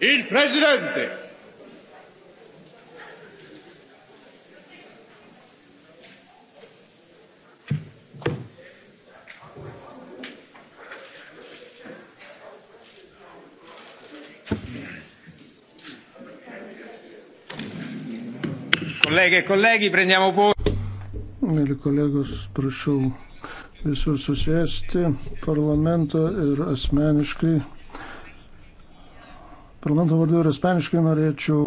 Il Presidente! Kolegė, kolegė, e prendiamo posto. Mėly kolegos, prašau visus susėsti parlamento ir asmeniškai Parlamento vardu ir asmeniškai norėčiau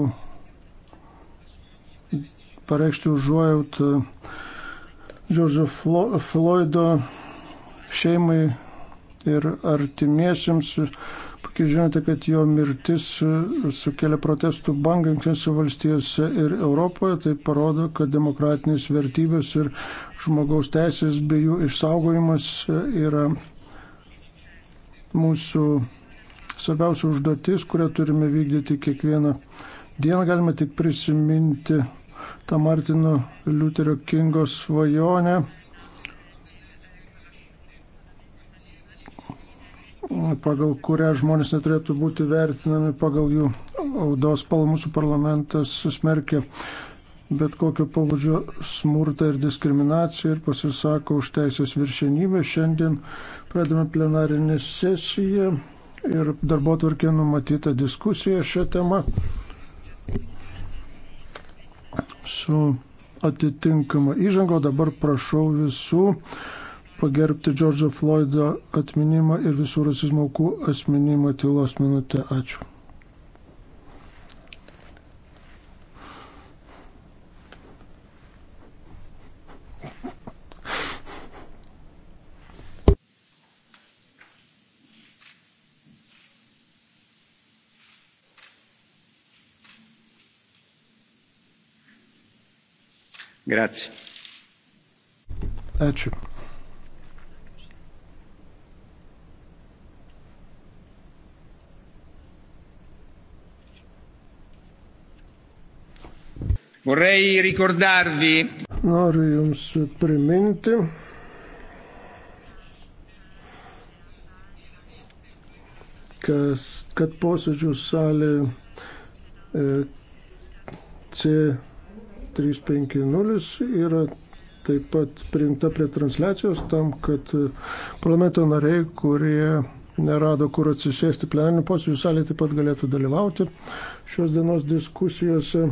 pareikšti užuojaut Džordžo Floido šeimai ir artimiesiems. Puikiai žinote, kad jo mirtis sukelia protestų bangą Junktinėse valstijose ir Europoje. Tai parodo, kad demokratinės vertybės ir žmogaus teisės bei jų išsaugojimas yra mūsų svarbiausia užduotis, kurią turime vykdyti kiekvieną dieną. Galima tik prisiminti tą Martino Liuterio Kingo svajonę pagal kurią žmonės neturėtų būti vertinami pagal jų audos spalvą. Mūsų parlamentas susmerkė bet kokio pobūdžio smurtą ir diskriminaciją ir pasisako už teisės viršenybę. Šiandien pradame plenarinę sesiją ir darbo tvarkė numatyta diskusija šią temą su atitinkama įžango. Dabar prašau visų pagerbti Džordžo Floido atminimą ir visų rasizmo aukų asmenimą tylos minutę. Ačiū. Grazie. Ačiū. Vorrei ricordarvi. Noriu Jums priminti. Kas, kad posėdžių salė e, C 350 yra taip pat priimta prie transliacijos tam, kad e, parlamento nariai, kurie nerado kur atsisėsti plenarinių posėdžių salėje, taip pat galėtų dalyvauti šios dienos diskusijose.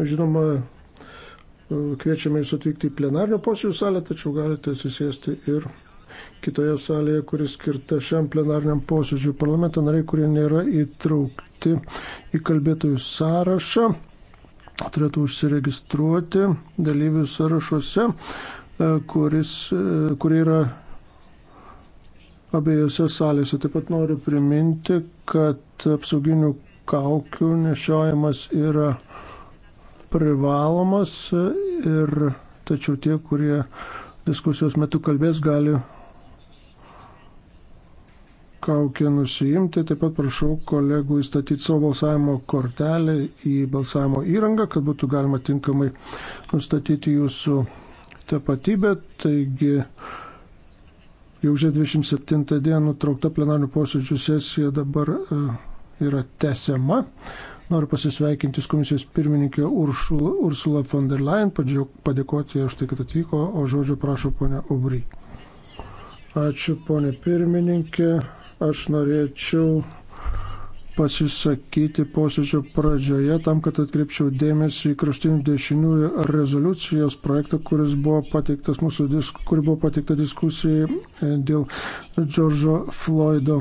Žinoma, e, kviečiame jūs atvykti į plenarinių posėdžių salę, tačiau galite atsisėsti ir kitoje salėje, kuris skirta šiam plenariniam posėdžiui. Parlamento nariai, kurie nėra įtraukti įtraukti į kalbėtojų sąrašą, turėtų užsiregistruoti dalyvių sąrašuose, e, kuris, e, kurie yra abiejose salėse. Taip pat noriu priminti, kad apsauginių kaukių nešiojimas yra privalomas ir tačiau tie, kurie diskusijos metu kalbės, gali kaukę nusiimti. Taip pat prašau kolegų įstatyti savo balsavimo kortelę į balsavimo įrangą, kad būtų galima tinkamai nustatyti jūsų tapatybę. Taigi, jau žia 27 dieną nutraukta plenarnių posėdžių sesija dabar e, yra tesiama. Noriu pasisveikinti komisijos pirmininkė Uršula, Ursula von der Leyen, padėkoti už tai, kad atvyko, o žodžio prašau ponia Ubry. Ačiū ponė pirmininkė. Aš norėčiau pasisakyti posėdžio pradžioje tam, kad atkreipčiau dėmesį į kraštinių dešiniųjų rezoliucijos projektą, kuris buvo pateiktas mūsų disk, kuri buvo pateikta diskusijai e, dėl Džordžo Floido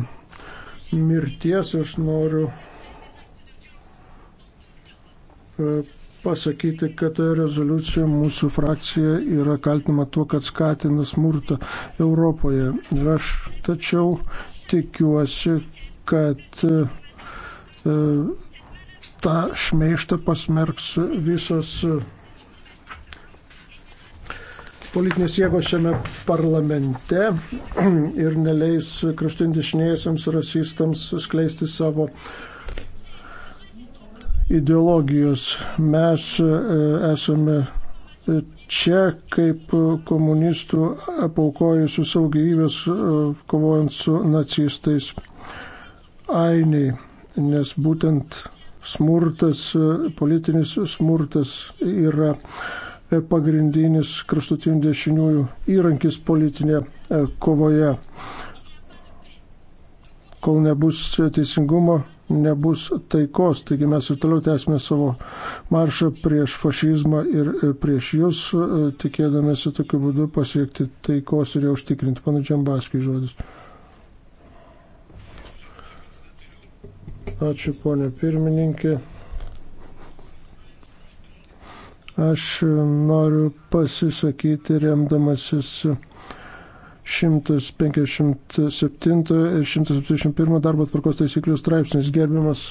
mirties. Aš noriu e, pasakyti, kad toje rezoliucijoje mūsų frakcija yra kaltinama tuo, kad skatina smurtą Europoje. Ir aš tačiau tikiuosi, kad e, e, tą šmeištą pasmerks visos e, politinės jėgos šiame parlamente ir neleis kraštutiniešiniesiams rasistams skleisti savo ideologijos. Mes esame čia kaip komunistų apaukojusių savo gyvybės e, kovojant su nacistais ainiai, nes būtent smurtas, e, politinis smurtas yra e, pagrindinis kraštutinių dešiniųjų įrankis politinėje kovoje. Kol nebus teisingumo nebus taikos. Taigi mes ir toliau tęsime savo maršą prieš fašizmą ir e, prieš jūs, e, tikėdamėsi tokiu būdu pasiekti taikos ir ją užtikrinti. Pana Džambaskį žodis. Ačiū, ponė pirmininkė. Aš e, noriu pasisakyti remdamasis 157 ir 171 darbo tvarkos taisyklių straipsnis. Gerbiamas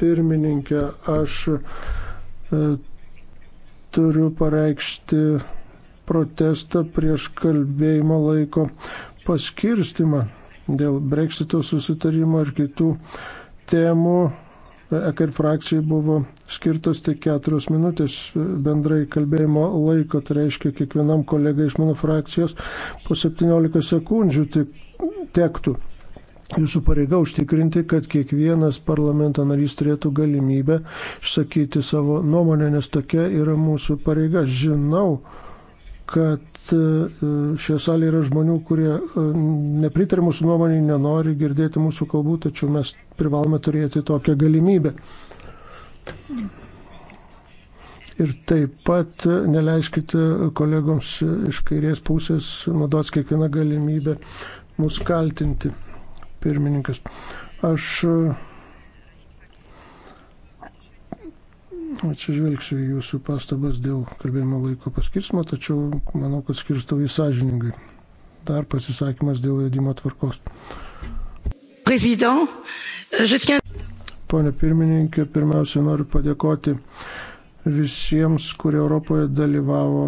pirmininkė, aš e, turiu pareikšti protestą prieš kalbėjimo laiko paskirstimą dėl breksito susitarimo ir kitų temų EKR frakcijai buvo skirtos tik keturios minutės e, bendrai kalbėjimo laiko, tai reiškia kiekvienam kolegai iš mano frakcijos po 17 sekundžių tektų. Jūsų pareiga užtikrinti, kad kiekvienas parlamento narys turėtų galimybę išsakyti savo nuomonę, nes tokia yra mūsų pareiga. Žinau, kad e, šioje salėje yra žmonių, kurie e, nepritarė mūsų nuomonį, nenori girdėti mūsų kalbų, tačiau mes privalome turėti tokią galimybę. Ir taip pat e, neleiskite kolegoms iš kairės pusės naudotis kiekvieną galimybę mus kaltinti. Pirmininkas. Aš atsižvelgsiu į jūsų pastabas dėl kalbėjimo laiko paskirstimo, tačiau manau, kad skirstau jį sąžiningai. Dar pasisakymas dėl vedimo tvarkos. Pone pirmininkė, pirmiausia noriu padėkoti visiems, kurie Europoje dalyvavo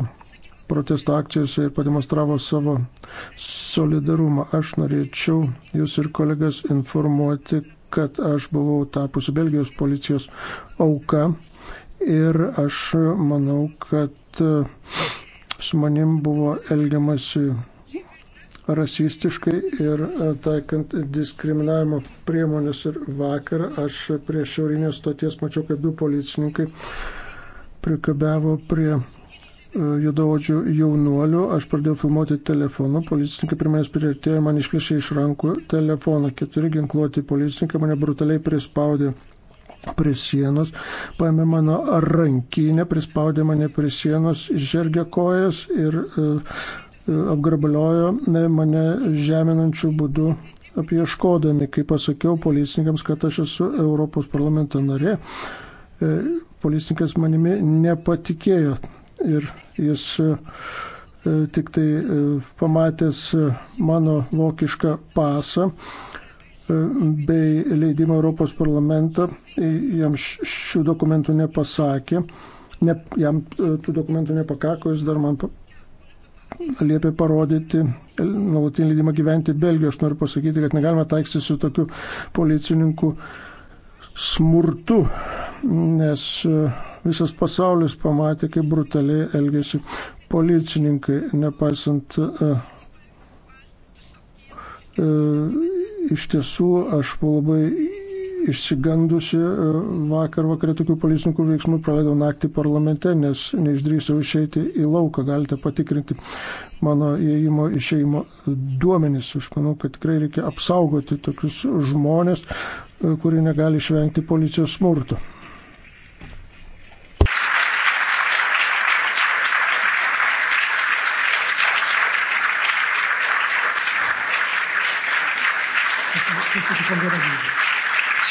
protesto akcijose ir pademonstravo savo solidarumą. Aš norėčiau jūs ir kolegas informuoti, kad aš buvau tapusi Belgijos policijos auka ir aš manau, kad e, su manim buvo elgiamasi rasistiškai ir e, taikant diskriminavimo priemonės ir vakar aš prie šiaurinės stoties mačiau, kad du policininkai prikabiavo prie e, judaodžių jaunuolių, aš pradėjau filmuoti telefonu, policininkai prie manęs prieartėjo, man išplėšė iš rankų telefoną, keturi ginkluoti policininkai mane brutaliai prispaudė prie sienos, paėmė mano rankinę, prispaudė mane prie sienos, išžergė kojas ir e, e, apgrabaliojo mane žeminančių būdų apieškodami, kai pasakiau policininkams, kad aš esu Europos parlamento narė. E, Policininkas manimi nepatikėjo ir jis tik tai pamatęs mano vokišką pasą bei leidimą Europos parlamentą, jam šių dokumentų nepasakė, ne, jam e, tų dokumentų nepakako, jis dar man liepė parodyti nuolatinį leidimą gyventi Belgijoje. Aš noriu pasakyti, kad negalime taiksti su tokiu policininku smurtu, nes e, visas pasaulis pamatė, kaip brutaliai elgėsi policininkai, nepaisant uh, uh, Iš tiesų, aš buvau labai išsigandusi e, vakar vakarė tokių policininkų veiksmų, praleidau naktį parlamente, nes neišdrįsiau išeiti į lauką, galite patikrinti mano įėjimo išeimo duomenys. Aš manau, kad tikrai reikia apsaugoti tokius žmonės, e, kurie negali išvengti policijos smurto.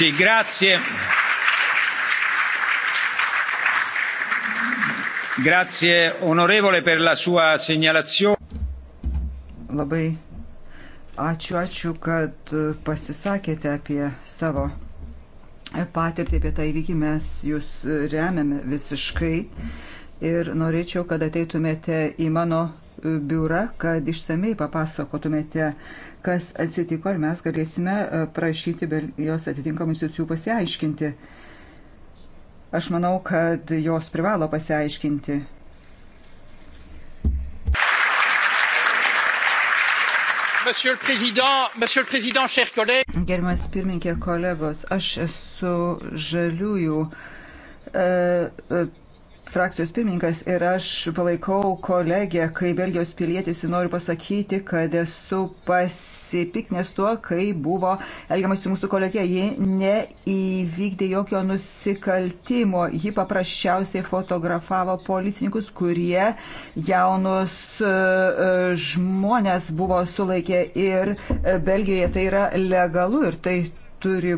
Sì, grazie. Grazie onorevole per la sua segnalazione. Labai ačiū, ačiū, kad pasisakėte apie savo patirtį, apie tą įvykį mes jūs remiame visiškai ir norėčiau, kad ateitumėte į mano biurą, kad išsamei papasakotumėte kas atsitiko ir mes galėsime e, prašyti jos atitinkamų institucijų pasiaiškinti. Aš manau, kad jos privalo pasiaiškinti. Gerbiamas pirmininkė kolegos, aš esu žaliųjų. Uh, uh, frakcijos pirmininkas ir aš palaikau kolegę, kai Belgijos pilietis ir noriu pasakyti, kad esu pasipiknęs tuo, kai buvo elgiamasi mūsų kolegė. Ji neįvykdė jokio nusikaltimo. Ji paprasčiausiai fotografavo policininkus, kurie jaunus e, žmonės buvo sulaikę ir e, Belgijoje tai yra legalu ir tai turi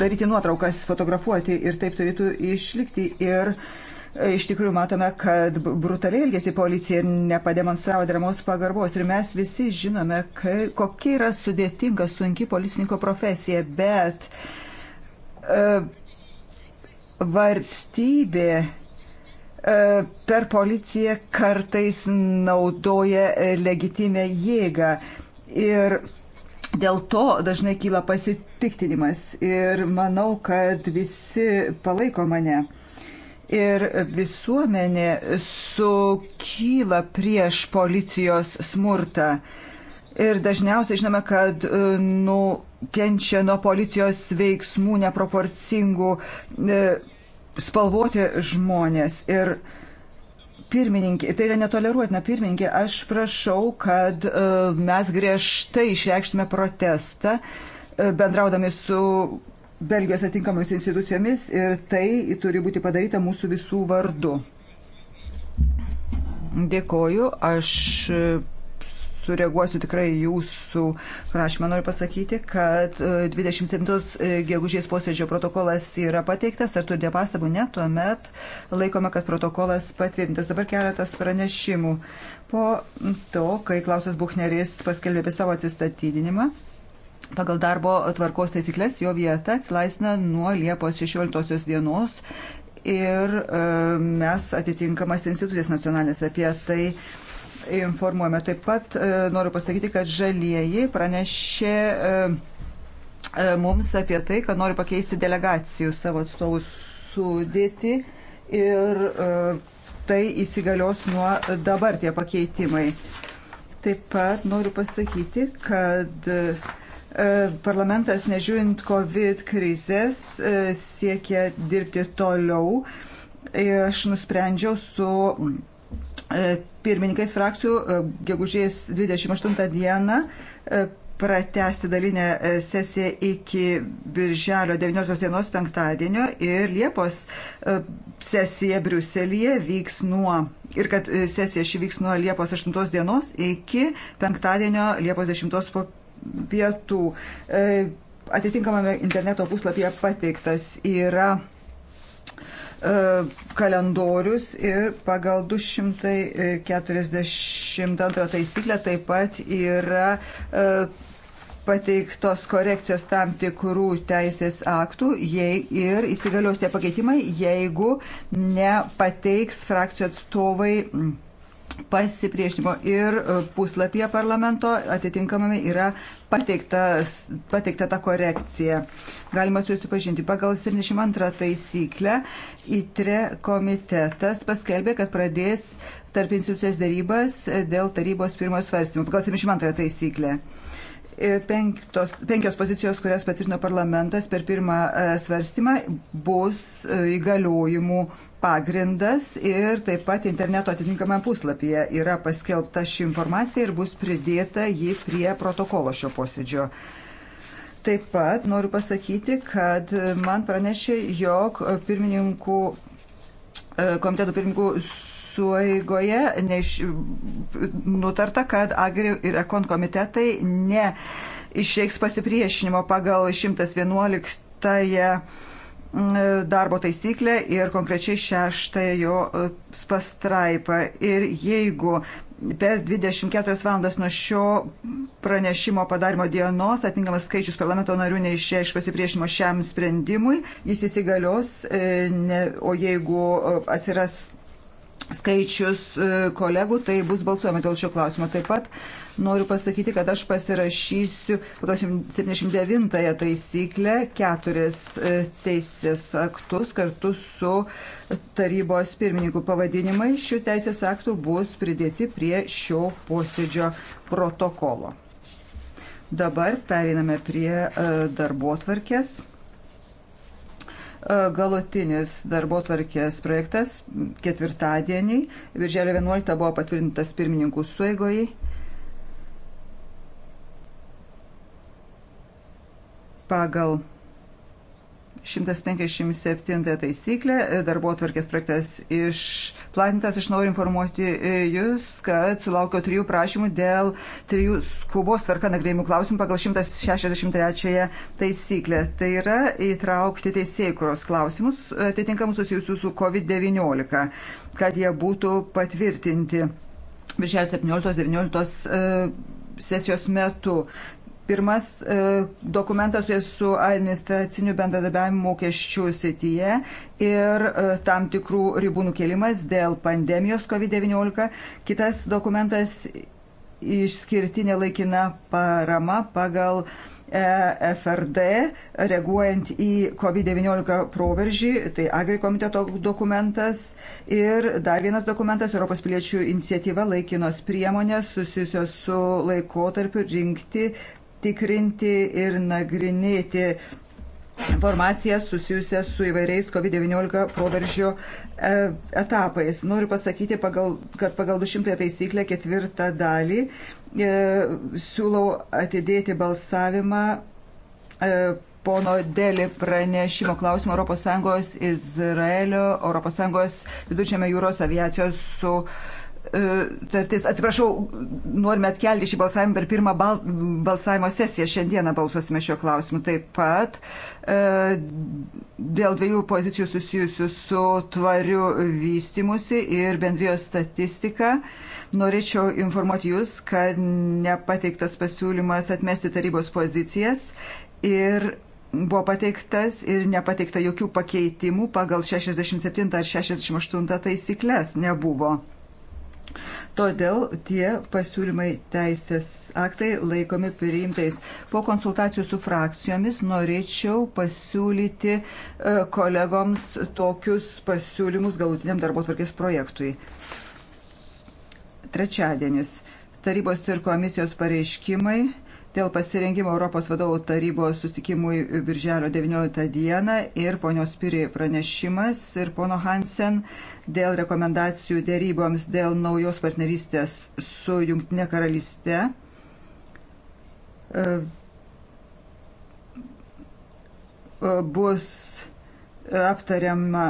daryti nuotraukas, fotografuoti ir taip turėtų išlikti. Ir e, iš tikrųjų matome, kad brutaliai elgėsi policija ir nepademonstravo dramos pagarbos. Ir mes visi žinome, kai, kokia yra sudėtinga, sunki policininko profesija, bet uh, valstybė e, per policiją kartais naudoja legitimę jėgą. Ir uh, Dėl to dažnai kyla pasipiktinimas ir manau, kad visi palaiko mane. Ir visuomenė sukyla prieš policijos smurtą. Ir dažniausiai žinome, kad e, nu, kenčia nuo policijos veiksmų neproporcingų e, spalvoti žmonės. Ir Pirmininkė, tai yra netoleruotina pirmininkė, aš prašau, kad e, mes griežtai išreikštume protestą e, bendraudami su Belgijos atinkamomis institucijomis ir tai turi būti padaryta mūsų visų vardu. Dėkoju, aš sureaguosiu tikrai jūsų prašymą. Noriu pasakyti, kad 27 e, e, gegužės posėdžio protokolas yra pateiktas. Ar turite pastabų? Ne, tuomet laikome, kad protokolas patvirtintas. Dabar keletas pranešimų. Po to, kai Klausas Buchneris paskelbė apie savo atsistatydinimą, Pagal darbo tvarkos taisyklės jo vieta atsilaisina nuo Liepos 16 dienos ir e, mes atitinkamas institucijas nacionalinės apie tai informuojame. Taip pat e, noriu pasakyti, kad žalieji pranešė e, e, mums apie tai, kad nori pakeisti delegacijų savo atstovų sudėti ir tai įsigalios nuo dabar tie pakeitimai. Taip pat noriu pasakyti, kad parlamentas, nežiūrint COVID krizės, siekia dirbti toliau. Aš nusprendžiau su E, pirmininkais frakcijų e, gegužės 28 dieną e, pratesti dalinę sesiją iki birželio 19 dienos penktadienio ir Liepos sesija Briuselėje vyks nuo ir kad sesija ši vyks nuo Liepos 8 dienos iki penktadienio Liepos 10 po pietų. Atitinkamame interneto puslapyje pateiktas yra E, kalendorius ir pagal 242 taisyklę taip pat yra e, pateiktos korekcijos tam tikrų teisės aktų jei, ir įsigalios tie pakeitimai, jeigu nepateiks frakcijų atstovai pasipriešinimo ir e, puslapyje parlamento atitinkamame yra pateiktas, pateikta ta korekcija. Galima su jūsų pažinti. Pagal 72 taisyklę ITRE komitetas paskelbė, kad pradės tarp institucijas darybas dėl tarybos pirmojo svarstymo. Pagal 72 taisyklę. E, penktos, penkios pozicijos, kurias patvirtino parlamentas per pirmą e, svarstymą, bus e, įgaliojimų pagrindas ir taip pat interneto atitinkamame puslapyje yra paskelbta ši informacija ir bus pridėta ji prie protokolo šio posėdžio. Taip pat noriu pasakyti, kad man pranešė, jog pirmininkų, komiteto pirmininkų sueigoje neš, nutarta, kad Agri ir Ekon komitetai ne išreiks pasipriešinimo pagal 111 mm, darbo taisyklę ir konkrečiai šeštąją jo pastraipą. Ir jeigu per 24 valandas nuo šio pranešimo padarimo dienos atinkamas skaičius parlamento narių neišėjo iš pasipriešinimo šiam sprendimui, jis įsigalios, e, ne, o jeigu e, atsiras skaičius e, kolegų, tai bus balsuojama dėl šio klausimo. Taip pat noriu pasakyti, kad aš pasirašysiu 79-ąją taisyklę keturis e, teisės aktus kartu su tarybos pirmininku pavadinimai. Šių teisės aktų bus pridėti prie šio posėdžio protokolo. Dabar pereiname prie e, darbo tvarkės. E, galutinis darbo tvarkės projektas ketvirtadienį. Virželio 11 buvo patvirtintas pirmininkų suėgojai. Pagal 157 taisyklę. Darbo atvarkės projektas išplatintas. Aš noriu informuoti e, Jūs, kad sulaukiau trijų prašymų dėl trijų skubos tvarka nagrėjimų klausimų pagal 163 taisyklę. Tai yra įtraukti teisėkuros klausimus e, atitinkamus susijusius su COVID-19, kad jie būtų patvirtinti. Viršėjo 17-19 e, sesijos metu Pirmas e, dokumentas su administraciniu bendradarbiavimu mokesčių sityje ir e, tam tikrų ribų nukelimas dėl pandemijos COVID-19. Kitas dokumentas išskirtinė laikina parama pagal e, FRD, reaguojant į COVID-19 proveržį, tai Agri komiteto dokumentas ir dar vienas dokumentas Europos piliečių iniciatyva laikinos priemonės susijusios su laikotarpiu rinkti tikrinti ir nagrinėti informaciją susijusią su įvairiais COVID-19 proveržio e, etapais. Noriu pasakyti, pagal, kad pagal 200 taisyklę ketvirtą dalį e, siūlau atidėti balsavimą e, pono Deli pranešimo klausimo ES Izraelio, ES vidučiame jūros aviacijos su E, tartis. Atsiprašau, norime atkelti šį balsavimą per pirmą bal, balsavimo sesiją. Šiandieną balsuosime šiuo klausimu. Taip pat e, dėl dviejų pozicijų susijusių su tvariu vystimusi ir bendrijos statistika. Norėčiau informuoti Jūs, kad nepateiktas pasiūlymas atmesti tarybos pozicijas ir buvo pateiktas ir nepateikta jokių pakeitimų pagal 67 ar 68 taisyklės nebuvo. Todėl tie pasiūlymai teisės aktai laikomi priimtais. Po konsultacijų su frakcijomis norėčiau pasiūlyti e, kolegoms tokius pasiūlymus galutiniam darbo tvarkės projektui. Trečiadienis. Tarybos ir komisijos pareiškimai dėl pasirengimo Europos vadovų tarybos sustikimui Birželio 19 dieną ir ponios Piri pranešimas ir pono Hansen dėl rekomendacijų dėryboms dėl naujos partnerystės su Junktinė karalystė. E, e, bus aptariama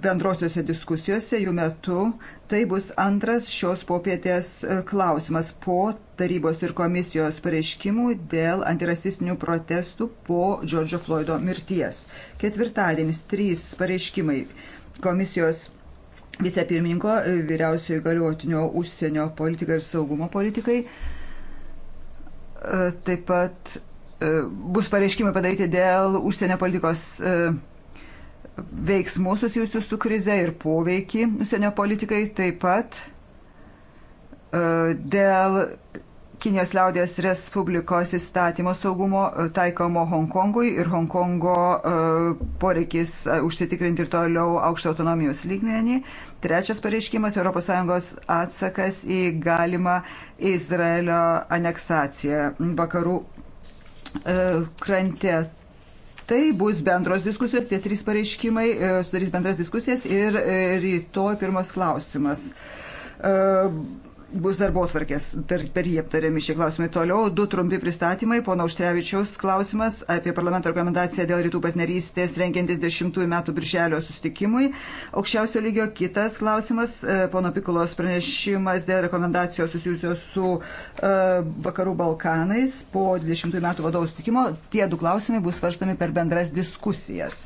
bendrosiuose diskusijose jų metu. Tai bus antras šios popietės e, klausimas po tarybos ir komisijos pareiškimų dėl antirasistinių protestų po Džordžo Floido mirties. Ketvirtadienis trys pareiškimai komisijos vicepirmininko e, vyriausiojo įgaliotinio užsienio politikai ir saugumo politikai. E, taip pat bus pareiškimai padaryti dėl užsienio politikos veiksmus susijusius su krize ir poveikį užsienio politikai, taip pat e, dėl Kinijos liaudės Respublikos įstatymo saugumo e, taikomo Hongkongui ir Hongkongo e, poreikis užsitikrinti ir toliau aukštą autonomijos lygmenį. Trečias pareiškimas - ES atsakas į galimą Izraelio aneksaciją vakarų krantė. Tai bus bendros diskusijos, tie trys pareiškimai e, sudarys bendras diskusijas ir e, rytoj pirmas klausimas. E, bus darbo tvarkės, per, per jį aptariami šie klausimai. Toliau du trumpi pristatymai. Pono Užtrevičiaus klausimas apie parlamento rekomendaciją dėl rytų partnerystės rengiantis 10 metų birželio sustikimui. Aukščiausio lygio kitas klausimas. E, pono Pikulos pranešimas dėl rekomendacijos susijusios su uh, Vakarų Balkanais po 20 metų vadovų sustikimo. Tie du klausimai bus svarstami per bendras diskusijas.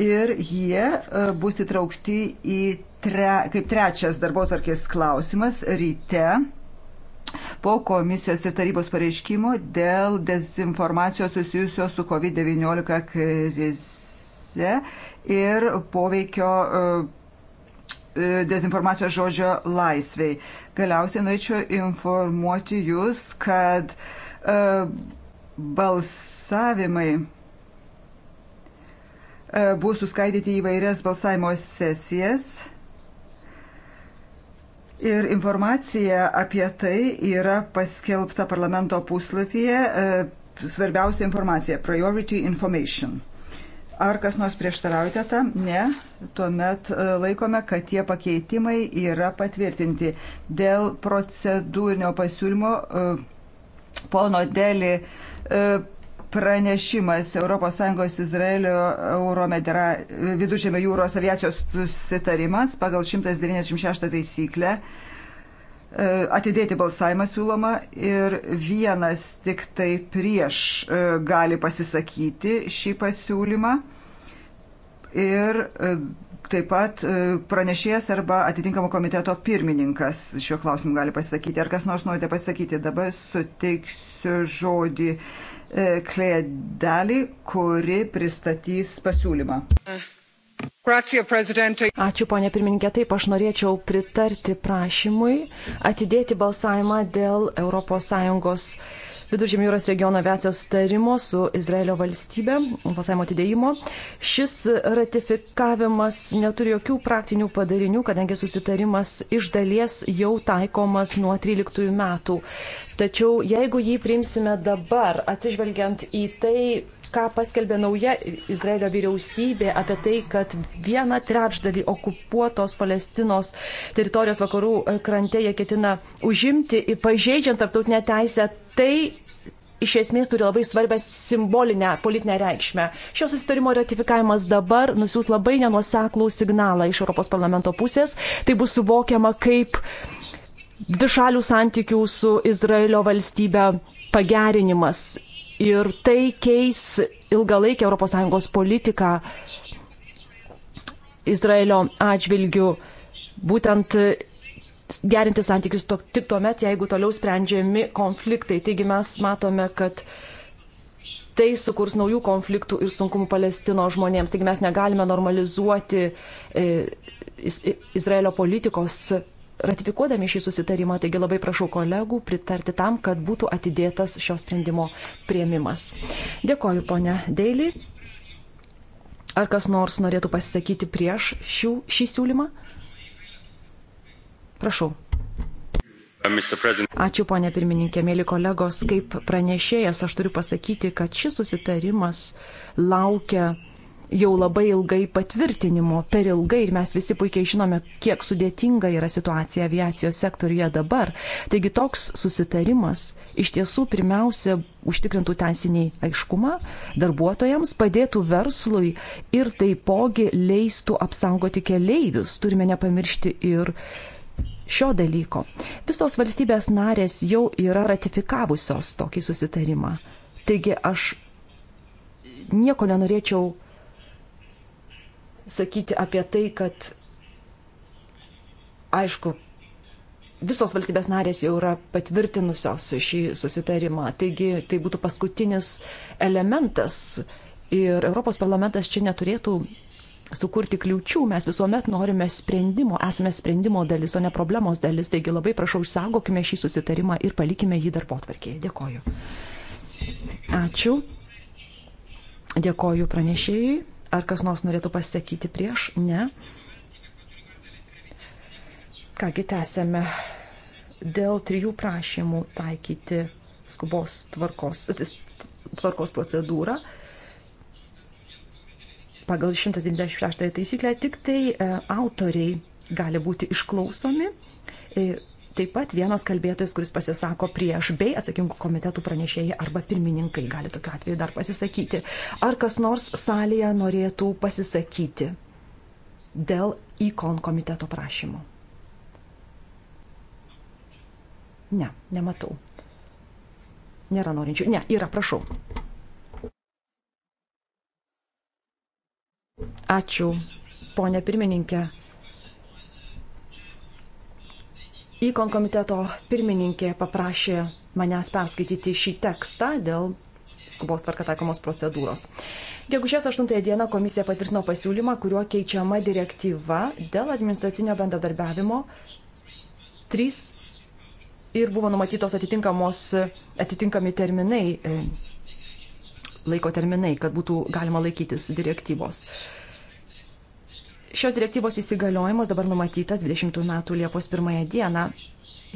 Ir jie uh, bus įtraukti į tre, kaip trečias darbo tvarkės klausimas ryte po komisijos ir tarybos pareiškimo dėl dezinformacijos susijusios su COVID-19 krize ir poveikio e, e, dezinformacijos žodžio laisvei. Galiausiai norėčiau informuoti Jūs, kad e, balsavimai buvo suskaidyti į vairias balsavimo sesijas. Ir informacija apie tai yra paskelbta parlamento puslapyje, e, svarbiausia informacija - Priority Information. Ar kas nors prieštaraujate tam? Ne. Tuomet e, laikome, kad tie pakeitimai yra patvirtinti. Dėl procedūrinio pasiūlymo e, pono Deli pranešimas ES Izraelio Euromedera viduržėmio jūros aviacijos susitarimas pagal 196 taisyklę. E, atidėti balsavimą siūloma ir vienas tik tai prieš e, gali pasisakyti šį pasiūlymą ir e, taip pat pranešėjas arba atitinkamo komiteto pirmininkas šiuo klausimu gali pasisakyti. Ar kas nors norite pasakyti? Dabar suteiksiu žodį uh, Klėdelį, e, kuri pristatys pasiūlymą. Ačiū, ponė pirmininkė. Taip, aš norėčiau pritarti prašymui atidėti balsavimą dėl ES Viduržėmio jūros regiono aviacijos tarimo su Izraelio valstybe, pasavimo atidėjimo. Šis ratifikavimas neturi jokių praktinių padarinių, kadangi susitarimas iš dalies jau taikomas nuo 13 metų. Tačiau jeigu jį priimsime dabar, atsižvelgiant į tai, ką paskelbė nauja Izraelio vyriausybė apie tai, kad vieną trečdalį okupuotos Palestinos teritorijos vakarų krante jie ketina užimti, pažeidžiant tarptautinę teisę, tai iš esmės turi labai svarbę simbolinę politinę reikšmę. Šio susitarimo ratifikavimas dabar nusiūs labai nenuoseklų signalą iš Europos parlamento pusės. Tai bus suvokiama kaip dvišalių santykių su Izraelio valstybe pagerinimas ir tai keis ilgalaikę ES politiką Izraelio atžvilgių, būtent gerinti santykius to, tik tuo met, jeigu toliau sprendžiami konfliktai. Taigi mes matome, kad tai sukurs naujų konfliktų ir sunkumų Palestino žmonėms. Taigi mes negalime normalizuoti e, Izraelio politikos ratifikuodami šį susitarimą, taigi labai prašau kolegų pritarti tam, kad būtų atidėtas šio sprendimo prieimimas. Dėkoju, ponia Deilį. Ar kas nors norėtų pasisakyti prieš šių, šį siūlymą? Prašau. Uh, Ačiū, ponė pirmininkė, mėly kolegos. Kaip pranešėjas aš turiu pasakyti, kad šis susitarimas laukia jau labai ilgai patvirtinimo, per ilgai ir mes visi puikiai žinome, kiek sudėtinga yra situacija aviacijos sektoriuje dabar. Taigi toks susitarimas iš tiesų pirmiausia užtikrintų teisinį aiškumą darbuotojams, padėtų verslui ir taipogi leistų apsaugoti keleivius. Turime nepamiršti ir šio dalyko. Visos valstybės narės jau yra ratifikavusios tokį susitarimą. Taigi aš nieko nenorėčiau sakyti apie tai, kad aišku, visos valstybės narės jau yra patvirtinusios šį susitarimą. Taigi tai būtų paskutinis elementas ir Europos parlamentas čia neturėtų sukurti kliūčių. Mes visuomet norime sprendimo, esame sprendimo dalis, o ne problemos dalis. Taigi labai prašau, išsaugokime šį susitarimą ir palikime jį darbo atvarkėje. Dėkoju. Ačiū. Dėkoju pranešėjai. Ar kas nors norėtų pasakyti prieš? Ne. Kągi tęsėme dėl trijų prašymų taikyti skubos tvarkos, tvarkos procedūrą. Pagal 196 taisyklę tik tai e, autoriai gali būti išklausomi e, Taip pat vienas kalbėtojas, kuris pasisako prieš, bei atsakingų komitetų pranešėjai arba pirmininkai gali tokiu atveju dar pasisakyti. Ar kas nors salėje norėtų pasisakyti dėl ikon komiteto prašymo? Ne, nematau. Nėra norinčių. Ne, yra, prašau. Ačiū, ponė pirmininkė. Įkon komiteto pirmininkė paprašė manęs perskaityti šį tekstą dėl skubos tvarka taikomos procedūros. Gegužės 8 dieną komisija patvirtino pasiūlymą, kuriuo keičiama direktyva dėl administracinio bendradarbiavimo 3 ir buvo numatytos atitinkami terminai, e, laiko terminai, kad būtų galima laikytis direktyvos. Šios direktyvos įsigaliojimas dabar numatytas 20 metų Liepos 1 dieną.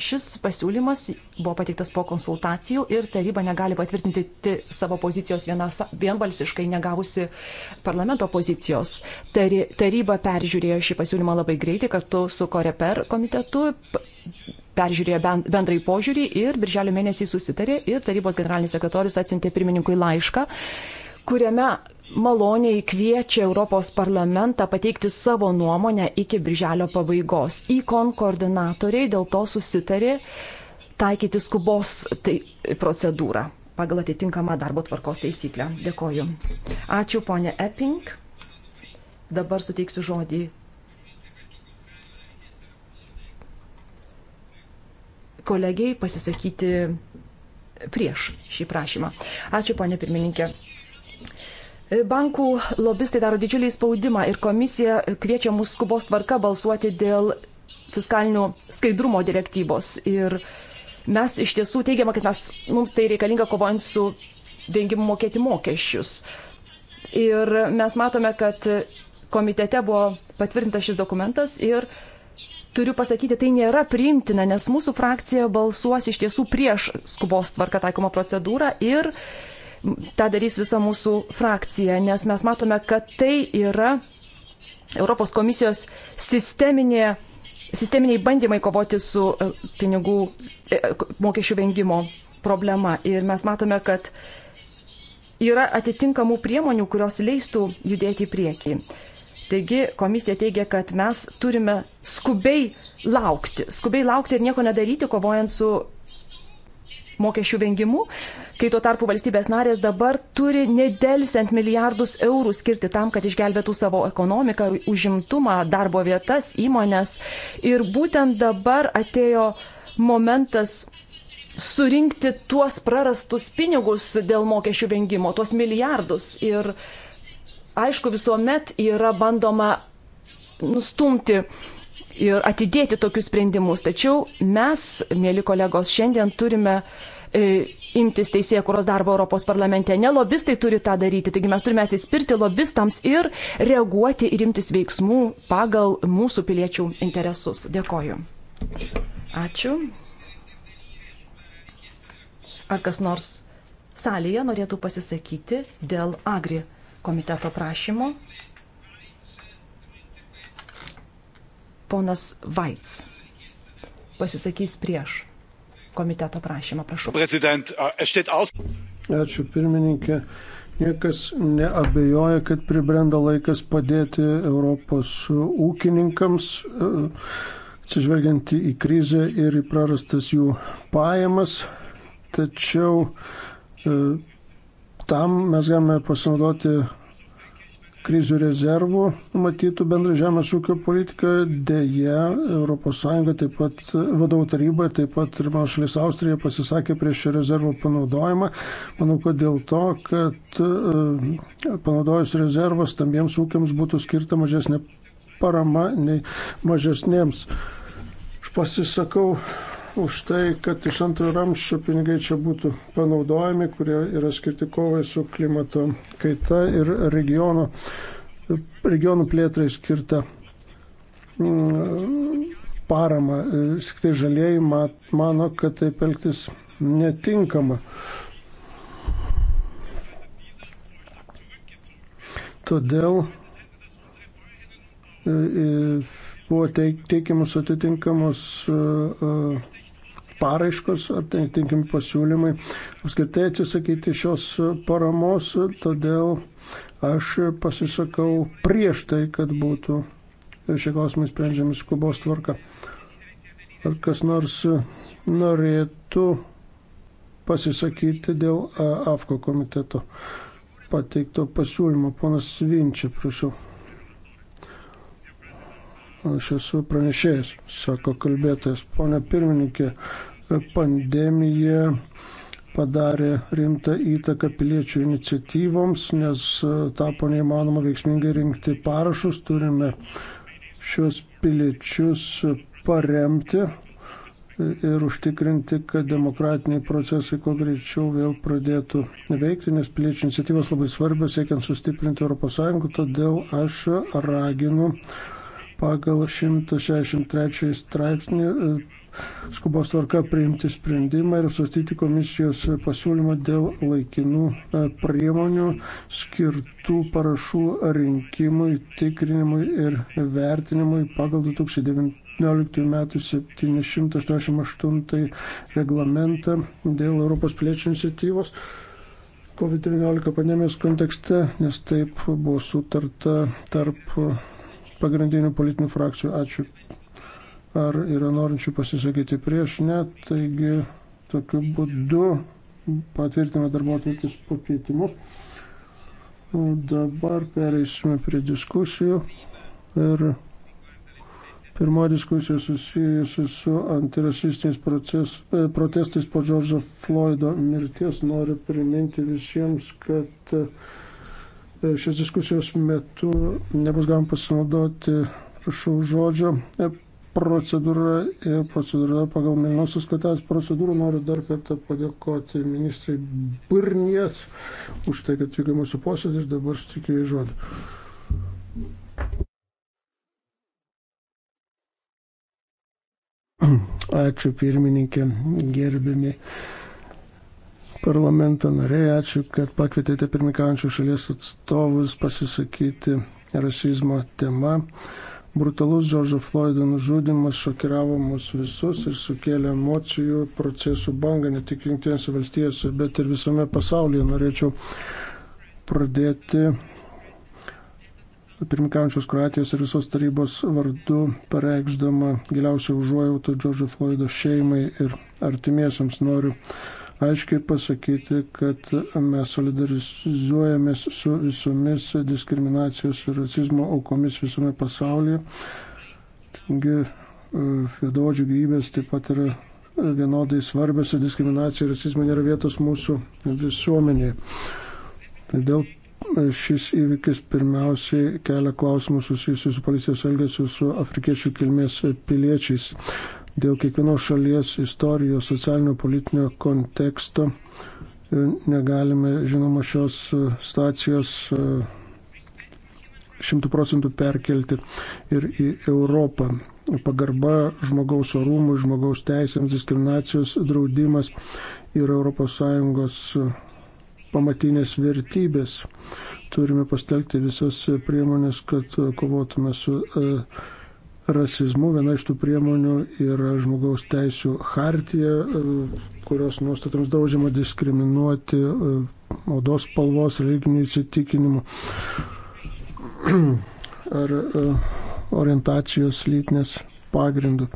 Šis pasiūlymas buvo pateiktas po konsultacijų ir taryba negali patvirtinti savo pozicijos vienas, vienbalsiškai negavusi parlamento pozicijos. Tari, taryba peržiūrėjo šį pasiūlymą labai greitai kartu su Koreper komitetu, peržiūrėjo bendrai požiūrį ir birželio mėnesį susitarė ir tarybos generalinis sekretorius atsiuntė pirmininkui laišką kuriame maloniai kviečia Europos parlamentą pateikti savo nuomonę iki birželio pabaigos. Ikon koordinatoriai dėl to susitarė taikyti skubos tai, procedūrą pagal atitinkamą darbo tvarkos taisyklę. Dėkoju. Ačiū, ponė Epping. Dabar suteiksiu žodį. kolegiai pasisakyti prieš šį prašymą. Ačiū, ponė pirmininkė. E, bankų lobistai daro didžiulį spaudimą ir komisija kviečia mus skubos tvarka balsuoti dėl fiskalinio skaidrumo direktyvos. Ir mes iš tiesų teigiame, kad mes, mums tai reikalinga kovojant su vengimu mokėti mokesčius. Ir mes matome, kad komitete buvo patvirtintas šis dokumentas ir turiu pasakyti, tai nėra priimtina, nes mūsų frakcija balsuos iš tiesų prieš skubos tvarką taikomą procedūrą ir uh, tą darys visa mūsų frakcija, nes mes matome, kad tai yra Europos komisijos sisteminė, sisteminiai bandymai kovoti su e, pinigų e, mokesčių vengimo problema. Ir mes matome, kad yra atitinkamų priemonių, kurios leistų judėti į priekį. Taigi komisija teigia, kad mes turime skubiai laukti, skubiai laukti ir nieko nedaryti, kovojant su mokesčių vengimu, kai tuo tarpu valstybės narės dabar turi nedelsiant milijardus eurų skirti tam, kad išgelbėtų savo ekonomiką, užimtumą, darbo vietas, įmonės. Ir būtent dabar atėjo momentas surinkti tuos prarastus pinigus dėl mokesčių vengimo, tuos milijardus. Ir aišku, visuomet yra bandoma nustumti ir atidėti tokius sprendimus. Tačiau mes, mėly kolegos, šiandien turime e, imtis teisėje kuros darbo Europos parlamente. Ne lobistai turi tą daryti, taigi mes turime atsispirti lobistams ir reaguoti ir imtis veiksmų pagal mūsų piliečių interesus. Dėkoju. Ačiū. Ar kas nors salėje norėtų pasisakyti dėl Agri komiteto prašymo? Ponas Vaits pasisakys prieš komiteto prašymą, prašau. Ačiū pirmininkė. Niekas neabejoja, kad pribrenda laikas padėti Europos ūkininkams, atsižvelgiant į krizę ir į prarastas jų pajamas. Tačiau tam mes galime pasinaudoti krizių rezervų matytų bendrą žemės ūkio politiką. Deja, ES taip pat vadovų taryba, taip pat ir mano šalis Austrija pasisakė prieš šio rezervo panaudojimą. Manau, kad dėl to, kad e, panaudojus rezervą stambiems ūkiams būtų skirta mažesnė parama nei mažesnėms. Aš pasisakau už tai, kad iš antrojo ramščio pinigai čia būtų panaudojami, kurie yra skirti kovai su klimato kaita ir regiono, regionų plėtrai skirta mm, parama. Tik tai žalieji mano, kad taip elgtis netinkama. Todėl e, e, buvo teikiamus atitinkamus uh, e, uh, paraiškos ar tai tinkami pasiūlymai apskritai atsisakyti šios paramos, todėl aš pasisakau prieš tai, kad būtų šie klausimai sprendžiami skubos tvarka. Ar kas nors norėtų pasisakyti dėl AFKO komiteto pateikto pasiūlymo? Ponas Vinčia, prašau. Aš esu pranešėjas, sako kalbėtojas. Pone pirmininkė, pandemija padarė rimtą įtaką piliečių iniciatyvoms, nes e, tapo neįmanoma veiksmingai rinkti parašus, turime šios piliečius paremti ir užtikrinti, kad demokratiniai procesai kuo greičiau vėl pradėtų veikti, nes piliečių iniciatyvos labai svarbios siekiant sustiprinti ES, todėl aš raginu pagal 163 straipsnį skubos tvarka priimti sprendimą ir apsvarstyti komisijos pasiūlymą dėl laikinų e, priemonių skirtų parašų rinkimui, tikrinimui ir vertinimui pagal 2009. 19 m. 788 reglamentą dėl Europos piliečių iniciatyvos COVID-19 pandemijos kontekste, nes taip buvo sutarta tarp pagrindinių politinių frakcijų. Ačiū Ar yra norinčių pasisakyti prieš? Ne. Taigi tokiu būdu patvirtiname darbo atvirkis pakeitimus. O dabar pereisime prie diskusijų. Ir pirmoji diskusija susijusi su antirasistiniais proces, e, protestais po Džordžo Floydo mirties. Noriu priminti visiems, kad e, šios diskusijos metu nebus galima pasinaudoti, prašau žodžio, e, procedūra ir procedūra pagal Milinosios kortelės procedūrą. Noriu dar kartą padėkoti ministrai Birnies už tai, kad atvyko mūsų posėdį ir dabar sutikiu į žodį. Ačiū pirmininkė, gerbiami parlamento nariai, ačiū, kad pakvietėte pirmininkaujančių šalies atstovus pasisakyti rasizmo tema. Brutalus Džordžo Floido nužudimas šokiravo mus visus ir sukėlė emocijų procesų bangą ne tik Junktinėse valstijose, bet ir visame pasaulyje. Norėčiau pradėti pirmkiaujančios Kroatijos ir visos tarybos vardu pareikšdama giliausią užuojautą Džordžo Floido šeimai ir artimiesiams. Noriu aiškiai pasakyti, kad mes solidarizuojamės su visomis diskriminacijos ir rasizmo aukomis visame pasaulyje. Taigi, e, juododžių gyvybės taip pat yra vienodai svarbios ir diskriminacija ir rasizmai nėra vietos mūsų visuomenėje. Todėl tai šis įvykis pirmiausiai kelia klausimus susijusius su policijos elgesiu su afrikiečių kilmės piliečiais dėl kiekvienos šalies istorijos, socialinio, politinio konteksto negalime, žinoma, šios e, situacijos e, šimtų procentų perkelti ir į Europą. Pagarba žmogaus orumui, žmogaus teisėms, diskriminacijos draudimas yra ES e, pamatinės vertybės. Turime pastelgti visas priemonės, kad kovotume su uh, rasizmu. Viena iš tų priemonių yra žmogaus teisų hartija, kurios nuostatams draudžiama diskriminuoti e, odos spalvos religinių įsitikinimų ar e, orientacijos lytinės pagrindų.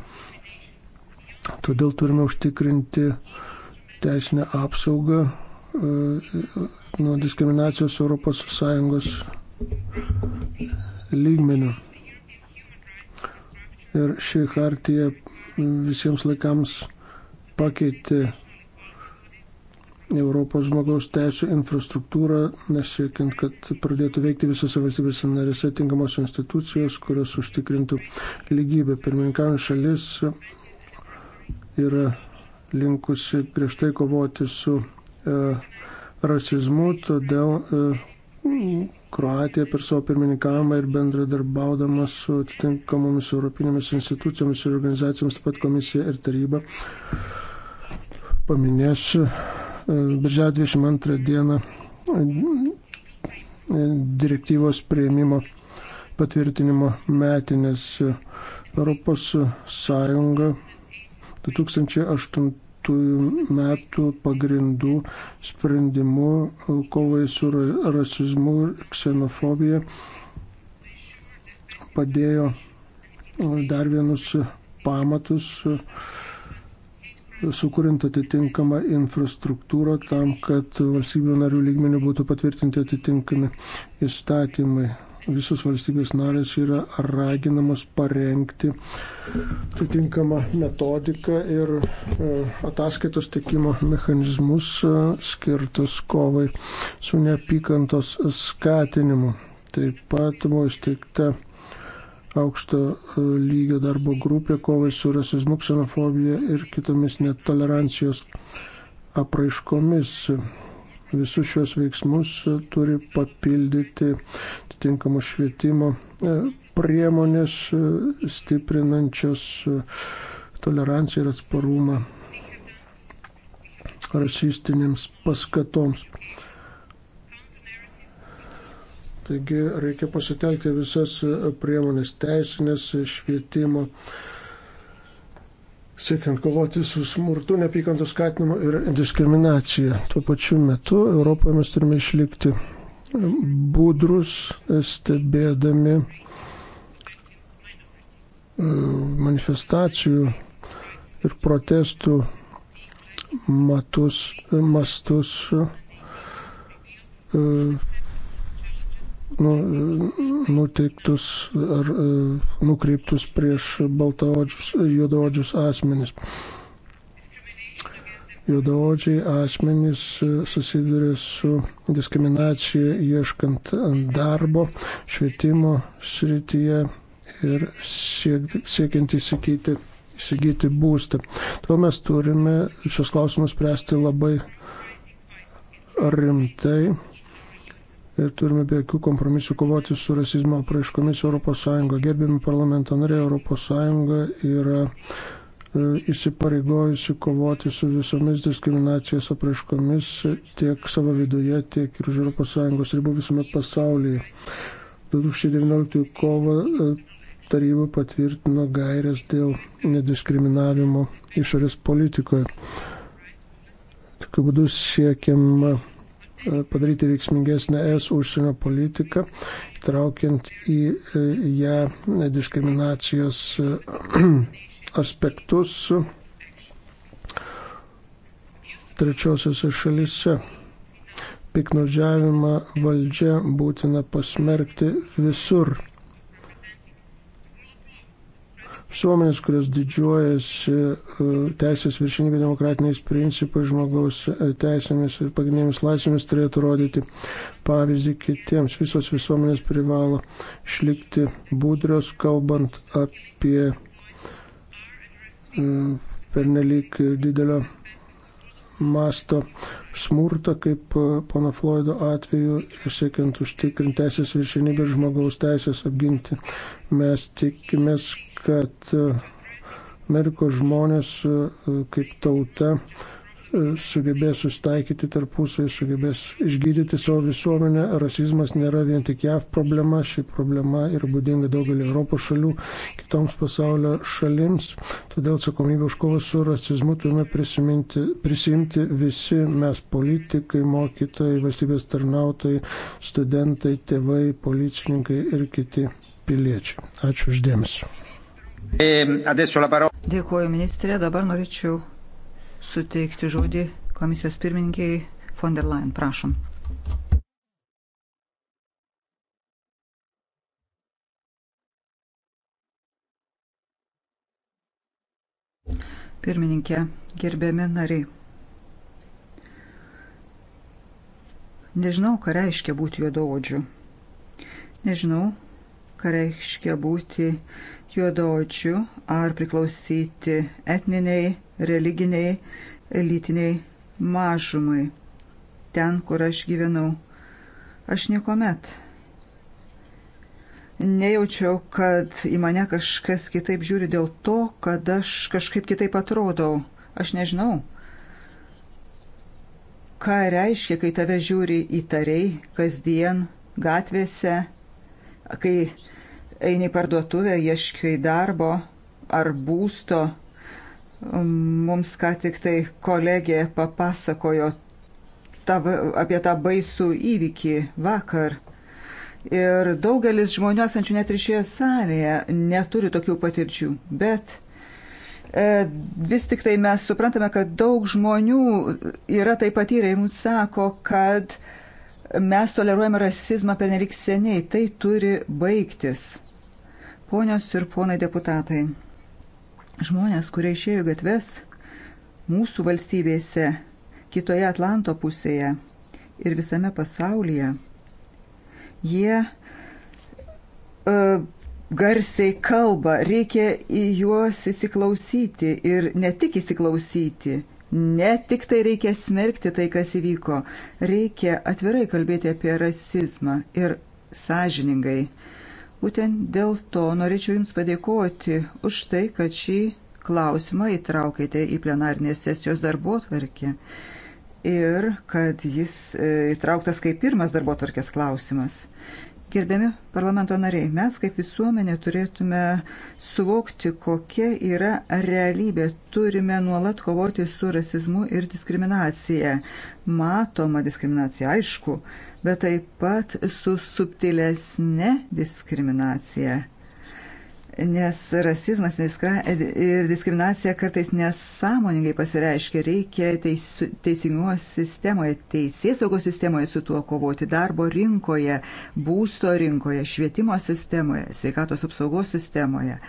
Todėl turime užtikrinti teisinę apsaugą e, nuo diskriminacijos ES lygmenių ir ši hartija visiems laikams pakeitė Europos žmogaus teisų infrastruktūrą, nesiekiant, kad pradėtų veikti visose valstybėse narėse tinkamos institucijos, kurios užtikrintų lygybę. Pirmininkavim šalis yra linkusi griežtai kovoti su e, rasizmu, todėl e, Kroatija per savo pirmininkavimą ir bendradarbiaudama su atitinkamomis europinėmis institucijomis ir organizacijomis, taip pat komisija ir taryba, paminės e, birželio 22 dieną e, direktyvos prieimimo patvirtinimo metinės e, Europos Sąjunga 2008 2015 metų pagrindų sprendimu kovai su rasizmu ir ksenofobija padėjo e, dar vienus pamatus, e, sukuriant atitinkamą infrastruktūrą tam, kad valstybių narių lygmenių būtų patvirtinti atitinkami įstatymai visos valstybės narės yra raginamos parengti atitinkamą metodiką ir e, ataskaitos tekimo mechanizmus e, skirtus kovai su neapykantos skatinimu. Taip pat buvo įsteigta aukšto e, lygio darbo grupė kovai su rasizmu, ksenofobija ir kitomis netolerancijos apraiškomis visus šios veiksmus e, turi papildyti atitinkamo švietimo e, priemonės e, stiprinančios toleranciją ir atsparumą rasistinėms paskatoms. Taigi reikia pasitelkti visas priemonės teisinės švietimo siekiant kovoti su smurtu, neapykantos skatinimu ir diskriminacija. Tuo pačiu metu Europoje mes turime išlikti budrus, stebėdami e, manifestacijų ir protestų matus, mastus e, nu, nuteiktus ar e, nukreiptus prieš baltaodžius, juodaodžius asmenis. Juodaodžiai asmenys e, susiduria su diskriminacija ieškant darbo, švietimo srityje ir siek, siekiant įsigyti, įsigyti būstą. Tuo mes turime šios klausimus spręsti labai rimtai ir turime be jokių kompromisų kovoti su rasizmo praiškomis ES. Gerbimi parlamento nariai, ES yra e, įsipareigojusi kovoti su visomis diskriminacijos apraiškomis tiek savo viduje, tiek ir už ES ribų visame pasaulyje. 2019 kovo e, taryba patvirtino gairias dėl nediskriminavimo išorės politikoje. Tokiu būdu siekiama E, padaryti veiksmingesnę es užsienio politiką, traukiant į e, ją diskriminacijos e, aspektus trečiosiose šalise. Piknaudžiavimą valdžia būtina pasmerkti visur visuomenės, kurios didžiuojasi e, teisės viršinybė demokratiniais principais, žmogaus e, teisėmis ir pagrindinėmis laisvėmis, turėtų rodyti pavyzdį kitiems. Visos visuomenės privalo išlikti būdrios, kalbant apie e, pernelyg didelio masto smurtą, kaip pono Floido atveju, siekiant užtikrinti teisės viršinybę ir žmogaus teisės apginti. Mes tikimės, kad e, Amerikos žmonės e, kaip tauta e, sugebės susitaikyti tarpusai, sugebės išgydyti savo visuomenę. Rasizmas nėra vien tik JAV problema, ši problema yra būdinga daugelį Europos šalių, kitoms pasaulio šalims. Todėl atsakomybę už kovą su rasizmu turime prisimti visi mes - politikai, mokytojai, valstybės tarnautojai, studentai, tėvai, policininkai ir kiti piliečiai. Ačiū uždėmesi. E, Dėkuoju ministrė, dabar norėčiau suteikti žodį komisijos pirmininkiai von der Leyen. Prašom. Pirmininkė, gerbiami nariai. Nežinau, ką reiškia būti juodaodžiu. Nežinau, ką reiškia būti juodaučių ar priklausyti etniniai, religiniai, lytiniai mažumai. Ten, kur aš gyvenau, aš niekuomet nejaučiau, kad į mane kažkas kitaip žiūri dėl to, kad aš kažkaip kitaip atrodau. Aš nežinau, ką reiškia, kai tave žiūri įtariai, kasdien, gatvėse, kai eini į parduotuvę, ieškai darbo ar būsto. Mums ką tik tai kolegė papasakojo tą, apie tą baisų įvykį vakar. Ir daugelis žmonių esančių net ir šioje salėje neturi tokių patirčių. Bet e, vis tik tai mes suprantame, kad daug žmonių yra tai patyrę ir mums sako, kad mes toleruojame rasizmą pernelik seniai. Tai turi baigtis. Ponios ir ponai deputatai, žmonės, kurie išėjo gatves mūsų valstybėse, kitoje Atlanto pusėje ir visame pasaulyje, jie uh, garsiai kalba, reikia į juos įsiklausyti ir ne tik įsiklausyti, ne tik tai reikia smerkti tai, kas įvyko, reikia atvirai kalbėti apie rasizmą ir sąžiningai. Būtent dėl to norėčiau Jums padėkoti už tai, kad šį klausimą įtraukėte į plenarinės sesijos darbo tvarkę ir kad jis e, įtrauktas kaip pirmas darbo tvarkės klausimas. Gerbiami parlamento nariai, mes kaip visuomenė turėtume suvokti, kokia yra realybė. Turime nuolat kovoti su rasizmu ir diskriminacija. Matoma diskriminacija, aišku bet taip pat su subtilesne diskriminacija. Nes rasizmas ir diskriminacija kartais nesąmoningai pasireiškia, reikia teis, teisingumo sistemoje, teisėsaugos sistemoje su tuo kovoti, darbo rinkoje, būsto rinkoje, švietimo sistemoje, sveikatos apsaugos sistemoje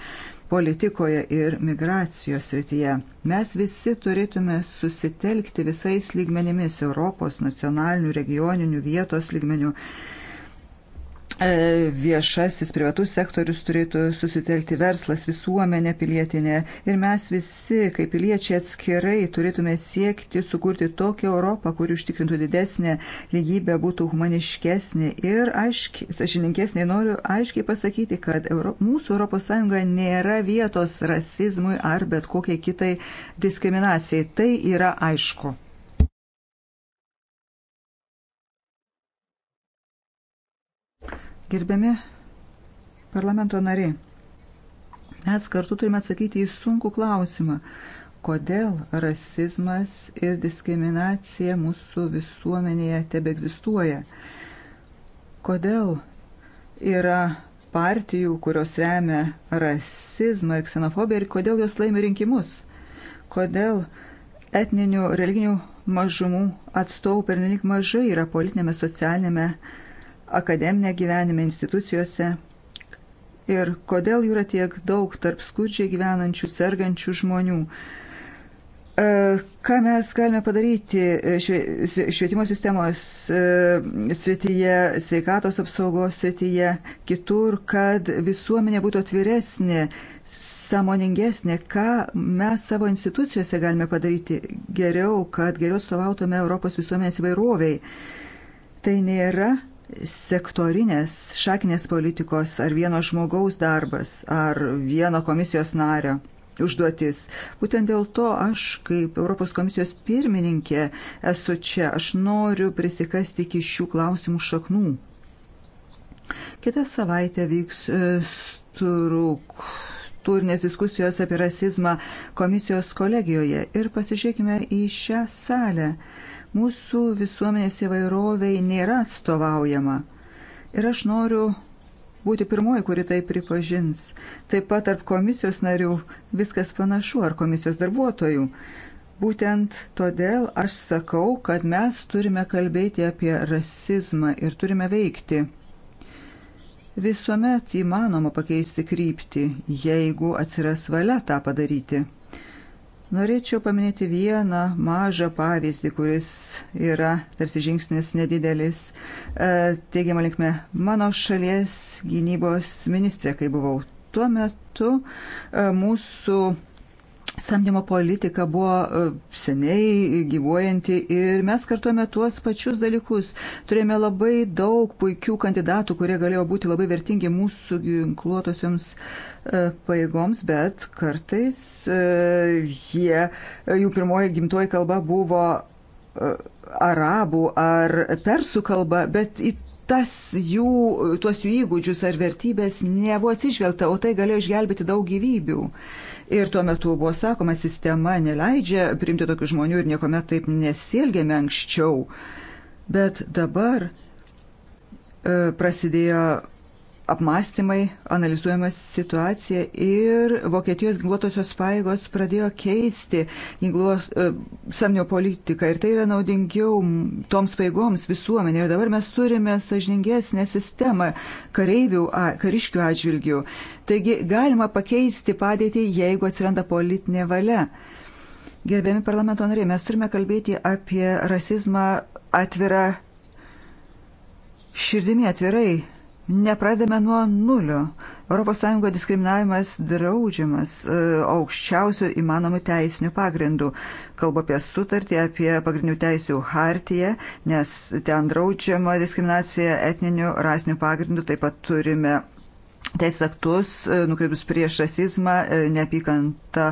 politikoje ir migracijos srityje. Mes visi turėtume susitelkti visais lygmenimis - Europos, nacionalinių, regioninių, vietos lygmenių. E, viešasis, privatus sektorius turėtų susitelkti verslas, visuomenė, pilietinė. Ir mes visi, kaip piliečiai atskirai, turėtume siekti sukurti tokią Europą, kuri užtikrintų didesnę lygybę, būtų humaniškesnė ir aiškiai, sažininkesnė. Noriu aiškiai pasakyti, kad Euro, mūsų ES nėra vietos rasizmui ar bet kokiai kitai diskriminacijai. Tai yra aišku. Gerbiami parlamento nariai, mes kartu turime atsakyti į sunkų klausimą, kodėl rasizmas ir diskriminacija mūsų visuomenėje tebe egzistuoja. Kodėl yra partijų, kurios remia rasizmą ir ksenofobiją ir kodėl jos laimi rinkimus. Kodėl etninių, religinių mažumų atstovų pernelik mažai yra politinėme, socialinėme akademinė gyvenime institucijose. Ir kodėl jų yra tiek daug tarp skurdžiai gyvenančių, sergančių žmonių. E, ką mes galime padaryti e, švietimo sistemos e, srityje, sveikatos apsaugos srityje, kitur, kad visuomenė būtų atviresnė, samoningesnė, ką mes savo institucijose galime padaryti geriau, kad geriau stovautume Europos visuomenės įvairoviai. Tai nėra sektorinės, šakinės politikos ar vieno žmogaus darbas ar vieno komisijos nario užduotis. Būtent dėl to aš, kaip Europos komisijos pirmininkė, esu čia. Aš noriu prisikasti iki šių klausimų šaknų. Kitą savaitę vyks e, struk turinės diskusijos apie rasizmą komisijos kolegijoje ir pasižiūrėkime į šią salę. Mūsų visuomenės įvairoviai nėra atstovaujama. Ir aš noriu būti pirmoji, kuri tai pripažins. Taip pat tarp komisijos narių viskas panašu ar komisijos darbuotojų. Būtent todėl aš sakau, kad mes turime kalbėti apie rasizmą ir turime veikti. Visuomet įmanoma pakeisti kryptį, jeigu atsiras valia tą padaryti. Norėčiau paminėti vieną mažą pavyzdį, kuris yra tarsi žingsnis nedidelis. E, teigiamą linkme, mano šalies gynybos ministrė, kai buvau tuo metu, e, mūsų Samdymo politika buvo e, seniai gyvuojanti ir mes kartuojame tuos pačius dalykus. Turėjome labai daug puikių kandidatų, kurie galėjo būti labai vertingi mūsų ginkluotosioms e, paėgoms, bet kartais e, jie, jų pirmoji gimtoji kalba buvo arabų ar persų kalba, bet į tas jų, tuos jų įgūdžius ar vertybės nebuvo atsižvelgta, o tai galėjo išgelbėti daug gyvybių. Uh, Ir tuo metu buvo sakoma, sistema neleidžia priimti tokių žmonių ir niekuomet taip nesielgėme anksčiau. Bet dabar e, prasidėjo apmąstymai, analizuojama situacija ir Vokietijos ginkluotosios paėgos pradėjo keisti ginkluos e, samnio politiką ir tai yra naudingiau toms paėgoms visuomenė. Ir dabar mes turime sažningesnę sistemą kareivių, a, kariškių atžvilgių. Taigi galima pakeisti padėtį, jeigu atsiranda politinė valia. Gerbiami parlamento nariai, mes turime kalbėti apie rasizmą atvirą širdimi atvirai nepradame nuo nulio. ES diskriminavimas draudžiamas e, aukščiausio įmanomų teisinių pagrindų. Kalba apie sutartį, apie pagrindinių teisių hartiją, nes ten draudžiama diskriminacija etninių, rasinių pagrindų, taip pat turime teisės aktus e, nukreiptus prieš rasizmą, e, neapykantą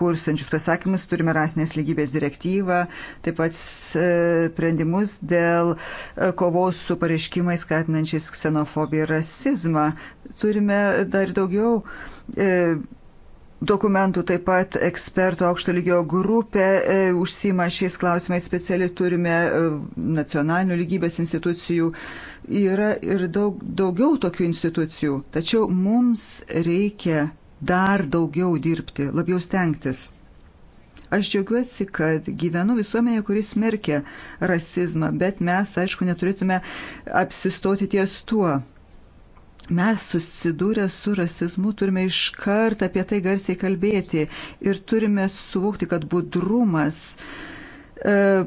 kurstančius pasakymus, turime rasinės lygybės direktyvą, taip pat e, sprendimus dėl kovos su pareiškimais skatinančiais ksenofobiją ir rasizmą. Turime dar daugiau dokumentų taip pat ekspertų aukšto lygio grupė e, užsima šiais klausimais speciali turime e, nacionalinių lygybės institucijų. Yra ir daug, daugiau tokių institucijų. Tačiau mums reikia dar daugiau dirbti, labiau stengtis. Aš džiaugiuosi, kad gyvenu visuomenėje, kuris smerkia rasizmą, bet mes, aišku, neturėtume apsistoti ties tuo mes susidūrę su rasizmu turime iš karto apie tai garsiai kalbėti ir turime suvokti, kad budrumas e,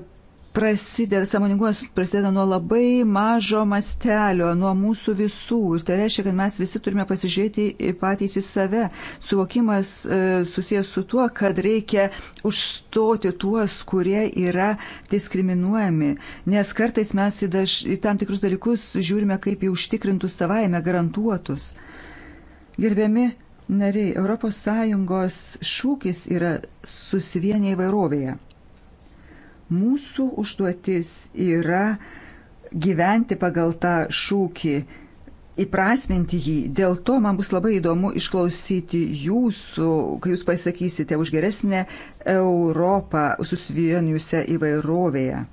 prasideda, samoningumas prasideda nuo labai mažo mastelio, nuo mūsų visų. Ir tai reiškia, kad mes visi turime pasižiūrėti patys į save. Suvokimas e, susijęs su tuo, kad reikia užstoti tuos, kurie yra diskriminuojami. Nes kartais mes į, daž, į tam tikrus dalykus žiūrime kaip į užtikrintus savaime, garantuotus. Gerbiami nariai, ES šūkis yra susivienyje įvairovėje. Mūsų užduotis yra gyventi pagal tą šūkį, įprasminti jį. Dėl to man bus labai įdomu išklausyti jūsų, kai jūs pasakysite už geresnę Europą susivienijusią įvairovėje.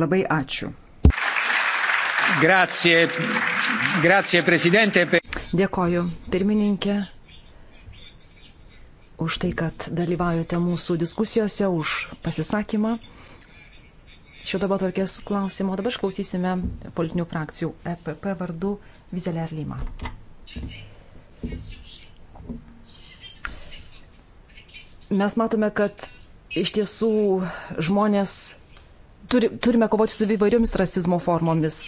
Labai ačiū. Grazie, grazie prezidentė. Dėkoju, pirmininkė, už tai, kad dalyvaujate mūsų diskusijose, už pasisakymą šio dabar tvarkės klausimo. Dabar išklausysime politinių frakcijų EPP vardu Vizelė ir Lyma. Mes matome, kad iš tiesų žmonės turi, turime kovoti su įvairiomis rasizmo formomis,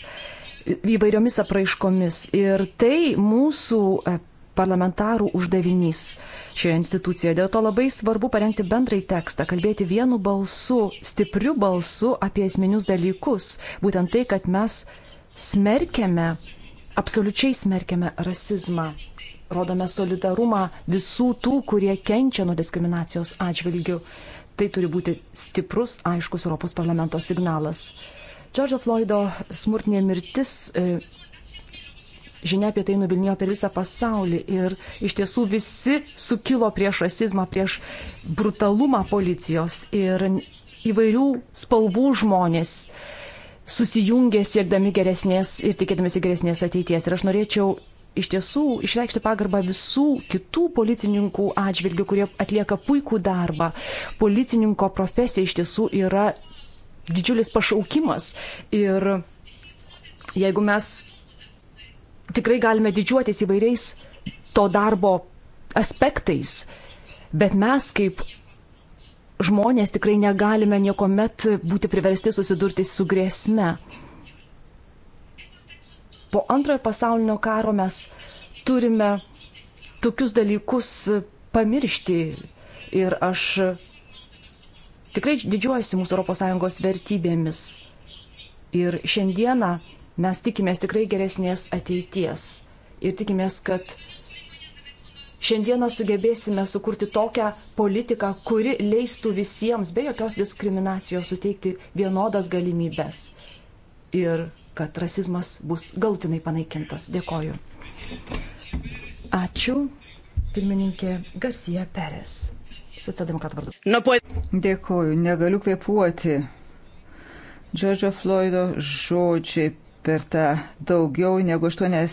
įvairiomis apraiškomis. Ir tai mūsų e parlamentarų uždavinys šioje institucijoje. Dėl to labai svarbu parengti bendrai tekstą, kalbėti vienu balsu, stipriu balsu apie esminius dalykus. Būtent tai, kad mes smerkiame, absoliučiai smerkiame rasizmą, rodome solidarumą visų tų, kurie kenčia nuo diskriminacijos atžvilgių. Tai turi būti stiprus, aiškus Europos parlamento signalas. Džordžo Floydo smurtinė mirtis e, Žinia apie tai nuvilnijo per visą pasaulį ir iš tiesų visi sukilo prieš rasizmą, prieš brutalumą policijos ir įvairių spalvų žmonės susijungė siekdami geresnės ir tikėdamėsi geresnės ateities. Ir aš norėčiau iš tiesų išreikšti pagarbą visų kitų policininkų atžvilgių, kurie atlieka puikų darbą. Policininko profesija iš tiesų yra didžiulis pašaukimas. Ir jeigu mes tikrai galime didžiuotis įvairiais to darbo aspektais, bet mes kaip žmonės tikrai negalime niekuomet būti priversti susidurti su grėsme. Po antrojo pasaulinio karo mes turime tokius dalykus pamiršti ir aš tikrai didžiuojuosi mūsų ES vertybėmis. Ir šiandieną Mes tikimės tikrai geresnės ateities ir tikimės, kad šiandieną sugebėsime sukurti tokią politiką, kuri leistų visiems be jokios diskriminacijos suteikti vienodas galimybės ir kad rasizmas bus gautinai panaikintas. Dėkoju. Ačiū, pirmininkė Garcia Perez. Socialdemokratų vardu. Dėkoju, negaliu kvepuoti. Džordžo Floido žodžiai perta daugiau negu 8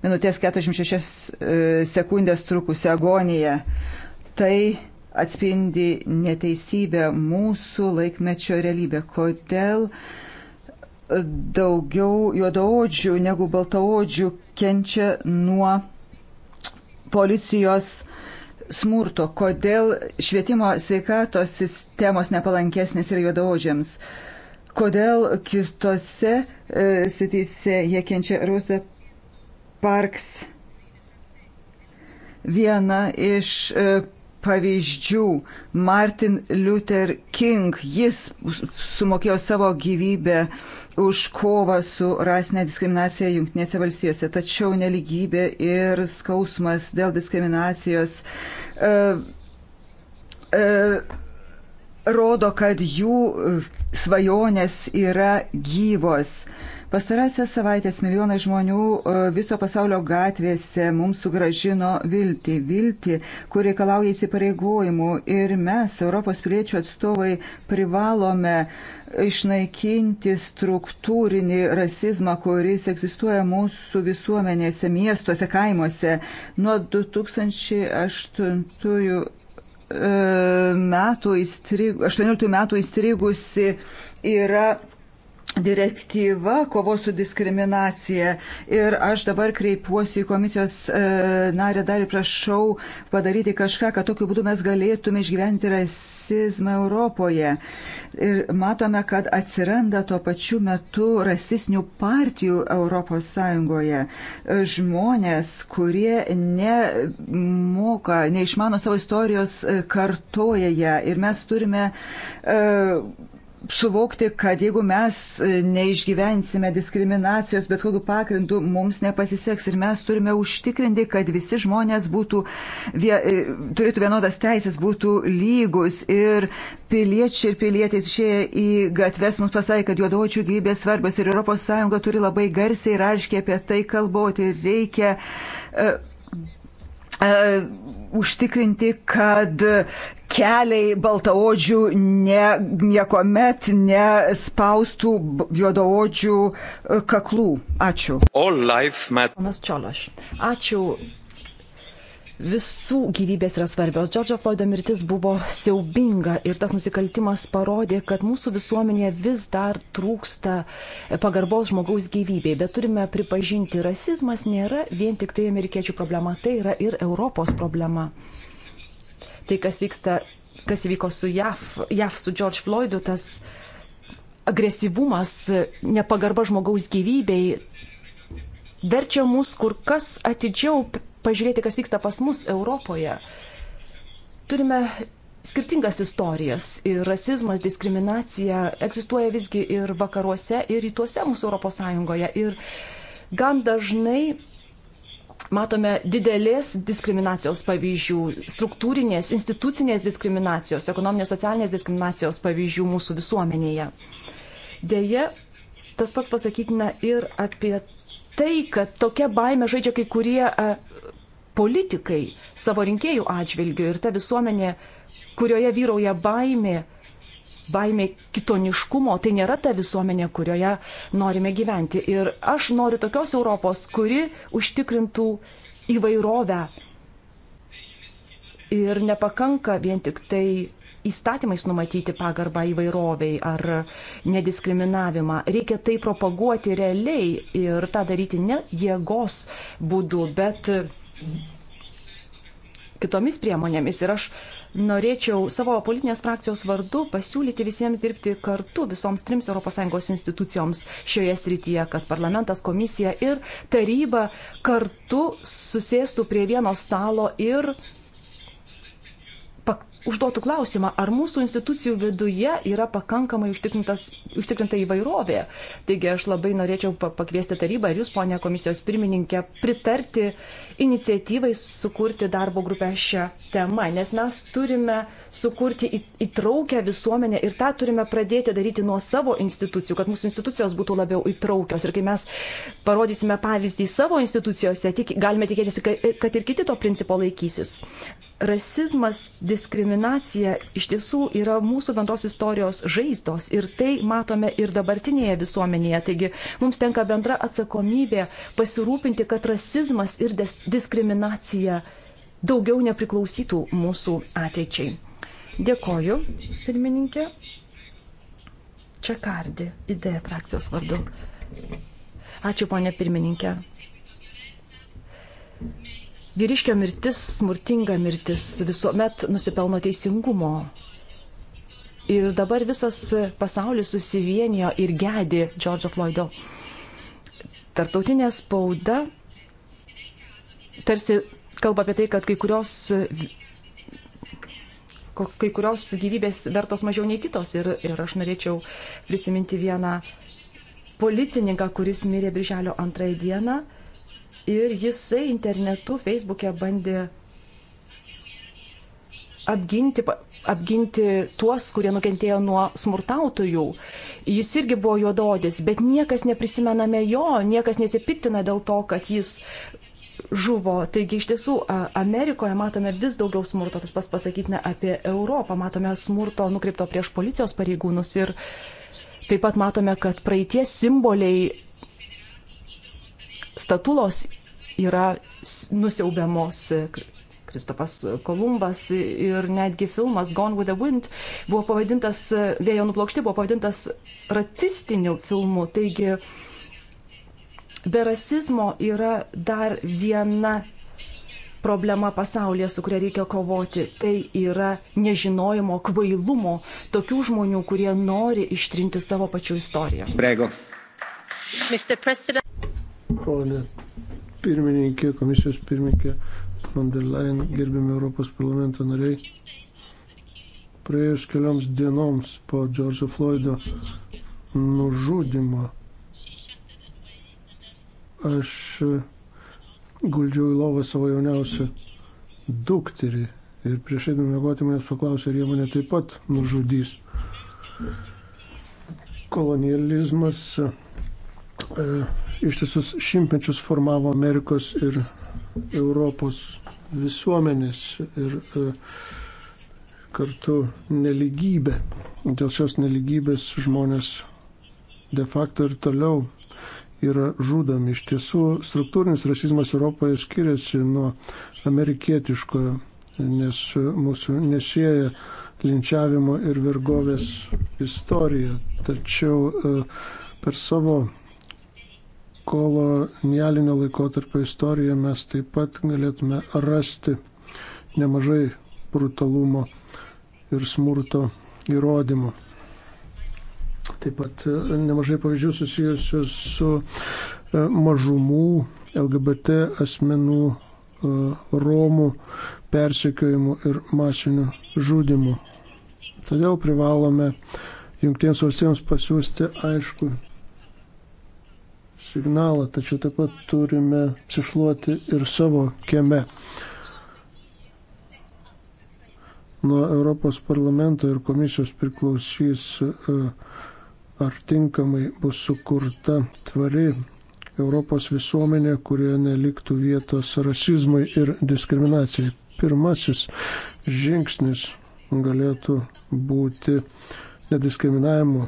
minutės 46 e, sekundės trukusią agoniją. Tai atspindi neteisybę mūsų laikmečio realybę. Kodėl daugiau juodaodžių negu baltaodžių kenčia nuo policijos smurto? Kodėl švietimo sveikatos sistemos nepalankesnės yra juodaodžiams? Uh, kodėl kitose e, srityse jie kenčia Rosa Parks. Viena iš e, pavyzdžių Martin Luther King, jis sumokėjo savo gyvybę už kovą su rasinė diskriminacija Junktinėse valstijose, tačiau neligybė ir skausmas dėl diskriminacijos e, e, rodo, kad jų svajonės yra gyvos. Pastarąsias savaitės milijonai žmonių e, viso pasaulio gatvėse mums sugražino viltį, viltį, kur reikalauja įsipareigojimų ir mes, Europos piliečių atstovai, privalome išnaikinti struktūrinį rasizmą, kuris egzistuoja mūsų visuomenėse, miestuose, kaimuose. Nuo 2008 metų įstrigu, 18 metų įstrigusi yra direktyva kovos su diskriminacija ir aš dabar kreipiuosi į komisijos e, narę dar ir prašau padaryti kažką, kad tokiu būdu mes galėtume išgyventi rasizmą Europoje. Ir matome, kad atsiranda tuo pačiu metu rasistinių partijų Europos Sąjungoje. E, žmonės, kurie nemoka, neišmano savo istorijos, e, kartoja ją ir mes turime e, suvokti, kad jeigu mes e, neišgyvensime diskriminacijos bet kokiu pagrindu, mums nepasiseks ir mes turime užtikrinti, kad visi žmonės būtų, vie, e, turėtų vienodas teisės, būtų lygus ir piliečiai ir pilietės išėję į gatves mums pasakė, kad juodočių gyvybės svarbios ir ES turi labai garsiai ir aiškiai apie tai kalboti. Reikia uh, E, užtikrinti, kad keliai baltaodžių ne, niekuomet nespaustų juodaodžių kaklų. Ačiū. Ponas Čiološ, ačiū visų gyvybės yra svarbios. Džordžo Floido mirtis buvo siaubinga ir tas nusikaltimas parodė, kad mūsų visuomenėje vis dar trūksta pagarbos žmogaus gyvybei. Bet turime pripažinti, rasizmas nėra vien tik tai amerikiečių problema, tai yra ir Europos problema. Tai, kas vyksta, kas įvyko su JAF, JAF su George Floydu, tas agresyvumas, nepagarba žmogaus gyvybei, verčia mus kur kas atidžiau pažiūrėti, kas vyksta pas mus Europoje, turime skirtingas istorijas ir rasizmas, diskriminacija egzistuoja visgi ir vakaruose, ir rytuose mūsų Europos Sąjungoje. Ir gan dažnai matome didelės diskriminacijos pavyzdžių, struktūrinės, institucinės diskriminacijos, ekonominės, socialinės diskriminacijos pavyzdžių mūsų visuomenėje. Deja, tas pats pasakytina ir apie tai, kad tokia baime žaidžia kai kurie politikai savo rinkėjų atžvilgių ir ta visuomenė, kurioje vyrauja baimė, baimė kitoniškumo, tai nėra ta visuomenė, kurioje norime gyventi. Ir aš noriu tokios Europos, kuri užtikrintų įvairovę. Ir nepakanka vien tik tai įstatymais numatyti pagarbą įvairoviai ar nediskriminavimą. Reikia tai propaguoti realiai ir tą daryti ne jėgos būdu, bet kitomis priemonėmis. Ir aš norėčiau savo politinės frakcijos vardu pasiūlyti visiems dirbti kartu visoms trims ES institucijoms šioje srityje, kad parlamentas, komisija ir taryba kartu susėstų prie vieno stalo ir užduotų klausimą, ar mūsų institucijų viduje yra pakankamai užtikrinta įvairovė. Taigi aš labai norėčiau pakviesti tarybą ir jūs, ponė komisijos pirmininkė, pritarti iniciatyvai sukurti darbo grupę šią temą, nes mes turime sukurti įtraukę visuomenę ir tą turime pradėti daryti nuo savo institucijų, kad mūsų institucijos būtų labiau įtraukios. Ir kai mes parodysime pavyzdį savo institucijose, tik, galime tikėtis, kad ir kiti to principo laikysis. Rasizmas, diskriminacija iš tiesų yra mūsų bendros istorijos žaizdos ir tai matome ir dabartinėje visuomenėje. Taigi mums tenka bendra atsakomybė pasirūpinti, kad rasizmas ir diskriminacija daugiau nepriklausytų mūsų ateičiai. Dėkoju, pirmininkė. Čekardi, idėja frakcijos vardu. Ačiū, ponė pirmininkė. Vyriškio mirtis, smurtinga mirtis visuomet nusipelno teisingumo. Ir dabar visas pasaulis susivienijo ir gedi Džordžo Floydo. Tartautinė spauda tarsi kalba apie tai, kad kai kurios, kai kurios gyvybės vertos mažiau nei kitos. Ir, ir aš norėčiau prisiminti vieną policininką, kuris mirė birželio antrąją dieną. Ir jisai internetu, feisbuke bandė apginti, apginti tuos, kurie nukentėjo nuo smurtautojų. Jis irgi buvo juododis, bet niekas neprisimename jo, niekas nesipiktina dėl to, kad jis žuvo. Taigi iš tiesų Amerikoje matome vis daugiau smurto, tas pas pasakytina apie Europą, matome smurto nukreipto prieš policijos pareigūnus ir taip pat matome, kad praeities simboliai statulos yra nusiaubiamos. Kristopas Kolumbas ir netgi filmas Gone with the Wind buvo pavadintas, vėjo nuplokšti buvo pavadintas racistiniu filmu. Taigi, uh, Be rasizmo yra dar viena problema pasaulyje, su kuria reikia kovoti. Tai yra nežinojimo, kvailumo tokių žmonių, kurie nori ištrinti savo pačių istoriją. Brego. Pone pirmininkė, komisijos pirmininkė, von der Leyen, gerbėmi Europos parlamento nariai. Praėjus kelioms dienoms po Džordžo Floydo nužudimo aš guldžiau į lovą savo jauniausią dukterį ir prieš eidami mėgoti manęs paklausė, ar jie mane taip pat nužudys. Kolonializmas e, ištisus šimtmečius formavo Amerikos ir Europos visuomenės ir e, kartu neligybė. Dėl šios neligybės žmonės de facto ir toliau yra žudomi. Iš tiesų, struktūrinis rasizmas Europoje skiriasi nuo amerikietiškojo, nes mūsų nesieja linčiavimo ir vergovės istorija. Tačiau e, per savo kolonialinio laikotarpio istoriją mes taip pat galėtume rasti nemažai brutalumo ir smurto įrodymų. Taip pat e, nemažai pavyzdžių susijusių su e, mažumų LGBT asmenų, e, Romų persikiojimu ir masiniu žudimu. Todėl privalome jungtiems valstybėms pasiūsti aišku signalą, tačiau taip pat turime cišluoti ir savo kieme. Nuo Europos parlamento ir komisijos priklausys uh, ar tinkamai bus sukurta tvari Europos visuomenė, kurioje neliktų vietos rasizmui ir diskriminacijai. Pirmasis žingsnis galėtų būti nediskriminavimo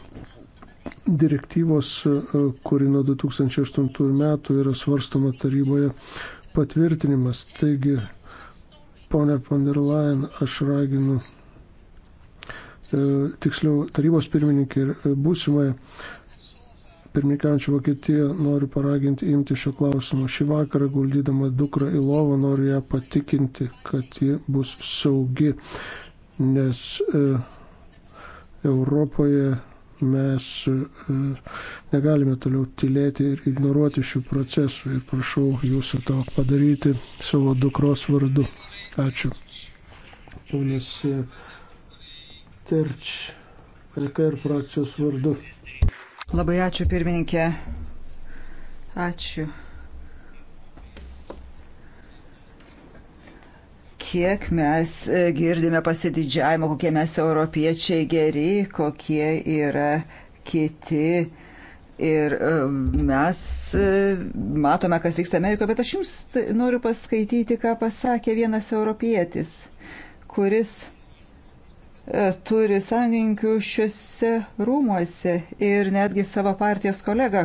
direktyvos, kuri nuo 2008 metų yra svarstoma taryboje patvirtinimas. Taigi, ponia von der Leyen, aš raginu E, tiksliau tarybos pirmininkį ir e, būsimąją pirmininkaujančią Vokietiją noriu paraginti imti šio klausimo. Šį vakarą guldydama dukrą į lovą noriu ją patikinti, kad ji bus saugi, nes e, Europoje mes e, negalime toliau tylėti ir ignoruoti šių procesų ir prašau jūsų to padaryti savo dukros vardu. Ačiū. Ponas e, Terč, LKR frakcijos vardu. Labai ačiū pirmininkė. Ačiū. Kiek mes e, girdime pasididžiavimo, kokie mes europiečiai geri, kokie yra kiti. Ir e, mes e, matome, kas vyksta Amerikoje, bet aš jums noriu paskaityti, ką pasakė vienas europietis, kuris E, turi sąjungininkių šiuose rūmuose ir netgi savo partijos kolegą.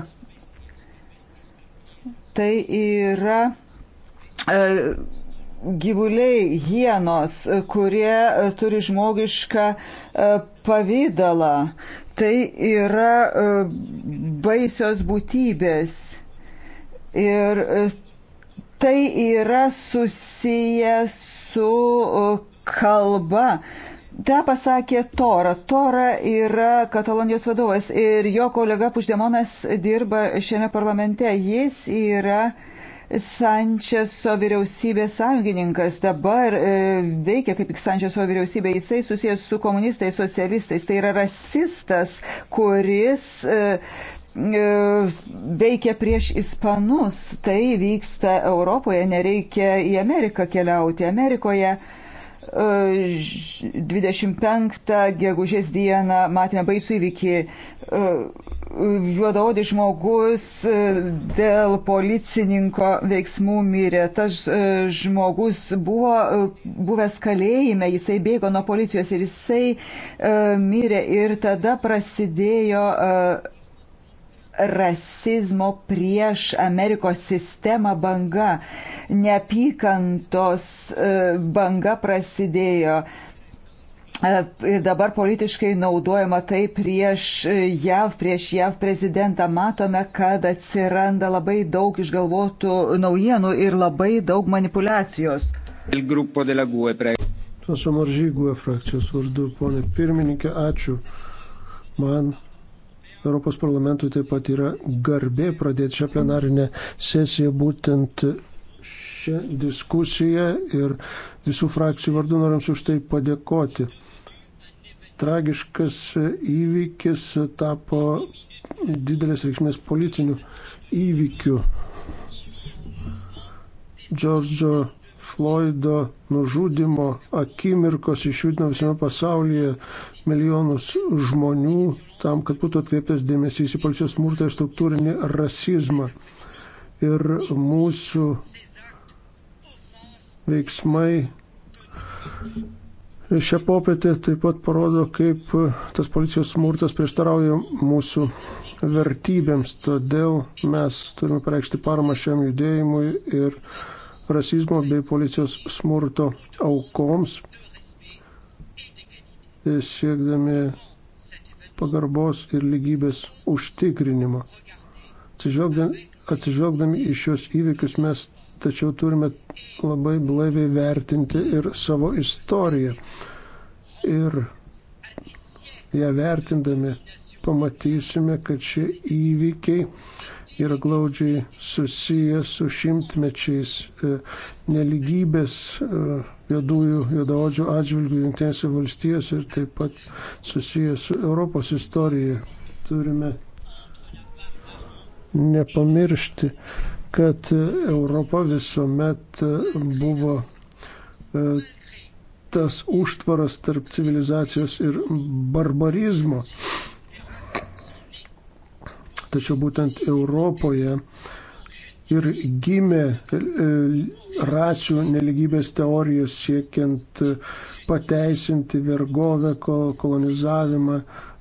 Tai yra e, gyvuliai, hienos, kurie e, turi žmogišką pavydalą. Tai yra baisios būtybės. Ir tai yra susiję su kalba. Ta pasakė Tora. Tora yra Katalonijos vadovas ir jo kolega Puždemonas dirba šiame parlamente. Jis yra Sančeso vyriausybės sąjungininkas. Dabar e, veikia kaip Sančeso vyriausybė. Jisai susijęs su komunistais, socialistais. Tai yra rasistas, kuris. E, e veikia prieš ispanus, tai vyksta Europoje, nereikia į Ameriką keliauti. Amerikoje uh, 25 gegužės dieną matėme baisų įvykį. Juodaodis žmogus dėl policininko veiksmų mirė. Tas žmogus buvo buvęs kalėjime, jisai bėgo nuo policijos ir jisai mirė. Ir tada prasidėjo rasizmo prieš Amerikos sistemą banga, neapykantos e, banga prasidėjo. E, ir dabar politiškai naudojama tai prieš e, JAV, prieš JAV prezidentą. Matome, kad atsiranda labai daug išgalvotų naujienų ir labai daug manipulacijos. Tuos omaržygų frakcijos vardu, ponė pirmininkė, ačiū. Man Europos parlamentui taip pat yra garbė pradėti šią plenarinę sesiją būtent šią diskusiją ir visų frakcijų vardu noriams už tai padėkoti. Tragiškas įvykis tapo didelės reikšmės politiniu įvykiu. Džordžo Floydo nužudimo akimirkos išjudino visame pasaulyje milijonus žmonių tam, kad būtų atkreiptas dėmesys į policijos smurtą ir struktūrinį rasizmą. Ir mūsų veiksmai šią popietę taip pat parodo, kaip tas policijos smurtas prieštarauja mūsų vertybėms. Todėl mes turime pareikšti paramą šiam judėjimui ir rasizmo bei policijos smurto aukoms, siekdami pagarbos ir lygybės užtikrinimo. Atsižvelgdami, atsižvelgdami į šios įvykius mes tačiau turime labai blaiviai vertinti ir savo istoriją. Ir ją vertindami pamatysime, kad šie įvykiai yra glaudžiai susijęs su šimtmečiais e, neligybės e, juodųjų, juodaodžių atžvilgių Junktinėse valstijose ir taip pat susijęs su Europos istorija. Turime nepamiršti, kad e, Europa visuomet buvo tas užtvaras tarp civilizacijos ir barbarizmo. Tačiau būtent Europoje ir gimė e, rasių neligybės teorijos siekiant pateisinti vergovę, kolonizavimą,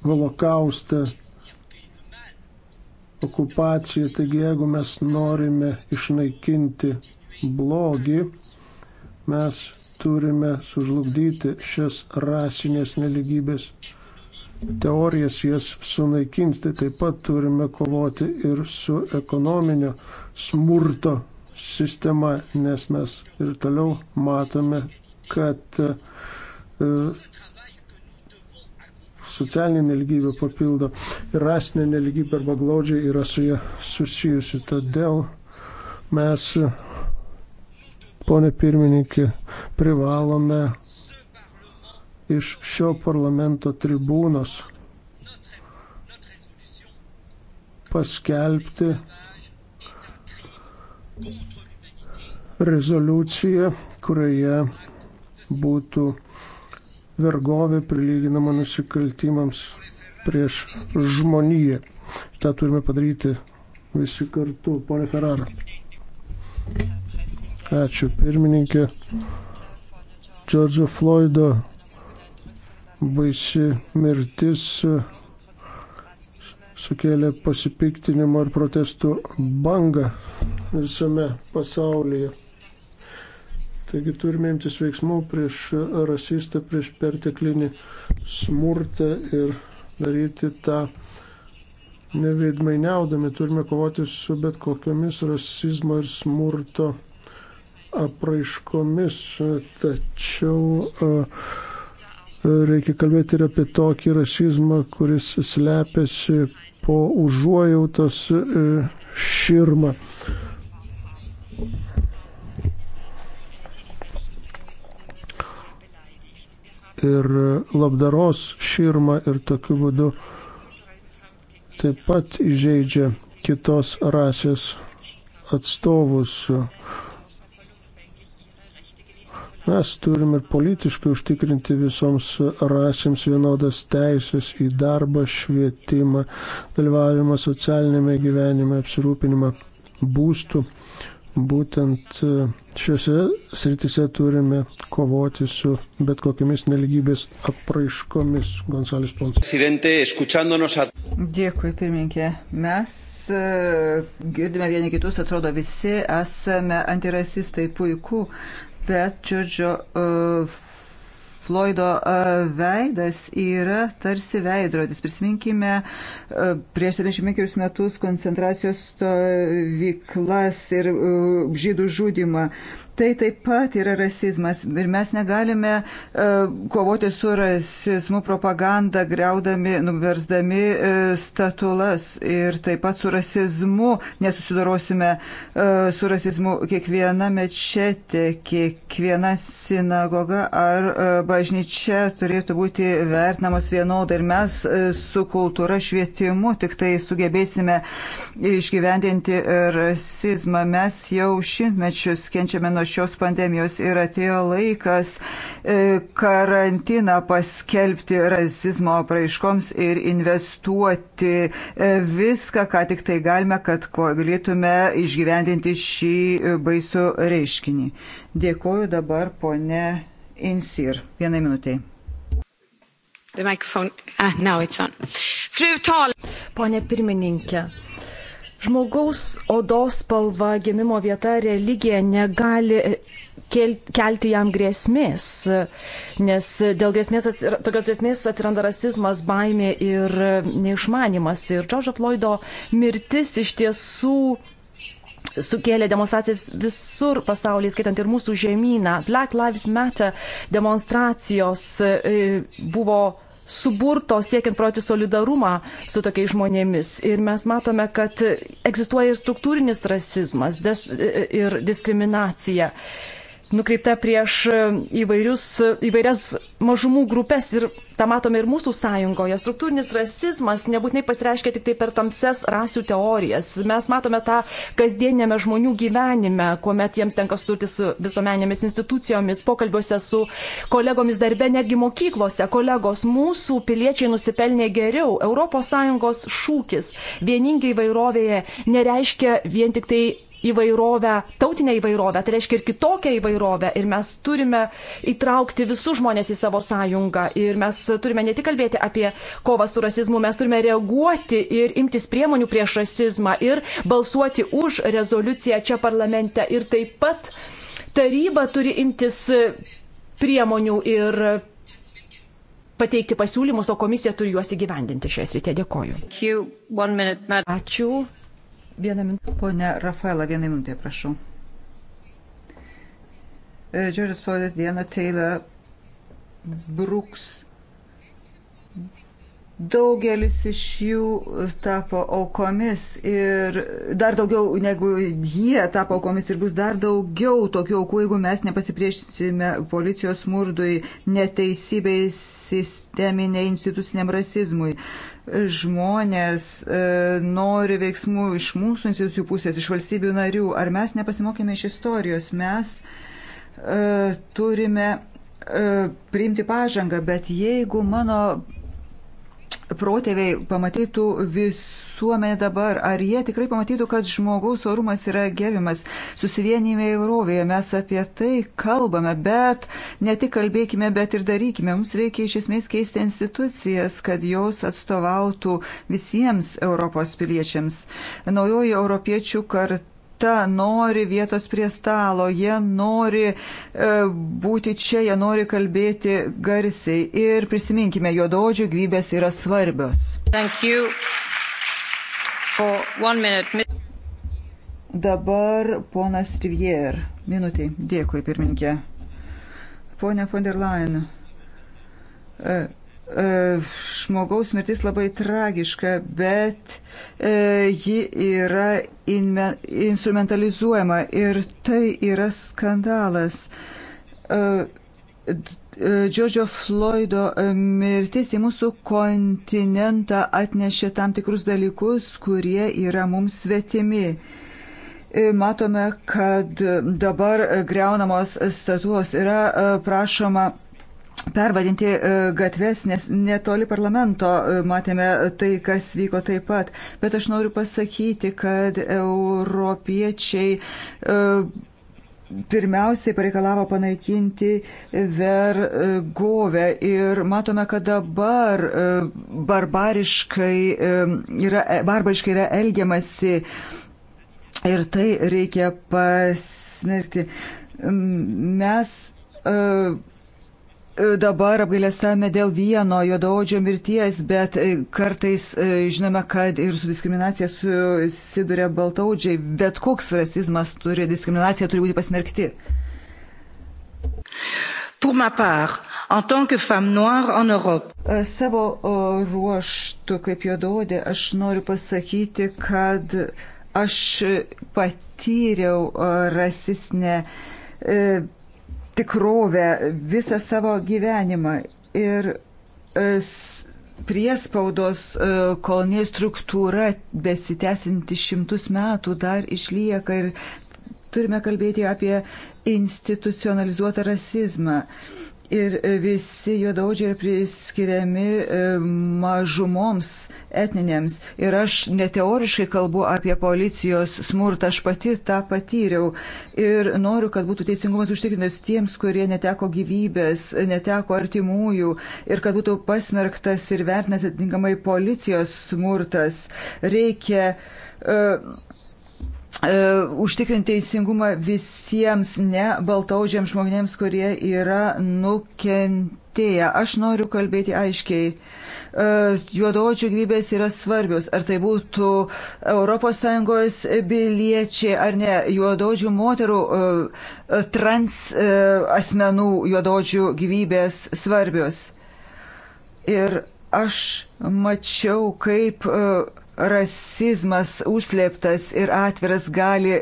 holokaustą, okupaciją. Taigi jeigu mes norime išnaikinti blogį, mes turime sužlugdyti šias rasinės neligybės teorijas, jas sunaikinti. Taip pat turime kovoti ir su ekonominio smurto sistema, nes mes ir toliau matome, kad e, socialinė neligybė papildo ir rasinė neligybė arba glaudžiai yra su ja susijusi. Todėl mes, ponė pirmininkė, privalome iš šio parlamento tribūnos paskelbti rezoliuciją, kurioje būtų vergovė prilyginama nusikaltimams prieš žmoniją. Ta turime padaryti visi kartu. Pone Ferrara. Ačiū pirmininkė. Džordžo Floido baisi mirtis sukėlė pasipiktinimo ir protestų bangą visame pasaulyje. Taigi turime imtis veiksmų prieš rasistą, prieš perteklinį smurtą ir daryti tą neveidmainiaudami. Turime kovoti su bet kokiamis rasizmo ir smurto apraiškomis. Tačiau uh, reikia kalbėti ir apie tokį rasizmą, kuris slepiasi po užuojautos e, širmą. ir labdaros širmą ir tokiu būdu taip pat įžeidžia kitos rasės atstovus. Mes turim ir politiškai užtikrinti visoms rasėms vienodas teisės į darbą, švietimą, dalyvavimą socialinėme gyvenime, apsirūpinimą būstų. Būtent e, šiuose srityse turime kovoti su bet kokiamis neligybės apraiškomis. Gonzalis Pons. Dėkui, pirmininkė. Mes e, girdime vieni kitus, atrodo visi esame antirasistai puiku, bet Džordžo uh, Floido uh, veidas yra tarsi veidrodis. Prisiminkime uh, prieš 75 metus koncentracijos stovyklas ir uh, žydų žudimą. Tai taip pat yra rasizmas ir mes negalime uh, kovoti su rasizmu propaganda, greudami, nuversdami uh, statulas ir taip pat su rasizmu nesusidorosime uh, su rasizmu kiekviena mečetė, kiekviena sinagoga ar uh, bažnyčia turėtų būti vertinamos vienodai ir mes uh, su kultūra švietimu tik tai sugebėsime išgyvendinti rasizmą. Mes jau šimtmečius kenčiame nuo nuo šios pandemijos ir atėjo laikas e, karantiną paskelbti rasizmo apraiškoms ir investuoti e, viską, ką tik tai galime, kad galėtume išgyvendinti šį e, baisų reiškinį. Dėkuoju dabar ponė Insir. Vienai minutiai. Ah, Fru Tal. Pone pirmininkė, Žmogaus odos spalva, gimimo vieta, religija negali e, kelti jam grėsmės, nes dėl grėsmės, tokios grėsmės atsiranda rasizmas, baimė ir neišmanimas. Ir Džordžo Floido mirtis iš tiesų sukėlė demonstracijas visur pasaulyje, skaitant ir mūsų žemyną. Black Lives Matter demonstracijos e, buvo suburto siekiant proti solidarumą su tokiais žmonėmis. Ir mes matome, kad egzistuoja ir struktūrinis rasizmas des, ir diskriminacija nukreipta prieš įvairius, įvairias mažumų grupės ir tą matome ir mūsų sąjungoje. Struktūrinis rasizmas nebūtinai pasireiškia tik tai per tamses rasių teorijas. Mes matome tą kasdienėme žmonių gyvenime, kuomet jiems tenka sturti su visuomenėmis institucijomis, pokalbiuose su kolegomis darbe, netgi mokyklose. Kolegos, mūsų piliečiai nusipelnė geriau. ES šūkis vieningai įvairovėje nereiškia vien tik tai įvairovę, tautinę įvairovę, tai reiškia ir kitokią įvairovę. Ir mes turime įtraukti visus žmonės į savo savo sąjungą. Ir mes turime ne tik kalbėti apie kovą su rasizmu, mes turime reaguoti ir imtis priemonių prieš rasizmą ir balsuoti už rezoliuciją čia parlamente. Ir taip pat taryba turi imtis priemonių ir pateikti pasiūlymus, o komisija turi juos įgyvendinti šioje srityje. Dėkoju. Ačiū. Vieną minutę. Pone Rafaela, vieną minutę, prašau. Džiordžas e, Floydas Diana Taylor Bruks. Daugelis iš jų tapo aukomis ir dar daugiau negu jie tapo aukomis ir bus dar daugiau tokių aukų, jeigu mes nepasipriešinsime policijos smurdui, neteisybei, sisteminiai, instituciniam rasizmui. Žmonės e, nori veiksmų iš mūsų institucijų pusės, iš valstybių narių. Ar mes nepasimokėme iš istorijos? Mes e, turime E, priimti pažangą, bet jeigu mano protėviai pamatytų visuomenę dabar, ar jie tikrai pamatytų, kad žmogaus orumas yra gerbimas, susivienime įvairovėje, mes apie tai kalbame, bet ne tik kalbėkime, bet ir darykime. Mums reikia iš esmės keisti institucijas, kad jos atstovautų visiems Europos piliečiams. Naujoji europiečių karta tauta nori vietos prie stalo, jie nori e, būti čia, jie nori kalbėti garsiai. Ir prisiminkime, juododžių gyvybės yra svarbios. Dabar ponas Rivier. Minutį. Dėkui, pirmininkė. Pone von der Leyen. E, E, žmogaus mirtis labai tragiška, bet e, ji yra inmen, instrumentalizuojama ir tai yra skandalas. E, Džodžio Floido mirtis į mūsų kontinentą atnešė tam tikrus dalykus, kurie yra mums svetimi. Matome, kad dabar greunamos statuos yra prašoma pervadinti e, gatves, nes netoli parlamento e, matėme tai, kas vyko taip pat. Bet aš noriu pasakyti, kad europiečiai e, pirmiausiai pareikalavo panaikinti vergovę ir matome, kad dabar barbariškai yra, barbariškai yra elgiamasi ir tai reikia pasmerkti. Mes uh, E, dabar apgailestame dėl vieno juodaodžio mirties, bet e, kartais e, žinome, kad ir su diskriminacija susiduria baltaudžiai. Bet koks rasizmas turi diskriminaciją, turi būti pasmerkti. Pour ma part, en tant que femme noire en Europe. Savo ruoštų kaip juododė aš noriu pasakyti, kad aš patyriau rasistinę tikrovę visą savo gyvenimą. Ir e, priespaudos e, kolonijos struktūra besitęsinti šimtus metų dar išlieka ir turime kalbėti apie institucionalizuotą rasizmą. Uh, Ir visi juodaučiai yra priskiriami e, mažumoms etninėms. Ir aš neteoriškai kalbu apie policijos smurtą, aš pati tą patyriau. Ir noriu, kad būtų teisingumas užtikrintas tiems, kurie neteko gyvybės, neteko artimųjų ir kad būtų pasmerktas ir vertinęs atitinkamai policijos smurtas. Reikia. Uh, E, užtikrinti teisingumą visiems ne baltaužiams žmonėms, kurie yra nukentėję. Aš noriu kalbėti aiškiai. E, juodaodžių gyvybės yra svarbios. Ar tai būtų ES biliečiai ar ne. Juodaodžių moterų, e, trans asmenų juodaodžių gyvybės svarbios. Ir aš mačiau, kaip uh, rasizmas užslėptas ir atviras gali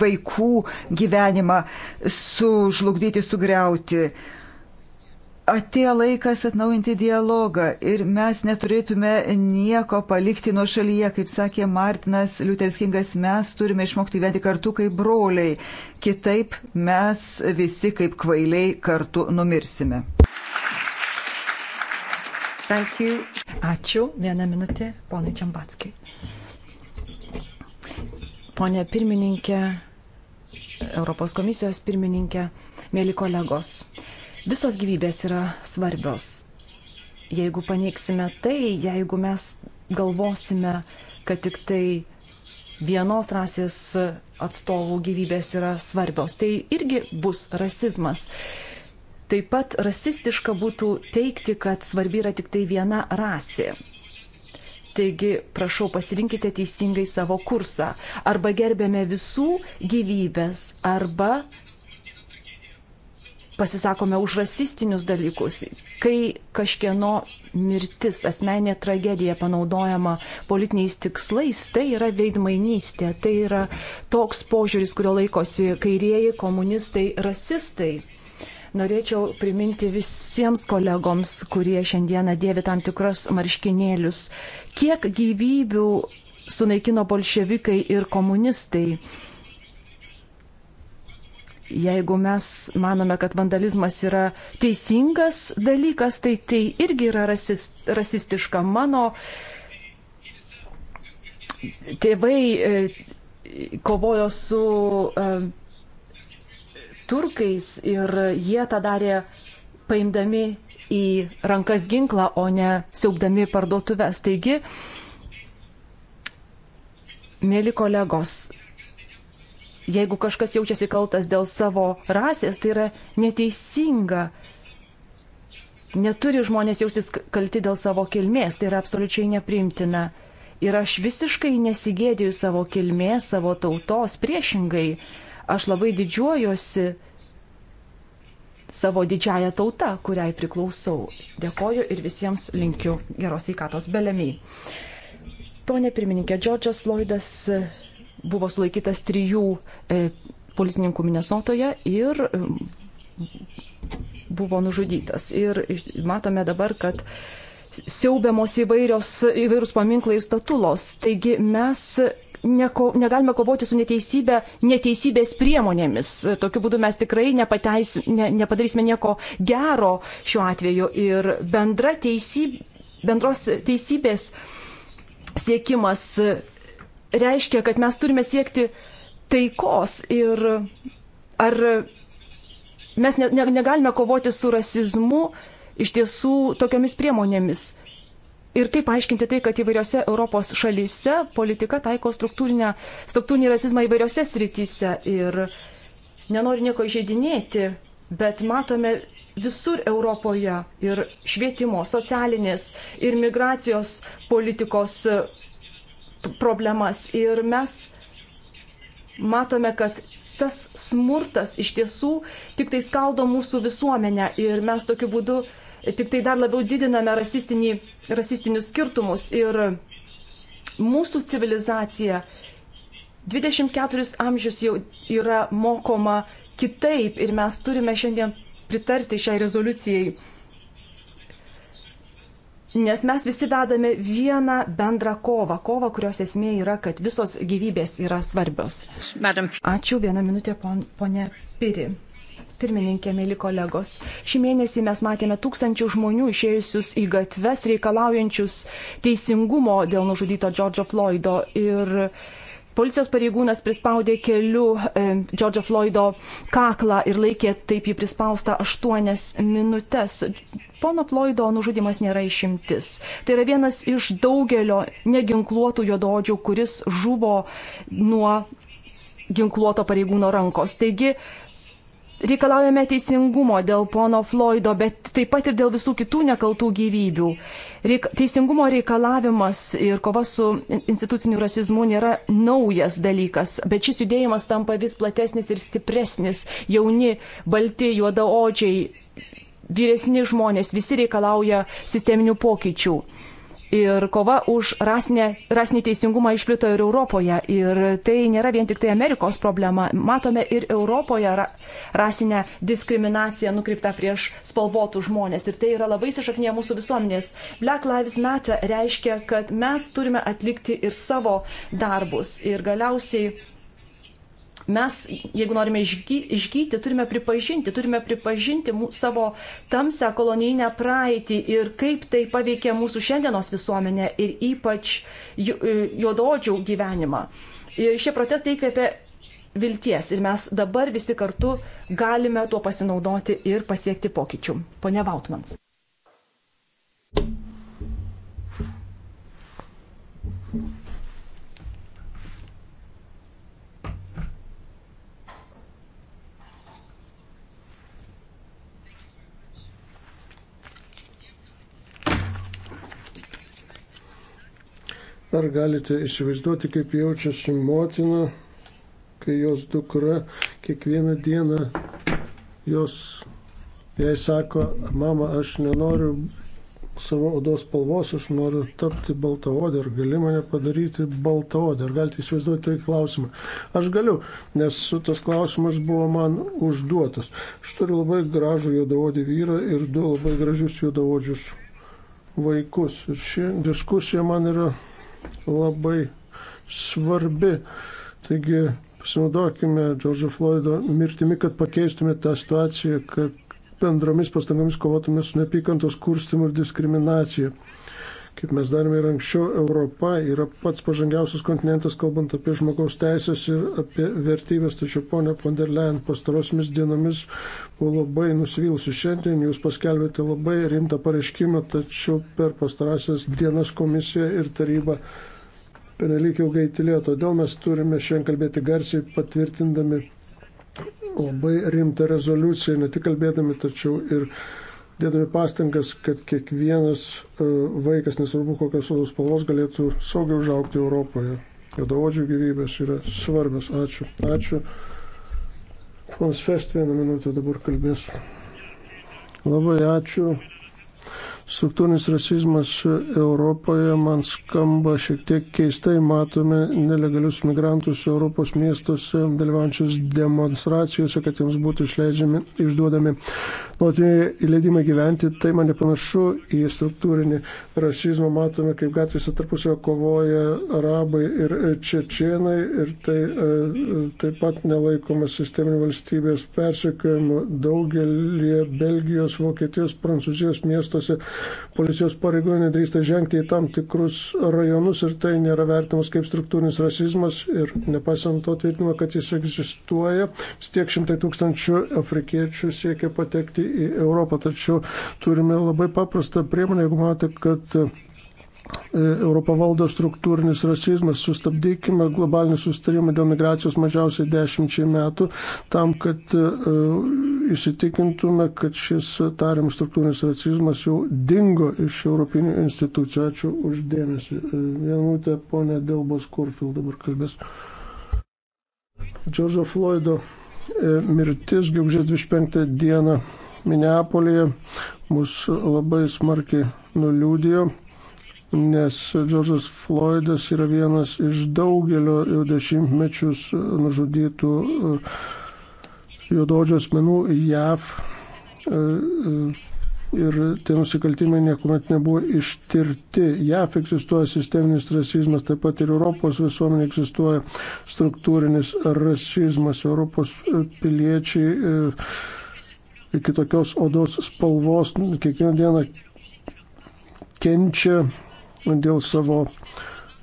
vaikų gyvenimą sužlugdyti, sugriauti. Atėjo laikas atnaujinti dialogą ir mes neturėtume nieko palikti nuo šalyje, kaip sakė Martinas Liuteris Kingas, mes turime išmokti gyventi kartu kaip broliai, kitaip mes visi kaip kvailiai kartu numirsime. Ačiū. Vieną minutę, ponai Čiambatskiai. Pone pirmininkė, Europos komisijos pirmininkė, mėly kolegos, visos gyvybės yra svarbios. Jeigu paneiksime tai, jeigu mes galvosime, kad tik tai vienos rasės atstovų gyvybės yra svarbios, tai irgi bus rasizmas. Taip pat rasistiška būtų teikti, kad svarbi yra tik tai viena rasė. Taigi, prašau, pasirinkite teisingai savo kursą. Arba gerbėme visų gyvybės, arba pasisakome už rasistinius dalykus. Kai kažkieno mirtis, asmenė tragedija panaudojama politiniais tikslais, tai yra veidmainystė, tai yra toks požiūris, kurio laikosi kairieji, komunistai, rasistai Norėčiau priminti visiems kolegoms, kurie šiandieną dėvi tam tikros marškinėlius, kiek gyvybių sunaikino bolševikai ir komunistai. Jeigu mes manome, kad vandalizmas yra teisingas dalykas, tai tai irgi yra rasist, rasistiška. Mano tėvai e, kovojo su uh, turkais ir jie tą darė paimdami į rankas ginklą, o ne siaubdami parduotuvės. Taigi, mėly kolegos, jeigu kažkas jaučiasi kaltas dėl savo rasės, tai yra neteisinga. Neturi žmonės jaustis kalti dėl savo kilmės, tai yra absoliučiai nepriimtina. Ir aš visiškai nesigėdėjau savo kilmės, savo tautos, priešingai Aš labai didžiuojuosi savo didžiąją tautą, kuriai priklausau. Dėkoju ir visiems linkiu geros veikatos belemiai. Pone pirmininkė, Džordžas Floydas e, buvo sulaikytas trijų e, policininkų Minnesotoje ir e, buvo nužudytas. Ir matome dabar, kad siaubiamos įvairios, įvairūs paminklai statulos. Taigi mes neko, negalime kovoti su neteisybė, neteisybės priemonėmis. Tokiu būdu mes tikrai nepateis, ne, nepadarysime nieko gero šiuo atveju. Ir bendra teisybė, bendros teisybės siekimas reiškia, kad mes turime siekti taikos ir ar mes ne, ne, negalime kovoti su rasizmu iš tiesų tokiamis priemonėmis. Ir kaip aiškinti tai, kad įvairiose Europos šalyse politika taiko struktūrinį rasizmą įvairiose srityse. Ir nenoriu nieko įžeidinėti, bet matome visur Europoje ir švietimo, socialinės ir migracijos politikos e, problemas. Ir mes matome, kad tas smurtas iš tiesų tik tai skaldo mūsų visuomenę ir mes tokiu būdu tik tai dar labiau didiname rasistinius skirtumus. Ir mūsų civilizacija 24 amžius jau yra mokoma kitaip ir mes turime šiandien pritarti šiai rezoliucijai. Nes mes visi vedame vieną bendrą kovą. Kovą, kurios esmė yra, kad visos gyvybės yra svarbios. Madam. Ačiū, vieną minutę, pon, ponė Piri. Pirmininkė, mėly kolegos, šį mėnesį mes matėme tūkstančių žmonių išėjusius į gatves reikalaujančius teisingumo dėl nužudyto Džordžo Floydo ir policijos pareigūnas prispaudė keliu e, Džordžo Floydo kaklą ir laikė taip jį prispaustą aštuonias minutės. Pono Floydo nužudimas nėra išimtis. Tai yra vienas iš daugelio neginkluotų juododžių, kuris žuvo nuo ginkluoto pareigūno rankos. Taigi Reikalaujame teisingumo dėl pono Floido, bet taip pat ir dėl visų kitų nekaltų gyvybių. Reik, teisingumo reikalavimas ir kova su instituciniu rasizmu nėra naujas dalykas, bet šis judėjimas tampa vis platesnis ir stipresnis. Jauni, balti, juodaodžiai, vyresni žmonės visi reikalauja sisteminių pokyčių. Ir kova už rasinę, rasinį teisingumą išplito ir Europoje. Ir tai nėra vien tik tai Amerikos problema. Matome ir Europoje ra, rasinę diskriminaciją nukreiptą prieš spalvotų žmonės. Ir tai yra labai sišaknė mūsų visuomenės. Black Lives Matter reiškia, kad mes turime atlikti ir savo darbus. Ir galiausiai mes, jeigu norime išgy, išgyti, turime pripažinti, turime pripažinti mū, savo tamsią kolonijinę praeitį ir kaip tai paveikia mūsų šiandienos visuomenę ir ypač e, juododžių gyvenimą. Ir e, šie protestai įkvėpė vilties ir mes dabar visi kartu galime tuo pasinaudoti ir pasiekti pokyčių. Pone Vautmans. Ar galite įsivaizduoti, kaip jaučiasi motina, kai jos dukra kiekvieną dieną jos, jai sako, mama, aš nenoriu savo odos spalvos, aš noriu tapti baltaodė, ar gali mane padaryti baltaodė, ar galite įsivaizduoti tai klausimą. Aš galiu, nes tas klausimas buvo man užduotas. Aš turiu labai gražų juodaodį vyrą ir du labai gražius juodaodžius vaikus. Ir ši diskusija man yra labai svarbi. Taigi pasinaudokime Džordžo Floido mirtimi, kad pakeistume tą situaciją, kad bendromis pastangomis kovotume su nepykantos kurstimu ir diskriminacija kaip mes darėme ir anksčiau, Europa yra pats pažangiausias kontinentas, kalbant apie žmogaus teisės ir apie vertybės. Tačiau ponia Ponderlein pastarosiamis dienomis buvo labai nusivylusi. Šiandien jūs paskelbėte labai rimtą pareiškimą, tačiau per pastarasias dienas komisija ir taryba penelik ilgai tylėjo. Todėl mes turime šiandien kalbėti garsiai patvirtindami labai rimtą rezoliuciją, ne tik kalbėdami, tačiau ir dėdami pastangas, kad kiekvienas e, vaikas, nesvarbu kokios odos spalvos, galėtų saugiai užaukti Europoje. Jodavodžių gyvybės yra svarbios. Ačiū. Ačiū. Ponas Fest vieną minutę dabar kalbės. Labai ačiū. Struktūrinis rasizmas Europoje man skamba šiek tiek keistai. Matome nelegalius migrantus Europos miestuose, dalyvaujančius demonstracijose, kad jiems būtų išleidžiami, išduodami nuotiniai įleidimai gyventi. Tai man nepanašu į struktūrinį rasizmą. Matome, kaip gatvėse tarpusio kovoja arabai ir čečienai. Ir tai e, taip pat nelaikoma sisteminė valstybės persikėjimo daugelį Belgijos, Vokietijos, Prancūzijos miestuose policijos pareigūnai nedrįsta žengti į tam tikrus rajonus ir tai nėra vertimas kaip struktūrinis rasizmas ir nepaisant to tvirtinimo, kad jis egzistuoja, vis tiek šimtai tūkstančių afrikiečių siekia patekti į Europą, tačiau turime labai paprastą priemonę, jeigu matote, kad e, Europą valdo struktūrinis rasizmas, sustabdykime globalinį sustarimą dėl migracijos mažiausiai dešimčiai metų, tam, kad e, įsitikintume, kad šis tariamas struktūrinis rasizmas jau dingo iš Europinių institucijų. Ačiū uždėmesi. Vienutė ponė Delbos Kurfil dabar kalbės. Džordžo Floido e, mirtis gegužės 25 dieną Minneapolėje mus labai smarkiai nuliūdėjo nes Džordžas Floydas yra vienas iš daugelio jau dešimtmečius nužudytų e, juododžių asmenų JAV e, e, ir tie nusikaltimai niekuomet nebuvo ištirti. JAF egzistuoja sisteminis rasizmas, taip pat ir Europos visuomenė egzistuoja struktūrinis rasizmas. Europos e, piliečiai kitokios odos spalvos kiekvieną dieną kenčia dėl savo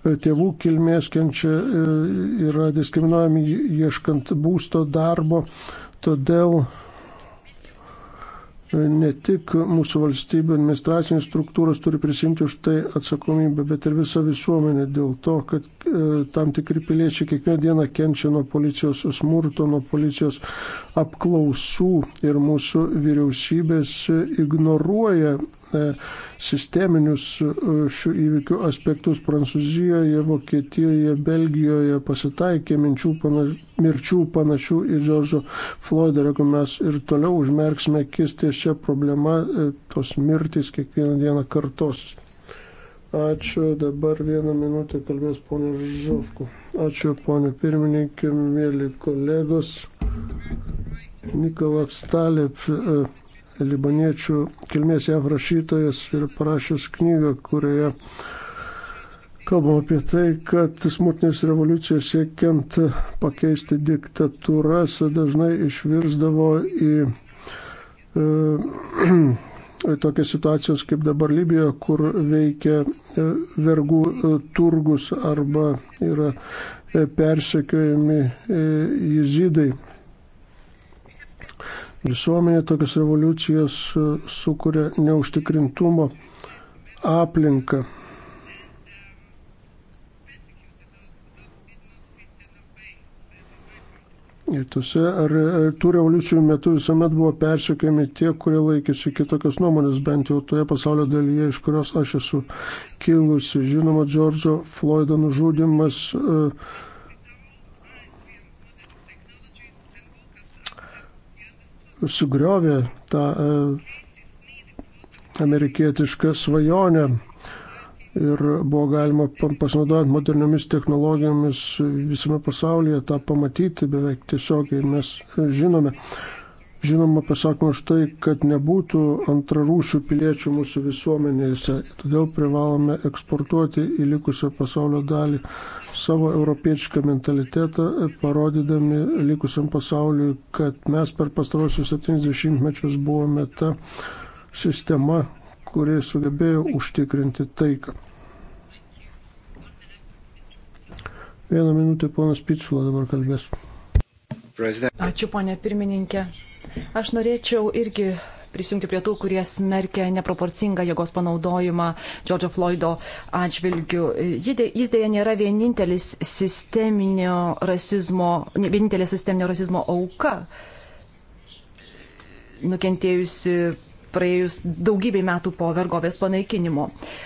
tėvų kilmės, kenčia, yra diskriminuojami ieškant būsto, darbo Todėl e, ne tik mūsų valstybė, administracinės struktūros turi prisimti už tai atsakomybę, bet ir visa visuomenė dėl to, kad e, tam tikri piliečiai kiekvieną dieną kenčia nuo policijos smurto, nuo policijos apklausų ir mūsų vyriausybės ignoruoja E, sisteminius e, šių įvykių aspektus. Prancūzijoje, Vokietijoje, Belgijoje pasitaikė minčių panaš, mirčių panašių į Džordžo Floydą. Jeigu mes ir toliau užmerksime akis ties šią problemą, e, tos mirtys kiekvieną dieną kartosis. Ačiū, dabar vieną minutę kalbės ponė Žovku. Ačiū, ponė pirmininkė, mėly kolegos. Nikola Stalip. Uh, libaniečių kilmės jav rašytojas yra parašęs knygą, kurioje kalbam apie tai, kad smurtinės revoliucijos siekiant pakeisti diktatūras dažnai išvirsdavo į e, tokias situacijas kaip dabar Libijoje, kur veikia e, vergų e, turgus arba yra e, persekiojami jezidai. E, Visuomenė tokias revoliucijas e, sukuria neužtikrintumo aplinką. Ir tose, ar, ar e, tų revoliucijų metu visuomet buvo persiūkiami tie, kurie laikėsi kitokios nuomonės, bent jau toje pasaulio dalyje, iš kurios aš esu kilusi. Žinoma, Džordžo Floido nužudimas. Uh, e, sugriovė tą e, amerikietišką svajonę ir buvo galima pasinaudojant moderniomis technologijomis visame pasaulyje tą pamatyti beveik tiesiogiai. Mes žinome, žinoma, pasakoma štai, kad nebūtų antrarūšių piliečių mūsų visuomenėse, todėl privalome eksportuoti į likusią pasaulio dalį savo europiečką mentalitetą, parodydami likusiam pasauliui, kad mes per pastarosius 70 mečius buvome ta sistema, kurie sugebėjo užtikrinti taiką. Vieną minutę ponas Pitsula dabar kalbės. Ačiū, ponė pirmininkė. Aš norėčiau irgi prisijungti prie tų, kurie smerkia neproporcingą jėgos panaudojimą Džordžo Floydo atžvilgių. Jis dėja nėra vienintelis sisteminio rasizmo, vienintelė sisteminio rasizmo auka. Nukentėjusi praėjus daugybei metų po vergovės panaikinimo.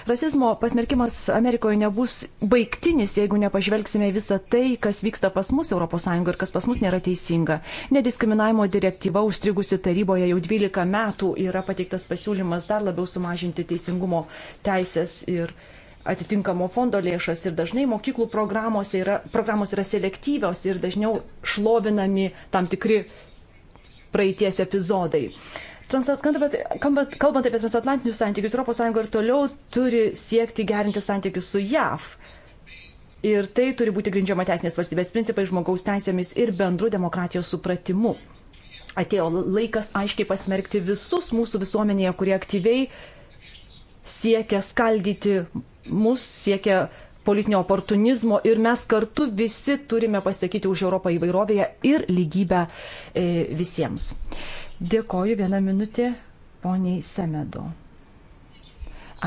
Rasizmo pasmerkimas Amerikoje nebus baigtinis, jeigu nepažvelgsime visą tai, kas vyksta pas mus ES ir kas pas mus nėra teisinga. Nediskriminavimo direktyva užstrigusi taryboje jau 12 metų yra pateiktas pasiūlymas dar labiau sumažinti teisingumo teisės ir atitinkamo fondo lėšas ir dažnai mokyklų programos yra, programos yra selektyvios ir dažniau šlovinami tam tikri praeities epizodai. Kalbant apie transatlantinius santykius, ES ir toliau turi siekti gerinti santykius su JAV. Ir tai turi būti grindžiama teisinės valstybės principai, žmogaus teisėmis ir bendru demokratijos supratimu. Atėjo laikas aiškiai pasmerkti visus mūsų visuomenėje, kurie aktyviai siekia skaldyti mus, siekia politinio oportunizmo ir mes kartu visi turime pasakyti už Europą įvairovėje ir lygybę e, visiems. Dėkoju vieną minutę poniai Semedo.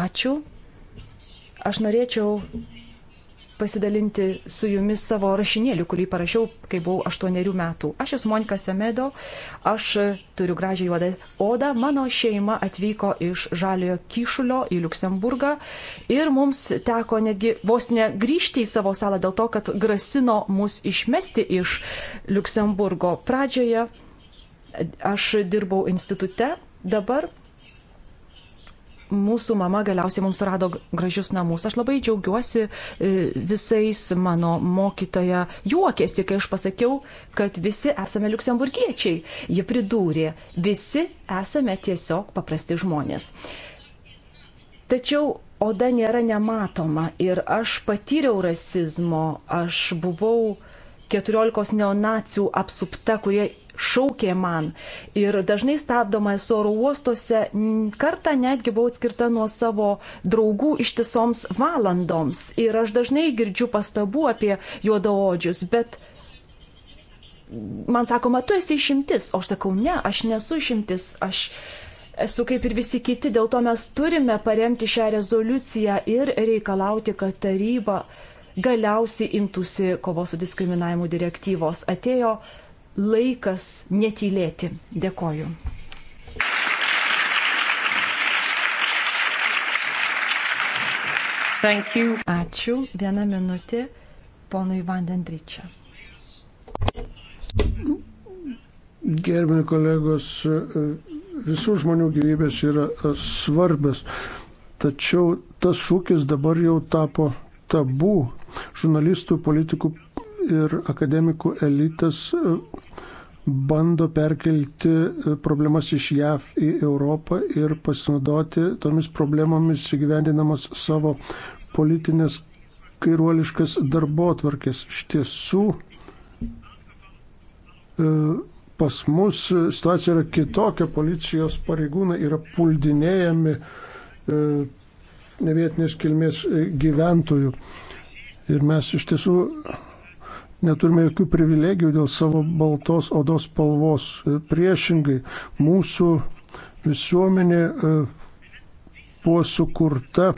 Ačiū. Aš norėčiau pasidalinti su jumis savo rašinėliu, kurį parašiau, kai buvau aštuonerių metų. Aš esu Monika Semedo, aš turiu gražią juodą odą, mano šeima atvyko iš Žaliojo Kyšulio į Luksemburgą ir mums teko netgi vos negryžti į savo salą dėl to, kad grasino mus išmesti iš Luksemburgo. Pradžioje Aš dirbau institute dabar. Mūsų mama galiausiai mums rado gražius namus. Aš labai džiaugiuosi e, visais mano mokytoja juokėsi, kai aš pasakiau, kad visi esame liuksemburgiečiai. Ji pridūrė, visi esame tiesiog paprasti žmonės. Tačiau oda nėra nematoma ir aš patyriau rasizmo, aš buvau 14 neonacijų apsupta, kurie šaukė man. Ir dažnai stabdoma esu oro uostuose, kartą netgi buvau atskirta nuo savo draugų ištisoms valandoms. Ir aš dažnai girdžiu pastabų apie juodaodžius, bet man sakoma, tu esi išimtis. O aš sakau, ne, aš nesu išimtis. Aš esu kaip ir visi kiti, dėl to mes turime paremti šią rezoliuciją ir reikalauti, kad taryba galiausiai imtųsi kovos su diskriminavimu direktyvos. Atėjo laikas netylėti. Dėkoju. Ačiū. Viena minutė ponui Vandendryčia. Gerbimi kolegos, visų žmonių gyvybės yra svarbės, tačiau tas šūkis dabar jau tapo tabu žurnalistų, politikų ir akademikų elitas e, bando perkelti e, problemas iš JAV į Europą ir pasinaudoti tomis problemomis įgyvendinamos savo politinės kairuoliškas darbo atvarkės. Iš tiesų, e, pas mus situacija yra kitokia, policijos pareigūnai yra puldinėjami nevietinės kilmės gyventojų. Ir mes iš tiesų neturime jokių privilegijų dėl savo baltos odos spalvos. E, priešingai, mūsų visuomenė e, buvo sukurta e,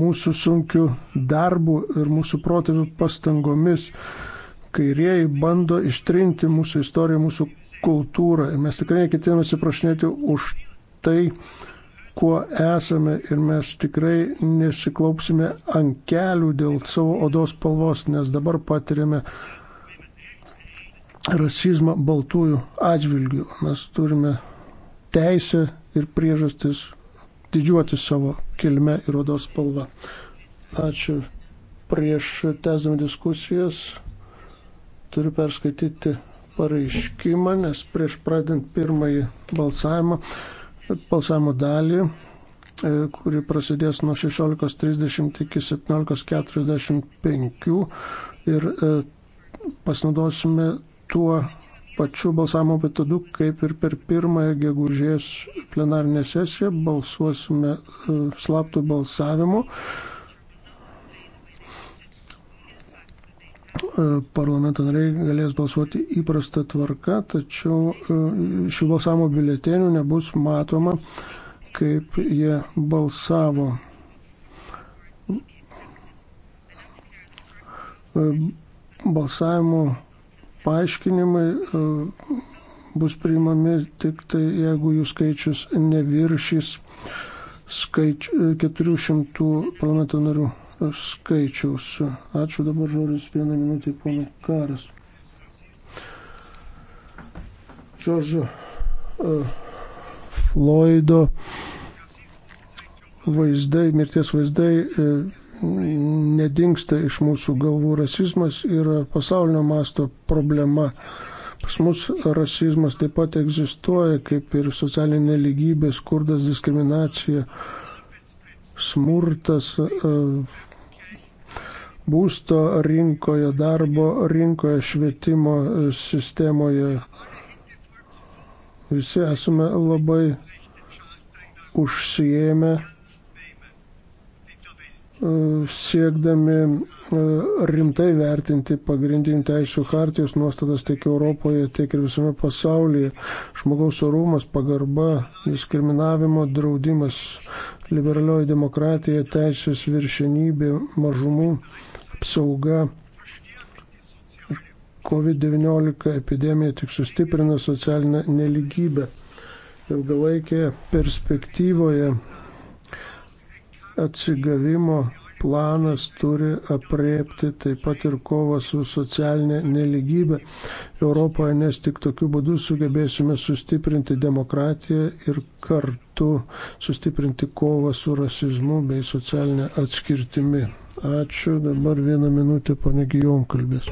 mūsų sunkių darbų ir mūsų protėvių pastangomis. Kairieji bando ištrinti mūsų istoriją, mūsų kultūrą. Ir mes tikrai neketiname atsiprašinėti už tai, kuo esame ir mes tikrai nesiklaupsime ant kelių dėl savo odos spalvos, nes dabar patiriame rasizmą baltųjų atžvilgių. Mes turime teisę ir priežastis didžiuoti savo kilme ir odos spalva. Ačiū. Prieš tezam diskusijas turiu perskaityti pareiškimą, nes prieš pradant pirmąjį balsavimą balsavimo dalį, e, kuri prasidės nuo 16.30 iki 17.45 ir e, pasinaudosime tuo pačiu balsavimo metodu, kaip ir per pirmąją gegužės plenarinę sesiją, balsuosime e, slaptų balsavimu. E, parlamento nariai galės balsuoti įprasta tvarka, tačiau e, šių balsavimo biletenių nebus matoma, kaip jie balsavo. E, balsavimo paaiškinimai bus priimami tik tai, jeigu jų skaičius neviršys skaič... 400 parlamento narių skaičiaus. Ačiū dabar žodis vieną minutę, ponai Karas. Džordžo uh, Floydo vaizdai, mirties vaizdai uh, nedingsta iš mūsų galvų. Rasizmas yra pasaulinio masto problema. Pas mus rasizmas taip pat egzistuoja, kaip ir socialinė lygybė, skurdas, diskriminacija, smurtas, e, būsto rinkoje, darbo rinkoje, švietimo e, sistemoje. Visi esame labai užsijėmę e, siekdami e, rimtai vertinti pagrindinių teisų hartijos nuostatas tiek Europoje, tiek ir visame pasaulyje. Žmogaus orumas, pagarba, diskriminavimo draudimas, liberalioji demokratija, teisės viršenybė, mažumų apsauga COVID-19 epidemija tik sustiprina socialinę neligybę. Ilgalaikėje perspektyvoje atsigavimo planas turi apriepti taip pat ir kovą su socialinė neligybė Europoje, nes tik tokiu būdu sugebėsime sustiprinti demokratiją ir kartu sustiprinti kovą su rasizmu bei socialinė atskirtimi. Ačiū. Dabar vieną minutę ponė Gijom kalbės.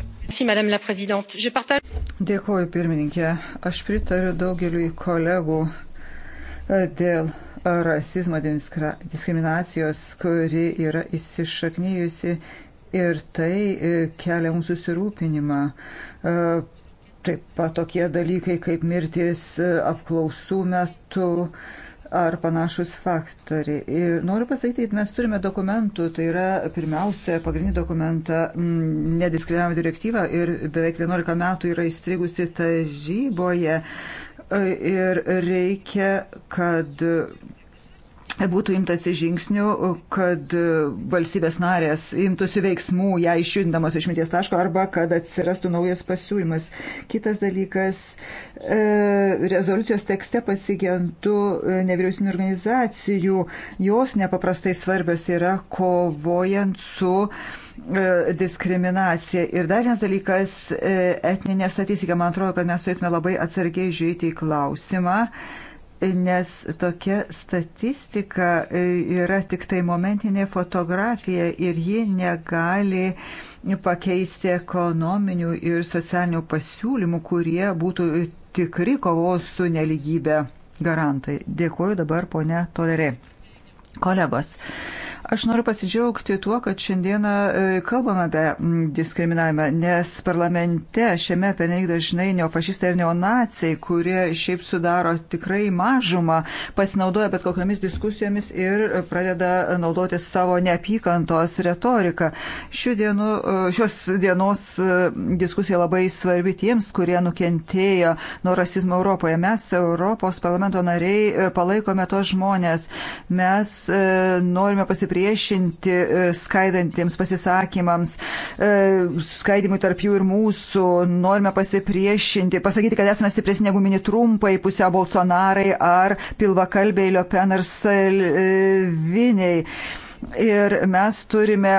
Dėkuoju, pirmininkė. Aš pritariu daugeliu kolegų e, dėl rasizmo diskriminacijos, kuri yra įsišaknyjusi ir tai e, kelia mums susirūpinimą. E, taip pat tokie dalykai kaip mirtis apklausų metu ar panašus faktoriai. Ir noriu pasakyti, mes turime dokumentų, tai yra pirmiausia pagrindinį dokumentą mm, nediskriminavimo direktyvą ir beveik 11 metų yra įstrigusi taryboje. E, ir reikia, kad būtų imtasi žingsnių, kad valstybės narės imtųsi veiksmų, ją išjudindamos iš minties taško arba kad atsirastų naujas pasiūlymas. Kitas dalykas, e, rezoliucijos tekste pasigentų e, nevyriausinių organizacijų, jos nepaprastai svarbios yra kovojant su e, diskriminacija. Ir dar vienas dalykas, etninė statistika, man atrodo, kad mes turėtume labai atsargiai žiūrėti į klausimą nes tokia statistika e, yra tik tai momentinė fotografija ir ji negali pakeisti ekonominių ir socialinių pasiūlymų, kurie būtų tikri kovos su neligybė garantai. Dėkuoju dabar ponia Tolerė. Kolegos, Aš noriu pasidžiaugti tuo, kad šiandieną e, kalbame apie diskriminavimą, nes parlamente šiame pernelyg dažnai neofašistai ir neonacijai, kurie šiaip sudaro tikrai mažumą, pasinaudoja bet kokiamis diskusijomis ir pradeda naudoti savo neapykantos retoriką. Šių dienų, e, šios dienos e, diskusija labai svarbi tiems, kurie nukentėjo nuo rasizmo Europoje. Mes, Europos parlamento nariai, palaikome tos žmonės. Mes norime pasipriešinti pasipriešinti e, skaidantiems pasisakymams, e, skaidimui tarp jų ir mūsų, norime pasipriešinti, pasakyti, kad esame stipresni negu mini trumpai, pusiau Bolsonarai ar pilvakalbėj Liopen ar Salviniai. Ir mes turime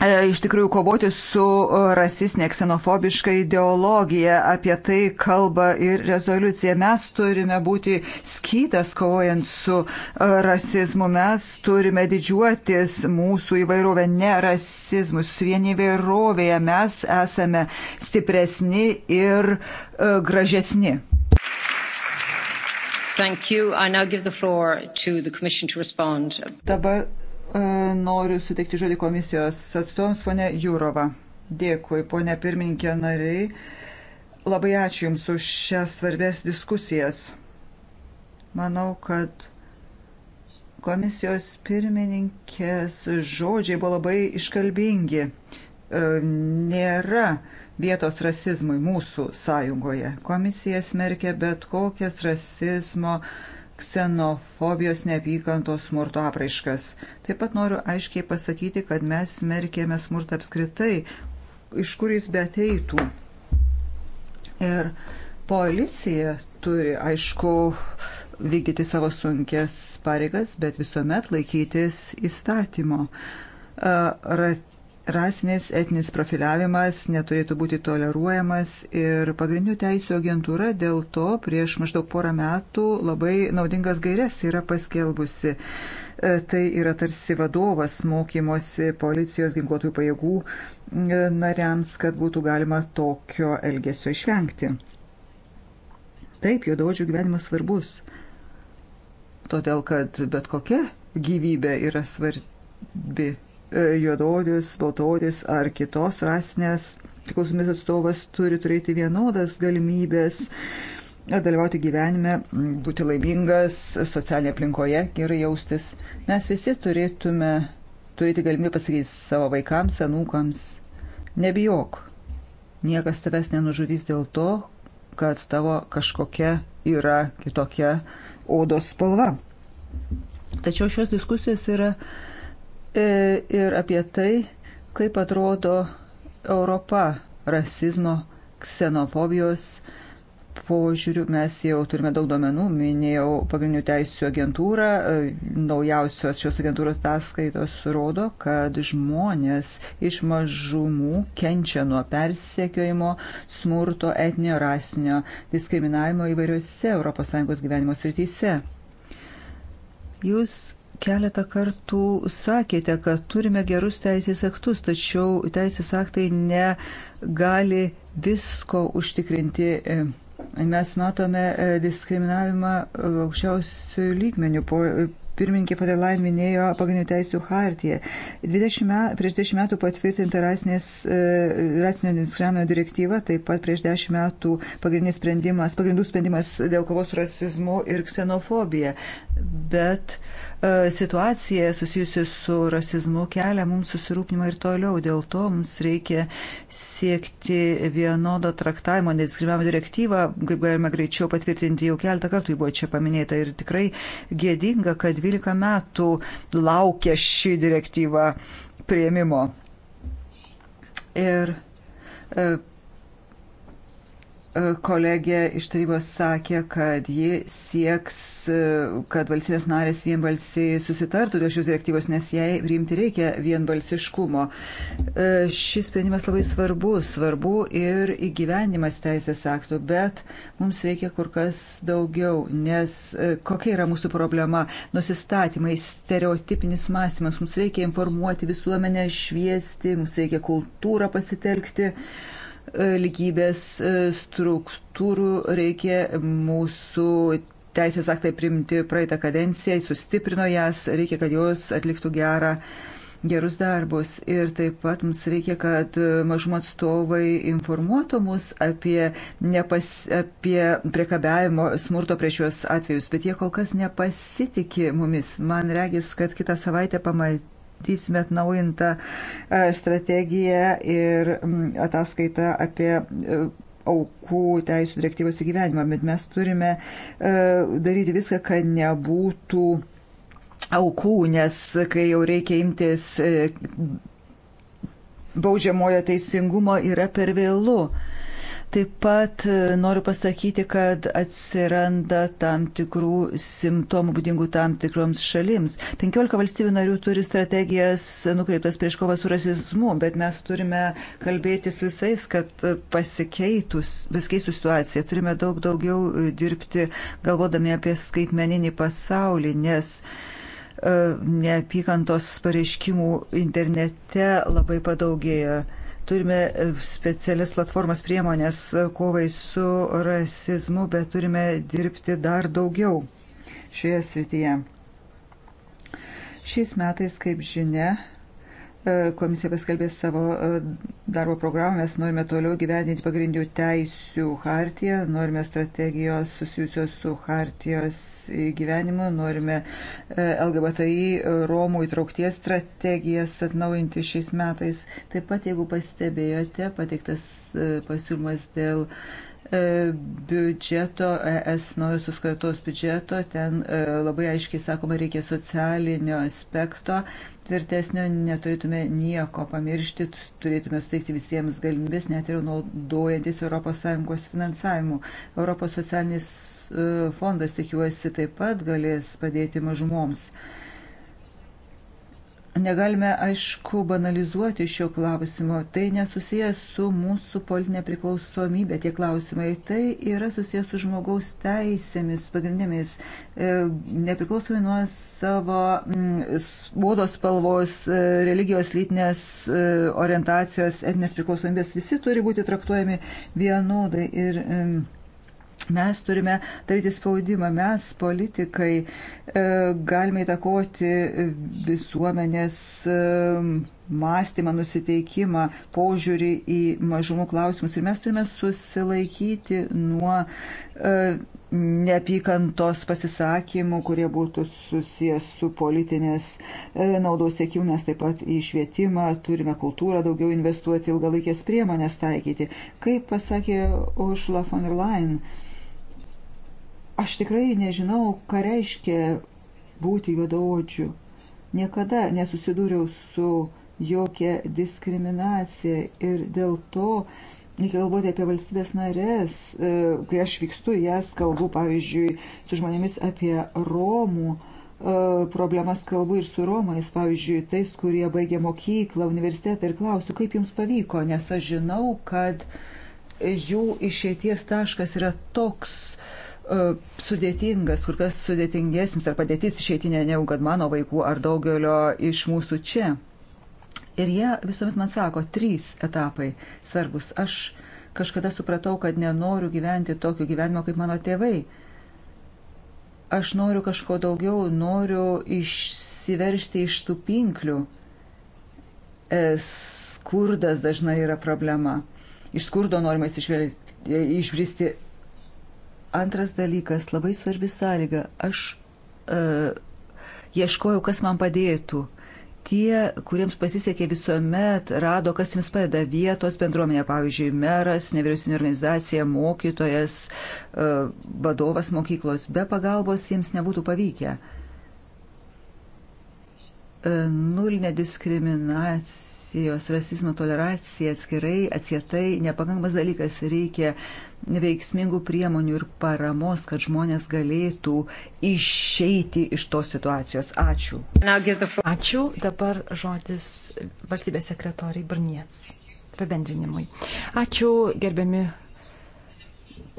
E, iš tikrųjų kovoti su e, rasistinė ksenofobiška ideologija. Apie tai kalba ir rezoliucija. Mes turime būti skydas kovojant su e, rasizmu. Mes turime didžiuotis mūsų įvairovę, ne rasizmus. Vieni įvairovėje mes esame stipresni ir uh, gražesni. Dabar E, noriu suteikti žodį komisijos atstovams, ponė Jūrova. Dėkui, ponė pirmininkė nariai. Labai ačiū Jums už šias svarbės diskusijas. Manau, kad komisijos pirmininkės žodžiai buvo labai iškalbingi. E, nėra vietos rasizmui mūsų sąjungoje. Komisija smerkia bet kokias rasizmo uh, ksenofobijos, neapykantos smurto apraiškas. Taip pat noriu aiškiai pasakyti, kad mes smerkėme smurtą apskritai, iš kur jis beteitų. Ir policija turi, aišku, vykdyti savo sunkes pareigas, bet visuomet laikytis įstatymo. Rat rasinis etinis profiliavimas neturėtų būti toleruojamas ir pagrindinių teisų agentūra dėl to prieš maždaug porą metų labai naudingas gairias yra paskelbusi. E, tai yra tarsi vadovas mokymosi policijos ginkluotųjų pajėgų e, nariams, kad būtų galima tokio elgesio išvengti. Taip, juodaodžių gyvenimas svarbus, todėl kad bet kokia gyvybė yra svarbi juododis, baltodis ar kitos rasinės priklausomės atstovas turi turėti vienodas galimybės dalyvauti gyvenime, būti laimingas, socialinėje aplinkoje gerai jaustis. Mes visi turėtume turėti galimybę pasakyti savo vaikams, anūkams, nebijok, niekas tavęs nenužudys dėl to, kad tavo kažkokia yra kitokia odos spalva. Tačiau šios diskusijos yra uh, E, ir apie tai, kaip atrodo Europa rasizmo, ksenofobijos požiūrių. Mes jau turime daug duomenų, minėjau pagrindinių teisų agentūrą, e, naujausios šios agentūros ataskaitos rodo, kad žmonės iš mažumų kenčia nuo persekiojimo, smurto, etnio, rasinio diskriminavimo įvairiose ES gyvenimo srityse. Jūs keletą kartų sakėte, kad turime gerus teisės aktus, tačiau teisės aktai negali visko užtikrinti. Mes matome e, diskriminavimą aukščiausių lygmenių. Po, e, pirmininkė Fadelain minėjo pagrindinių teisų hartiją. 20, prieš 10 metų patvirtinta rasinės, e, rasinio diskriminavimo direktyva, taip pat prieš 10 metų pagrindinis sprendimas, pagrindų sprendimas dėl kovos su rasizmu ir ksenofobija. Bet uh, E, situacija susijusi su rasizmu kelia mums susirūpinimą ir toliau. Dėl to mums reikia siekti vienodo traktavimo, nediskriminavimo direktyvą, kaip galime greičiau patvirtinti, jau keletą kartų jį buvo čia paminėta ir tikrai gėdinga, kad 12 metų laukia ši direktyva prieimimo. Ir e, kolegė iš tarybos sakė, kad ji sieks, kad valstybės narės vienbalsiai susitartų dėl šios direktyvos, nes jai priimti reikia vienbalsiškumo. E, šis sprendimas labai svarbus, svarbu ir įgyvenimas teisės aktų, bet mums reikia kur kas daugiau, nes e, kokia yra mūsų problema - nusistatymai, stereotipinis mąstymas, mums reikia informuoti visuomenę, šviesti, mums reikia kultūrą pasitelkti. Uh, E, lygybės e, struktūrų reikia mūsų teisės aktai primti praeitą kadenciją, sustiprino jas, reikia, kad jos atliktų gerą, gerus darbus. Ir taip pat mums reikia, kad mažumo atstovai informuotų mus apie, nepas, apie priekabiavimo smurto prieš juos atvejus, bet jie kol kas nepasitikė mumis. Man regis, kad kitą savaitę pamatysime pristatysime atnaujintą e, strategiją ir ataskaitą apie e, aukų teisų direktyvos įgyvenimą, bet mes turime e, daryti viską, kad nebūtų aukų, nes kai jau reikia imtis baudžiamojo teisingumo, yra per vėlu. Taip pat e, noriu pasakyti, kad atsiranda tam tikrų simptomų būdingų tam tikroms šalims. 15 valstybių narių turi strategijas nukreiptas prieš kovą su rasizmu, bet mes turime kalbėti su visais, kad pasikeitus, viskeisų situacija, turime daug daugiau e, dirbti galvodami apie skaitmeninį pasaulį, nes e, neapykantos pareiškimų internete labai padaugėjo Turime e, specialias platformas priemonės e, kovai su rasizmu, bet turime dirbti dar daugiau šioje srityje. Šiais metais, kaip žinia, E, komisija paskelbė savo e, darbo programą, mes norime toliau gyvendinti pagrindinių teisių hartiją, norime strategijos susijusios su hartijos gyvenimu, norime e, LGBTI Romų įtraukties strategijas atnaujinti šiais metais. Taip pat, jeigu pastebėjote, pateiktas pasiūlymas dėl biudžeto, ES naujusios kartos biudžeto, ten labai aiškiai sakoma, reikia socialinio aspekto tvirtesnio neturėtume nieko pamiršti, turėtume suteikti visiems galimybės, net ir naudojantis ES finansavimu. ES socialinis e, fondas, tikiuosi, taip pat galės padėti mažumoms. Uh, Negalime, aišku, banalizuoti šio klausimo. Tai nesusijęs su mūsų politinė priklausomybė tie klausimai. Tai yra susijęs su žmogaus teisėmis, pagrindėmis, e, nepriklausomai nuo savo būdos mm, spalvos, e, religijos, lytinės e, orientacijos, etinės priklausomybės. Visi turi būti traktuojami vienodai. Ir, Mes turime daryti spaudimą, mes politikai e, galime įtakoti visuomenės e, mąstymą, nusiteikimą, požiūrį į mažumų klausimus ir mes turime susilaikyti nuo e, neapykantos pasisakymų, kurie būtų susijęs su politinės naudos siekimu, mes taip pat į švietimą turime kultūrą daugiau investuoti, ilgalaikės priemonės taikyti. Kaip pasakė Ursula von der Leyen, Aš tikrai nežinau, ką reiškia būti juodaodžiu. Niekada nesusidūriau su jokia diskriminacija ir dėl to reikia galvoti apie valstybės narės, e, kai aš vykstu jas, kalbu pavyzdžiui su žmonėmis apie Romų e, problemas, kalbu ir su Romais, pavyzdžiui, tais, kurie baigė mokyklą, universitetą ir klausiu, kaip jums pavyko, nes aš žinau, kad jų išeities taškas yra toks, E, sudėtingas, kur kas sudėtingesnis ar padėtis išeitinė negu kad mano vaikų ar daugelio iš mūsų čia. Ir jie visuomet man sako, trys etapai svarbus. Aš kažkada supratau, kad nenoriu gyventi tokio gyvenimo kaip mano tėvai. Aš noriu kažko daugiau, noriu išsiveršti iš tų pinklių. E, skurdas dažnai yra problema. Iš skurdo norima išbristi Antras dalykas, labai svarbi sąlyga. Aš uh, ieškojau, kas man padėtų. Tie, kuriems pasisekė visuomet, rado, kas jums padeda vietos bendruomenė, pavyzdžiui, meras, nevyriausybinė organizacija, mokytojas, uh, vadovas mokyklos. Be pagalbos jiems nebūtų pavykę. Uh, nulinė diskriminacija tolerancijos, rasizmo tolerancija atskirai, atsietai nepakankamas dalykas. Reikia veiksmingų priemonių ir paramos, kad žmonės galėtų išeiti iš tos situacijos. Ačiū. Ačiū. Dabar žodis valstybės sekretoriai Barniets. Pabendrinimui. Ačiū gerbiami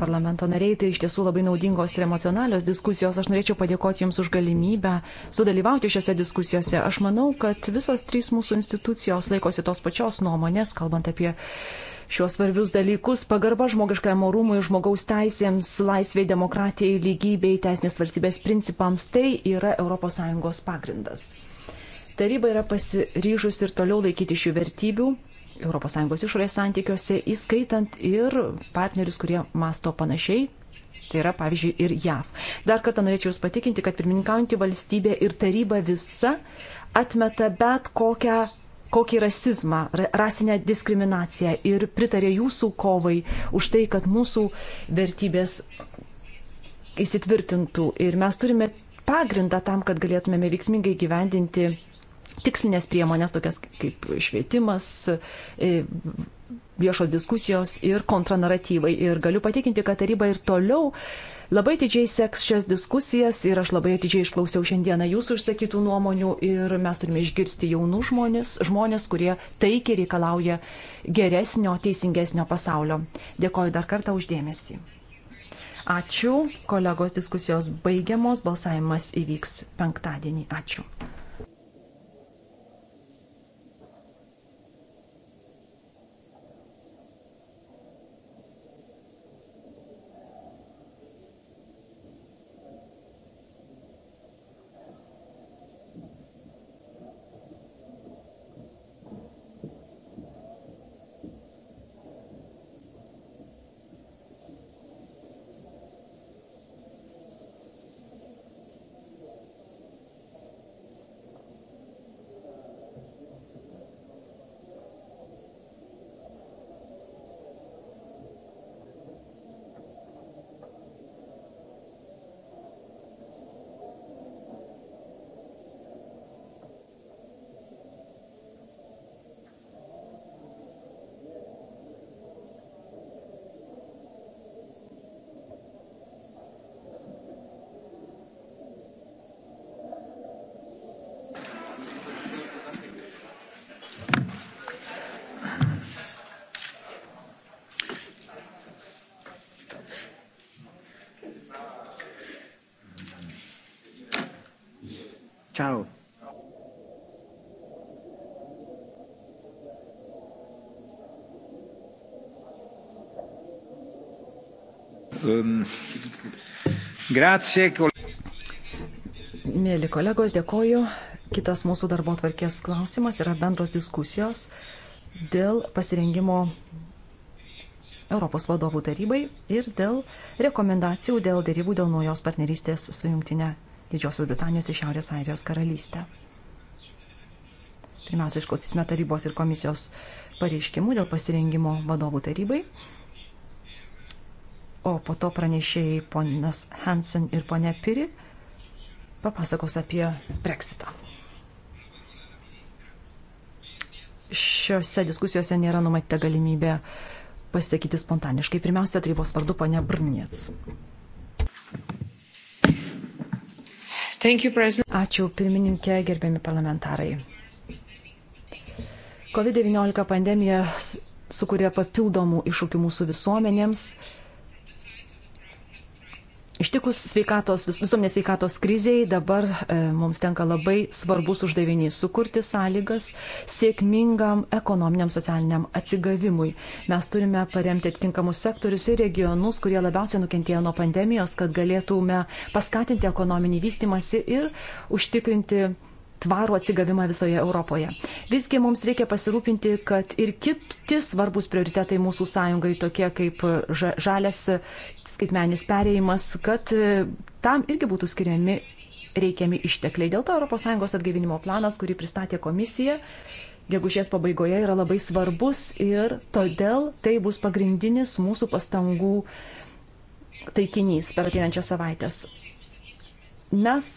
parlamento nariai, tai iš tiesų labai naudingos ir emocionalios diskusijos. Aš norėčiau padėkoti Jums už galimybę sudalyvauti šiuose diskusijose. Aš manau, kad visos trys mūsų institucijos laikosi tos pačios nuomonės, kalbant apie šiuos svarbius dalykus - pagarba žmogiškajam orumui, žmogaus teisėms, laisvėj, demokratijai, lygybei, teisinės valstybės principams - tai yra ES pagrindas. Taryba yra pasiryžusi ir toliau laikyti šių vertybių ES išorės santykiuose, įskaitant ir partnerius, kurie masto panašiai. Tai yra, pavyzdžiui, ir JAV. Dar kartą norėčiau Jūs patikinti, kad pirmininkaujantį valstybę ir taryba visa atmeta bet kokią, kokį rasizmą, rasinę diskriminaciją ir pritarė Jūsų kovai už tai, kad mūsų vertybės įsitvirtintų. Ir mes turime pagrindą tam, kad galėtumėme veiksmingai gyvendinti tikslinės priemonės, tokias kaip švietimas, e, viešos diskusijos ir kontranaratyvai. Ir galiu patikinti, kad taryba ir toliau labai didžiai seks šias diskusijas ir aš labai didžiai išklausiau šiandieną jūsų išsakytų nuomonių ir mes turime išgirsti jaunų žmonės, žmonės, kurie taikiai reikalauja geresnio, teisingesnio pasaulio. Dėkoju dar kartą uždėmesį. Ačiū, kolegos diskusijos baigiamos, balsavimas įvyks penktadienį. Ačiū. Ciao. Um, grazie. Mėly kolegos, dėkoju. Kitas mūsų darbo tvarkės klausimas yra bendros diskusijos dėl pasirengimo Europos vadovų tarybai ir dėl rekomendacijų dėl dėrybų dėl naujos partnerystės su jungtinė Didžiosios Britanijos ir Šiaurės Airijos karalystę. Pirmiausia, išklausysime tarybos ir komisijos pareiškimų dėl pasirengimo vadovų tarybai. O po to pranešėjai ponas Hansen ir ponė Piri papasakos apie Brexitą. Šiuose diskusijose nėra numatyta galimybė pasakyti spontaniškai. Pirmiausia, tarybos vardu ponė Brniec. You, Ačiū pirmininkė, gerbiami parlamentarai. COVID-19 pandemija sukuria papildomų iššūkių mūsų visuomenėms Ištikus sveikatos, vis, visuomenės sveikatos kriziai, dabar e, mums tenka labai svarbus uždavinys - sukurti sąlygas sėkmingam ekonominiam socialiniam atsigavimui. Mes turime paremti atitinkamus sektorius ir regionus, kurie labiausiai nukentėjo nuo pandemijos, kad galėtume paskatinti ekonominį vystimąsi ir užtikrinti tvarų atsigavimą visoje Europoje. Visgi mums reikia pasirūpinti, kad ir kiti svarbus prioritetai mūsų sąjungai, tokie kaip žalias skaitmenis perėjimas, kad e, tam irgi būtų skiriami reikiami ištekliai. Dėl to ES atgaivinimo planas, kurį pristatė komisija, gegužės pabaigoje yra labai svarbus ir todėl tai bus pagrindinis mūsų pastangų taikinys per ateinančias savaitės. Mes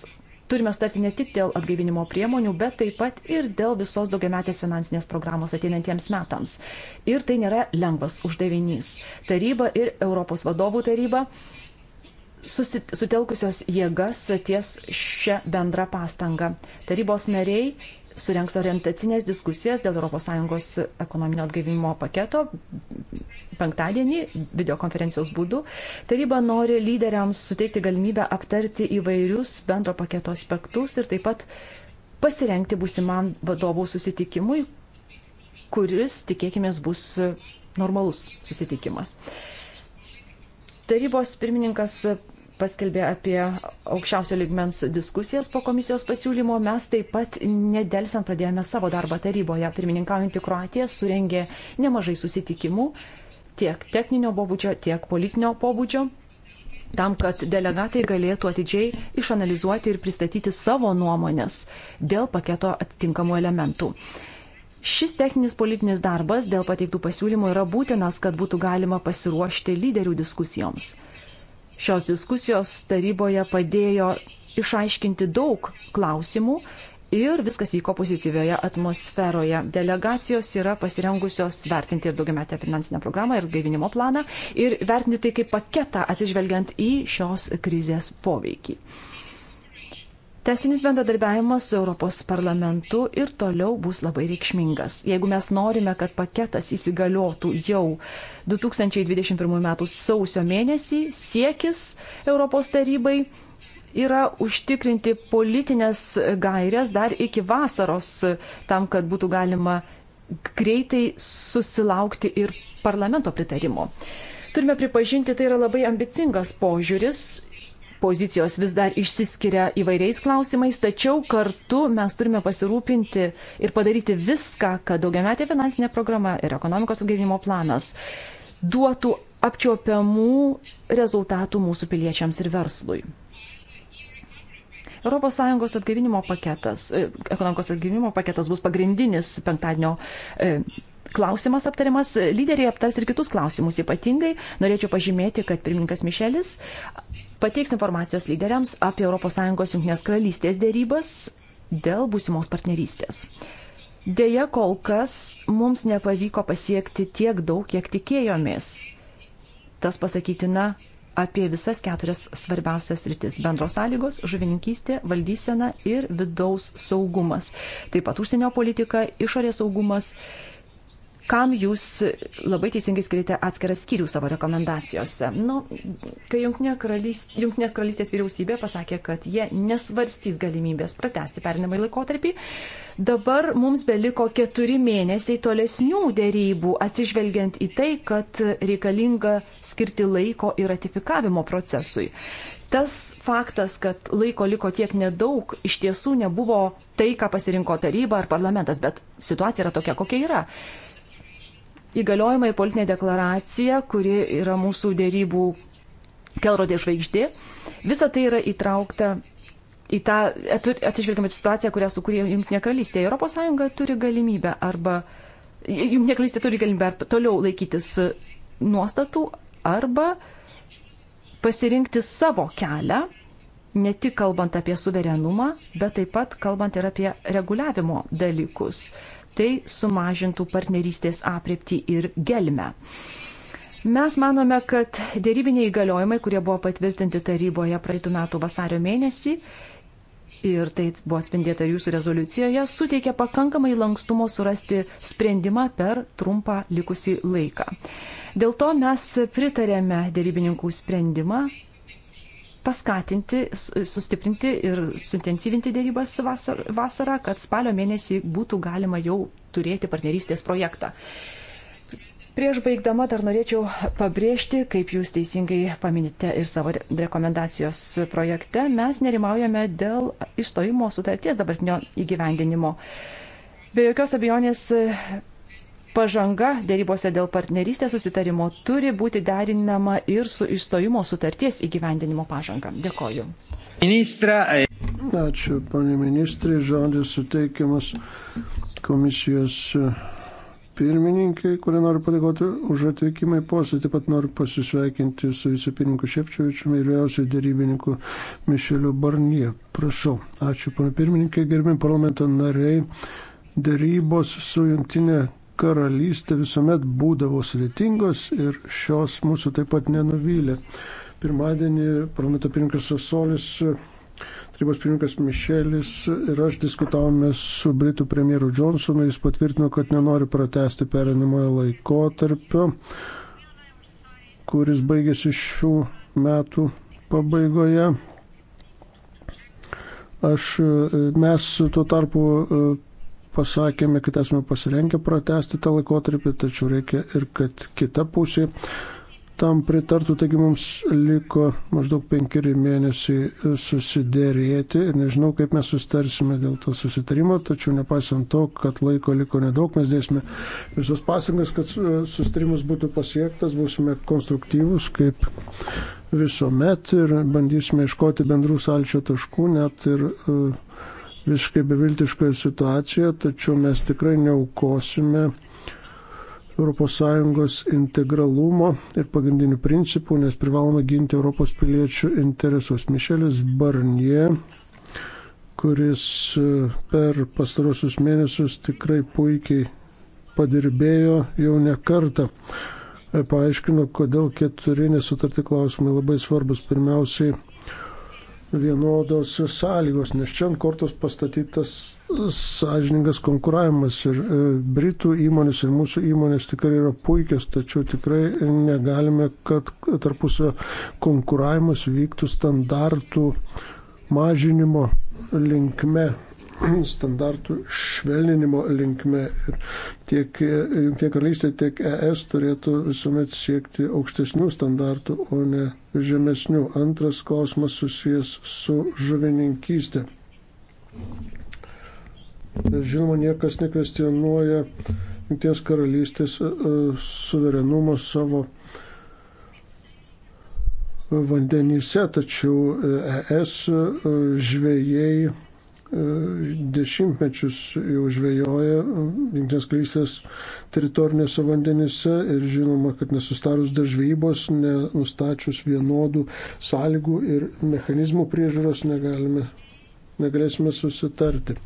turime sutarti ne tik dėl atgaivinimo priemonių, bet taip pat ir dėl visos daugiametės finansinės programos ateinantiems metams. Ir tai nėra lengvas uždavinys. Taryba ir Europos vadovų taryba sutelkusios jėgas ties šią bendrą pastangą. Tarybos nariai surenks orientacinės diskusijas dėl ES ekonominio atgaivinimo paketo penktadienį videokonferencijos būdu. Taryba nori lyderiams suteikti galimybę aptarti įvairius bendro paketo aspektus ir taip pat pasirengti būsimam vadovų susitikimui, kuris, tikėkime, bus normalus susitikimas. Tarybos pirmininkas paskelbė apie aukščiausio lygmens diskusijas po komisijos pasiūlymo, mes taip pat nedelsiant pradėjome savo darbą taryboje. Pirmininkaujantį Kroatiją surengė nemažai susitikimų tiek techninio pobūdžio, tiek politinio pobūdžio, tam, kad delegatai galėtų atidžiai išanalizuoti ir pristatyti savo nuomonės dėl paketo atitinkamų elementų. Šis techninis politinis darbas dėl pateiktų pasiūlymų yra būtinas, kad būtų galima pasiruošti lyderių diskusijoms Šios diskusijos taryboje padėjo išaiškinti daug klausimų ir viskas vyko pozityvioje atmosferoje. Delegacijos yra pasirengusios vertinti ir daugiametę finansinę programą ir gaivinimo planą ir vertinti tai kaip paketą atsižvelgiant į šios krizės poveikį. Testinis bendradarbiavimas su Europos parlamentu ir toliau bus labai reikšmingas. Jeigu mes norime, kad paketas įsigaliotų jau 2021 m. sausio mėnesį, siekis Europos tarybai yra užtikrinti politinės gairias dar iki vasaros, tam, kad būtų galima greitai susilaukti ir parlamento pritarimo. Turime pripažinti, tai yra labai ambicingas požiūris pozicijos vis dar išsiskiria įvairiais klausimais, tačiau kartu mes turime pasirūpinti ir padaryti viską, kad daugiametė finansinė programa ir ekonomikos atgaivinimo planas duotų apčiopiamų rezultatų mūsų piliečiams ir verslui. ES atgaivinimo paketas, e, ekonomikos atgaivinimo paketas bus pagrindinis penktadienio e, klausimas aptariamas, lyderiai aptars ir kitus klausimus. Ypatingai norėčiau pažymėti, kad pirmininkas Mišelis pateiks informacijos lyderiams apie ES Junktinės karalystės dėrybas dėl būsimos partnerystės. Deja, kol kas mums nepavyko pasiekti tiek daug, kiek tikėjomės. Tas pasakytina apie visas keturias svarbiausias rytis - bendros sąlygos, žuvininkystė, valdysena ir vidaus saugumas, taip pat užsienio politika, išorės saugumas kam jūs labai teisingai skirite atskirą skyrių savo rekomendacijose. Nu, kai Junktinė karalys, Junktinės karalystės vyriausybė pasakė, kad jie nesvarstys galimybės pratesti perinamąjį laikotarpį, dabar mums beliko keturi mėnesiai tolesnių dėrybų, atsižvelgiant į tai, kad reikalinga skirti laiko ir ratifikavimo procesui. Tas faktas, kad laiko liko tiek nedaug, iš tiesų nebuvo tai, ką pasirinko taryba ar parlamentas, bet situacija yra tokia, kokia yra įgaliojimą ir politinę deklaraciją, kuri yra mūsų dėrybų kelrodė žvaigždė. Visa tai yra įtraukta į tą, atsižvelgiamą situaciją, kurią sukūrė Junktinė karalystė. Europos Sąjunga turi galimybę arba Junktinė karalystė turi galimybę toliau laikytis nuostatų arba pasirinkti savo kelią, ne tik kalbant apie suverenumą, bet taip pat kalbant ir apie reguliavimo dalykus tai sumažintų partnerystės apriepti ir gelmę. Mes manome, kad dėrybiniai įgaliojimai, kurie buvo patvirtinti taryboje praeitų metų vasario mėnesį, ir tai buvo atspindėta ir jūsų rezoliucijoje, suteikia pakankamai lankstumo surasti sprendimą per trumpą likusį laiką. Dėl to mes pritarėme dėrybininkų sprendimą, paskatinti, sustiprinti ir suintensyvinti dėrybas vasarą, kad spalio mėnesį būtų galima jau turėti partnerystės projektą. Prieš baigdama dar norėčiau pabrėžti, kaip jūs teisingai paminite ir savo rekomendacijos projekte, mes nerimaujame dėl išstojimo sutarties dabartinio įgyvendinimo. Be jokios abejonės pažanga dėrybose dėl partnerystės susitarimo turi būti derinama ir su išstojimo sutarties įgyvendinimo pažanga. Dėkoju. Ministra. E- Ačiū, panė ministrai. Žodis suteikiamas komisijos e, pirmininkai, kurie noriu padėkoti už atvykimą į posėdį. Taip pat noriu pasisveikinti su vicepirmininku Šepčiovičiumi ir vyriausiu dėrybininku Mišeliu Barnie. Prašau. Ačiū, panė pirmininkai, gerbimi parlamento nariai. Darybos su jungtinė karalystė visuomet būdavo sudėtingos ir šios mūsų taip pat nenuvylė. Pirmadienį parlamento pirmininkas Sasolis, tarybos pirmininkas Mišelis ir aš diskutavome su Britų premjeru Johnsonu, jis patvirtino, kad nenori pratesti perinamojo laikotarpio, kuris baigėsi šių metų pabaigoje. Aš, mes tuo tarpu pasakėme, kad esame pasirengę pratesti tą laikotarpį, tačiau reikia ir kad kita pusė tam pritartų, taigi mums liko maždaug penkeri mėnesiai susidėrėti ir nežinau, kaip mes sustarsime dėl to susitarimo, tačiau nepaisant to, kad laiko liko nedaug, mes dėsime visos pasangas, kad sustarimas būtų pasiektas, būsime konstruktyvus kaip visuomet ir bandysime iškoti bendrų salčio taškų, net ir uh, visiškai beviltiškoje situacijoje, tačiau mes tikrai neaukosime ES integralumo ir pagrindinių principų, nes privalome ginti Europos piliečių interesus. Mišelis Barnie, kuris e, per pastarosius mėnesius tikrai puikiai padirbėjo jau ne kartą e, paaiškino, kodėl keturi nesutarti klausimai labai svarbus. Pirmiausiai, vienodos sąlygos, nes čia ant kortos pastatytas sąžiningas konkuravimas ir e, Britų įmonės ir mūsų įmonės tikrai yra puikios, tačiau tikrai negalime, kad tarpusio konkuravimas vyktų standartų mažinimo linkme. standartų švelninimo linkme. Ir tiek, tiek karalystė, tiek ES turėtų visuomet siekti aukštesnių standartų, o ne žemesnių. Antras klausimas susijęs su žuvininkystė. Žinoma, niekas nekvestionuoja Junktinės karalystės e, e, suverenumo savo vandenyse, tačiau ES e žvėjai dešimtmečius jau žvejoja Junktinės karalystės teritorinėse vandenyse ir žinoma, kad nesustarus dėl žvejybos, nenustačius vienodų sąlygų ir mechanizmų priežiūros negalime, negalėsime susitarti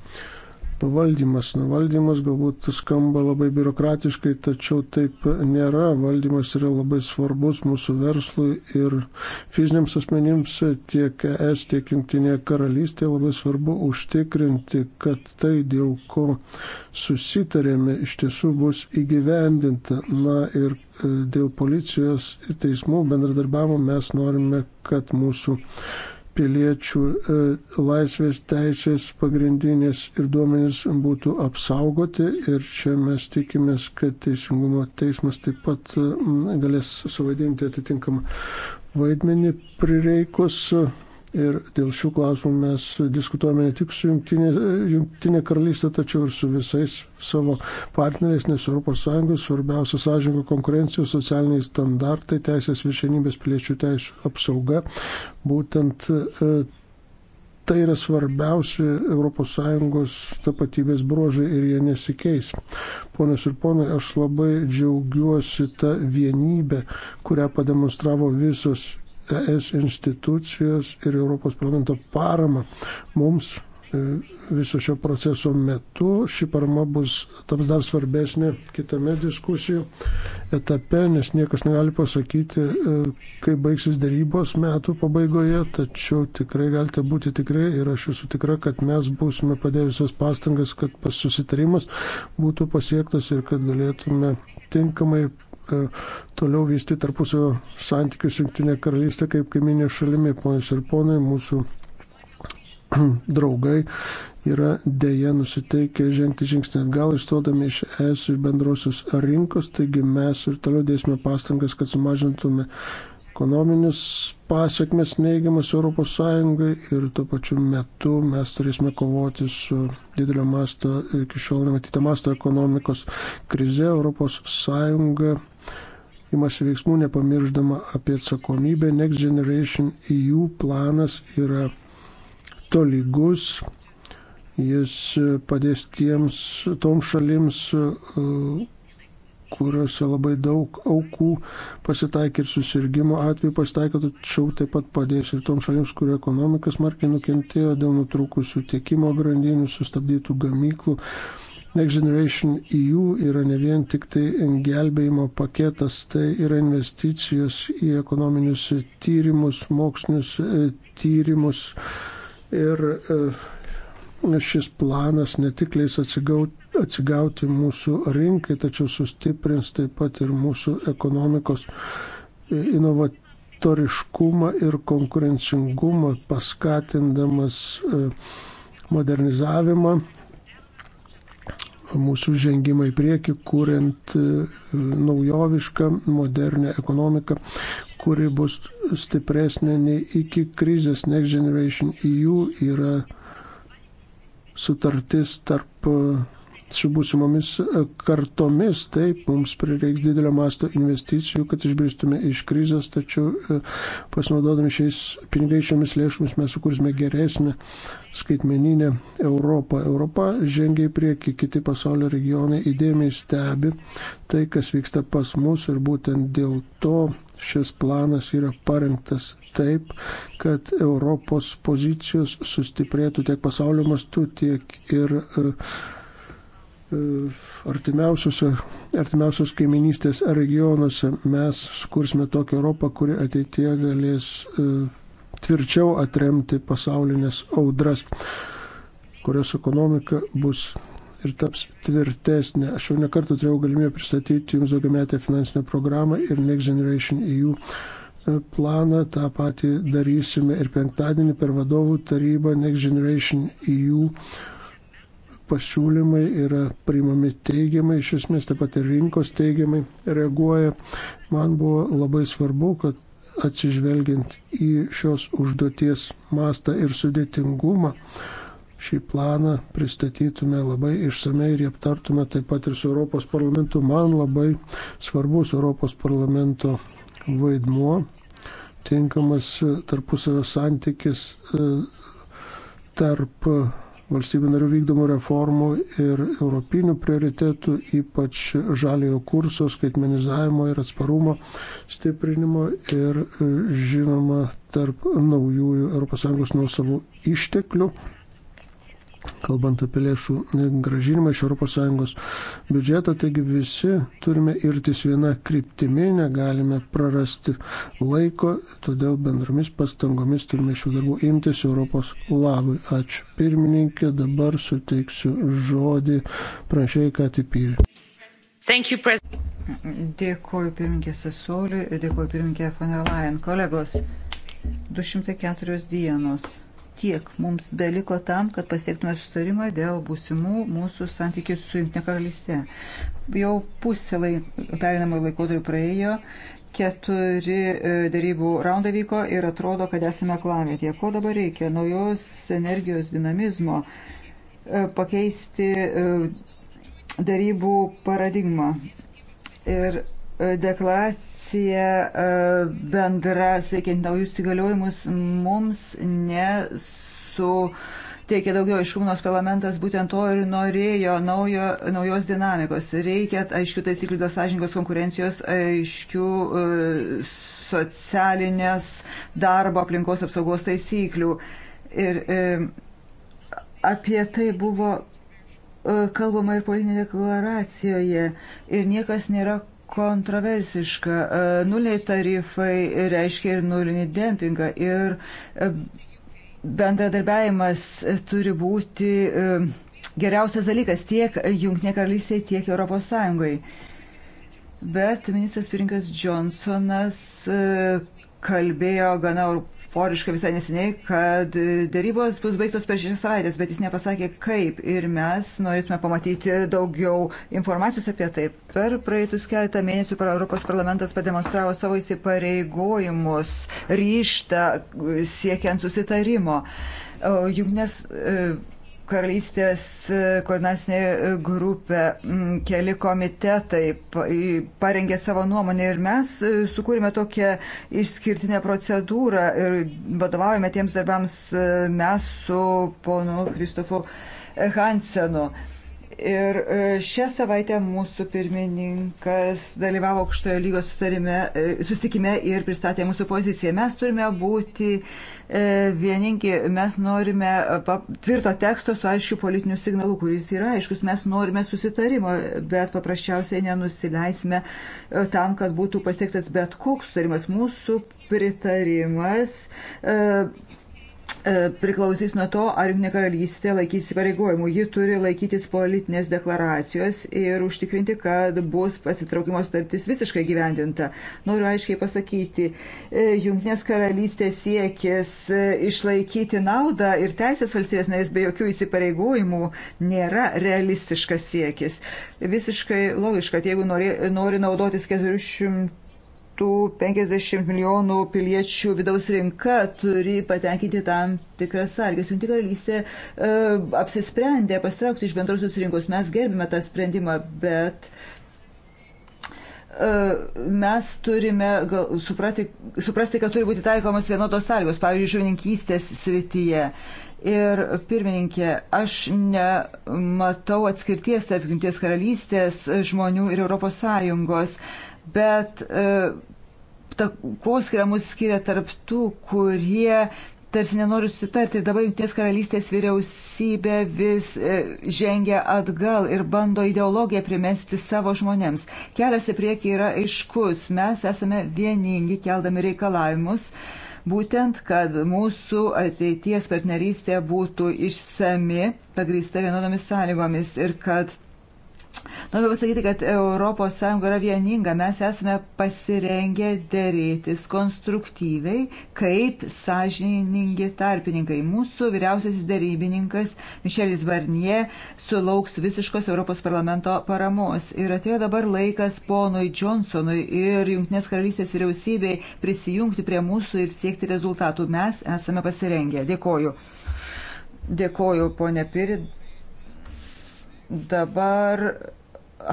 valdymas. Nu, valdymas galbūt skamba labai biurokratiškai, tačiau taip nėra. Valdymas yra labai svarbus mūsų verslui ir fiziniams asmenims tiek ES, tiek Junktinėje karalystėje labai svarbu užtikrinti, kad tai, dėl ko susitarėme, iš tiesų bus įgyvendinta. Na ir e, dėl policijos ir teismų bendradarbiavimo mes norime, kad mūsų piliečių e, laisvės teisės pagrindinės ir duomenys būtų apsaugoti. Ir čia mes tikimės, kad Teisingumo teismas taip pat galės suvaidinti atitinkamą vaidmenį prireikus Ir dėl šių klausimų mes diskutuojame ne tik su Junktinė, Junktinė karalystė, tačiau ir su visais savo partneriais, nes ES svarbiausia sąžininko konkurencija, socialiniai standartai, teisės viršenybės piliečių teisų apsauga. Būtent e, tai yra svarbiausi ES tapatybės bruožai ir jie nesikeis. Ponios ir ponai, aš labai džiaugiuosi tą vienybę, kurią pademonstravo visos ES institucijos ir Europos parlamento paramą mums e, viso šio proceso metu. Ši parama bus taps dar svarbesnė kitame diskusijų etape, nes niekas negali pasakyti, e, kai baigsis darybos metų pabaigoje, tačiau tikrai galite būti tikrai ir aš esu tikra, kad mes būsime padėjusios pastangas, kad susitarimas būtų pasiektas ir kad galėtume tinkamai toliau vysti tarpusio santykius Junktinė karalystė kaip kaiminė šalimi. Ponius ir ponai, mūsų draugai yra dėja nusiteikę žengti žingsnį atgal, išstodami iš ES ir bendrosios rinkos, taigi mes ir toliau dėsime pastangas, kad sumažintume ekonominius pasiekmes neigiamas ES ir tuo pačiu metu mes turėsime kovoti su didelio masto, iki šiol nematyto masto ekonomikos krize ES imasi veiksmų, nepamirždama apie atsakomybę. Next Generation EU planas yra tolygus. Jis padės tiems, toms šalims, e, kuriuose labai daug aukų pasitaikė ir susirgymo atveju pasitaikė, tačiau taip pat padės ir toms šalims, kurio ekonomika smarkiai nukentėjo dėl nutrūkusių tiekimo grandinių, sustabdytų gamyklų Next Generation EU yra ne vien tik tai gelbėjimo paketas, tai yra investicijos į ekonominius tyrimus, mokslinius e, tyrimus. Ir e, šis planas ne tik leis atsigauti mūsų rinkai, tačiau sustiprins taip pat ir mūsų ekonomikos e, inovatyvumą novatoriškumą ir konkurencingumą, paskatindamas modernizavimą mūsų žengimą į priekį, kuriant e, naujovišką, modernę ekonomiką, kuri bus stipresnė nei iki krizės. Next Generation EU yra sutartis tarp e, su būsimomis e, kartomis. Taip, mums prireiks didelio masto investicijų, kad išbristume iš krizės, tačiau e, pasinaudodami šiais pinigais šiomis lėšomis mes sukursime geresnę skaitmeninę Europą. Europa žengia į priekį, kiti pasaulio regionai įdėmiai stebi tai, kas vyksta pas mus ir būtent dėl to šis planas yra parengtas taip, kad Europos pozicijos sustiprėtų tiek pasaulio mastu, tiek ir uh, artimiausios kaiminystės regionuose mes skursime tokią Europą, kuri ateitie galės e, tvirčiau atremti pasaulinės audras, kurios ekonomika bus ir taps tvirtesnė. Aš jau nekartą turėjau galimybę pristatyti Jums daugiametę finansinę programą ir Next Generation EU e, planą. Ta pati darysime ir penktadienį per vadovų tarybą Next Generation EU pasiūlymai yra priimami teigiamai, iš esmės taip pat ir rinkos teigiamai reaguoja. Man buvo labai svarbu, kad atsižvelgiant į šios užduoties mastą ir sudėtingumą, šį planą pristatytume labai išsamei ir aptartume taip pat ir su Europos parlamentu. Man labai svarbus Europos parlamento vaidmuo, tinkamas tarpusavio santykis e, tarp valstybių narių vykdomų reformų ir europinių prioritetų, ypač žaliojo kurso, skaitmenizavimo ir atsparumo stiprinimo ir e, žinoma tarp naujųjų ES nuosavų išteklių kalbant apie lėšų gražinimą iš ES biudžeto, taigi visi turime irtis vieną kryptimį, negalime prarasti laiko, todėl bendromis pastangomis turime šių darbų imtis Europos labui. Ačiū pirmininkė, dabar suteiksiu žodį pranešėjai Katipyri. Dėkoju pirmininkė Sasoliui, dėkoju pirmininkė von der Leyen. Kolegos, 204 dienos tiek mums beliko tam, kad pasiektume sustarimą dėl būsimų mūsų santykių su Junktinė karalystė. Jau pusė laik, perinamojo laikotarpio praėjo, keturi e, darybų raundai vyko ir atrodo, kad esame klavėtėje. Ko dabar reikia? Naujos energijos dinamizmo e, pakeisti e, darybų paradigmą. Ir deklaracija pozicija e, bendra, siekiant naujus įgaliojimus, mums nesu teikia daugiau aiškumo, nors parlamentas būtent to ir norėjo naujo, naujos dinamikos. Reikia aiškių taisyklių dėl sąžingos konkurencijos, aiškių e, socialinės darbo aplinkos apsaugos taisyklių. Ir e, apie tai buvo e, kalbama ir politinėje deklaracijoje. Ir niekas nėra kontroversiška. E, nuliai tarifai reiškia ir nulinį dempingą. Ir e, bendradarbiavimas turi būti e, geriausias dalykas tiek Junktinė karalystė, tiek Europos Sąjungai. Bet ministras pirinkas Johnsonas kalbėjo gana euforiškai visai neseniai, kad dėrybos bus baigtos per šešias savaitės, bet jis nepasakė kaip. Ir mes norėtume pamatyti daugiau informacijos apie tai. Per praeitus keletą mėnesių Europos parlamentas pademonstravo savo įsipareigojimus, ryštą siekiant susitarimo. Jungnes e, karalystės e, koordinacinė grupė, keli komitetai parengė savo nuomonę ir mes e, sukūrėme tokią išskirtinę procedūrą ir vadovaujame tiems darbams e, mes su ponu Kristofu Hansenu. Ir e, šią savaitę mūsų pirmininkas dalyvavo aukštojo lygos e, susitikime ir pristatė mūsų poziciją. Mes turime būti e, vieningi, mes norime tvirto teksto su aiškiu politiniu signalu, kuris yra aiškus, mes norime susitarimo, bet paprasčiausiai nenusileisime tam, kad būtų pasiektas bet koks sutarimas. Mūsų pritarimas. E, E, priklausys nuo to, ar Junktinė karalystė laikys įpareigojimų. Ji turi laikytis politinės deklaracijos ir užtikrinti, kad bus pasitraukimo sutartis visiškai gyvendinta. Noriu aiškiai pasakyti, e, Junktinės karalystės siekis e, išlaikyti naudą ir teisės valstybės narės be jokių įsipareigojimų nėra realistiškas siekis. Visiškai logiška, kad jeigu nori, nori naudotis 400 150 milijonų piliečių vidaus rinka turi patenkinti tam tikras sąlygas. Jungtinė karalystė uh, apsisprendė pastraukti iš bendrosios rinkos. Mes gerbime tą sprendimą, bet uh, mes turime gal, suprati, suprasti, kad turi būti taikomas vienodos sąlygos, pavyzdžiui, žuvininkystės srityje. Ir pirmininkė, aš nematau atskirties tarp Junkties karalystės žmonių ir ES, bet uh, takoskiria mus skiria tarp tų, kurie tarsi nenori susitarti ir dabar Junktinės karalystės vyriausybė vis e, žengia atgal ir bando ideologiją primesti savo žmonėms. Kelias į priekį yra aiškus, mes esame vieningi keldami reikalavimus. Būtent, kad mūsų ateities partnerystė būtų išsami, pagrįsta vienodomis sąlygomis ir kad Noriu pasakyti, kad ES yra vieninga, mes esame pasirengę dėrėtis konstruktyviai, kaip sąžiningi tarpininkai. Mūsų vyriausiasis dėrybininkas Mišelis Barnie sulauks visiškos Europos parlamento paramos. Ir atėjo dabar laikas ponui Johnsonui ir Junktinės karalystės vyriausybei prisijungti prie mūsų ir siekti rezultatų. Mes esame pasirengę. Dėkoju. Dėkoju, ponė Pirid Dabar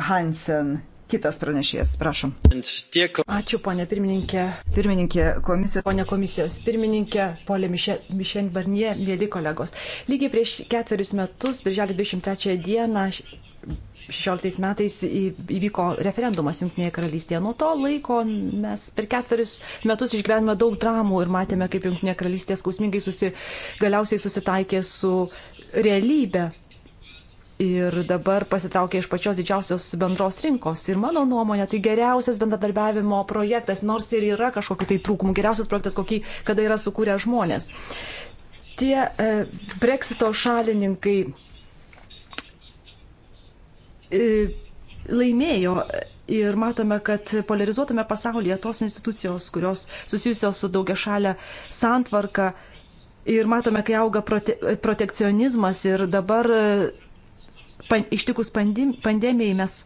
Hansen. Kitas pranešėjas, prašom. Ačiū, ponė pirmininkė. Pirmininkė komisijos. Ponė komisijos pirmininkė, polė Mišen Barnie, mėly kolegos. Lygiai prieš ketverius metus, birželio 23 dieną, 16 metais įvyko referendumas Junktinėje karalystėje. Nuo to laiko mes per ketverius metus išgyvenome daug dramų ir matėme, kaip Junktinė karalystė skausmingai susi, galiausiai susitaikė su realybė ir dabar pasitraukė iš pačios didžiausios bendros rinkos. Ir mano nuomonė, tai geriausias bendradarbiavimo projektas, nors ir yra kažkokiu tai trūkumu, geriausias projektas, kokį kada yra sukūrę žmonės. Tie e, breksito šalininkai e, laimėjo ir matome, kad polarizuotame pasaulyje tos institucijos, kurios susijusios su daugia šalia santvarka ir matome, kai auga prote, protekcionizmas ir dabar e, pan, ištikus pandemijai mes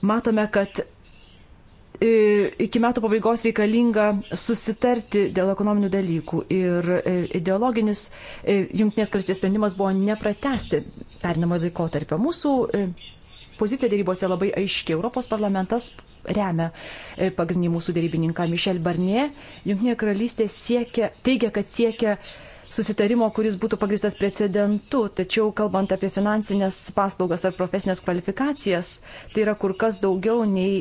matome, kad e, iki metų pabaigos reikalinga susitarti dėl ekonominių dalykų. Ir e, ideologinis e, jungtinės karstės sprendimas buvo nepratesti perinamo laikotarpio. Mūsų pozicija dėrybose labai aiški. Europos parlamentas remia pagrindinį mūsų dėrybininką Mišel Barnie. Jungtinė karalystė siekia, teigia, kad siekia susitarimo, kuris būtų pagristas precedentu, tačiau kalbant apie finansinės paslaugas ar profesinės kvalifikacijas, tai yra kur kas daugiau nei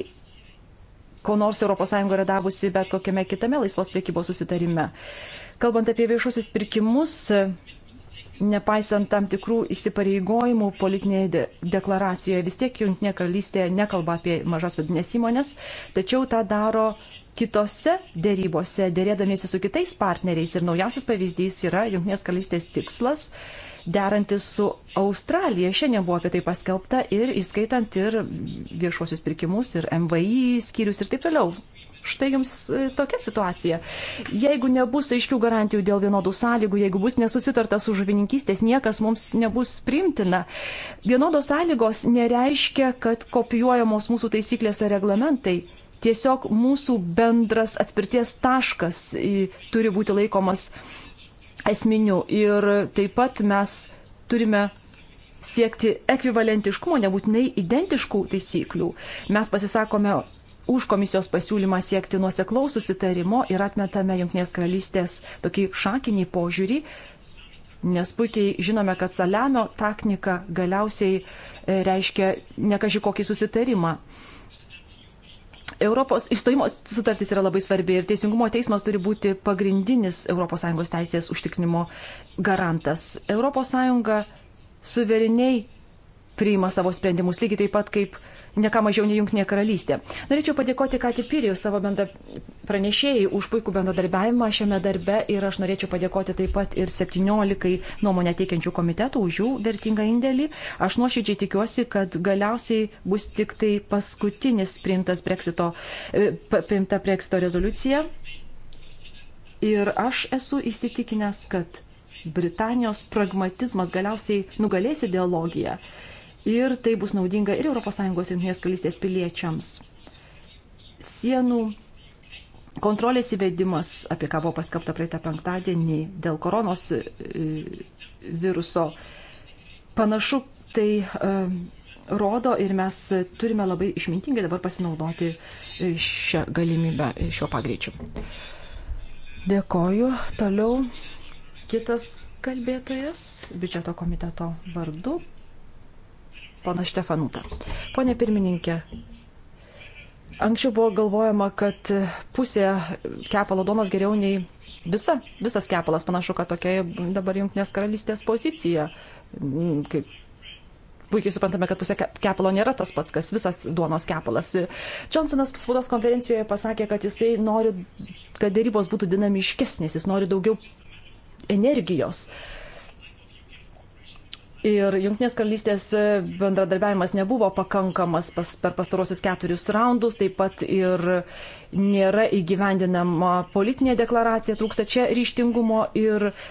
ko nors ES yra davusi bet kokiame kitame laisvos priekybos susitarime. Kalbant apie viešusius pirkimus, nepaisant tam tikrų įsipareigojimų politinėje de deklaracijoje, vis tiek Junktinė karalystė nekalba apie mažas vidinės įmonės, tačiau tą daro kitose dėrybose, dėrėdamiesi su kitais partneriais. Ir naujausias pavyzdys yra Junktinės karalystės tikslas derantis su Australija. Šiandien buvo apie tai paskelbta ir įskaitant ir viešuosius pirkimus, ir MVI skyrius ir taip toliau. Štai jums e, tokia situacija. Jeigu nebus aiškių garantijų dėl vienodų sąlygų, jeigu bus nesusitarta su žuvininkystės, niekas mums nebus primtina. Vienodos sąlygos nereiškia, kad kopijuojamos mūsų taisyklės ar reglamentai. Tiesiog mūsų bendras atspirties taškas turi būti laikomas esminiu ir taip pat mes turime siekti ekvivalentiškumo, nebūtinai identiškų taisyklių. Mes pasisakome už komisijos pasiūlymą siekti nuoseklaus susitarimo ir atmetame Junktinės karalystės tokį šakinį požiūrį, nes puikiai žinome, kad saliamio taktika galiausiai e, reiškia nekaži kokį susitarimą. Europos įstojimo sutartis yra labai svarbi ir Teisingumo teismas turi būti pagrindinis ES teisės užtikrinimo garantas. ES suvereniai priima savo sprendimus, lygiai taip pat kaip neką mažiau nei Junktinė karalystė. Norėčiau padėkoti Kati Pirijų savo bendra pranešėjai už puikų bendradarbiavimą šiame darbe ir aš norėčiau padėkoti taip pat ir 17 nuomonę teikiančių komitetų už jų vertingą indėlį. Aš nuoširdžiai tikiuosi, kad galiausiai bus tik tai paskutinis priimtas Brexito, e, priimta Brexito rezoliucija. Ir aš esu įsitikinęs, kad Britanijos pragmatizmas galiausiai nugalės ideologiją ir tai bus naudinga ir ES jungtinės kalystės piliečiams. Sienų kontrolės įvedimas, apie ką buvo paskelbta praeitą penktadienį dėl koronos e, viruso, panašu, tai e, rodo ir mes turime labai išmintingai dabar pasinaudoti e, šią galimybę, šiuo pagreičiu. Dėkoju. Toliau kitas kalbėtojas biudžeto komiteto vardu pana Štefanutą. Pone pirmininkė, anksčiau buvo galvojama, kad pusė kepalo donos geriau nei visa, visas kepalas. Panašu, kad tokia dabar Junktinės karalystės pozicija. Mm, Kaip puikiai suprantame, kad pusė kepalo nėra tas pats, kas visas duonos kepalas. Johnsonas spaudos konferencijoje pasakė, kad jisai nori, kad dėrybos būtų dinamiškesnės, jis nori daugiau energijos. Uh, Ir Junktinės karalystės e, bendradarbiavimas nebuvo pakankamas pas, per pastarosius keturis raundus, taip pat ir nėra įgyvendinama politinė deklaracija, trūksta čia ryštingumo ir uh,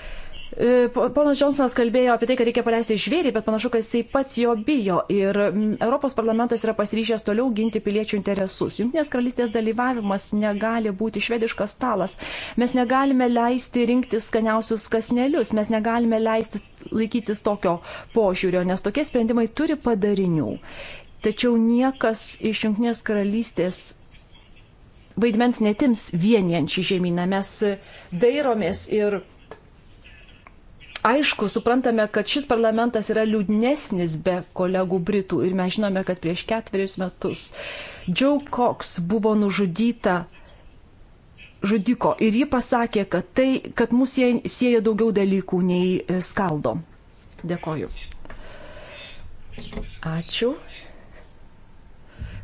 E, ponas Johnsonas kalbėjo apie tai, kad reikia paleisti žvėrį, bet panašu, kad jisai pats jo bijo. Ir Europos parlamentas yra pasiryžęs toliau ginti piliečių interesus. Junktinės karalystės dalyvavimas negali būti švediškas stalas. Mes negalime leisti rinkti skaniausius kasnelius. Mes negalime leisti laikytis tokio požiūrio, nes tokie sprendimai turi padarinių. Tačiau niekas iš Junktinės karalystės vaidmens netims vieniant šį žemyną. Mes dairomės ir aišku, suprantame, kad šis parlamentas yra liūdnesnis be kolegų Britų ir mes žinome, kad prieš ketverius metus Joe Cox buvo nužudyta žudiko ir ji pasakė, kad, tai, kad mus sieja daugiau dalykų nei e, skaldo. Dėkoju. Ačiū.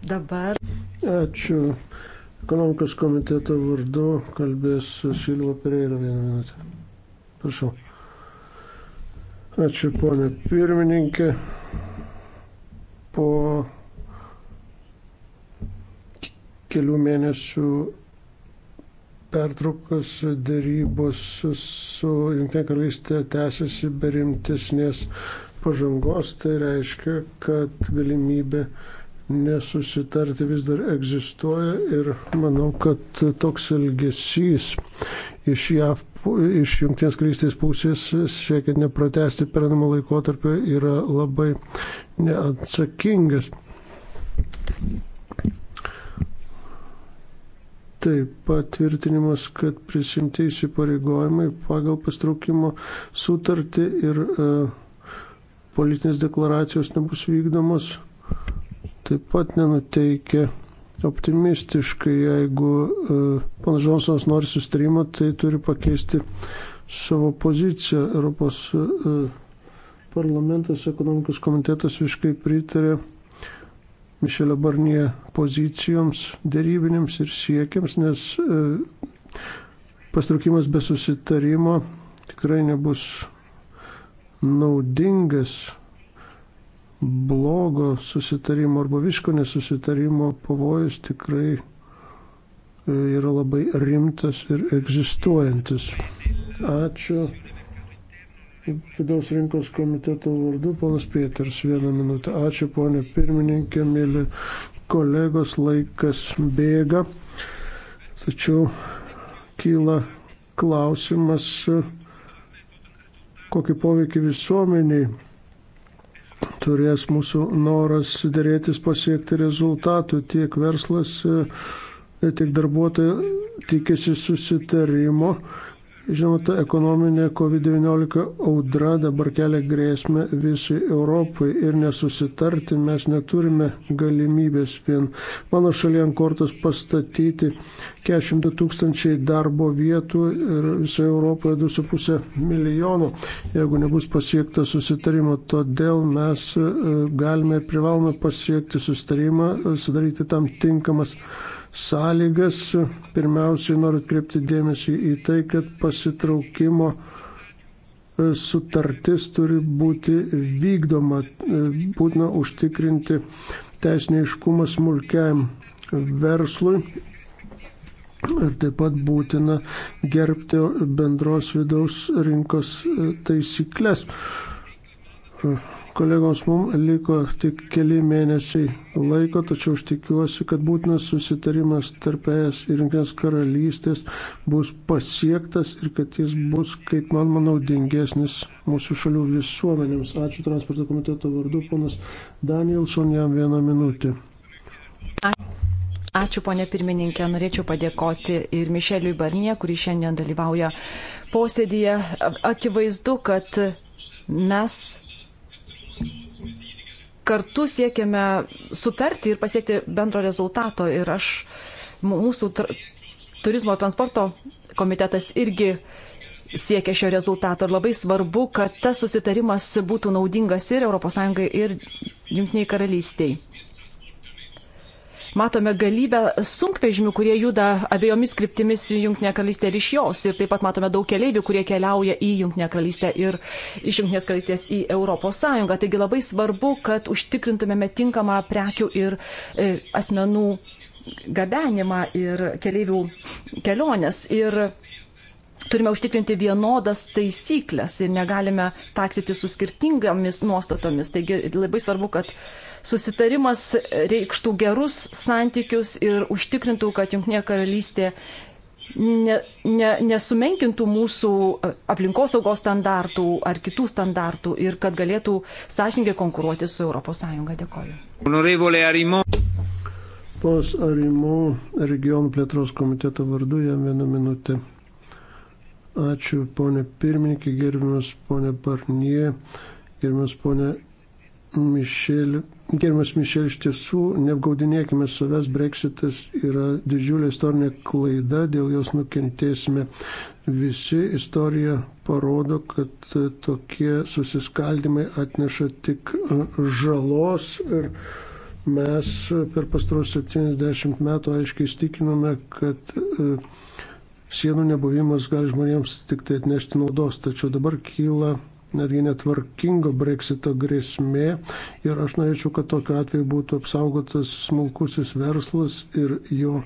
Dabar. Ačiū. Ekonomikos komiteto vardu kalbės Silva Pereira vieną minutę. Prašau. Ačiū, ponė pirmininkė. Po kelių mėnesių pertraukos darybos su Junktinė karalystė tęsiasi be rimtesnės pažangos. Tai reiškia, kad galimybė nesusitarti vis dar egzistuoja ir manau, kad toks elgesys iš JAV iš Junktinės karalystės pusės, siekiant nepratesti perinamą laikotarpį, yra labai neatsakingas. Taip pat tvirtinimas, kad prisimti įsipareigojimai pagal pastraukimo sutartį ir e, politinės deklaracijos nebus vykdomos, taip pat nenuteikia optimistiškai. Jeigu uh, e, pan Žonsonas nori sustarimą, tai turi pakeisti savo poziciją. Europos uh, parlamentas, ekonomikos komitetas visiškai pritarė Mišelio Barnie pozicijoms, dėrybinėms ir siekiams, nes uh, e, pastraukimas be susitarimo tikrai nebus naudingas blogo susitarimo arba viško nesusitarimo pavojus tikrai e, yra labai rimtas ir egzistuojantis. Ačiū. Vidaus rinkos komiteto vardu, ponas Pieters, vieną minutę. Ačiū, ponė pirmininkė, mėly kolegos, laikas bėga. Tačiau kyla klausimas, kokį poveikį visuomeniai turės mūsų noras dėrėtis pasiekti rezultatų. Tiek verslas, e, tiek darbuotojai tikisi susitarimo, Žinoma, ta ekonominė COVID-19 audra dabar kelia grėsmę visai Europai ir nesusitarti mes neturime galimybės vien mano šalyje ant kortos pastatyti 42 tūkstančiai darbo vietų ir visoje Europoje 2,5 milijono, jeigu nebus pasiekta susitarimo. Todėl mes e, galime ir privalome pasiekti susitarimą, e, sudaryti tam tinkamas sąlygas. Pirmiausiai noriu atkreipti dėmesį į tai, kad pasitraukimo e, sutartis turi būti vykdoma, e, būtina užtikrinti teisinėiškumą smulkiam verslui ir taip pat būtina gerbti bendros vidaus rinkos e, taisyklės. Kolegoms mums liko tik keli mėnesiai laiko, tačiau aš tikiuosi, kad būtinas susitarimas tarp ES ir Junktinės karalystės bus pasiektas ir kad jis bus, kaip man manau, dingesnis mūsų šalių visuomenėms. Ačiū transporto komiteto vardu, ponas Danielson, jam vieną minutę. Ačiū, ponė pirmininkė. Norėčiau padėkoti ir Mišeliui Barnie, kuris šiandien dalyvauja posėdėje. Akivaizdu, kad mes kartu siekiame sutarti ir pasiekti bendro rezultato. Ir aš, mūsų tra turizmo transporto komitetas irgi siekia šio rezultato. Ir labai svarbu, kad tas susitarimas būtų naudingas ir ES, ir Junktiniai karalystiai matome galybę sunkvežimių, kurie juda abiejomis kryptimis į Junktinę karalystę ir iš jos. Ir taip pat matome daug keleivių, kurie keliauja į Junktinę karalystę ir iš Junktinės karalystės į Europos Sąjungą. Taigi labai svarbu, kad užtikrintumėme tinkamą prekių ir e, asmenų gabenimą ir keleivių keliones. Ir turime užtikrinti vienodas taisyklės ir negalime taksyti su skirtingomis nuostatomis. Taigi labai svarbu, kad susitarimas reikštų gerus santykius ir užtikrintų, kad Junktinė karalystė ne, ne, nesumenkintų mūsų aplinkosaugos standartų ar kitų standartų ir kad galėtų sąžininkai konkuruoti su ES. Dėkoju. Honorevole Arimo. Ponas Arimo, regionų plėtros komiteto vardu, jam vieną minutę. Ačiū, ponė pirmininkė, gerbiamas ponė Barnie, gerbiamas ponė Mišelė. Gerimas Mišel, iš tiesų, neapgaudinėkime savęs, breksitas yra didžiulė istorinė klaida, dėl jos nukentėsime visi. Istorija parodo, kad tokie susiskaldimai atneša tik žalos ir mes per pastarus 70 metų aiškiai įstikinome, kad e, sienų nebuvimas gali žmonėms tik tai atnešti naudos, tačiau dabar kyla netgi netvarkingo breksito grėsmė ir aš norėčiau, kad tokiu atveju būtų apsaugotas smulkusis verslas ir jo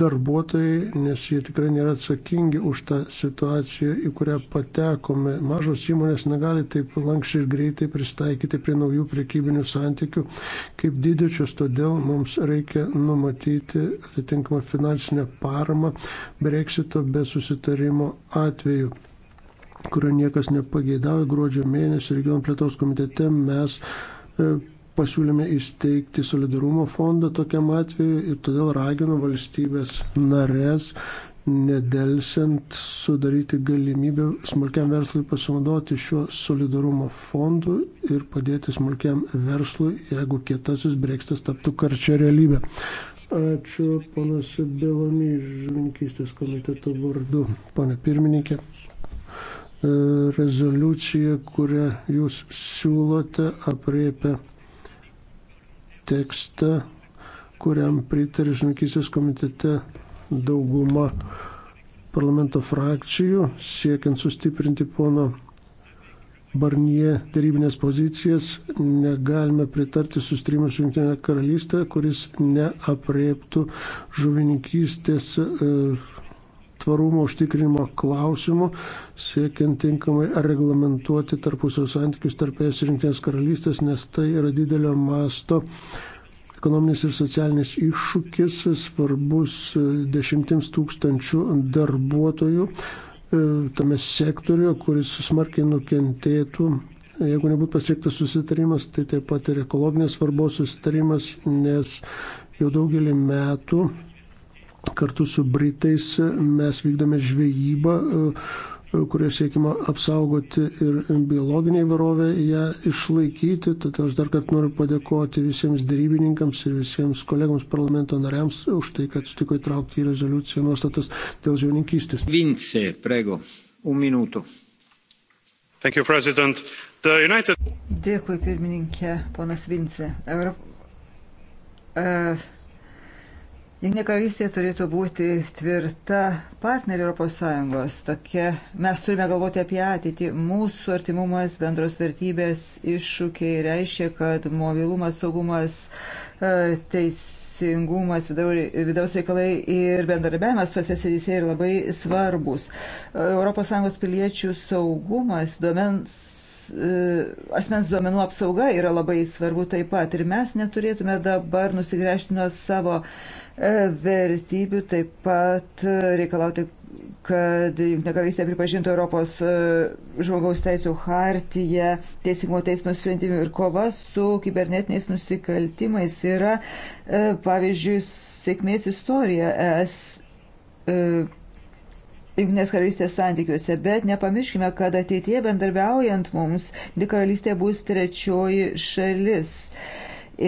darbuotojai, nes jie tikrai nėra atsakingi už tą situaciją, į kurią patekome. Mažos įmonės negali taip lankščiai ir greitai pristaikyti prie naujų priekybinių santykių kaip didžiosios, todėl mums reikia numatyti atitinkamą finansinę paramą breksito be susitarimo atveju kurio niekas nepageidavo. Gruodžio mėnesį regionų plėtos komitete mes e, pasiūlėme įsteigti solidarumo fondą tokiam atveju ir todėl raginu valstybės narės nedelsiant sudaryti galimybę smulkiam verslui pasinaudoti šiuo solidarumo fondu ir padėti smulkiam verslui, jeigu kietasis brekstas taptų karčia realybė. Ačiū, ponas Belomy, žuvinkystės komiteto vardu. Pane pirmininkė rezoliucija, kurią jūs siūlote, apriepia tekstą, kuriam pritarė žinokysės komitete dauguma parlamento frakcijų, siekiant sustiprinti pono Barnie darybinės pozicijas, negalime pritarti sustrimui su Junktinė karalystė, kuris neapriektų žuvininkystės. Uh, tvarumo užtikrinimo klausimų, siekiant tinkamai reglamentuoti tarpusio santykius tarp ES ir Junktinės karalystės, nes tai yra didelio masto ekonominis ir socialinis iššūkis, svarbus dešimtims tūkstančių darbuotojų e, tame sektoriuje, kuris smarkiai nukentėtų. Jeigu nebūtų pasiektas susitarimas, tai taip pat ir ekologinės svarbos susitarimas, nes jau daugelį metų Kartu su Britais mes vykdome žvejybą, e, kurioje siekima apsaugoti ir biologinę įvairovę, ją išlaikyti. Tad aš dar kartą noriu padėkoti visiems darybininkams ir visiems kolegams parlamento nariams už tai, kad sutiko įtraukti į rezoliuciją nuostatas dėl žuvininkystės. Vince, prego, un minuto. Thank you, President. The United... Dėkui, pirmininkė, ponas Vince. Europ... Uh... E, Jungtinė karalystė turėtų būti tvirta partnerė ES. Tokia, mes turime galvoti apie ateitį. Mūsų artimumas, bendros vertybės, iššūkiai reiškia, kad mobilumas, saugumas, e, teisingumas, vidaus reikalai ir bendarbiavimas tuose sėdyse yra labai svarbus. ES piliečių saugumas, duomens e, asmens duomenų apsauga yra labai svarbu taip pat. Ir mes neturėtume dabar nusigręžti nuo savo uh, vertybių, taip pat reikalauti, kad Junktinė karalystė pripažintų Europos e, žmogaus teisų hartiją, teisingumo teismo sprendimų ir kova su kibernetiniais nusikaltimais yra, e, pavyzdžiui, sėkmės istorija es. E, Junktinės karalystės santykiuose, bet nepamirškime, kad ateitie bendarbiaujant mums, Junktinė karalystė bus trečioji šalis. Uh,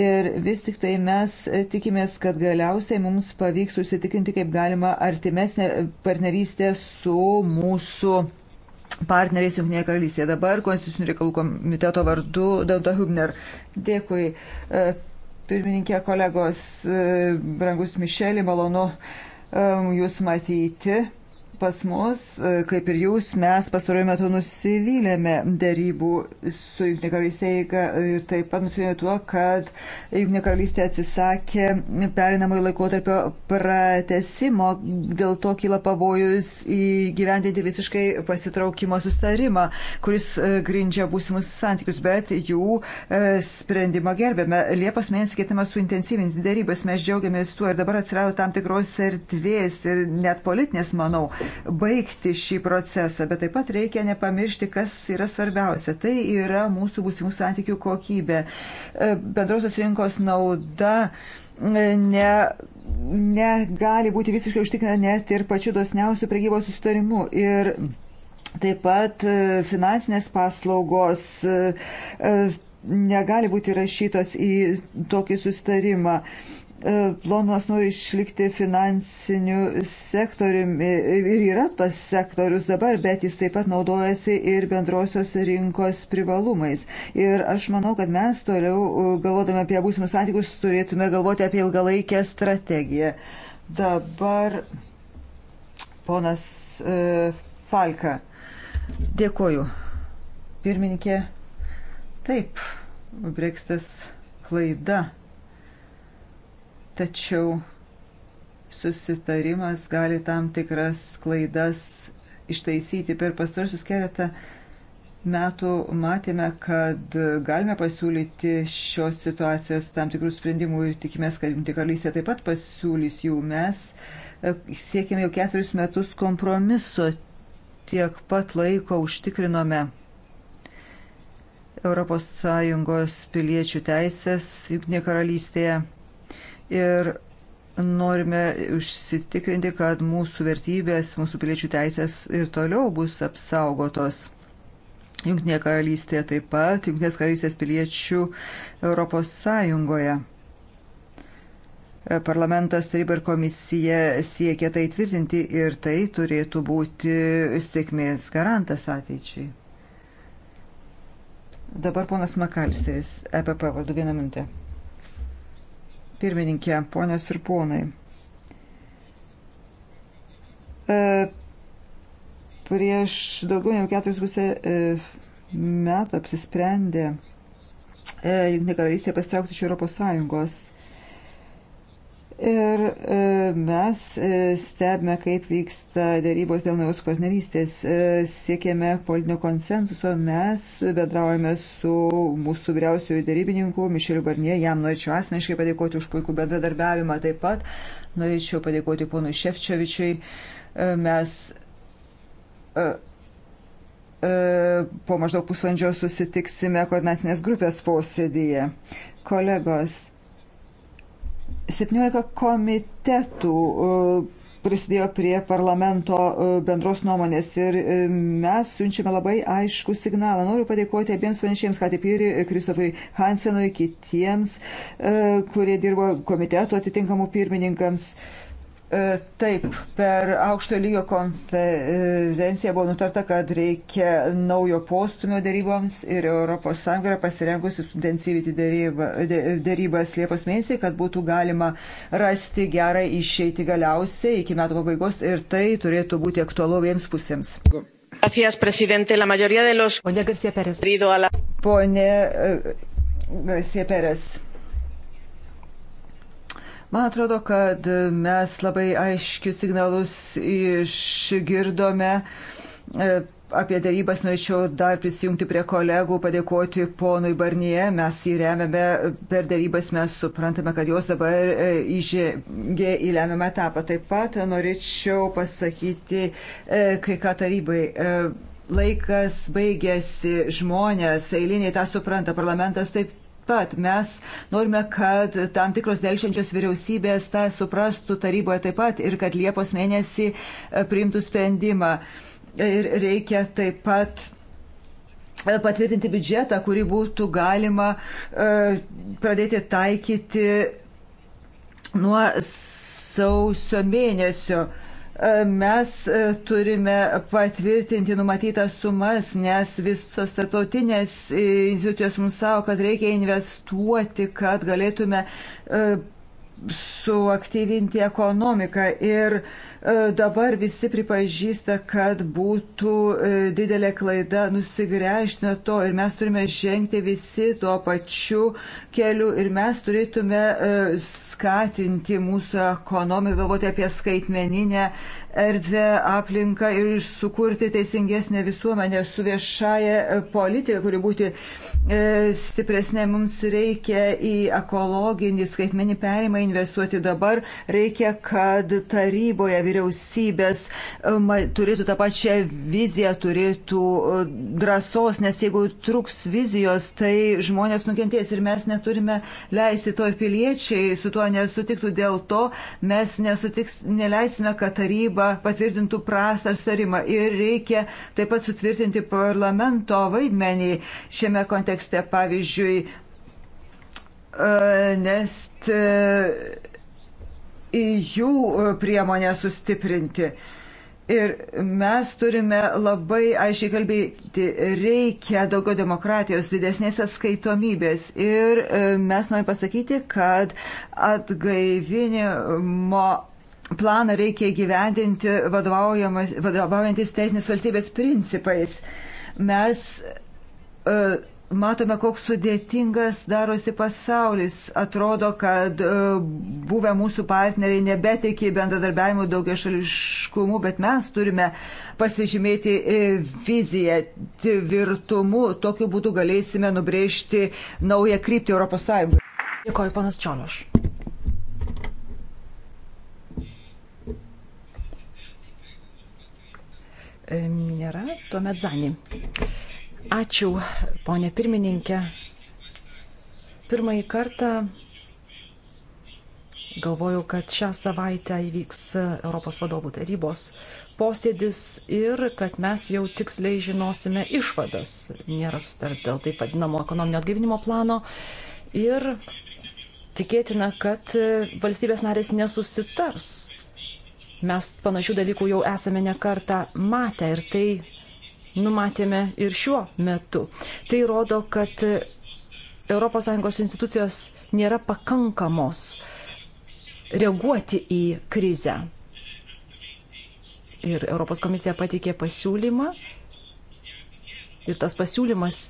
Ir vis tik tai mes tikimės, kad galiausiai mums pavyks susitikinti kaip galima artimesnė partnerystė su mūsų partneriais Junktinėje karalystėje. Dabar Konstitucinių reikalų komiteto vardu Dauda Hubner. Dėkui. E, pirmininkė kolegos, e, brangus Mišelį, malonu e, jūs matyti pas mus, e, kaip ir jūs, mes pastaruoju metu nusivylėme dėrybų su Junktinė karalystė ir taip pat nusivylėme tuo, kad Junktinė karalystė atsisakė perinamojo laikotarpio pratesimo, dėl to kyla pavojus įgyvendinti visiškai pasitraukimo sustarimą, kuris e, grindžia būsimus santykius, bet jų e, sprendimą gerbėme. Liepos mėnesį ketiname suintensyvinti dėrybas, mes džiaugiamės tuo ir dabar atsirado tam tikros erdvės ir net politinės, manau, baigti šį procesą, bet taip pat reikia nepamiršti, kas yra svarbiausia. Tai yra mūsų būsimų santykių kokybė, e, bendrosios rinkos nauda. E, ne, negali būti visiškai užtikrina net ir pačiu dosniausių prekybos sustarimu. Ir taip pat e, finansinės paslaugos negali būti rašytos į tokį sustarimą. E, Londonas nori išlikti finansiniu sektoriumi ir yra tas sektorius dabar, bet jis taip pat naudojasi ir bendrosios rinkos privalumais. Ir aš manau, kad mes toliau, e, galvodami apie būsimus santykius, turėtume galvoti apie ilgalaikę strategiją. Dabar ponas e, Falka. Dėkoju. Pirmininkė, taip, Brexitas klaida tačiau susitarimas gali tam tikras klaidas ištaisyti. Per pastarusius keletą metų matėme, kad galime pasiūlyti šios situacijos tam tikrų sprendimų ir tikimės, kad Jungtinė karalystė taip pat pasiūlys jų. Mes e, siekėme jau ketverius metus kompromiso, tiek pat laiko užtikrinome ES piliečių teisės Jungtinė karalystėje ir norime užsitikrinti, kad mūsų vertybės, mūsų piliečių teisės ir toliau bus apsaugotos. Junktinė karalystė taip pat, Junktinės karalystės piliečių Europos Sąjungoje. Parlamentas, taryba ir komisija siekia tai tvirtinti ir tai turėtų būti sėkmės garantas ateičiai. Dabar ponas Makalisteris, EPP vardu vieną minutę pirmininkė, ponios ir ponai. E, prieš daugiau negu keturis pusę e, metų apsisprendė e, Junktinė karalystė pasitraukti iš Europos Sąjungos. Ir e, mes e, stebime, kaip vyksta dėrybos dėl naujos partnerystės. E, Siekėme politinio konsensuso, mes bendraujame su mūsų vyriausiojų dėrybininku Mišeliu Barnie. Jam norėčiau asmeniškai padėkoti už puikų bendradarbiavimą taip pat. Norėčiau padėkoti ponui Šefčiovičiui. Mes po maždaug pusvalandžio susitiksime koordinacinės grupės posėdyje. Kolegos, 17 komitetų e, prisidėjo prie parlamento e, bendros nuomonės ir e, mes siunčiame labai aišku signalą. Noriu padėkoti abiems panešėjams, Katipyri, Kristofui Hansenui, kitiems, kurie dirbo komiteto atitinkamų pirmininkams. E, taip, per aukšto lygio konferenciją buvo nutarta, kad reikia naujo postumio daryboms ir ES yra pasirengusi suintensyvyti darybas Liepos mėnesį, kad būtų galima rasti gerą išeitį galiausiai iki metų pabaigos ir tai turėtų būti aktualu vėjams pusėms. Pone Garcia Perez. Pone Garcia Perez. Man atrodo, kad mes labai aiškius signalus išgirdome. E, Apie darybas norėčiau dar prisijungti prie kolegų, padėkoti ponui Barnie. Mes jį remiame per darybas, mes suprantame, kad jos dabar e, įžengė į lemiamą etapą. Taip pat norėčiau pasakyti e, kai ką tarybai laikas baigėsi, žmonės eiliniai tą supranta, parlamentas taip pat mes norime, kad tam tikros dėlšiančios vyriausybės tą suprastų taryboje taip pat ir kad Liepos mėnesį e, priimtų sprendimą. Ir reikia taip pat e, patvirtinti biudžetą, kurį būtų galima e, pradėti taikyti nuo sausio mėnesio mes e, turime patvirtinti numatytas sumas, nes visos tarptautinės e, institucijos mums savo, kad reikia investuoti, kad galėtume e, suaktyvinti ekonomiką. Ir uh, E, dabar visi pripažįsta, kad būtų e, didelė klaida nusigręžti nuo to ir mes turime žengti visi tuo pačiu keliu ir mes turėtume e, skatinti mūsų ekonomiką, galvoti apie skaitmeninę erdvę, aplinką ir sukurti teisingesnę visuomenę su viešaja politika, kuri būti E, stipresnė mums reikia į ekologinį skaitmenį perimą investuoti dabar. Reikia, kad taryboje vyriausybės e, turėtų tą pačią viziją, turėtų e, drąsos, nes jeigu truks vizijos, tai žmonės nukentės ir mes neturime leisti to ir piliečiai su tuo nesutiktų. Dėl to mes nesutiks, neleisime, kad taryba patvirtintų prastą sutarimą ir reikia taip pat sutvirtinti parlamento vaidmenį šiame kontekste kontekste, pavyzdžiui, e, nes e, jų priemonę sustiprinti. Ir mes turime labai aiškiai kalbėti, reikia daugiau demokratijos, didesnės atskaitomybės. Ir e, mes norime pasakyti, kad atgaivinimo planą reikia gyvendinti vadovaujantis teisinės valstybės principais. Mes uh, matome, koks sudėtingas darosi pasaulis. Atrodo, kad e, buvę mūsų partneriai nebetikė bendradarbiavimu daugia šališkumu, bet mes turime pasižymėti e, viziją, tvirtumu. Tokiu būdu galėsime nubrėžti naują kryptį Europos Sąjungoje. Dėkoju, panas Čiološ. Nėra, tuomet Zani. Ačiū, ponė pirmininkė. Pirmąjį kartą galvojau, kad šią savaitę įvyks Europos vadovų tarybos posėdis ir kad mes jau tiksliai žinosime išvadas. Nėra sutart dėl taip vadinamo ekonominio atgaivinimo plano. Ir tikėtina, kad valstybės narės nesusitars. Mes panašių dalykų jau esame nekartą matę ir tai numatėme ir šiuo metu. Tai rodo, kad ES institucijos nėra pakankamos reaguoti į krizę. Ir Europos komisija pateikė pasiūlymą ir tas pasiūlymas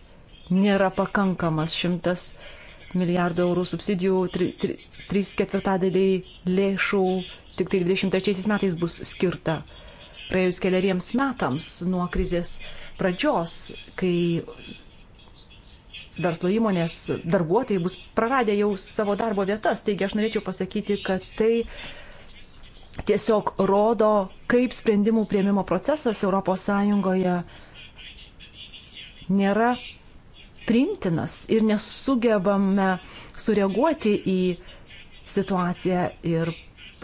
nėra pakankamas. Šimtas milijardų eurų subsidijų, 3 ketvirtadaliai lėšų tik tai 23 metais bus skirta praėjus keliariems metams nuo krizės pradžios, kai verslo įmonės darbuotojai bus praradę jau savo darbo vietas. Taigi aš norėčiau pasakyti, kad tai tiesiog rodo, kaip sprendimų prieimimo procesas ES nėra priimtinas ir nesugebame sureaguoti į situaciją ir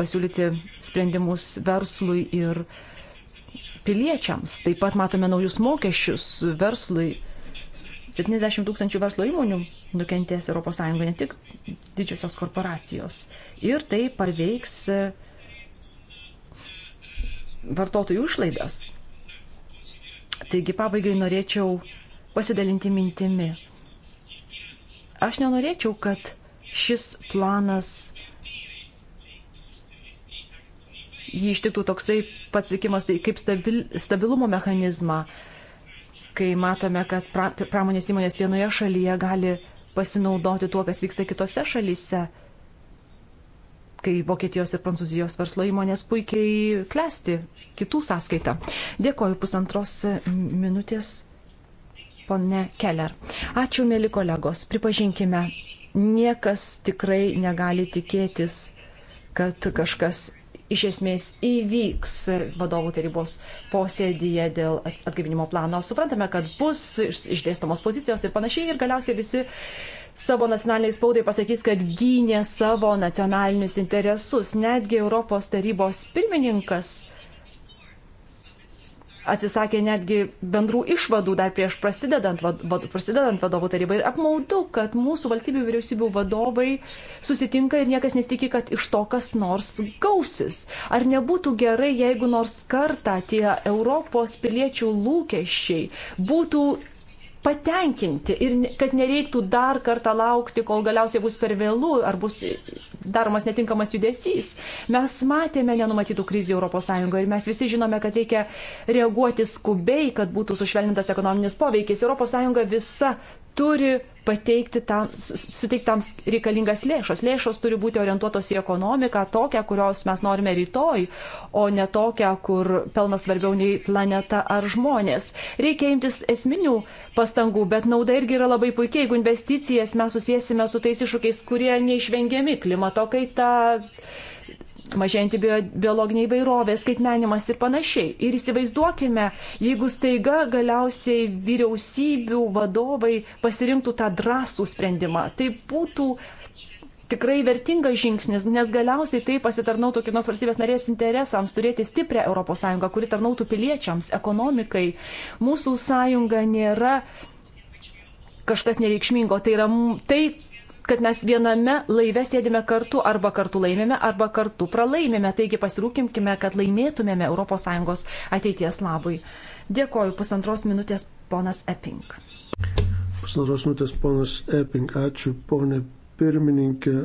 pasiūlyti sprendimus verslui ir verslui piliečiams. Taip pat matome naujus mokesčius verslui. 70 tūkstančių verslo įmonių nukentės ES, ne tik didžiosios korporacijos. Ir tai paveiks e, vartotojų išlaidas. Taigi pabaigai norėčiau pasidalinti mintimi. Aš nenorėčiau, kad šis planas jį ištiktų toksai pats likimas, tai kaip stabil, stabilumo mechanizmą, kai matome, kad pra, pramonės įmonės vienoje šalyje gali pasinaudoti tuo, kas vyksta kitose šalyse, kai Vokietijos ir Prancūzijos verslo įmonės puikiai klesti kitų sąskaitą. Dėkoju pusantros minutės, ponė Keller. Ačiū, mėly kolegos. Pripažinkime, niekas tikrai negali tikėtis, kad kažkas iš esmės įvyks vadovų tarybos posėdyje dėl atgaivinimo plano. Suprantame, kad bus išdėstomos pozicijos ir panašiai ir galiausiai visi savo nacionaliniai spaudai pasakys, kad gynė savo nacionalinius interesus. Netgi Europos tarybos pirmininkas atsisakė netgi bendrų išvadų dar prieš prasidedant, vad, prasidedant vadovų tarybai. Ir apmaudu, kad mūsų valstybių vyriausybių vadovai susitinka ir niekas nesitikė, kad iš to kas nors gausis. Ar nebūtų gerai, jeigu nors kartą tie Europos piliečių lūkesčiai būtų patenkinti ir kad nereiktų dar kartą laukti, kol galiausiai bus per vėlų ar bus daromas netinkamas judesys. Mes matėme nenumatytų krizių ES ir mes visi žinome, kad reikia reaguoti skubiai, kad būtų sušvelnintas ekonominis poveikis. ES visa turi pateikti tam, suteiktams reikalingas lėšas. Lėšos turi būti orientuotos į ekonomiką, tokią, kurios mes norime rytoj, o ne tokią, kur pelnas svarbiau nei planeta ar žmonės. Reikia imtis esminių pastangų, bet nauda irgi yra labai puikiai, jeigu investicijas mes susijęsime su tais iššūkiais, kurie neišvengiami - klimato kaita, mažėjantį biologinį įvairovę, skaitmenimas ir panašiai. Ir įsivaizduokime, jeigu staiga galiausiai vyriausybių vadovai pasirinktų tą drąsų sprendimą, tai būtų tikrai vertingas žingsnis, nes galiausiai tai pasitarnautų kiekvienos valstybės narės interesams turėti stiprią ES, kuri tarnautų piliečiams, ekonomikai. Mūsų sąjunga nėra kažkas nereikšmingo, tai yra tai, kad mes viename laive sėdime kartu arba kartu laimėme, arba kartu pralaimėme. Taigi pasirūpimkime, kad laimėtumėme ES ateities labui. Dėkoju pusantros minutės ponas Epping. Pusantros minutės ponas Epping, ačiū ponė pirmininkė.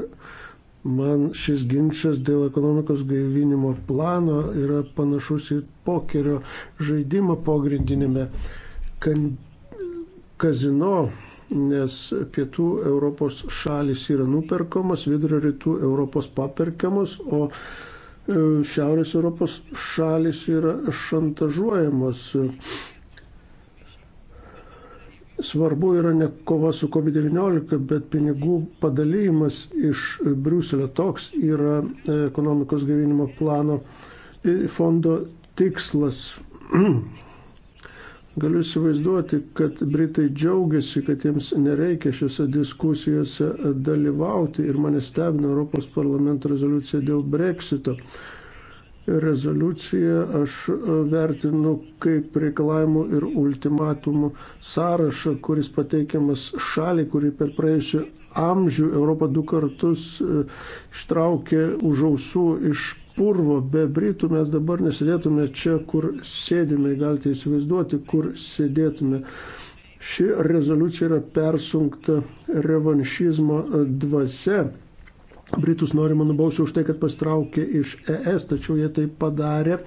Man šis ginčas dėl ekonomikos gaivinimo plano yra panašus į pokerio žaidimą pogrindinėme kan... kazino nes pietų Europos šalis yra nuperkamas, vidurio rytų Europos paperkiamas, o e, šiaurės Europos šalis yra šantažuojamas. Svarbu yra ne kova su COVID-19, bet pinigų padalymas iš Briuselio toks yra e, ekonomikos gyvenimo plano e, fondo tikslas. Galiu įsivaizduoti, kad Britai džiaugiasi, kad jiems nereikia šiuose diskusijose dalyvauti ir mane stebina Europos parlamento rezoliucija dėl breksito. Rezoliuciją aš e, vertinu kaip reikalavimų ir ultimatumų sąrašą, kuris pateikiamas šaliai, kuri per praėjusią amžių Europą du kartus e, ištraukė už ausų iš purvo be Britų mes dabar nesėdėtume čia, kur sėdime, galite įsivaizduoti, kur sėdėtume. Ši rezoliucija yra persunkta revanšizmo dvasia. Britus norima nubausti už tai, kad pastraukė iš ES, tačiau jie tai padarė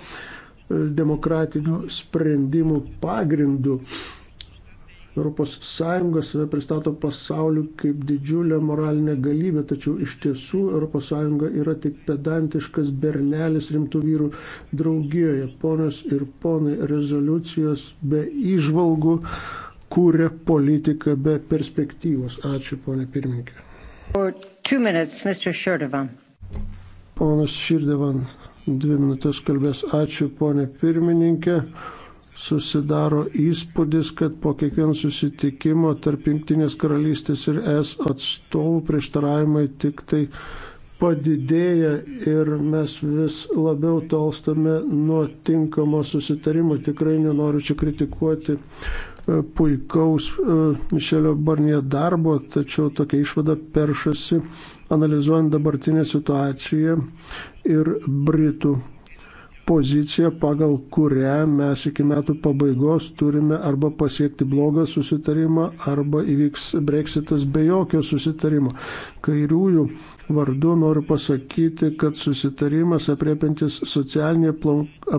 demokratinių sprendimų pagrindų. ES save pristato pasauliu kaip didžiulę moralinę galybę, tačiau iš tiesų ES yra tik pedantiškas bernelis rimtų vyrų draugijoje. Ponios ir ponai, rezoliucijos be išvalgų kūrė politiką be perspektyvos. Ačiū, ponė pirmininkė. Ponas Širdevan, dvi minutės kalbės. Ačiū, ponė pirmininkė susidaro įspūdis, kad po kiekvieno susitikimo tarp Junktinės karalystės ir es atstovų prieštaravimai tik tai padidėja ir mes vis labiau tolstame nuo tinkamo susitarimo. Tikrai nenoriu čia kritikuoti e, puikaus e, Mišelio Barnie darbo, tačiau tokia išvada peršasi analizuojant dabartinę situaciją ir Britų poziciją, pagal kurią mes iki metų pabaigos turime arba pasiekti blogą susitarimą, arba įvyks breksitas be jokio susitarimo. Kairiųjų vardu noriu pasakyti, kad susitarimas apriepintis socialinį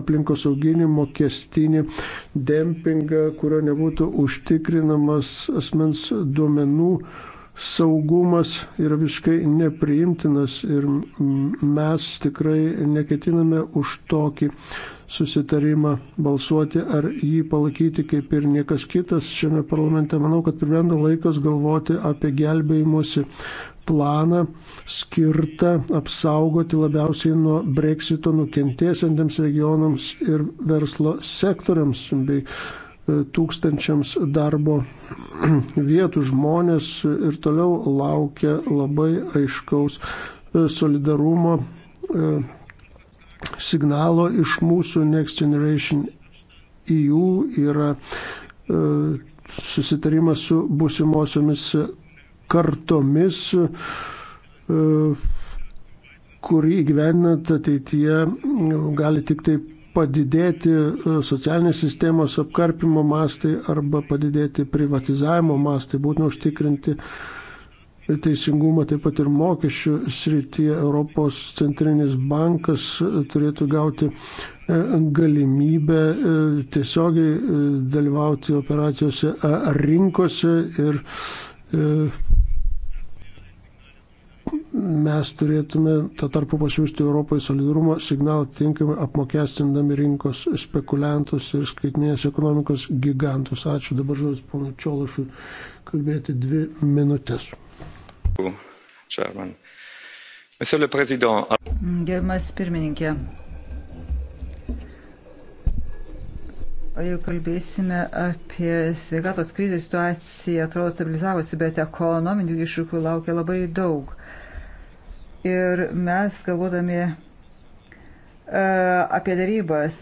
aplinkosauginį mokestinį dempingą, kurio nebūtų užtikrinamas asmens duomenų saugumas yra visiškai nepriimtinas ir mes tikrai neketiname už tokį susitarimą balsuoti ar jį palaikyti kaip ir niekas kitas šiame parlamente. Manau, kad pribrendo laikas galvoti apie gelbėjimuose planą skirtą apsaugoti labiausiai nuo breksito nukentėsiantiems regionams ir verslo sektoriams bei tūkstančiams darbo vietų žmonės ir toliau laukia labai aiškaus e, solidarumo e, signalo iš mūsų Next Generation EU yra e, susitarimas su busimosiomis kartomis, kurį gyvenant ateityje gali tik taip padidėti e, socialinės sistemos apkarpimo mastai arba padidėti privatizavimo mastai, būtina užtikrinti teisingumą taip pat ir mokesčių srityje. Europos centrinis bankas e, turėtų gauti e, galimybę tiesiogiai dalyvauti operacijose rinkose ir mes turėtume tą tarpu pasiūsti Europai solidarumo signalą tinkamai apmokestindami rinkos spekuliantus ir skaitinės ekonomikos gigantus. Ačiū dabar žodis ponui Čiolašui kalbėti dvi minutės. Gerbiamas pirmininkė, Jau kalbėsime apie sveikatos krizę, situacija atrodo stabilizavosi, bet ekonominių iššūkių laukia labai daug. Ir mes, galvodami e, apie darybas,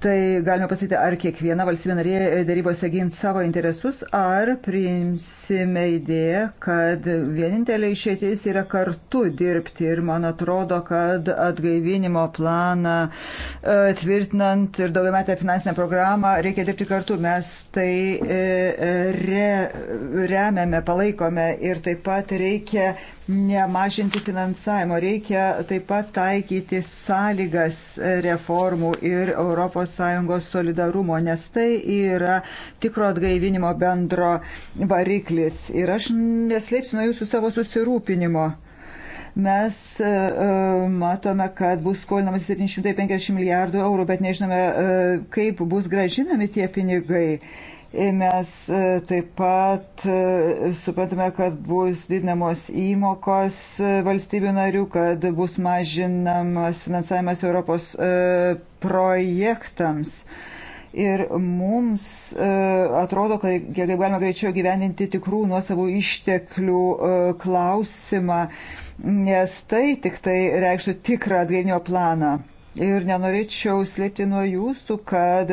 tai galime pasakyti, ar kiekviena valstybė narė darybose gins savo interesus, ar priimsime idėją, kad vienintelė išeitis yra kartu dirbti. Ir man atrodo, kad atgaivinimo planą e, tvirtinant ir daugiametę finansinę programą reikia dirbti kartu. Mes tai e, re, remiame, palaikome ir taip pat reikia nemažinti finansavimo. Reikia taip pat taikyti sąlygas reformų ir ES solidarumo, nes tai yra tikro atgaivinimo bendro variklis. Ir aš neslėpsiu nuo jūsų savo susirūpinimo. Mes uh, matome, kad bus skolinamas 750 milijardų eurų, bet nežinome, uh, kaip bus gražinami tie pinigai. Uh, Mes e, taip pat e, suprantame, kad bus didinamos įmokos e, valstybių narių, kad bus mažinamas finansavimas Europos projektams ir mums atrodo, kad kiek galima greičiau gyveninti tikrų nuosavų išteklių klausimą, nes tai tik tai reikštų tikrą atgaivinio planą. Ir nenorėčiau slėpti nuo jūsų, kad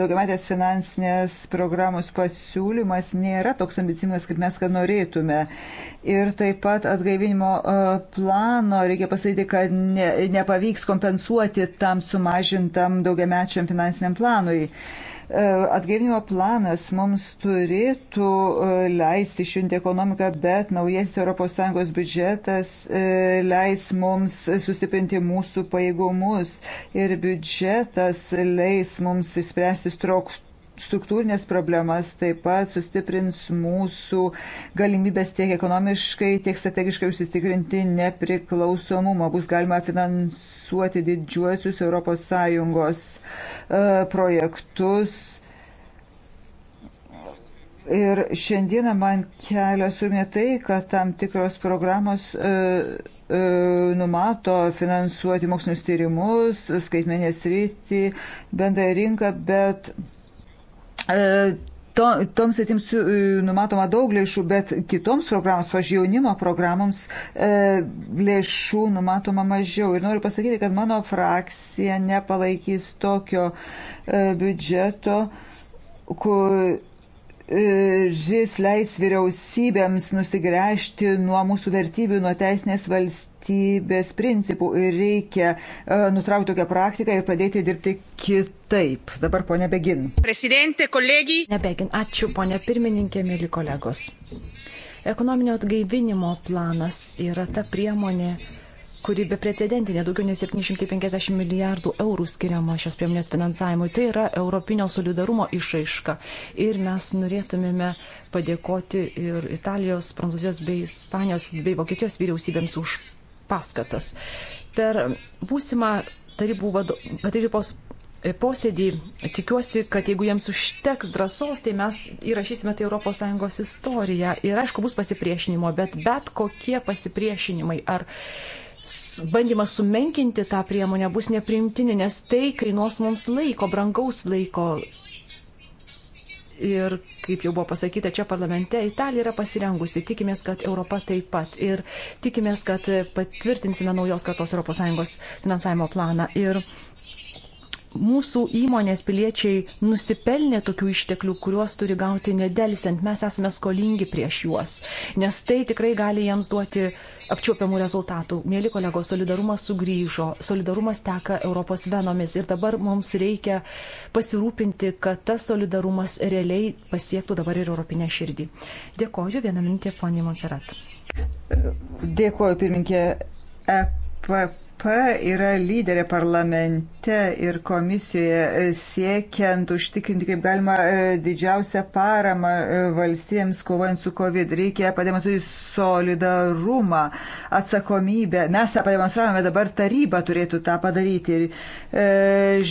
daugiametės finansinės programos pasiūlymas nėra toks ambicingas, kaip mes kad norėtume. Ir taip pat atgaivinimo e, plano, reikia pasakyti, kad ne, nepavyks kompensuoti tam sumažintam daugiamečiam finansiniam planui. E, atgaivinimo planas mums turėtų e, leisti išjungti ekonomiką, bet naujasis ES biudžetas e, leis mums sustiprinti mūsų pajėgumus ir biudžetas leis mums išspręsti struktūrą struktūrinės problemas, taip pat sustiprins mūsų galimybės tiek ekonomiškai, tiek strategiškai užsitikrinti nepriklausomumą. Bus galima finansuoti didžiuosius ES e, projektus. Ir šiandieną man kelia sumė tai, kad tam tikros programos e, e, numato finansuoti mokslinius tyrimus, skaitmenės rytį, bendrąją rinką, bet E, to, toms atims e, numatoma daug lėšų, bet kitoms programoms, pažiūrėjau, jaunimo programoms e, lėšų numatoma mažiau. Ir noriu pasakyti, kad mano frakcija nepalaikys tokio e, biudžeto, kur jis e, leis vyriausybėms nusigręžti nuo mūsų vertybių, nuo teisinės valstybės principų ir reikia e, nutraukti tokią praktiką ir pradėti dirbti kitaip. Dabar ponė Begin. Prezidentė, kolegijai. Nebegin, ačiū ponė pirmininkė, mėly kolegos. Ekonominio atgaivinimo planas yra ta priemonė, kuri beprecedentinė, daugiau nei 750 milijardų eurų skiriama šios priemonės finansavimui. Tai yra europinio solidarumo išraiška. Ir mes norėtumėme padėkoti ir Italijos, Prancūzijos bei Ispanijos bei Vokietijos vyriausybėms už paskatas. Per būsimą tarybų vadovybos posėdį. Tikiuosi, kad jeigu jiems užteks drąsos, tai mes įrašysime tai ES istoriją. Ir aišku, bus pasipriešinimo, bet bet kokie pasipriešinimai ar bandymas sumenkinti tą priemonę bus nepriimtini, nes tai kainuos mums laiko, brangaus laiko. Ir kaip jau buvo pasakyta čia parlamente, Italija yra pasirengusi, tikimės, kad Europa taip pat. Ir tikimės, kad patvirtinsime naujos kartos ES finansavimo planą. Ir mūsų įmonės piliečiai nusipelnė tokių išteklių, kuriuos turi gauti nedelsiant. Mes esame skolingi prieš juos, nes tai tikrai gali jiems duoti apčiuopiamų rezultatų. Mėly kolegos, solidarumas sugrįžo, solidarumas teka Europos venomis ir dabar mums reikia pasirūpinti, kad tas solidarumas realiai pasiektų dabar ir Europinę širdį. Dėkoju, vieną minutę, ponė Monserat. Dėkoju, pirminkė. EPP EPP yra lyderė parlamente ir komisijoje e, siekiant užtikrinti kaip galima e, didžiausią paramą e, valstybėms kovojant su COVID. Reikia pademonstruoti solidarumą, atsakomybę. Mes tą pademonstravome, dabar taryba turėtų tą padaryti. Ir, e,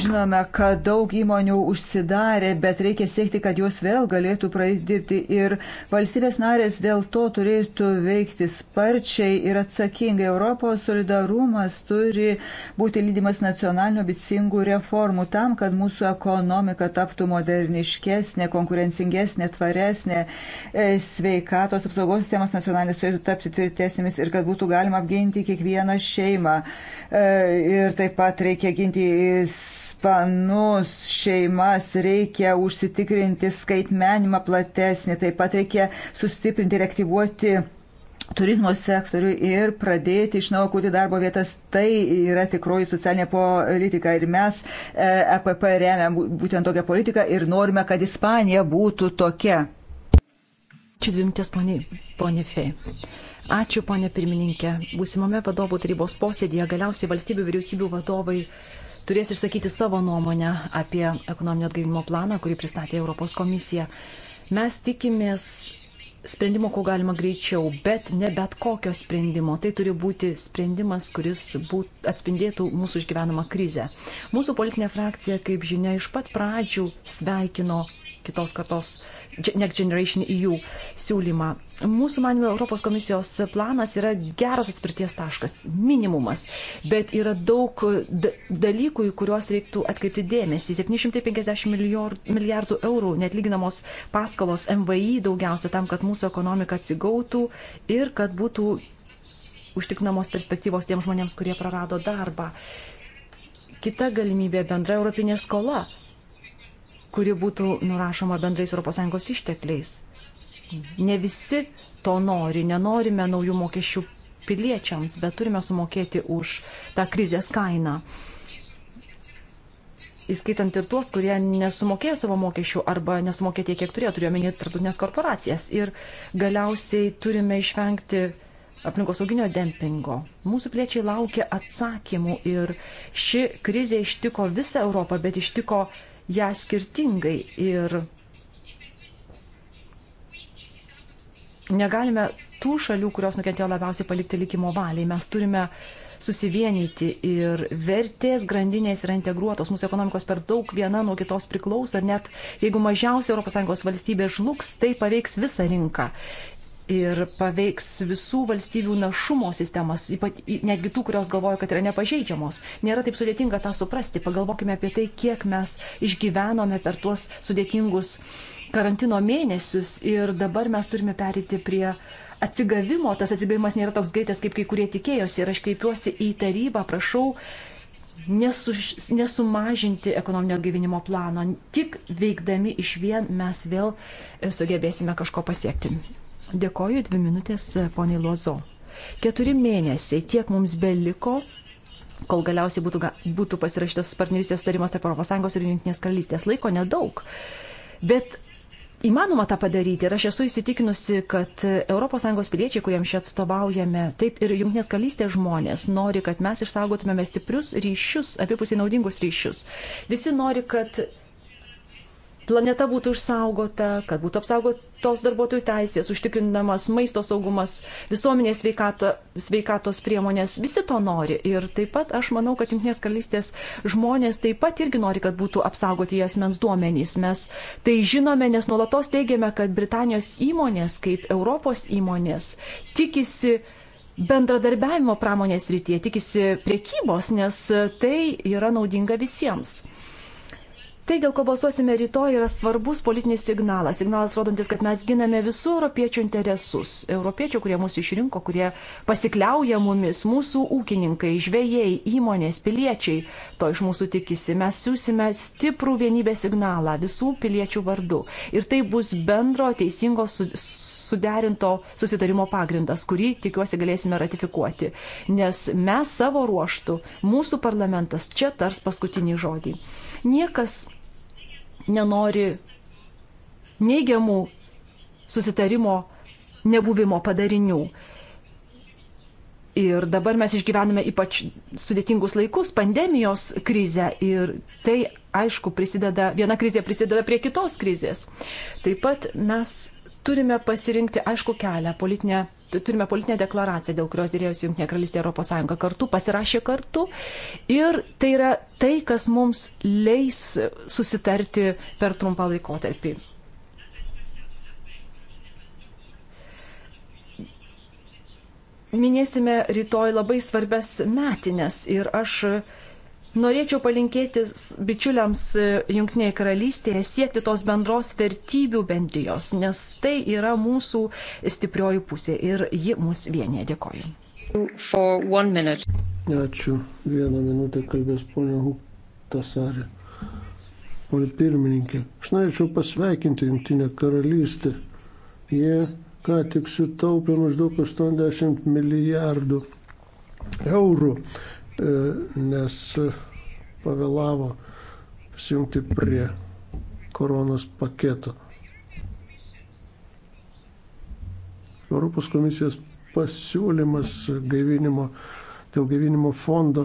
žinome, kad daug įmonių užsidarė, bet reikia siekti, kad jos vėl galėtų pradėti dirbti ir valstybės narės dėl to turėtų veikti sparčiai ir atsakingai. Europos solidarumas turi turi būti lydimas nacionalinių ambicingų reformų tam, kad mūsų ekonomika taptų moderniškesnė, konkurencingesnė, tvaresnė, e, sveikatos apsaugos sistemos nacionalinės turėtų tapti tvirtesnėmis ir kad būtų galima apginti kiekvieną šeimą. E, ir taip pat reikia ginti ispanus šeimas, reikia užsitikrinti skaitmenimą platesnį, taip pat reikia sustiprinti ir aktyvuoti turizmo sektorių ir pradėti iš naujo kurti darbo vietas. Tai yra tikroji socialinė politika ir mes EPP e remiam būtent tokią politiką ir norime, kad Ispanija būtų tokia. Čia dvi minutės, ponė Fei. Ačiū, ponė pirmininkė. Būsimame vadovų tarybos posėdėje galiausiai valstybių vyriausybių vadovai turės išsakyti savo nuomonę apie ekonominio atgaivimo planą, kurį pristatė Europos komisija. Mes tikimės sprendimo, kuo galima greičiau, bet ne bet kokio sprendimo. Tai turi būti sprendimas, kuris būt, atspindėtų mūsų išgyvenamą krizę. Mūsų politinė frakcija, kaip žinia, iš pat pradžių sveikino kitos kartos Next Generation EU siūlymą. Mūsų manimo Europos komisijos planas yra geras atspirties taškas, minimumas, bet yra daug dalykų, į kuriuos reiktų atkreipti dėmesį. 750 milijardų eurų netlyginamos paskalos MVI daugiausia tam, kad mūsų ekonomika atsigautų ir kad būtų užtikrinamos perspektyvos tiem žmonėms, kurie prarado darbą. Kita galimybė - bendra europinė skola kuri būtų nurašoma bendrais ES ištekliais. Ne visi to nori, nenorime naujų mokesčių piliečiams, bet turime sumokėti už tą krizės kainą. Įskaitant ir tuos, kurie nesumokėjo savo mokesčių arba nesumokėjo tiek, kiek turėjo, turiu omeny tarptautinės korporacijas. Ir galiausiai turime išvengti aplinkosauginio dempingo. Mūsų piliečiai laukia atsakymų ir ši krizė ištiko visą Europą, bet ištiko ją skirtingai ir negalime tų šalių, kurios nukentėjo labiausiai palikti likimo valiai. Mes turime susivienyti ir vertės grandinės yra integruotos. Mūsų ekonomikos per daug viena nuo kitos priklauso ir net jeigu mažiausia ES valstybė žlugs, tai paveiks visą rinką ir paveiks visų valstybių našumo sistemas, ypat, netgi tų, kurios galvoja, kad yra nepažeidžiamos. Nėra taip sudėtinga tą suprasti. Pagalvokime apie tai, kiek mes išgyvenome per tuos sudėtingus karantino mėnesius ir dabar mes turime perėti prie atsigavimo. Tas atsigavimas nėra toks greitas, kaip kai kurie tikėjosi. Ir aš kreipiuosi į tarybą, prašau nesu, nesumažinti ekonominio gyvenimo plano. Tik veikdami iš vien mes vėl sugebėsime kažko pasiekti. Dėkoju dvi minutės poniai Lozo. Keturi mėnesiai tiek mums beliko, kol galiausiai būtų, būtų pasirašytas partnerystės sutarimas tarp ES ir Junktinės karalystės. Laiko nedaug. Bet įmanoma tą padaryti ir aš esu įsitikinusi, kad ES piliečiai, kuriems čia atstovaujame, taip ir Junktinės karalystės žmonės nori, kad mes išsaugotumėme stiprius ryšius, abipusiai naudingus ryšius. Visi nori, kad planeta būtų išsaugota, kad būtų apsaugotos darbuotojų teisės, užtikrinamas maisto saugumas, visuomenės sveikato, sveikatos priemonės, visi to nori. Ir taip pat aš manau, kad Junktinės karalystės žmonės taip pat irgi nori, kad būtų apsaugoti jie asmens duomenys. Mes tai žinome, nes nuolatos teigiame, kad Britanijos įmonės, kaip Europos įmonės, tikisi bendradarbiavimo pramonės rytyje, tikisi priekybos, nes tai yra naudinga visiems. Tai, dėl ko balsuosime rytoj, yra svarbus politinis signalas. Signalas rodantis, kad mes giname visų europiečių interesus. Europiečių, kurie mūsų išrinko, kurie pasikliauja mumis, mūsų ūkininkai, žvėjai, įmonės, piliečiai. To iš mūsų tikisi. Mes siūsime stiprų vienybės signalą visų piliečių vardu. Ir tai bus bendro teisingo su, suderinto susitarimo pagrindas, kurį tikiuosi galėsime ratifikuoti. Nes mes savo ruoštų, mūsų parlamentas čia tars paskutinį žodį. Niekas nenori neigiamų susitarimo nebuvimo padarinių. Ir dabar mes išgyvename ypač sudėtingus laikus, pandemijos krizę ir tai, aišku, prisideda, viena krizė prisideda prie kitos krizės. Taip pat mes turime pasirinkti aišku kelią, politinę, turime politinę deklaraciją, dėl kurios dėrėjosi Junktinė karalystė Europos Sąjunga kartu, pasirašė kartu ir tai yra tai, kas mums leis susitarti per trumpą laikotarpį. Minėsime rytoj labai svarbes metinės ir aš Norėčiau palinkėti bičiuliams e, Junktinėje karalystėje siekti tos bendros vertybių bendrijos, nes tai yra mūsų stiprioji pusė ir ji mus vienyje. Dėkoju. Ačiū. Vieną minutę kalbės ponia Huktasarė. Pone pirmininkė, aš norėčiau pasveikinti Junktinę karalystę. Jie ką tik sutaupė maždaug 80 milijardų eurų E, nes pavėlavo prisijungti prie koronos paketo. Europos komisijos pasiūlymas gaivinimo, dėl gaivinimo fondo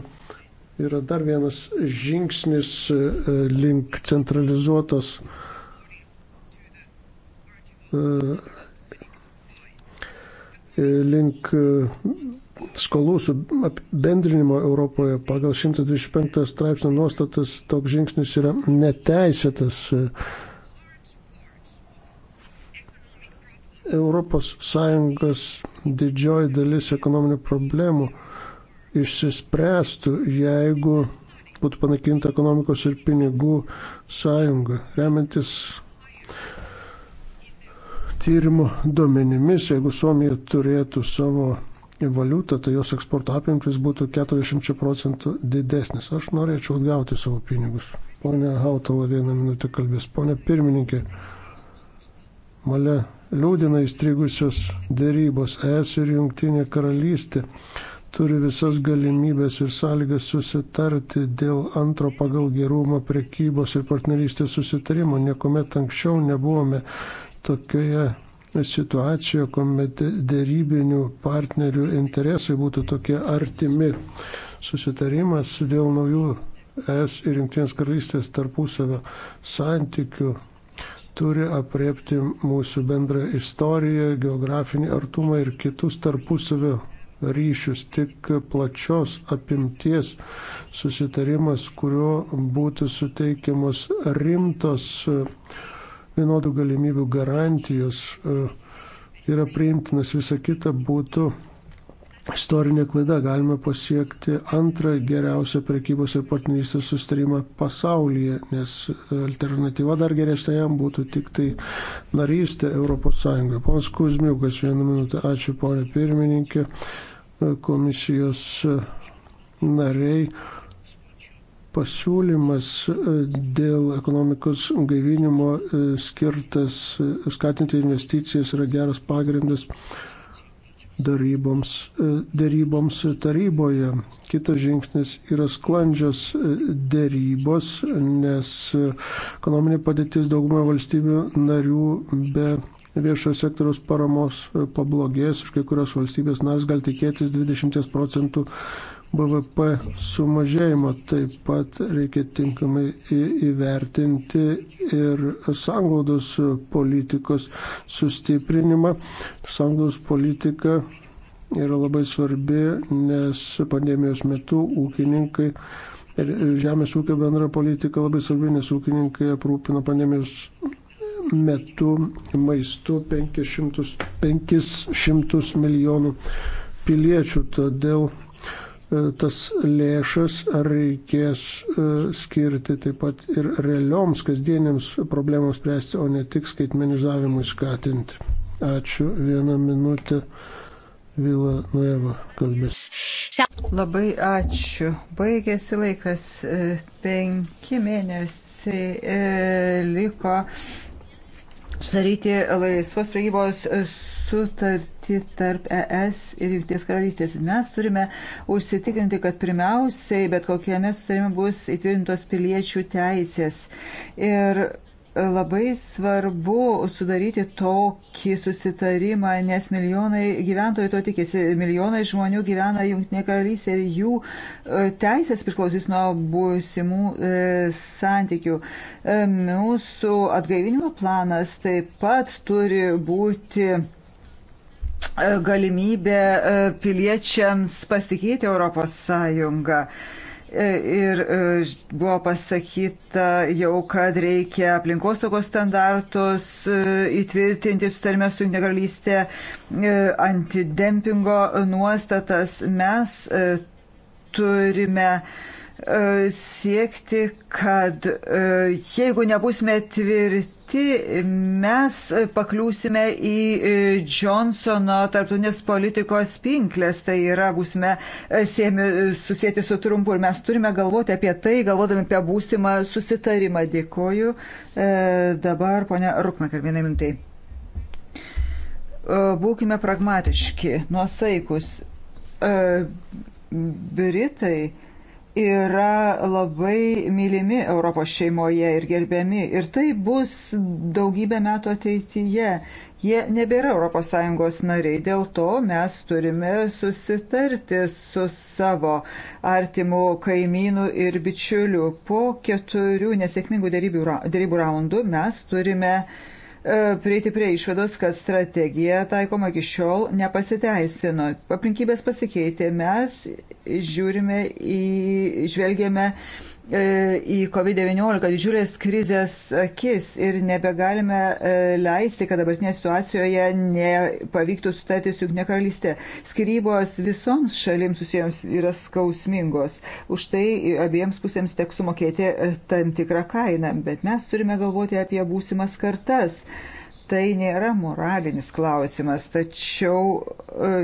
yra dar vienas žingsnis e, link centralizuotos e, link skolų bendrinimo Europoje pagal 125 straipsnio nuostatas toks žingsnis yra neteisėtas. ES didžioji dalis ekonominių problemų išsispręstų, jeigu būtų panaikinta ekonomikos ir pinigų sąjunga. Remiantis tyrimo duomenimis, jeigu Suomija turėtų savo valiutą, tai jos eksporto apimtis būtų 40 procentų didesnis. Aš norėčiau atgauti savo pinigus. Pone Hautala vieną minutę kalbės. Pone pirmininkė, mane liūdina įstrigusios dėrybos ES ir Junktinė karalystė turi visas galimybės ir sąlygas susitarti dėl antro pagal gerumą prekybos ir partnerystės susitarimo. Niekuomet anksčiau nebuvome tokioje situacijoje, kuomet dėrybinių partnerių interesai būtų tokie artimi. Susitarimas dėl naujų ES ir Junktinės karalystės tarpusavio santykių turi apriepti mūsų bendrą istoriją, geografinį artumą ir kitus tarpusavio ryšius, tik plačios apimties susitarimas, kuriuo būtų suteikiamos rimtos uh, vienodų galimybių garantijos e, yra priimtinas, visa kita būtų istorinė klaida. Galime pasiekti antrą geriausią prekybos ir partnerystės sustarimą pasaulyje, nes alternatyva dar geresnė jam būtų tik tai narystė Europos Sąjungoje. Ponas Kuzmiukas, vieną minutę, ačiū ponė pirmininkė, e, komisijos e, nariai pasiūlymas e, dėl ekonomikos gaivinimo e, skirtas e, skatinti investicijas yra geras pagrindas daryboms, daryboms taryboje. Kitas žingsnis yra sklandžios darybos, nes ekonominė padėtis daugumą valstybių narių be viešojo sektoriaus paramos pablogės, iš kai kurios valstybės narės gali tikėtis 20 procentų BVP sumažėjimo. Taip pat reikia tinkamai įvertinti ir sanglaudos politikos sustiprinimą. Sanglaudos politika yra labai svarbi, nes pandemijos metu ūkininkai ir žemės ūkio bendra politika labai svarbi, nes ūkininkai aprūpina pandemijos metu maistu 500, 500 milijonų piliečių. Todėl E, tas lėšas reikės e, skirti taip pat ir realioms kasdienėms problemams spręsti, o ne tik skaitmenizavimui skatinti. Ačiū. Vieną minutę. Vila Nueva kalbės. Labai ačiū. Baigėsi laikas. E, penki mėnesiai liko sudaryti laisvos priegybos sutartį tarp ES ir Junktinės karalystės. Mes turime užsitikrinti, kad pirmiausiai bet kokiame sutarime bus įtvirtintos piliečių teisės. Ir labai svarbu sudaryti tokį susitarimą, nes milijonai gyventojų to tikėsi, milijonai žmonių gyvena Junktinė karalystė ir jų e, teisės priklausys nuo būsimų e, santykių. E, mūsų atgaivinimo planas taip pat turi būti E, galimybė e, piliečiams pasikeiti Europos Sąjungą. E, ir buvo pasakyta jau, kad reikia aplinkosaugos standartus įtvirtinti sutarime su negalystė, antidempingo nuostatas. Mes turime uh, siekti, kad e, jeigu nebusime tvirti, mes pakliūsime į e, Johnsono tarptautinės politikos pinklės, tai yra būsime e, siemi, susijęti su trumpu ir mes turime galvoti apie tai, galvodami apie būsimą susitarimą. Dėkoju. Dabar ponia Rukmaker, vienai mintai. Būkime pragmatiški, nuosaikus. Britai yra labai mylimi Europos šeimoje ir gerbiami. Ir tai bus daugybę metų ateityje. Jie nebėra ES nariai, dėl to mes turime susitarti su savo artimu kaimynu ir bičiuliu. Po keturių nesėkmingų dėrybų raundų mes turime uh, E, prieiti prie išvados, kad strategija taikoma iki šiol nepasiteisino. Aplinkybės pasikeitė, mes žiūrime į, žvelgėme E, į COVID-19 didžiulės krizės akis ir nebegalime e, leisti, kad dabartinėje situacijoje nepavyktų sutarti su Junktinė karalystė. Skirybos visoms šalims susijęms yra skausmingos. Už tai abiems pusėms teks sumokėti e, tam tikrą kainą, bet mes turime galvoti apie būsimas kartas. Uh, tai nėra moralinis klausimas, tačiau e,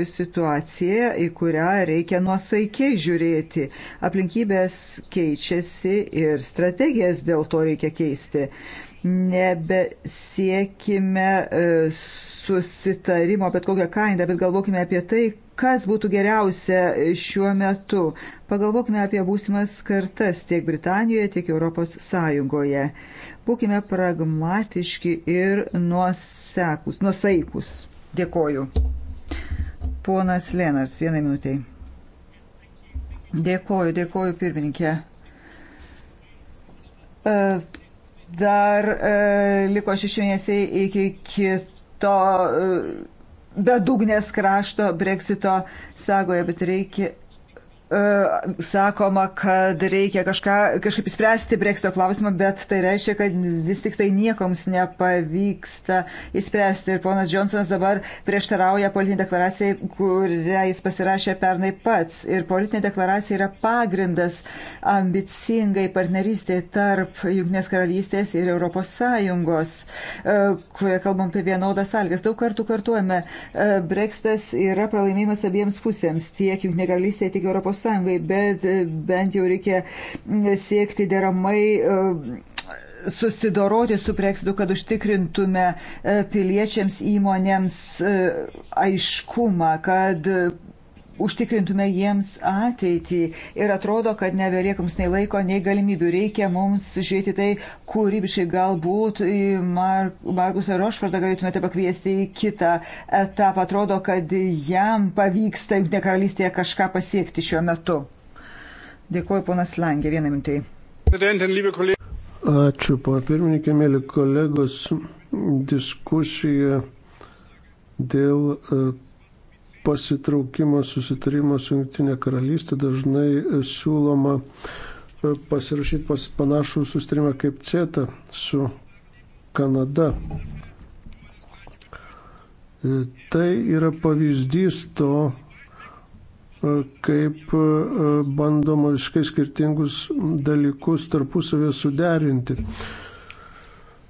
situacija, į kurią reikia nuosaikiai žiūrėti. Aplinkybės keičiasi ir strategijas dėl to reikia keisti. Nebesiekime e, susitarimo, bet kokią kainą, bet galvokime apie tai, kas būtų geriausia šiuo metu. Pagalvokime apie būsimas kartas tiek Britanijoje, tiek Europos Sąjungoje. Būkime pragmatiški ir nuosekus, nuosaikus. Dėkoju. Ponas Lenars, vienai minutiai. Dėkoju, dėkoju pirmininkė. E, dar e, liko šeši mėnesiai iki kito e, bedugnės krašto breksito sagoje, bet reikia E, sakoma, kad reikia kažką, kažkaip įspręsti breksito klausimą, bet tai reiškia, kad vis tik tai niekoms nepavyksta įspręsti. Ir ponas Johnsonas dabar prieštarauja politinį deklaraciją, kurią jis pasirašė pernai pats. Ir politinė deklaracija yra pagrindas ambicingai partnerystėje tarp Junktinės karalystės ir Europos Sąjungos, e, kurioje kalbam apie vienodas sąlygas. Daug kartų kartuojame, e, breksitas yra pralaimėjimas abiems pusėms, tiek Junktinė karalystė, tiek Europos ES, bet e, bent jau reikia siekti deramai e, susidoroti su breksitu, kad užtikrintume e, piliečiams įmonėms aiškumą, kad užtikrintume jiems ateitį. Ir atrodo, kad nebelieka mums nei laiko, nei galimybių. Reikia mums žiūrėti tai kūrybiškai. Galbūt Mar Markusą Rošfordą galėtumėte pakviesti į kitą etapą. Atrodo, kad jam pavyksta Junktinė karalystėje kažką pasiekti šiuo metu. Dėkuoju, ponas Langė, vieną minutį. Ačiū, pana pirmininkė, mėly kolegos. Diskusija dėl e, pasitraukimo susitarimo su Junktinė karalystė dažnai e, siūloma e, pasirašyti pas panašų susitarimą kaip CETA su Kanada. E, tai yra pavyzdys to, kaip bandoma visiškai skirtingus dalykus tarpusavėje suderinti.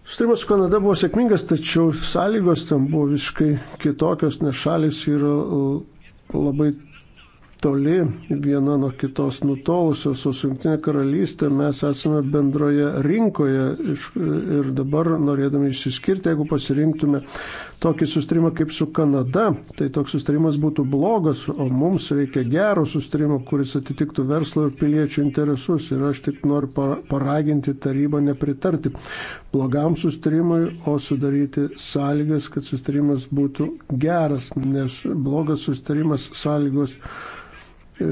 Sustarimas su Kanada buvo sėkmingas, tačiau sąlygos ten buvo visiškai kitokios, nes šalis yra labai toli viena nuo kitos nutolusios, o su Junktinė karalystė mes esame bendroje rinkoje ir dabar norėdami išsiskirti, jeigu pasirinktume tokį sustarimą kaip su Kanada, tai toks sustarimas būtų blogas, o mums reikia gero sustarimo, kuris atitiktų verslo ir piliečių interesus. Ir aš tik noriu paraginti tarybą nepritarti blogam sustarimui, o sudaryti sąlygas, kad sustarimas būtų geras, nes blogas sustarimas sąlygos E,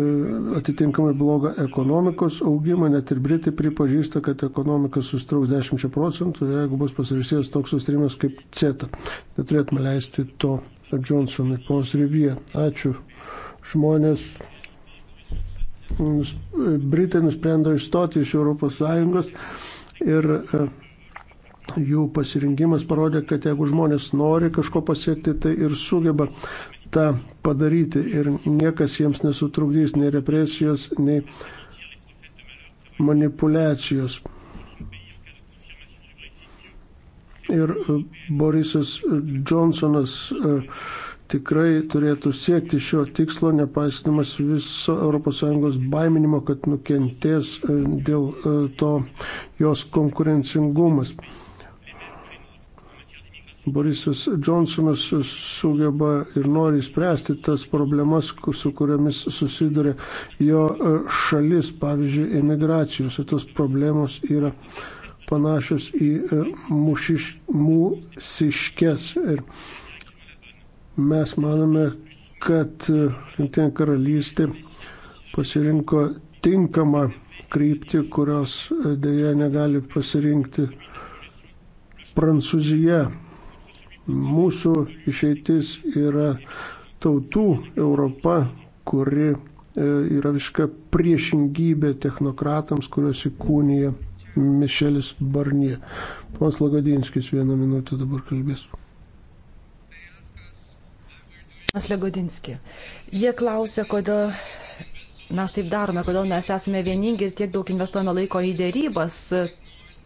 atitinkamai blogą ekonomikos augimą, net ir Britai pripažįsta, kad ekonomika sustrauks 10 procentų, jeigu bus pasirašytas toks sustarimas kaip CETA. Neturėtume leisti to Johnsonui, ponas Rivie. Ačiū. Žmonės. E, Britai nusprendė išstoti iš ES ir e, jų pasirinkimas parodė, kad jeigu žmonės nori kažko pasiekti, tai ir sugeba tą padaryti ir niekas jiems nesutrukdys nei represijos, nei manipulacijos. Ir e, Borisas Johnsonas e, tikrai turėtų siekti šio tikslo, nepaisdamas viso ES baiminimo, kad nukentės e, dėl to jos konkurencingumas. Borisas Johnsonas sugeba ir nori spręsti tas problemas, su kuriamis susiduria jo e, šalis, pavyzdžiui, emigracijos. Ir tos problemos yra panašios į e, mušiš, mūsiškes. Ir mes manome, kad e, Junktinė karalystė pasirinko tinkamą kryptį, kurios dėja negali pasirinkti Prancūzija Mūsų išeitis yra tautų Europa, kuri e, yra visiška priešingybė technokratams, kuriuos įkūnija Mišelis Barnie. Pons Lagodinskis vieną minutę dabar kalbės. Pons Lagodinski. Jie klausia, kodėl mes taip darome, kodėl mes esame vieningi ir tiek daug investuojame laiko į dėrybas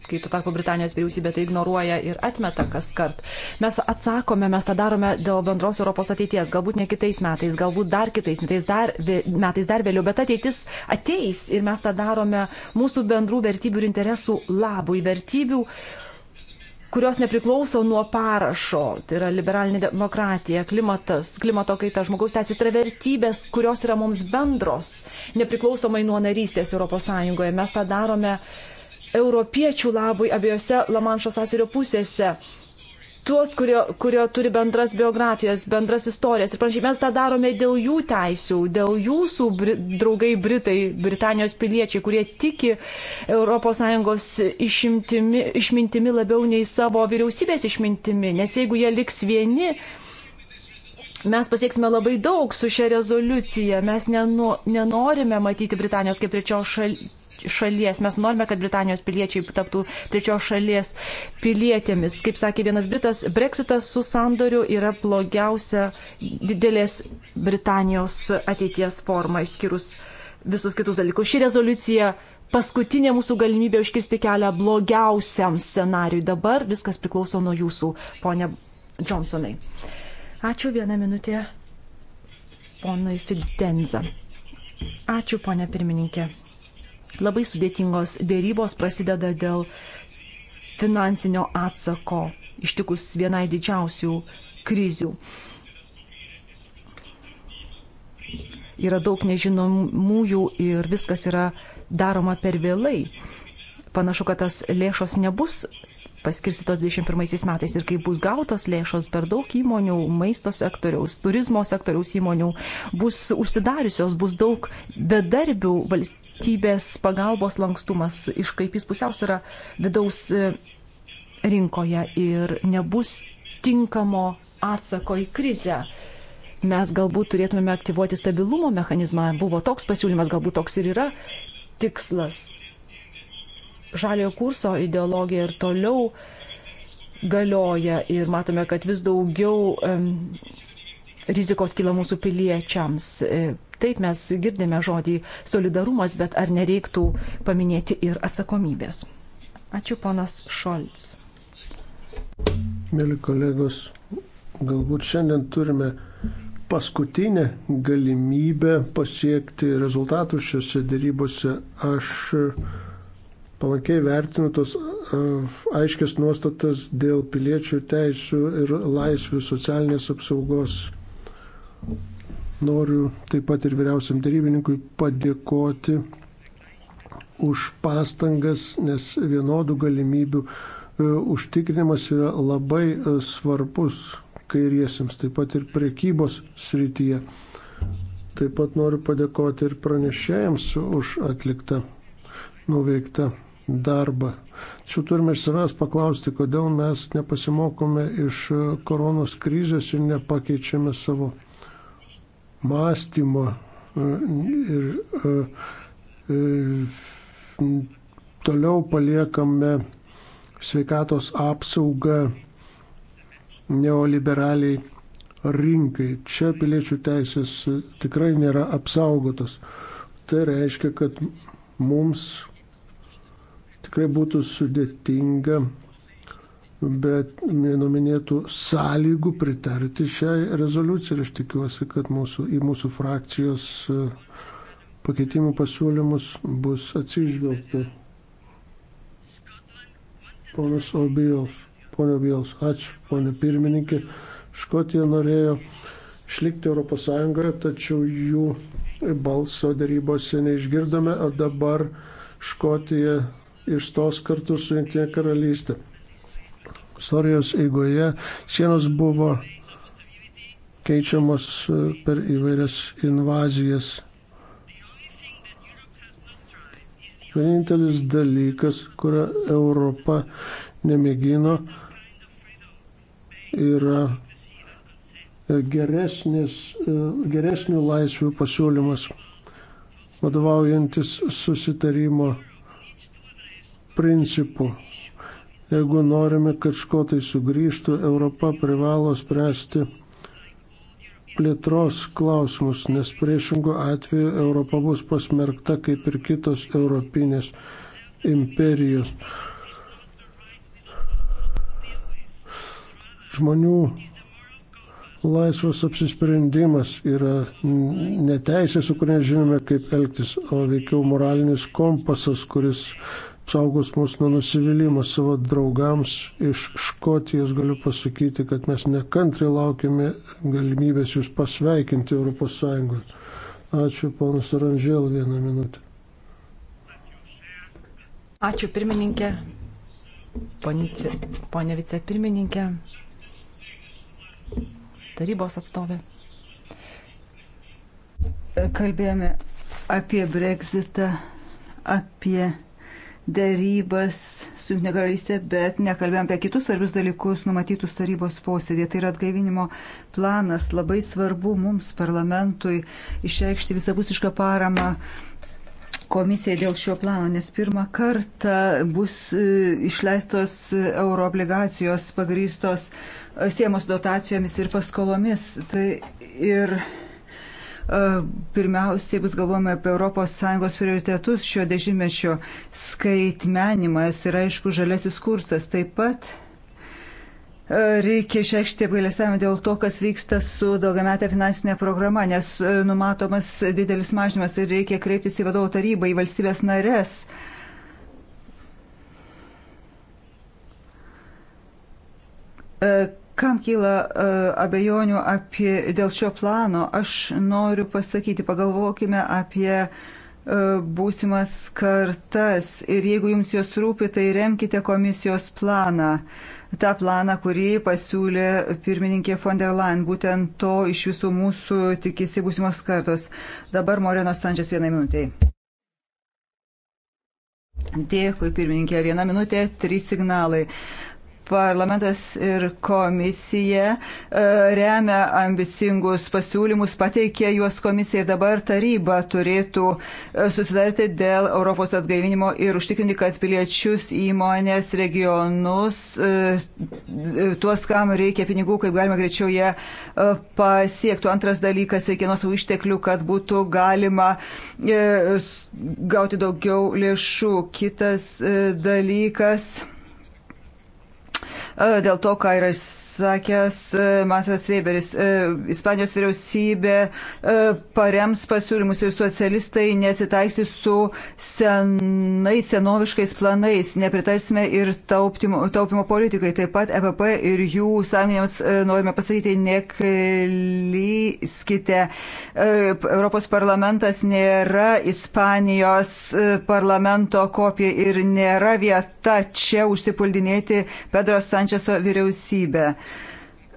kai tuo tarpu Britanijos vyriausybė tai ignoruoja ir atmeta kas kart. Mes atsakome, mes tą darome dėl bendros Europos ateities, galbūt ne kitais metais, galbūt dar kitais metais, dar, metais dar vėliau, bet ateitis ateis ir mes tą darome mūsų bendrų vertybių ir interesų labui, vertybių kurios nepriklauso nuo parašo, tai yra liberalinė demokratija, klimatas, klimato kaita, žmogaus teisės, tai yra vertybės, kurios yra mums bendros, nepriklausomai nuo narystės ES. Mes tą darome uh, europiečių labui abiejose Lamanšo sąsirio pusėse. Tuos, kurio, kurio turi bendras biografijas, bendras istorijas ir panašiai. Mes tą darome dėl jų teisių, dėl jūsų bri draugai Britai, Britanijos piliečiai, kurie tiki ES išimtimi, išmintimi labiau nei savo vyriausybės išmintimi. Nes jeigu jie liks vieni, mes pasieksime labai daug su šia rezoliucija. Mes nenu, nenorime matyti Britanijos kaip trečios šal, šalies. Mes norime, kad Britanijos piliečiai taptų trečios šalies pilietėmis. Kaip sakė vienas Britas, Brexitas su sandoriu yra blogiausia didelės Britanijos ateities forma, išskyrus visus kitus dalykus. Ši rezoliucija paskutinė mūsų galimybė užkirsti kelią blogiausiam scenariui. Dabar viskas priklauso nuo jūsų, ponė Johnsonai. Ačiū vieną minutę ponui Fidenza. Ačiū, ponė pirmininkė. Labai sudėtingos dėrybos prasideda dėl finansinio atsako ištikus vienai didžiausių krizių. Yra daug nežinomųjų ir viskas yra daroma per vėlai. Panašu, kad tas lėšos nebus paskirstytos 21 metais ir kai bus gautos lėšos per daug įmonių, maisto sektoriaus, turizmo sektoriaus įmonių bus užsidariusios, bus daug bedarbių valstybės valstybės pagalbos lankstumas iškaipys pusiausvyrą vidaus e, rinkoje ir nebus tinkamo atsako į krizę. Mes galbūt turėtumėme aktyvuoti stabilumo mechanizmą. Buvo toks pasiūlymas, galbūt toks ir yra tikslas. Žaliojo kurso ideologija ir toliau galioja ir matome, kad vis daugiau um, rizikos kyla mūsų piliečiams. E, Taip mes girdime žodį solidarumas, bet ar nereiktų paminėti ir atsakomybės. Ačiū ponas Šolts. Mėly kolegos, galbūt šiandien turime paskutinę galimybę pasiekti rezultatų šiuose dėrybose. Aš palankiai vertinu tos aiškės nuostatas dėl piliečių teisų ir laisvių socialinės apsaugos. Noriu taip pat ir vyriausiam darybininkui padėkoti už pastangas, nes vienodų galimybių e, užtikrinimas yra labai e, svarbus kairiesiems, taip pat ir prekybos srityje. Taip pat noriu padėkoti ir pranešėjams už atliktą nuveiktą darbą. Tačiau turime iš savęs paklausti, kodėl mes nepasimokome iš e, koronos krizės ir nepakeičiame savo mąstymo e, ir e, e, toliau paliekame sveikatos apsaugą neoliberaliai rinkai. Čia piliečių teisės tikrai nėra apsaugotos. Tai reiškia, kad mums tikrai būtų sudėtinga bet nenuminėtų sąlygų pritarti šiai rezoliucijai ir aš tikiuosi, kad mūsų, į mūsų frakcijos e, pakeitimų pasiūlymus bus atsižvelgta. Ponas Obijos, ponio Obijos, ačiū, ponio pirmininkė. Škotija norėjo išlikti ES, tačiau jų balso darybose neišgirdome, o dabar Škotija išstos kartu su Junktinė karalystė istorijos eigoje sienos buvo keičiamos e, per įvairias invazijas. Vienintelis dalykas, kurio Europa nemėgino, yra geresnis, e, geresnių laisvių pasiūlymas, vadovaujantis susitarimo principu. Jeigu norime, kad škotai sugrįžtų, Europa privalo spręsti plėtros klausimus, nes priešingų atveju Europa bus pasmerkta kaip ir kitos europinės imperijos. Žmonių laisvas apsisprendimas yra neteisė, su kuria žinome, kaip elgtis, o veikiau moralinis kompasas, kuris apsaugos mus nuo nusivylimų savo draugams iš Škotijos galiu pasakyti, kad mes nekantri laukiame galimybės jūs pasveikinti ES. Ačiū, ponas Ranžėl, vieną minutę. Ačiū, pirmininkė. Ponice, ponė vicepirmininkė. Tarybos atstovė. Kalbėjome apie Brexitą, apie darybas su Junktinė karalystė, bet nekalbėjom apie kitus svarbius dalykus numatytus tarybos posėdėje. Tai yra atgaivinimo planas. Labai svarbu mums, parlamentui, išreikšti visapusišką paramą komisija dėl šio plano, nes pirmą kartą bus e, išleistos euroobligacijos pagrystos e, siemos dotacijomis ir paskolomis. Tai ir pirmiausiai bus galvojama apie ES prioritetus šio dešimtmečio skaitmenimas ir aišku žalesis kursas. Taip pat e, reikia išreikšti apgailestavimą dėl to, kas vyksta su daugiametė finansinė programa, nes e, numatomas didelis mažinimas ir reikia kreiptis į vadovų tarybą, į valstybės narės. Uh, e, Kam kyla uh, abejonių apie, dėl šio plano, aš noriu pasakyti, pagalvokime apie uh, būsimas kartas ir jeigu jums jos rūpi, tai remkite komisijos planą. Ta plana, kurį pasiūlė pirmininkė von der Leyen, būtent to iš visų mūsų tikisi būsimos kartos. Dabar Moreno Sančias vienai minutiai. Dėkui, pirmininkė. Viena minutė, trys signalai. Parlamentas ir komisija e, remia ambicingus pasiūlymus, pateikė juos komisija ir dabar taryba turėtų e, susidarti dėl Europos atgaivinimo ir užtikrinti, kad piliečius, įmonės, regionus, e, tuos, kam reikia pinigų, kaip galima greičiau jie pasiektų. Antras dalykas, reikia nuo savo išteklių, kad būtų galima gauti daugiau lėšų. Kitas dalykas dėl to, ką yra sakęs e, Masas Weberis, e, Ispanijos vyriausybė e, parems pasiūlymus ir socialistai nesitaisys su senais, senoviškais planais, nepritarsime ir taupimo, taupimo politikai. Taip pat EPP ir jų sąjunginiams norime pasakyti, neklyskite. Europos parlamentas nėra Ispanijos parlamento kopija ir nėra vieta čia užsipuldinėti Pedro Sančeso vyriausybę.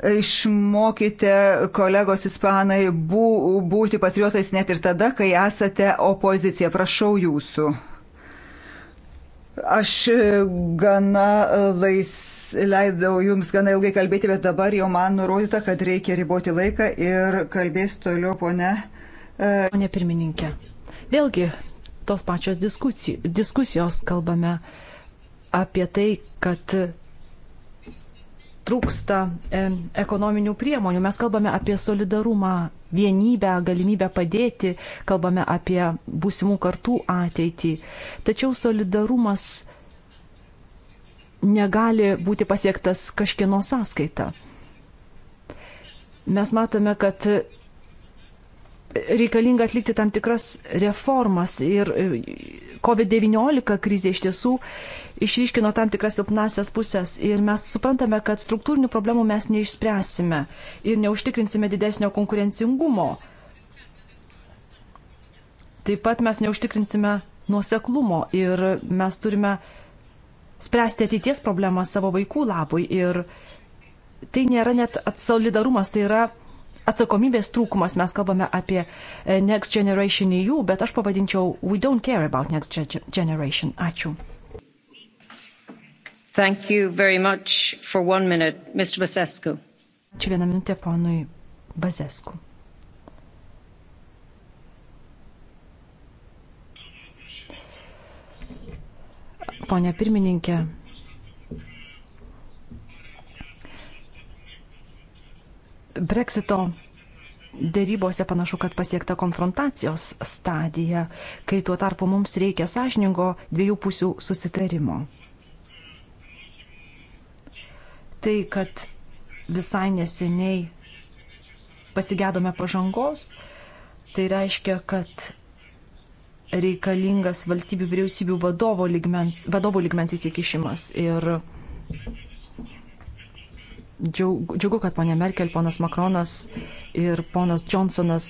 Išmokite kolegos ispanai bū, būti patriotais net ir tada, kai esate opozicija. Prašau jūsų. Aš e, gana lais, leidau jums gana ilgai kalbėti, bet dabar jau man nurodyta, kad reikia riboti laiką ir kalbės toliau pone. Pone pirmininkė. Vėlgi, tos pačios diskusijos kalbame apie tai, kad trūksta e, ekonominių priemonių. Mes kalbame apie solidarumą, vienybę, galimybę padėti, kalbame apie būsimų kartų ateitį. Tačiau solidarumas negali būti pasiektas kažkieno sąskaita. Mes matome, kad reikalinga atlikti tam tikras reformas ir COVID-19 krizė iš tiesų išryškino tam tikras silpnasias pusės ir mes suprantame, kad struktūrinių problemų mes neišspręsime ir neužtikrinsime didesnio konkurencingumo. Taip pat mes neužtikrinsime nuoseklumo ir mes turime spręsti ateities problemą savo vaikų labui. Ir tai nėra net solidarumas, tai yra atsakomybės trūkumas, mes kalbame apie eh, Next Generation EU, bet aš pavadinčiau We don't care about Next Generation. Ačiū. Minute, Ačiū vieną minutę ponui Bazesku. Pone pirmininkė, Brexito dėrybose panašu, kad pasiekta konfrontacijos stadija, kai tuo tarpu mums reikia sąžiningo dviejų pusių susitarimo tai, kad visai neseniai pasigėdome pažangos, tai reiškia, kad reikalingas valstybių vyriausybių vadovo ligmens, vadovų ligmens įsikišimas. Ir džiugu, kad ponė Merkel, ponas Makronas ir ponas Johnsonas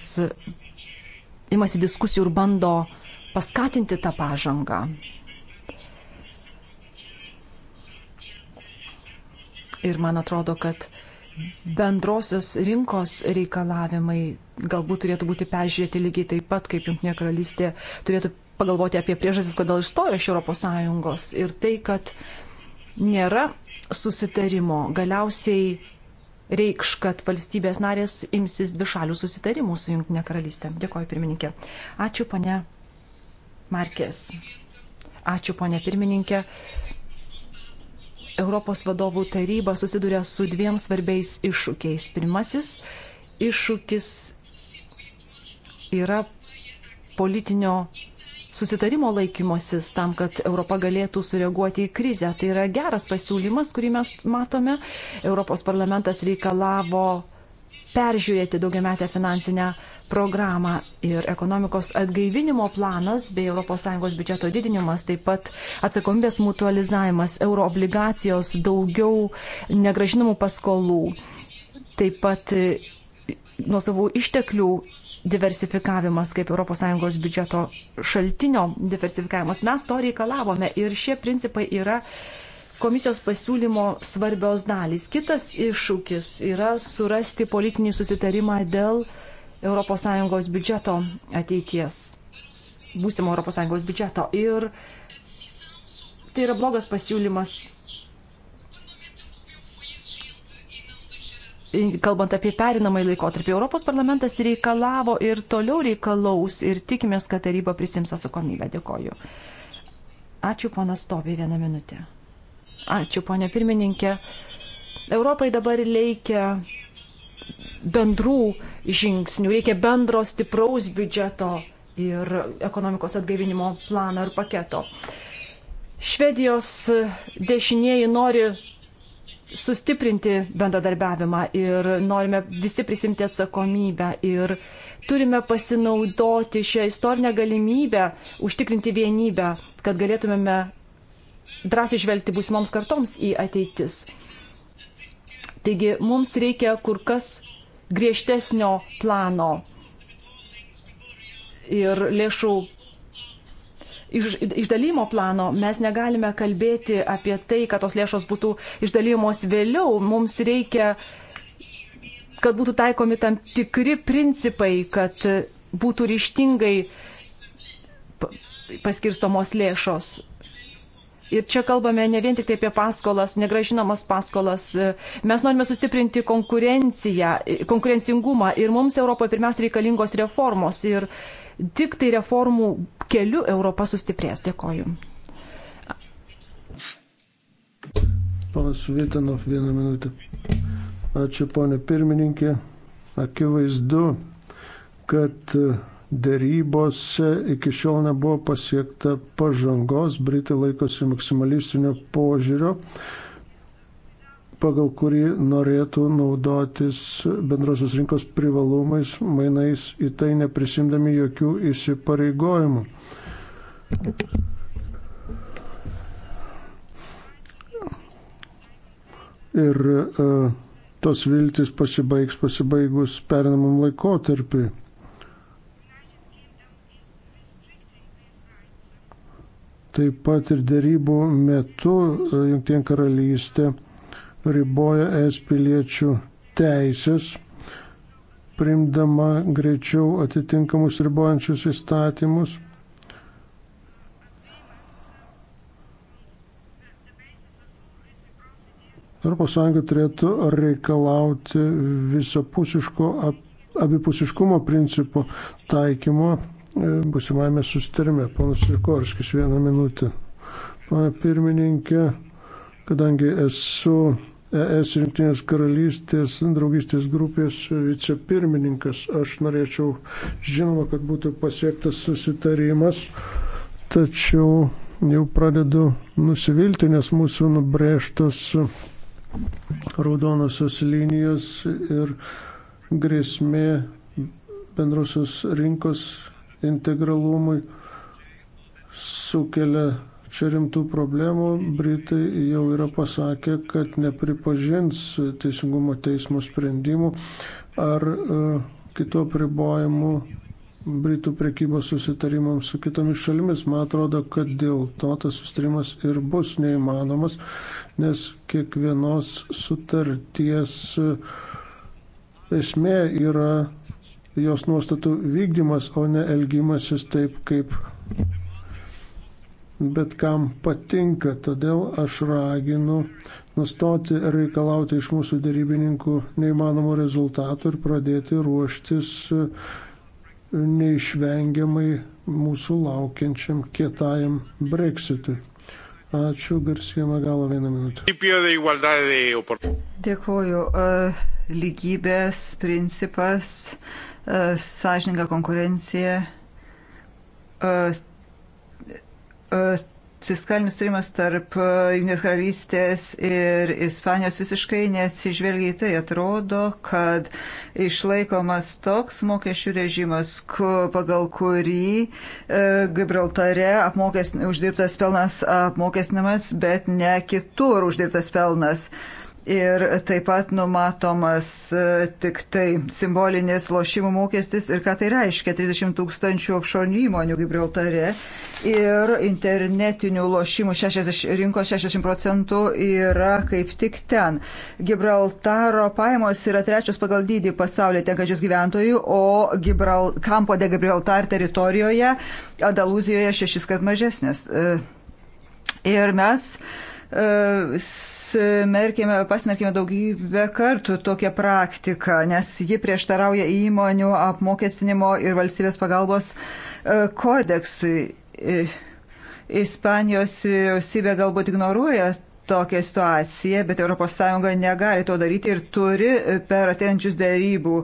imasi diskusijų ir bando paskatinti tą pažangą. Ir man atrodo, kad bendrosios rinkos reikalavimai galbūt turėtų būti peržiūrėti lygiai taip pat, kaip Junktinė karalystė turėtų pagalvoti apie priežastis, kodėl išstojo iš ES. Ir tai, kad nėra susitarimo, galiausiai reikš, kad valstybės narės imsis dvišalių susitarimų su Junktinė karalystė. Dėkoju, pirmininkė. Ačiū, ponė Markės. Ačiū, ponė pirmininkė. Europos vadovų taryba susiduria su dviem svarbiais iššūkiais. Pirmasis iššūkis yra politinio susitarimo laikymosis tam, kad Europa galėtų sureaguoti į krizę. Tai yra geras pasiūlymas, kurį mes matome. Europos parlamentas reikalavo peržiūrėti daugiametę finansinę programą ir ekonomikos atgaivinimo planas bei ES biudžeto didinimas, taip pat atsakomybės mutualizavimas, euroobligacijos, daugiau negražinamų paskolų, taip pat e, nuo savų išteklių diversifikavimas kaip ES biudžeto šaltinio diversifikavimas. Mes to reikalavome ir šie principai yra komisijos pasiūlymo svarbios dalys. Kitas iššūkis yra surasti politinį susitarimą dėl ES biudžeto ateities, būsimo ES biudžeto. Ir tai yra blogas pasiūlymas, kalbant apie perinamąjį laikotarpį. Europos parlamentas reikalavo ir toliau reikalaus ir tikimės, kad taryba prisims atsakomybę. Dėkoju. Ačiū, ponas Tobi, vieną minutę. Ačiū, ponė pirmininkė. Europai dabar reikia bendrų žingsnių, reikia bendro stipraus biudžeto ir ekonomikos atgaivinimo plano ir paketo. Švedijos dešinieji nori sustiprinti bendradarbiavimą ir norime visi prisimti atsakomybę ir turime pasinaudoti šią istorinę galimybę užtikrinti vienybę, kad galėtumėme drąsiai žvelgti būsimoms kartoms į ateitis. Taigi mums reikia kur kas griežtesnio plano ir lėšų iš, išdalymo plano mes negalime kalbėti apie tai, kad tos lėšos būtų išdalymos vėliau. Mums reikia, kad būtų taikomi tam tikri principai, kad būtų ryštingai paskirstomos lėšos. Ir čia kalbame ne vien tik tai apie paskolas, negražinamas paskolas. Mes norime sustiprinti konkurenciją, konkurencingumą ir mums Europoje pirmiausia reikalingos reformos. Ir tik tai reformų keliu Europa sustiprės. Dėkoju. Panas Vitanov, vieną minutę. Ačiū, ponė pirmininkė. Akivaizdu, kad dėrybose iki šiol nebuvo pasiekta pažangos, Britai laikosi maksimalistinio požiūrio, pagal kurį norėtų naudotis bendrosios rinkos privalumais, mainais į tai neprisimdami jokių įsipareigojimų. Ir uh, tos viltis pasibaigs pasibaigus perinamam laikotarpiui. Taip pat ir dėrybų metu e, Junktinė karalystė riboja es piliečių teisės, primdama greičiau atitinkamus ribojančius įstatymus. ES turėtų reikalauti visapusiško abipusiškumo principo taikymo E, busimame sustarime. Panas Sikorskis, vieną minutę. Pane pirmininkė, kadangi esu ES Junktinės karalystės draugystės grupės vicepirmininkas, aš norėčiau žinoma, kad būtų pasiektas susitarimas, tačiau jau pradedu nusivilti, nes mūsų nubrėžtos raudonosios linijos ir grėsmė bendrosios rinkos integralumui sukelia čia rimtų problemų. Britai jau yra pasakę, kad nepripažins teisingumo teismo sprendimų ar e, kitų apribojimų Britų prekybos susitarimams su kitomis šalimis. Man atrodo, kad dėl to tas susitarimas ir bus neįmanomas, nes kiekvienos sutarties e, esmė yra jos nuostatų vykdymas, o ne elgimasis taip, kaip bet kam patinka. Todėl aš raginu nustoti reikalauti iš mūsų dėrybininkų neįmanomų rezultatų ir pradėti ruoštis e, neišvengiamai mūsų laukiančiam kietajam breksitui. Ačiū, garsėjama galo vieną minutę. Dėkuoju. E, lygybės principas E, sąžininga konkurencija, e, e, fiskalinis turimas tarp Junės karalystės ir Ispanijos visiškai neatsižvelgia į tai. Atrodo, kad išlaikomas toks mokesčių režimas, pagal kurį e, Gibraltare apmokes, uždirbtas pelnas apmokestinamas, bet ne kitur uždirbtas pelnas. E, Ir taip pat numatomas e, tik tai simbolinis lošimų mokestis ir ką tai reiškia 30 tūkstančių offshore įmonių Gibraltare ir internetinių lošimų 60, rinkos 60 procentų yra kaip tik ten. Gibraltaro pajamos yra trečios pagal dydį pasaulyje tenkačius gyventojų, o Gibral, Kampo de Gibraltar teritorijoje Andaluzijoje šešis kart mažesnės. E, ir mes e, smerkėme, pasmerkėme daugybę kartų tokią praktiką, nes ji prieštarauja įmonių apmokestinimo ir valstybės pagalbos e, kodeksui. Ispanijos vyriausybė galbūt ignoruoja tokią situaciją, bet ES negali to daryti ir turi e, per ateinančius dėrybų e,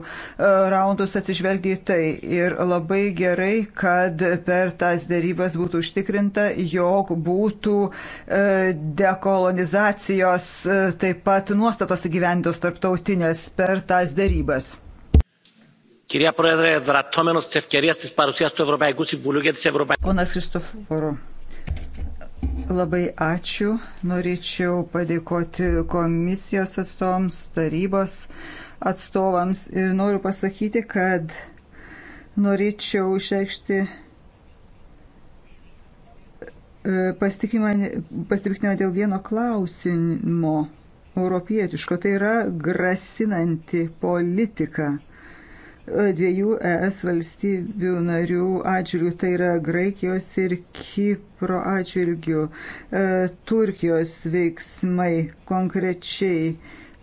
raundus atsižvelgti į tai. Ir labai gerai, kad per tas dėrybas būtų užtikrinta, jog būtų e, dekolonizacijos taip pat nuostatos įgyventos tarptautinės per tas dėrybas. Κυρία Πρόεδρε, δρατώμενος της ευκαιρίας της παρουσίας του Ευρωπαϊκού Συμβουλίου και της Ευρωπαϊκής... Πόνας Χριστοφόρου. Labai ačiū. Norėčiau padėkoti komisijos atstovams, tarybos atstovams ir noriu pasakyti, kad norėčiau išreikšti e, pasitikimą dėl vieno klausimo europietiško. Tai yra grasinanti politika dviejų ES valstybių narių atžvilgių, tai yra Graikijos ir Kipro atžvilgių, e, Turkijos veiksmai konkrečiai.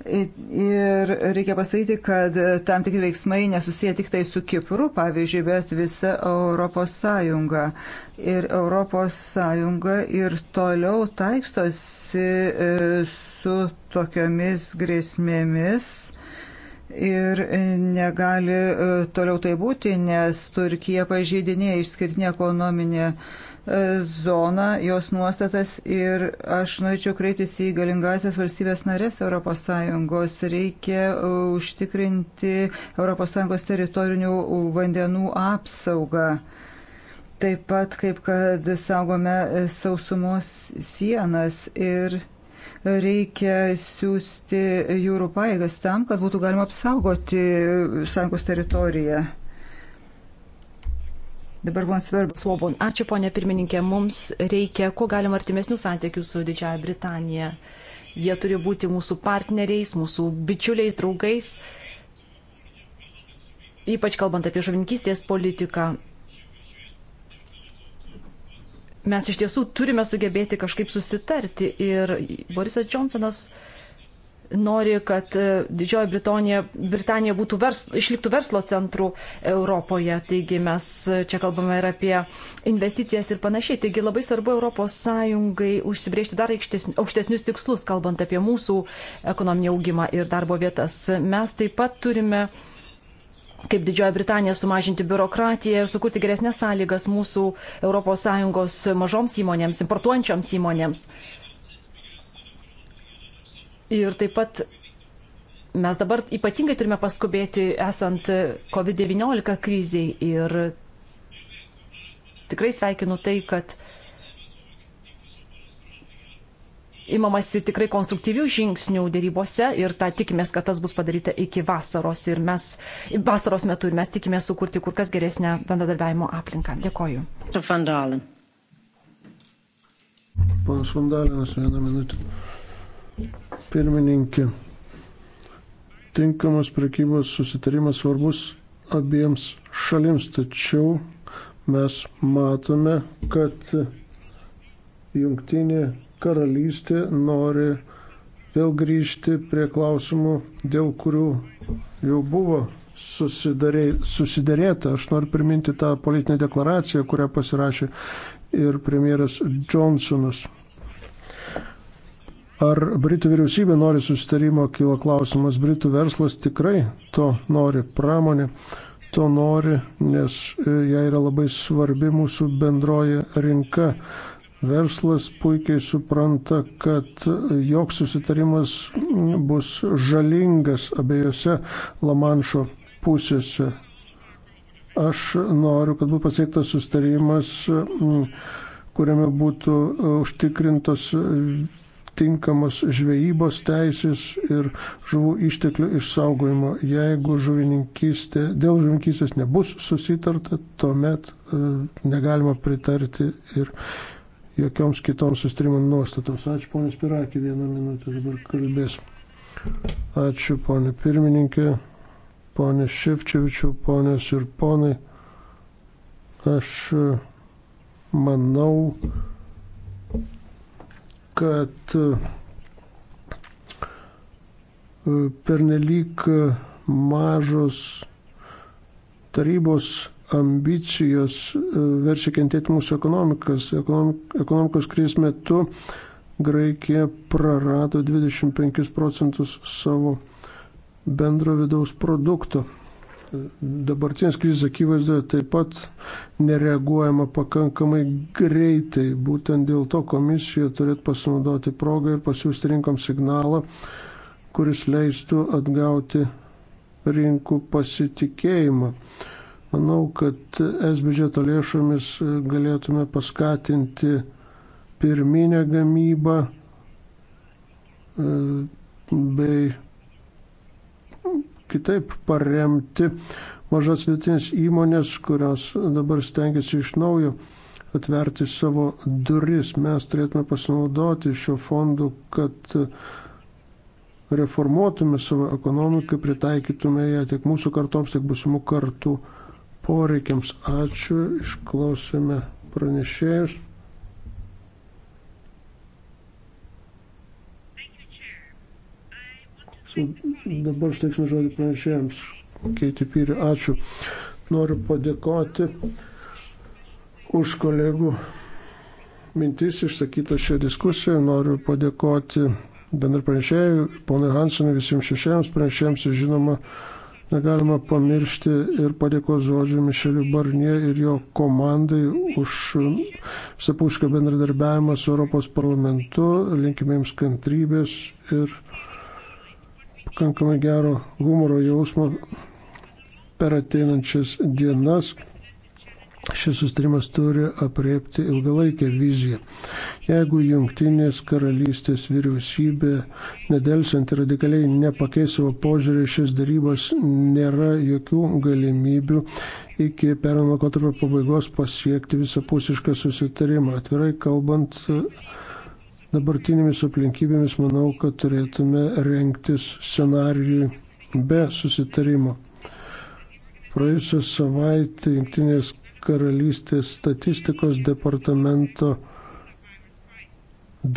Ir reikia pasakyti, kad tam tikri veiksmai nesusiję tik tai su Kipru, pavyzdžiui, bet visa Europos Sąjunga. Ir Europos Sąjunga ir toliau taikstosi e, su tokiamis grėsmėmis Ir e, negali e, toliau tai būti, nes Turkija pažeidinėja išskirtinę ekonominę e, zoną, jos nuostatas ir aš norėčiau kreiptis į galingasias valstybės narės ES. Reikia užtikrinti ES teritorinių vandenų apsaugą. Taip pat kaip kad saugome sausumos sienas ir reikia siūsti jūrų paėgas tam, kad būtų galima apsaugoti sąjungos teritoriją. Dabar man svarbu. Svobon. Ačiū, ponė pirmininkė. Mums reikia, kuo galima artimesnių santykių su Didžiaja Britanija. Jie turi būti mūsų partneriais, mūsų bičiuliais, draugais. Ypač kalbant apie žuvinkystės politiką, mes iš tiesų turime sugebėti kažkaip susitarti. Ir Borisas Johnsonas nori, kad e, Didžioji Britanija, Britanija būtų vers, išliktų verslo centrų Europoje. Taigi mes e, čia kalbame ir apie investicijas ir panašiai. Taigi labai svarbu ES užsibriežti dar aukštesnius tikslus, kalbant apie mūsų ekonominį augimą ir darbo vietas. Mes taip pat turime uh, kaip Didžioji Britanija sumažinti biurokratiją ir sukurti geresnės sąlygas mūsų ES mažoms įmonėms, importuojančioms įmonėms. Ir taip pat mes dabar ypatingai turime paskubėti esant COVID-19 kriziai ir tikrai sveikinu tai, kad imamasi tikrai konstruktyvių žingsnių dėrybose ir tą tikimės, kad tas bus padaryta iki vasaros ir mes vasaros metu ir mes tikimės sukurti kur kas geresnę bendradarbiavimo aplinką. Dėkoju. Ponas Vandalinas, vieną minutę. Pirmininkė, tinkamas prekybos susitarimas svarbus abiems šalims, tačiau mes matome, kad jungtinė karalystė nori vėl grįžti prie klausimų, dėl kurių jau buvo susidarėta. Aš noriu priminti tą politinę deklaraciją, kurią pasirašė ir premjeras Johnsonas. Ar Britų vyriausybė nori susitarimo, kyla klausimas. Britų verslas tikrai to nori, pramonė to nori, nes e, jai yra labai svarbi mūsų bendroji rinka. Verslas puikiai supranta, kad joks susitarimas bus žalingas abiejose Lamanšo pusėse. Aš noriu, kad būtų pasiektas susitarimas, kuriame būtų užtikrintos tinkamos žvejybos teisės ir žuvų išteklių išsaugojimo. Jeigu žuvininkystė, dėl žuvininkystės nebus susitarta, tuomet e, negalima pritarti ir jokioms kitoms sustrimo nuostatoms. Ačiū, ponis Pirakė, vieną minutę dabar kalbės. Ačiū, ponė pirmininkė, ponė Ševčevičių, ponės ir ponai. Aš e, manau, kad e, pernelyg mažos tarybos ambicijos e, verčia kentėti mūsų ekonomikas. Ekonomikos krizės metu Graikija prarado 25 procentus savo bendro vidaus produkto. Dabartinės krizės akivaizdoje taip pat nereaguojama pakankamai greitai. Būtent dėl to komisija turėtų pasinaudoti progą ir pasiūsti rinkom signalą, kuris leistų atgauti rinkų pasitikėjimą. Manau, kad es biudžeto lėšomis galėtume paskatinti pirminę gamybą e, bei kitaip paremti mažas vietinės įmonės, kurios dabar stengiasi iš naujo atverti savo duris. Mes turėtume pasinaudoti šio fondu, kad reformuotume savo ekonomiką, pritaikytume ją tiek mūsų kartoms, tiek būsimų kartų poreikiams. Ačiū, išklausėme pranešėjus. Dabar steiksime žodį pranešėjams. Keiti Pyri, ačiū. Noriu padėkoti už kolegų mintis išsakytą šią diskusiją. Noriu padėkoti bendra pranešėjų, ponai Hansenui, visiems šešiems pranešėjams ir žinoma, Negalima pamiršti ir padėkos žodžių Mišeliu Barnie ir jo komandai už visapušką bendradarbiavimą su Europos parlamentu. Linkime jums kantrybės ir pakankamai gero humoro jausmo per ateinančias dienas. Šis sustarimas turi apriepti ilgalaikę viziją. Jeigu jungtinės karalystės vyriausybė nedelsiant radikaliai nepakeis savo požiūrį šis darybas, nėra jokių galimybių iki perinamo kotarpio pabaigos pasiekti visapusišką susitarimą. Atvirai kalbant, dabartinėmis aplinkybėmis manau, kad turėtume renktis scenarijui be susitarimo. Praėjusią savaitę Junktinės karalystės statistikos departamento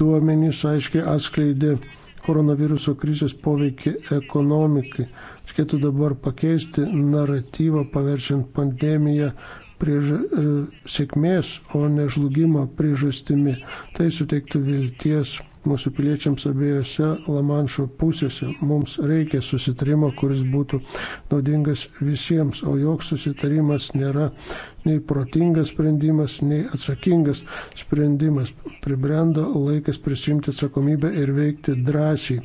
duomenys aiškiai atskleidė koronaviruso krizės poveikį ekonomikai. Reikėtų dabar pakeisti naratyvą, paverčiant pandemiją priež... E, sėkmės, o ne žlugimo priežastimi. Tai suteiktų vilties mūsų piliečiams abiejose Lamanšo pusėse. Mums reikia susitarimo, kuris būtų naudingas visiems, o joks susitarimas nėra nei protingas sprendimas, nei atsakingas sprendimas. Pribrendo laikas prisimti atsakomybę ir veikti drąsiai.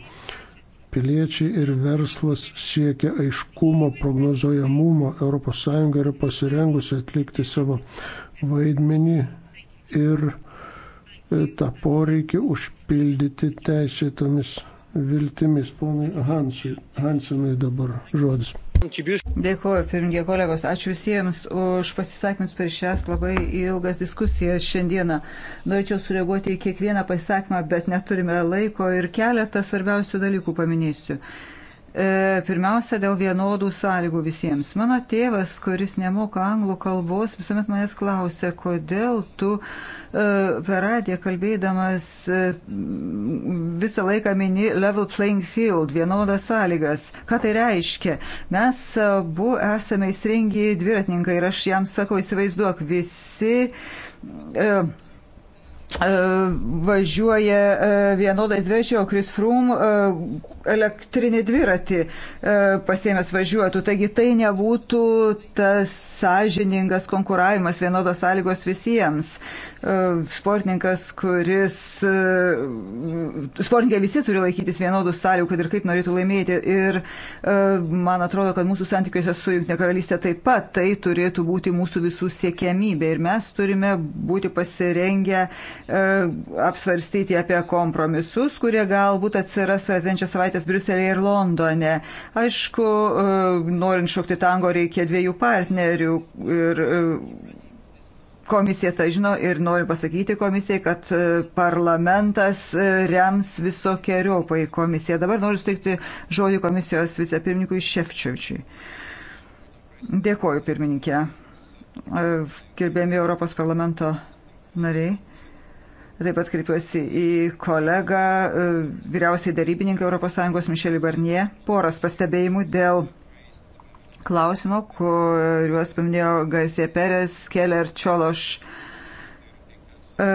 Piliečiai ir verslas siekia aiškumo, prognozojamumo. ES yra pasirengusi atlikti savo vaidmenį ir tą poreikį užpildyti teisėtomis viltimis. Ponai Hansui, Hansenui dabar žodis. Dėkuoju, pirmie kolegos. Ačiū visiems už pasisakymus per šias labai ilgas diskusijas šiandieną. Norėčiau sureaguoti į kiekvieną pasisakymą, bet neturime laiko ir keletą svarbiausių dalykų paminėsiu. E, pirmiausia, dėl vienodų sąlygų visiems. Mano tėvas, kuris nemoka anglų kalbos, visuomet manęs klausė, kodėl tu e, per radiją kalbėdamas e, visą laiką mini level playing field, vienodas sąlygas. Ką tai reiškia? Mes abu esame įsrengi dviratininkai ir aš jam sakau, įsivaizduok, visi. Uh, E, važiuoja e, vienodais dviračiais, o Kris Frum e, elektrinį dviratį pasėmęs važiuotų. Taigi tai nebūtų tas sąžiningas konkuravimas, vienodos sąlygos visiems sportininkas, kuris, e, sportininkai visi turi laikytis vienodų sąlygų, kad ir kaip norėtų laimėti. Ir e, man atrodo, kad mūsų santykiuose su Junktinė karalystė taip pat tai turėtų būti mūsų visų siekiamybė. Ir mes turime būti pasirengę e, apsvarstyti apie kompromisus, kurie galbūt atsiras prezidenčio savaitės Briuselėje ir Londone. Aišku, norint šokti tango reikia dviejų partnerių. Ir, Komisija tai žino ir noriu pasakyti komisijai, kad e, parlamentas e, rems visokiojopai komisiją. Dabar noriu suteikti žodį komisijos vicepirmininkui Šefčiovičiui. Dėkoju, pirmininkė. E, Gerbėmi Europos parlamento nariai. Taip pat kreipiuosi į kolegą, vyriausiai darybininką ES Mišelį Barnie. Poras pastebėjimų dėl klausimo, kuriuos paminėjo Garsė Perės, Keller Čiološ. E,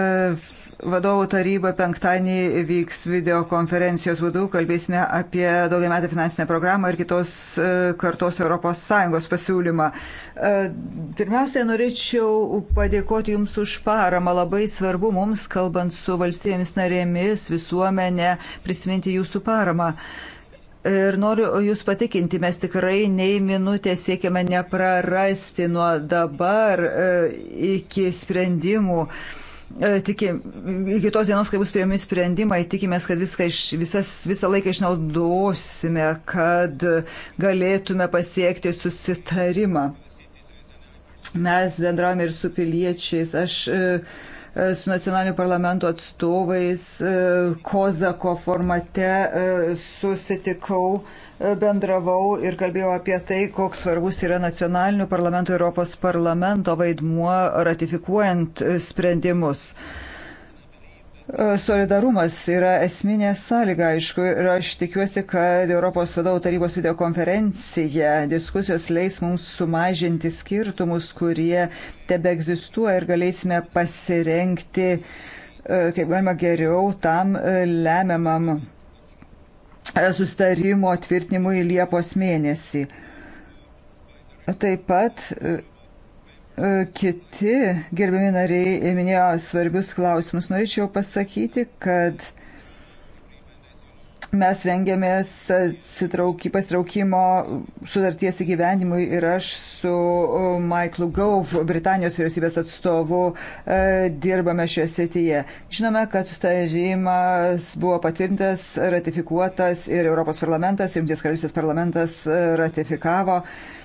vadovų taryba penktadienį vyks videokonferencijos būdu, kalbėsime apie daugiametę finansinę programą ir kitos e, kartos ES pasiūlymą. E, pirmiausia, norėčiau padėkoti Jums už paramą. Labai svarbu mums, kalbant su valstybėmis narėmis, visuomenė, prisiminti Jūsų paramą. Ir noriu Jūs patikinti, mes tikrai nei minutę siekiame neprarasti nuo dabar e, iki sprendimų. E, Tikim, iki tos dienos, kai bus priemi sprendimai, tikimės, kad viską iš, visas, visą laiką išnaudosime, kad galėtume pasiekti susitarimą. Mes bendravome ir su piliečiais. Aš uh, E, su nacionaliniu parlamento atstovais e, Kozako formate e, susitikau, bendravau ir kalbėjau apie tai, koks svarbus yra nacionalinių parlamentų Europos parlamento vaidmuo ratifikuojant sprendimus. Solidarumas yra esminė sąlyga, aišku, ir aš tikiuosi, kad Europos vadovų tarybos videokonferencija diskusijos leis mums sumažinti skirtumus, kurie tebe egzistuoja ir galėsime pasirenkti, e, kaip galima geriau, tam e, lemiamam e, sustarimo tvirtinimui Liepos mėnesį. Taip pat E, kiti gerbiami nariai minėjo svarbius klausimus. Norėčiau pasakyti, kad mes rengiamės pasitraukimo sutarties įgyvendimui ir aš su e, Michaelu Gove, Britanijos vyriausybės atstovu, e, dirbame šioje srityje. Žinome, kad sustarimas buvo patvirtintas, ratifikuotas ir Europos parlamentas, Junktinės karalystės parlamentas ratifikavo. Uh,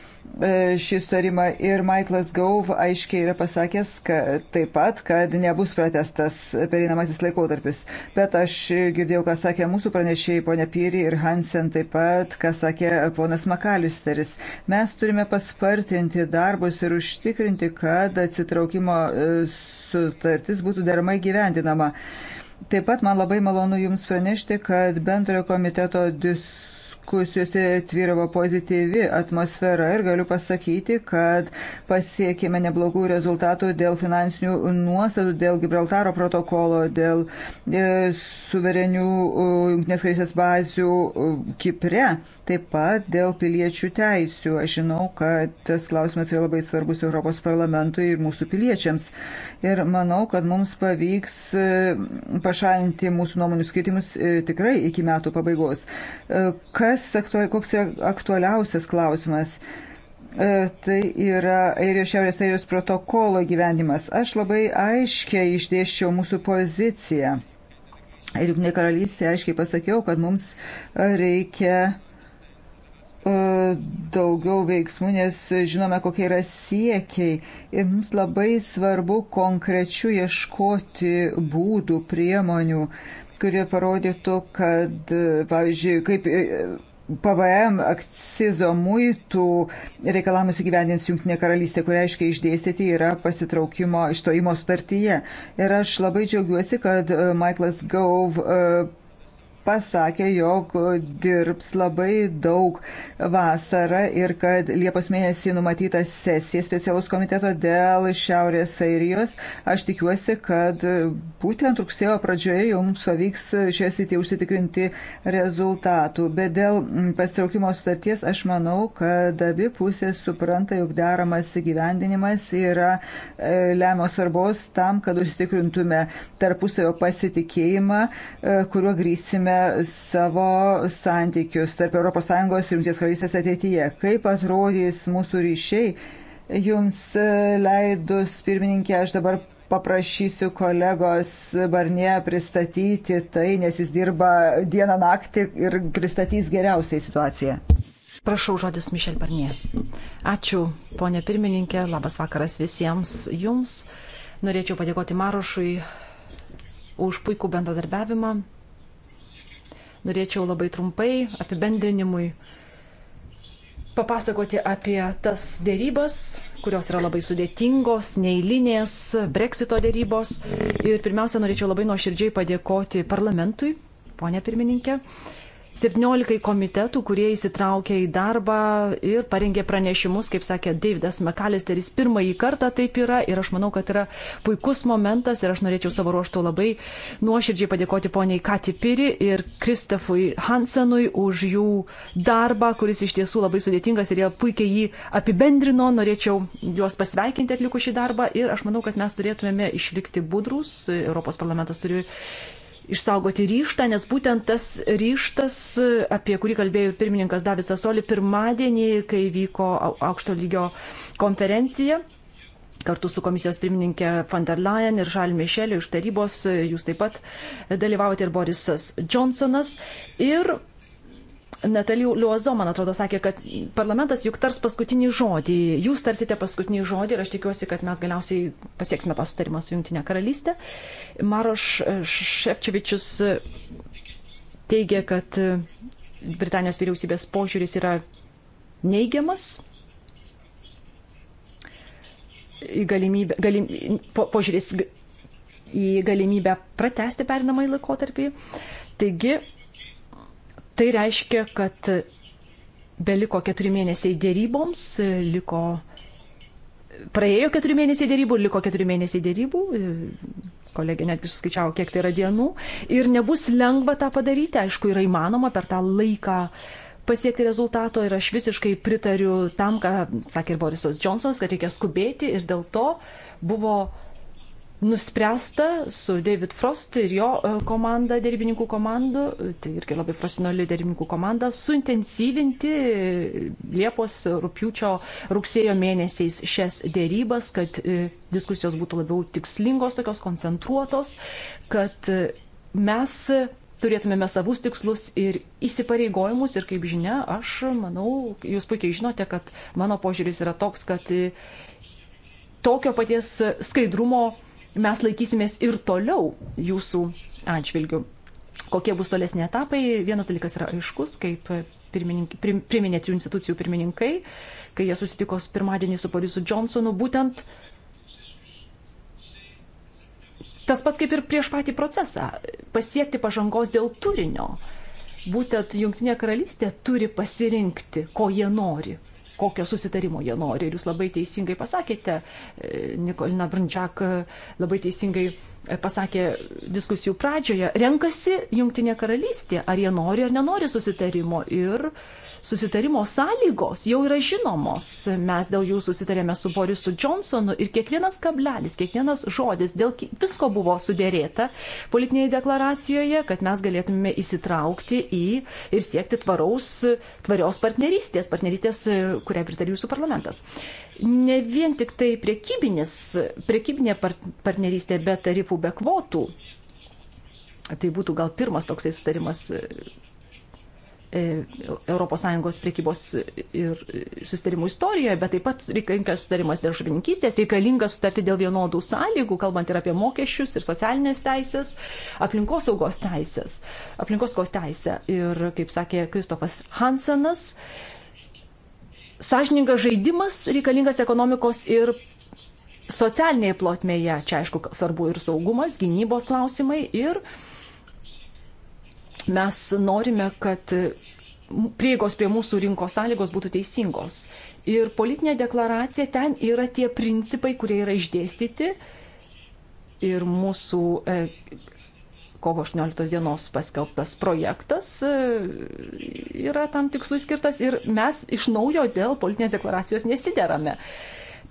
E, šį sutarimą ir Michaelas Gauv aiškiai yra pasakęs kad, taip pat, kad nebus pratestas perinamasis laikotarpis. Bet aš girdėjau, ką sakė mūsų pranešėjai ponia Pyri ir Hansen taip pat, ką sakė ponas Makalisteris. Mes turime paspartinti darbus ir užtikrinti, kad atsitraukimo e, sutartis būtų deramai gyvendinama. Taip pat man labai malonu Jums pranešti, kad bendrojo komiteto diskusijos diskusijose tvyravo pozityvi atmosfera ir galiu pasakyti, kad pasiekėme neblogų rezultatų dėl finansinių nuostatų, dėl Gibraltaro protokolo, dėl e, suverenių e, Junktinės karysės bazių e, Kipre. Taip pat dėl piliečių teisių. Aš žinau, kad tas klausimas yra labai svarbus Europos parlamentui ir mūsų piliečiams. Ir manau, kad mums pavyks e, pašalinti mūsų nuomonių skirtimus e, tikrai iki metų pabaigos. E, kas, koks yra aktualiausias klausimas? tai yra Airijos Šiaurės Airijos protokolo gyvendimas. Aš labai aiškiai išdėščiau mūsų poziciją. Ir juk ne karalystė aiškiai pasakiau, kad mums reikia E, daugiau veiksmų, nes žinome, kokie yra siekiai. Ir mums labai svarbu konkrečių ieškoti būdų, priemonių, kurie parodytų, kad, e, pavyzdžiui, kaip e, PVM akcizo muitų reikalavimus įgyvendins Junktinė karalystė, kurie aiškiai išdėstyti yra pasitraukimo išstojimo sutartyje. Ir aš labai džiaugiuosi, kad Michaelas Gove pasakė, jog dirbs labai daug vasarą ir kad Liepos mėnesį numatyta sesija specialus komiteto dėl Šiaurės Airijos. Aš tikiuosi, kad būtent rugsėjo pradžioje jums pavyks šioje srityje užsitikrinti rezultatų. Bet dėl pastraukimo sutarties aš manau, kad abi pusės supranta, jog deramas įgyvendinimas yra e, lemios svarbos tam, kad užsitikrintume tarpusavio pasitikėjimą, e, kuriuo grįsime vertinsime savo santykius tarp ES ir Junkties karalystės ateityje. Kaip atrodys mūsų ryšiai? Jums leidus, pirmininkė, aš dabar paprašysiu kolegos Barnie pristatyti tai, nes jis dirba dieną naktį ir pristatys geriausiai situaciją. Prašau žodis Mišel Barnie. Ačiū, ponė pirmininkė, labas vakaras visiems jums. Norėčiau padėkoti Marošui už puikų bendradarbiavimą norėčiau labai trumpai apibendrinimui papasakoti apie tas dėrybas, kurios yra labai sudėtingos, neįlinės, breksito dėrybos. Ir pirmiausia, norėčiau labai nuoširdžiai padėkoti parlamentui, ponė pirmininkė, 17 komitetų, kurie įsitraukė į darbą ir parengė pranešimus, kaip sakė Davidas McAllisteris, pirmąjį kartą taip yra ir aš manau, kad yra puikus momentas ir aš norėčiau savo ruoštų labai nuoširdžiai padėkoti poniai Katipiri ir Kristofui Hansenui už jų darbą, kuris iš tiesų labai sudėtingas ir jie puikiai jį apibendrino. Norėčiau juos pasveikinti atlikus šį darbą ir aš manau, kad mes turėtumėme išlikti budrus. Europos parlamentas turi išsaugoti ryštą, nes būtent tas ryštas, apie kurį kalbėjo pirmininkas Davidas Sasoli pirmadienį, kai vyko aukšto lygio konferencija. Kartu su komisijos pirmininkė van der Leyen ir Žal Mišeliu iš tarybos jūs taip pat dalyvavote ir Borisas Johnsonas. Ir Natalija Liuozo, man atrodo, sakė, kad parlamentas juk tars paskutinį žodį. Jūs tarsite paskutinį žodį ir aš tikiuosi, kad mes galiausiai pasieksime tą sutarimą su Junktinė karalystė. Maroš Šepčevičius teigia, kad Britanijos vyriausybės požiūris yra neigiamas. Galimybė, galim, po, požiūris į galimybę pratesti perinamąjį laikotarpį. Taigi, Tai reiškia, kad beliko keturi mėnesiai dėryboms, liko, praėjo keturi mėnesiai dėrybų, liko keturi mėnesiai dėrybų, kolegė netgi suskaičiavo, kiek tai yra dienų, ir nebus lengva tą padaryti, aišku, yra įmanoma per tą laiką pasiekti rezultato ir aš visiškai pritariu tam, ką sakė ir Borisas Džonsonas, kad reikia skubėti ir dėl to buvo uh, nuspręsta su David Frost ir jo e, komanda, dėrybininkų komandų, tai irgi labai profesionali dėrybininkų komanda, suintensyvinti e, Liepos, Rūpiučio, Rugsėjo mėnesiais šias dėrybas, kad e, diskusijos būtų labiau tikslingos, tokios koncentruotos, kad mes turėtumėme savus tikslus ir įsipareigojimus ir kaip žinia, aš manau, jūs puikiai žinote, kad mano požiūris yra toks, kad tokio paties skaidrumo mes laikysimės ir toliau jūsų atžvilgių. Kokie bus tolesni etapai? Vienas dalykas yra aiškus, kaip priminė trijų institucijų pirmininkai, kai jie susitiko pirmadienį su Borisu Johnsonu, būtent tas pats kaip ir prieš patį procesą - pasiekti pažangos dėl turinio. Būtent Junktinė karalystė turi pasirinkti, ko jie nori kokio susitarimo jie nori. Ir jūs labai teisingai pasakėte, e, Nikolina Brandžiak e, labai teisingai e, pasakė diskusijų pradžioje, renkasi Junktinė karalystė, ar jie nori ar nenori susitarimo. Ir uh, susitarimo sąlygos jau yra žinomos. Mes dėl jų susitarėme su Borisu Johnsonu ir kiekvienas kablelis, kiekvienas žodis, dėl visko buvo sudėrėta politinėje deklaracijoje, kad mes galėtume įsitraukti į ir siekti tvaraus, tvarios partnerystės, partnerystės, kurią pritarė jūsų parlamentas. Ne vien tik tai priekybinė partnerystė, bet tarifų be kvotų Tai būtų gal pirmas toksai sutarimas ES priekybos ir sustarimų istorijoje, bet taip pat reikalingas sustarimas dėl žuvininkystės, reikalinga sutarti dėl vienodų sąlygų, kalbant ir apie mokesčius ir socialinės teisės, aplinkosaugos teisės, aplinkosaugos teisę. Ir, kaip sakė Kristofas Hansenas, sąžiningas žaidimas reikalingas ekonomikos ir socialinėje plotmėje. Čia, aišku, svarbu ir saugumas, gynybos klausimai ir Mes norime, kad prieigos prie mūsų rinkos sąlygos būtų teisingos. Ir politinė deklaracija ten yra tie principai, kurie yra išdėstyti ir mūsų e, kovo 18 dienos paskelbtas projektas e, yra tam tikslui skirtas ir mes iš naujo dėl politinės deklaracijos nesiderame.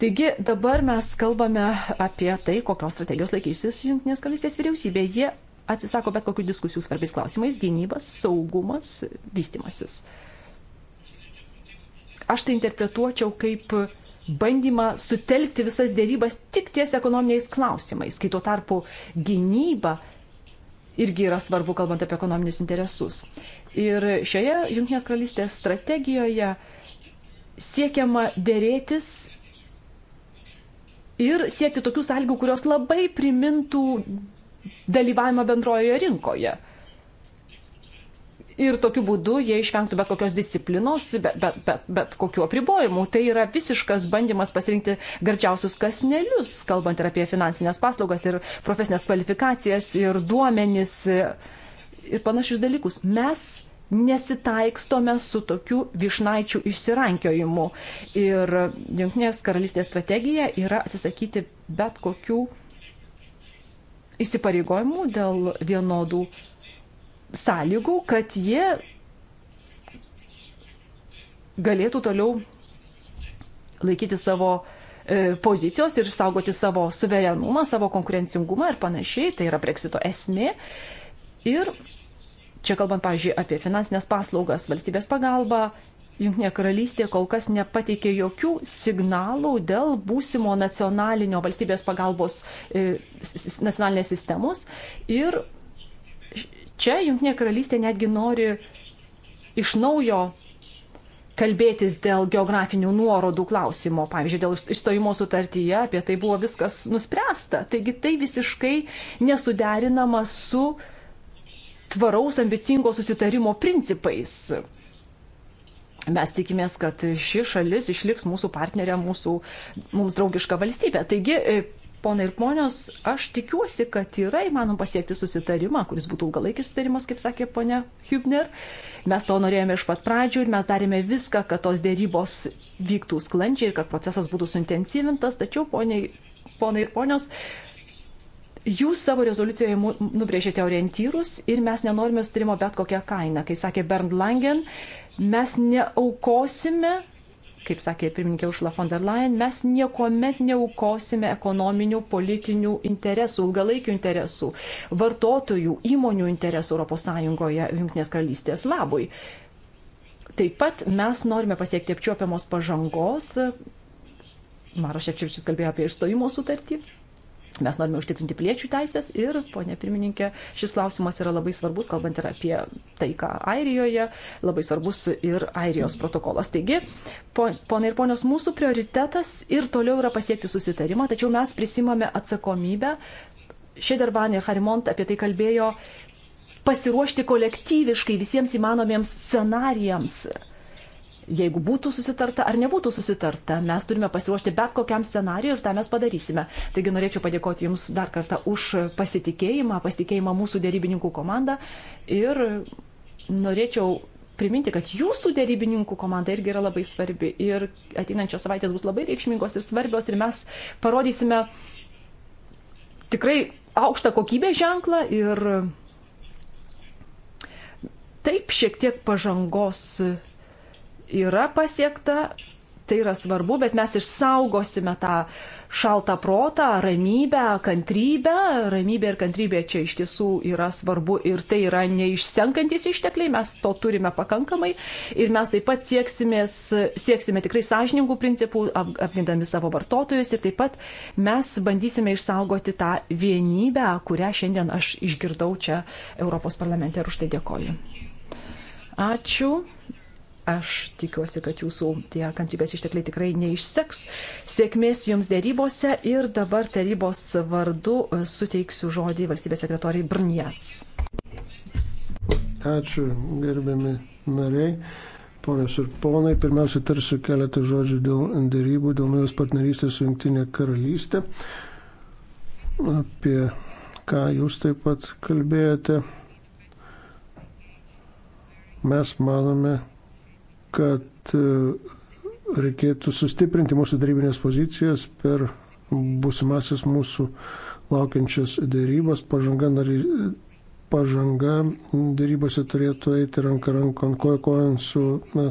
Taigi dabar mes kalbame apie tai, kokios strategijos laikysis Junktinės karalystės vyriausybė. Jie atsisako bet kokių diskusijų svarbiais klausimais - gynybas, saugumas, vystimasis. Aš tai interpretuočiau kaip bandymą sutelkti visas dėrybas tik ties ekonominiais klausimais, kai tuo tarpu gynyba irgi yra svarbu, kalbant apie ekonominius interesus. Ir šioje Junktinės karalystės strategijoje siekiama dėrėtis ir siekti tokių sąlygų, kurios labai primintų dalyvavimą bendrojoje rinkoje. Ir tokiu būdu jie išvengtų bet kokios disciplinos, bet, bet, bet, bet kokiu apribojimu. Tai yra visiškas bandymas pasirinkti gardžiausius kasnelius, kalbant ir apie finansinės paslaugas ir profesinės kvalifikacijas ir duomenis ir panašius dalykus. Mes nesitaikstome su tokiu višnaičių išsirankiojimu. Ir Junktinės karalystės strategija yra atsisakyti bet kokių įsipareigojimų, dėl vienodų sąlygų, kad jie galėtų toliau laikyti savo e, pozicijos ir išsaugoti savo suverenumą, savo konkurencingumą ir panašiai. Tai yra breksito esmė. Ir čia kalbant, pavyzdžiui, apie finansinės paslaugas, valstybės pagalbą, Junktinė karalystė kol kas nepateikė jokių signalų dėl būsimo nacionalinio valstybės pagalbos e, nacionalinės sistemos. Ir čia Junktinė karalystė netgi nori iš naujo kalbėtis dėl geografinių nuorodų klausimo. Pavyzdžiui, dėl išstojimo sutartyje apie tai buvo viskas nuspręsta. Taigi tai visiškai nesuderinama su tvaraus ambicingo susitarimo principais Mes tikimės, kad ši šalis išliks mūsų partnerė, mūsų, mums draugiška valstybė. Taigi, e, ponai ir ponios, aš tikiuosi, kad yra įmanom pasiekti susitarimą, kuris būtų ilgalaikis susitarimas, kaip sakė ponia Hübner. Mes to norėjome iš pat pradžių ir mes darėme viską, kad tos dėrybos vyktų sklandžiai ir kad procesas būtų suintensyvintas. Tačiau, poniai, ponai ir ponios, Jūs savo rezoliucijoje nubrėžėte orientyrus ir mes nenorime sutarimo bet kokią kainą. Kai sakė Bernd Langen, Mes neaukosime, kaip sakė pirmininkė Užla von der Leyen, mes niekuomet neaukosime ekonominių, politinių interesų, ilgalaikių interesų, vartotojų, įmonių interesų ES Junktinės karalystės labui. Taip pat mes norime pasiekti apčiuopiamos pažangos. Maras Šepčevičius kalbėjo apie išstojimo sutartį Mes norime užtikrinti piliečių teisės ir, ponė pirmininkė, šis klausimas yra labai svarbus, kalbant ir apie taiką Airijoje, labai svarbus ir Airijos protokolas. Taigi, ponai ir ponios, mūsų prioritetas ir toliau yra pasiekti susitarimą, tačiau mes prisimame atsakomybę. Šederban ir Harimont apie tai kalbėjo pasiruošti kolektyviškai visiems įmanomiems scenarijams jeigu būtų susitarta ar nebūtų susitarta. Mes turime pasiruošti bet kokiam scenariui ir tą mes padarysime. Taigi norėčiau padėkoti Jums dar kartą už pasitikėjimą, pasitikėjimą mūsų dėrybininkų komandą ir norėčiau priminti, kad jūsų dėrybininkų komanda irgi yra labai svarbi ir ateinančios savaitės bus labai reikšmingos ir svarbios ir mes parodysime tikrai aukštą kokybės ženklą ir taip šiek tiek pažangos yra pasiekta, tai yra svarbu, bet mes išsaugosime tą šaltą protą, ramybę, kantrybę. Ramybė ir kantrybė čia iš tiesų yra svarbu ir tai yra neišsenkantis ištekliai, mes to turime pakankamai ir mes taip pat sieksime tikrai sąžiningų principų, apgindami savo vartotojus ir taip pat mes bandysime išsaugoti tą vienybę, kurią šiandien aš išgirdau čia Europos parlamente ir už tai dėkoju. Ačiū. Aš tikiuosi, kad jūsų tie kantrybės ištekliai tikrai neišseks. Sėkmės jums dėrybose ir dabar tarybos vardu e, suteiksiu žodį valstybės sekretoriai Brnjats. Ačiū, gerbiami nariai. Ponės ir ponai, pirmiausia, tarsiu keletą žodžių dėl dėrybų, dėl naujos partnerystės su Junktinė karalystė, apie ką jūs taip pat kalbėjote. Mes manome, kad e, reikėtų sustiprinti mūsų darybinės pozicijas per būsimasis mūsų laukiančias dėrybas. Pažanga, nary, pažanga dėrybose turėtų eiti ranka rankon, koja kojon su na,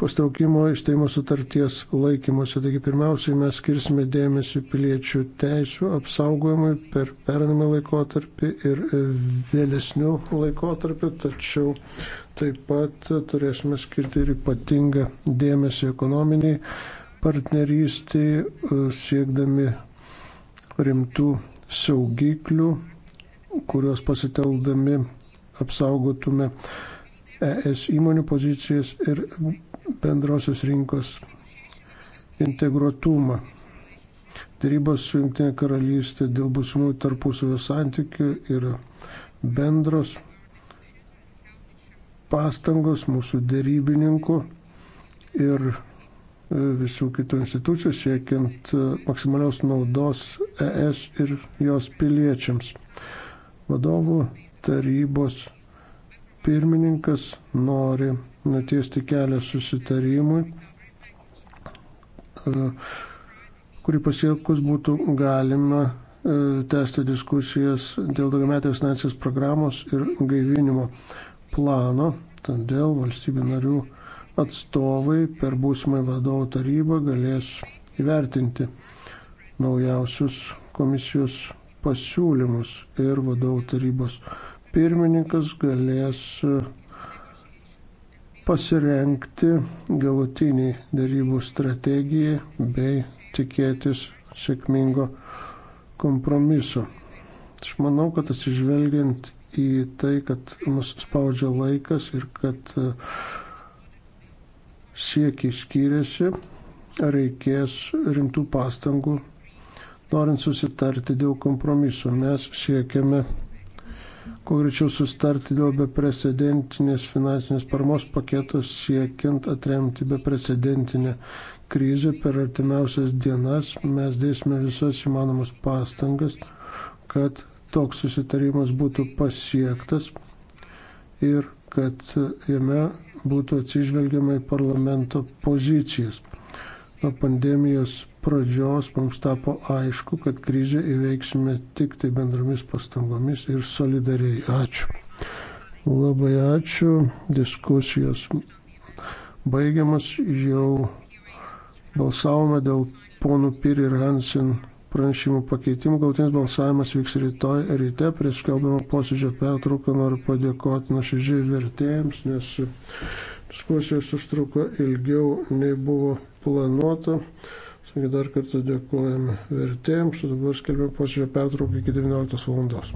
pastraukimo išteimo sutarties laikymuose. Taigi pirmiausiai mes skirsime dėmesį piliečių teisų apsaugojimui per pernamį laikotarpį ir vėlesnių laikotarpį, tačiau Taip pat turėsime skirti ir ypatingą dėmesį ekonominiai partnerystiai, e, siekdami rimtų saugiklių, kuriuos pasiteldami apsaugotume ES įmonių pozicijas ir bendrosios rinkos integruotumą. Darybos su Junktinė karalystė dėl būsimų tarpusavio santykių yra bendros pastangos, mūsų dėrybininkų ir e, visų kitų institucijų siekiant e, maksimalios naudos ES ir jos piliečiams. Vadovų tarybos pirmininkas nori nutiesti kelią susitarimui, e, kurį pasiekus būtų galima tęsti diskusijas dėl daugiametės finansinės programos ir gaivinimo plano, todėl valstybių narių atstovai per būsimą vadovų tarybą galės įvertinti naujausius komisijos pasiūlymus ir vadovų tarybos pirmininkas galės e, pasirenkti galutiniai darybų strategijai bei tikėtis sėkmingo kompromiso. Aš manau, kad atsižvelgiant į tai, kad mus spaudžia laikas ir kad e, siekiai skiriasi, reikės rimtų pastangų, norint susitarti dėl kompromiso. Mes siekiame kuo greičiau sustarti dėl beprecedentinės finansinės paramos paketos, siekiant atremti beprecedentinę krizę per artimiausias dienas. Mes dėsime visas įmanomas pastangas, kad toks susitarimas būtų pasiektas ir kad jame būtų atsižvelgiama į parlamento pozicijas. Nuo pandemijos pradžios mums tapo aišku, kad krizę įveiksime tik tai bendromis pastangomis ir solidariai. Ačiū. Labai ačiū. Diskusijos baigiamas. Jau balsavome dėl ponų Pir ir Hansen pranešimų pakeitimų. Galtinis balsavimas vyks rytoj ryte. Prieš kalbamą posėdžio pertrauką noriu padėkoti nuoširdžiai vertėjams, nes diskusijos užtruko ilgiau nei buvo planuota. Taigi dar kartą dėkojame vertėjams. Dabar skelbiam posėdžio pertrauką iki 19 valandos.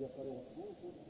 referendumus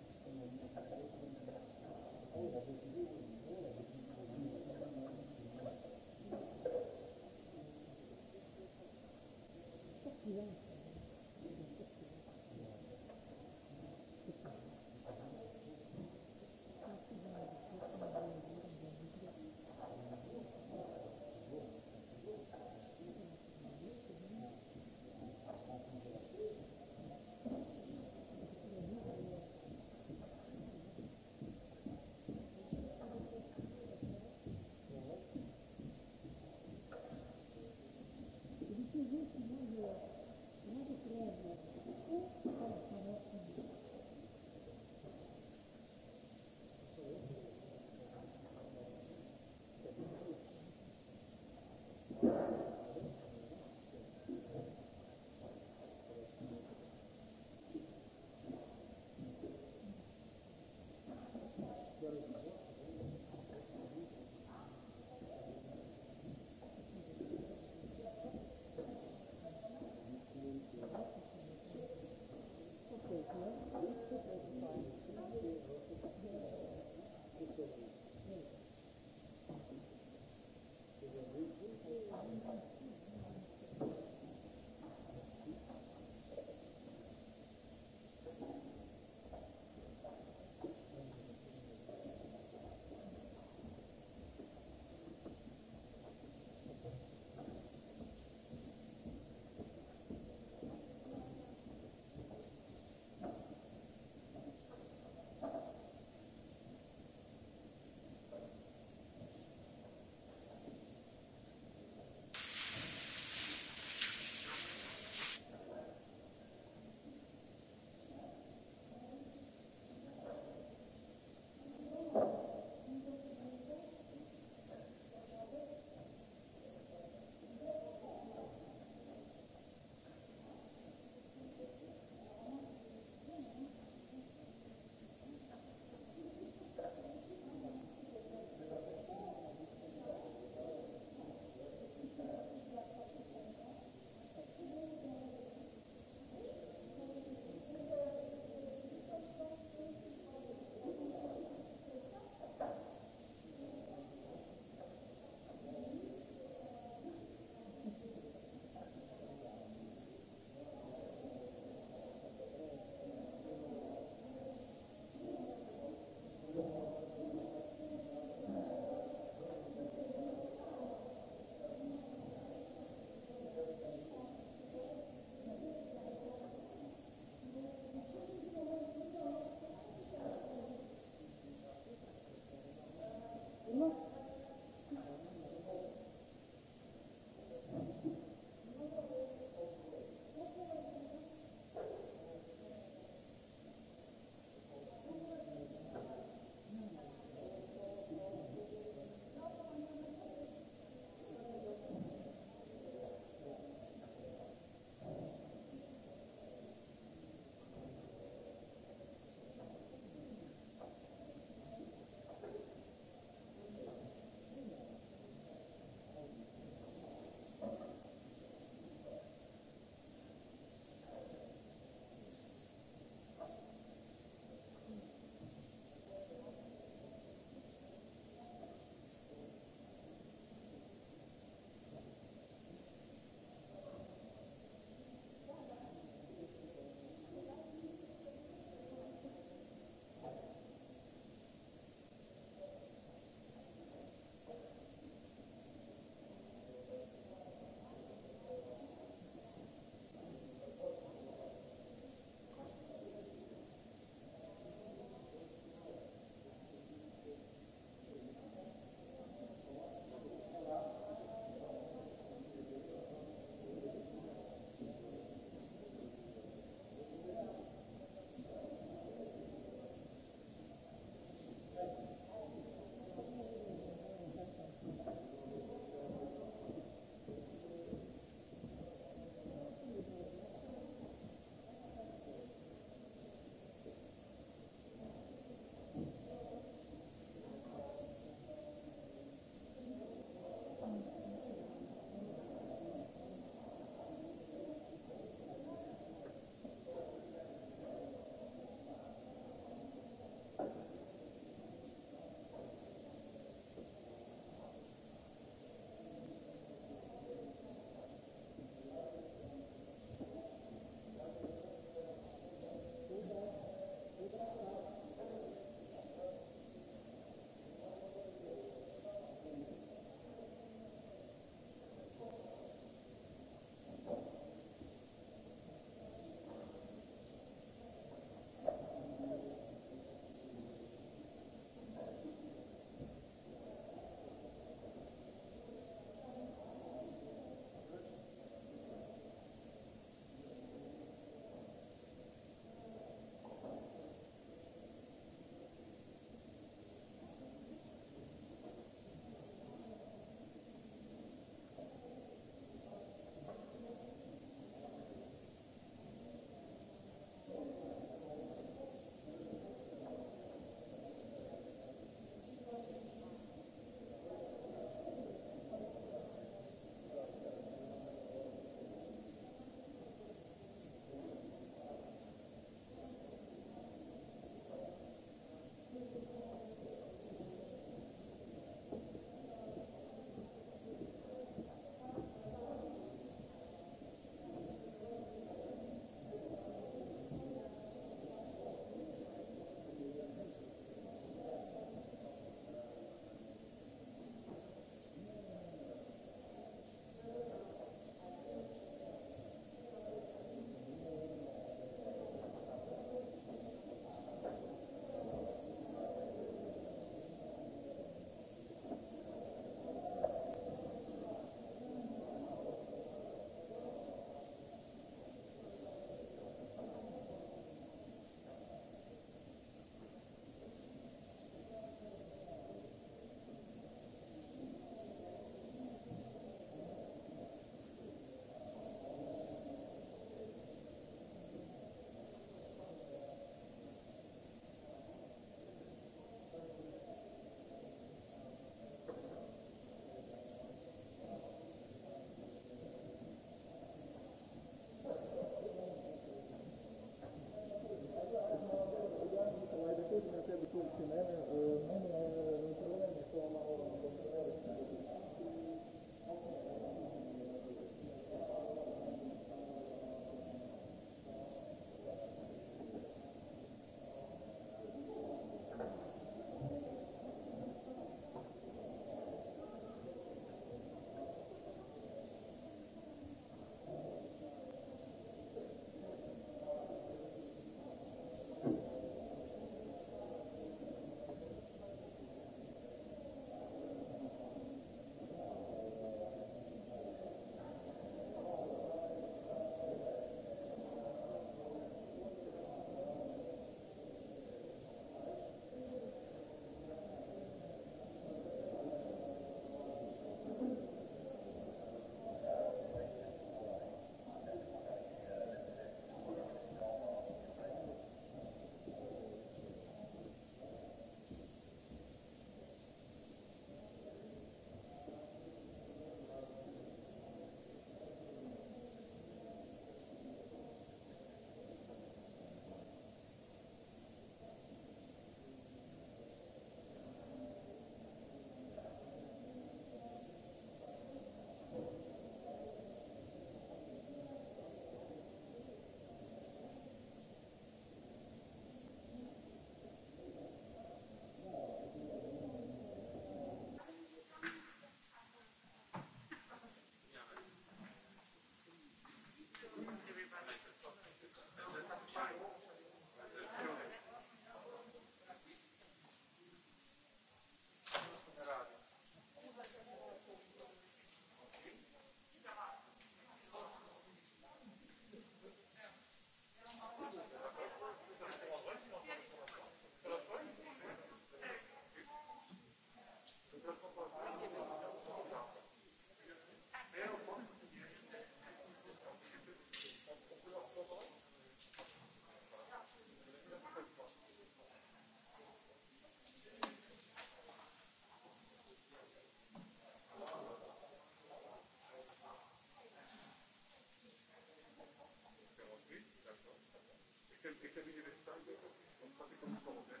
Felice d'estate, non so se conosco Mosè.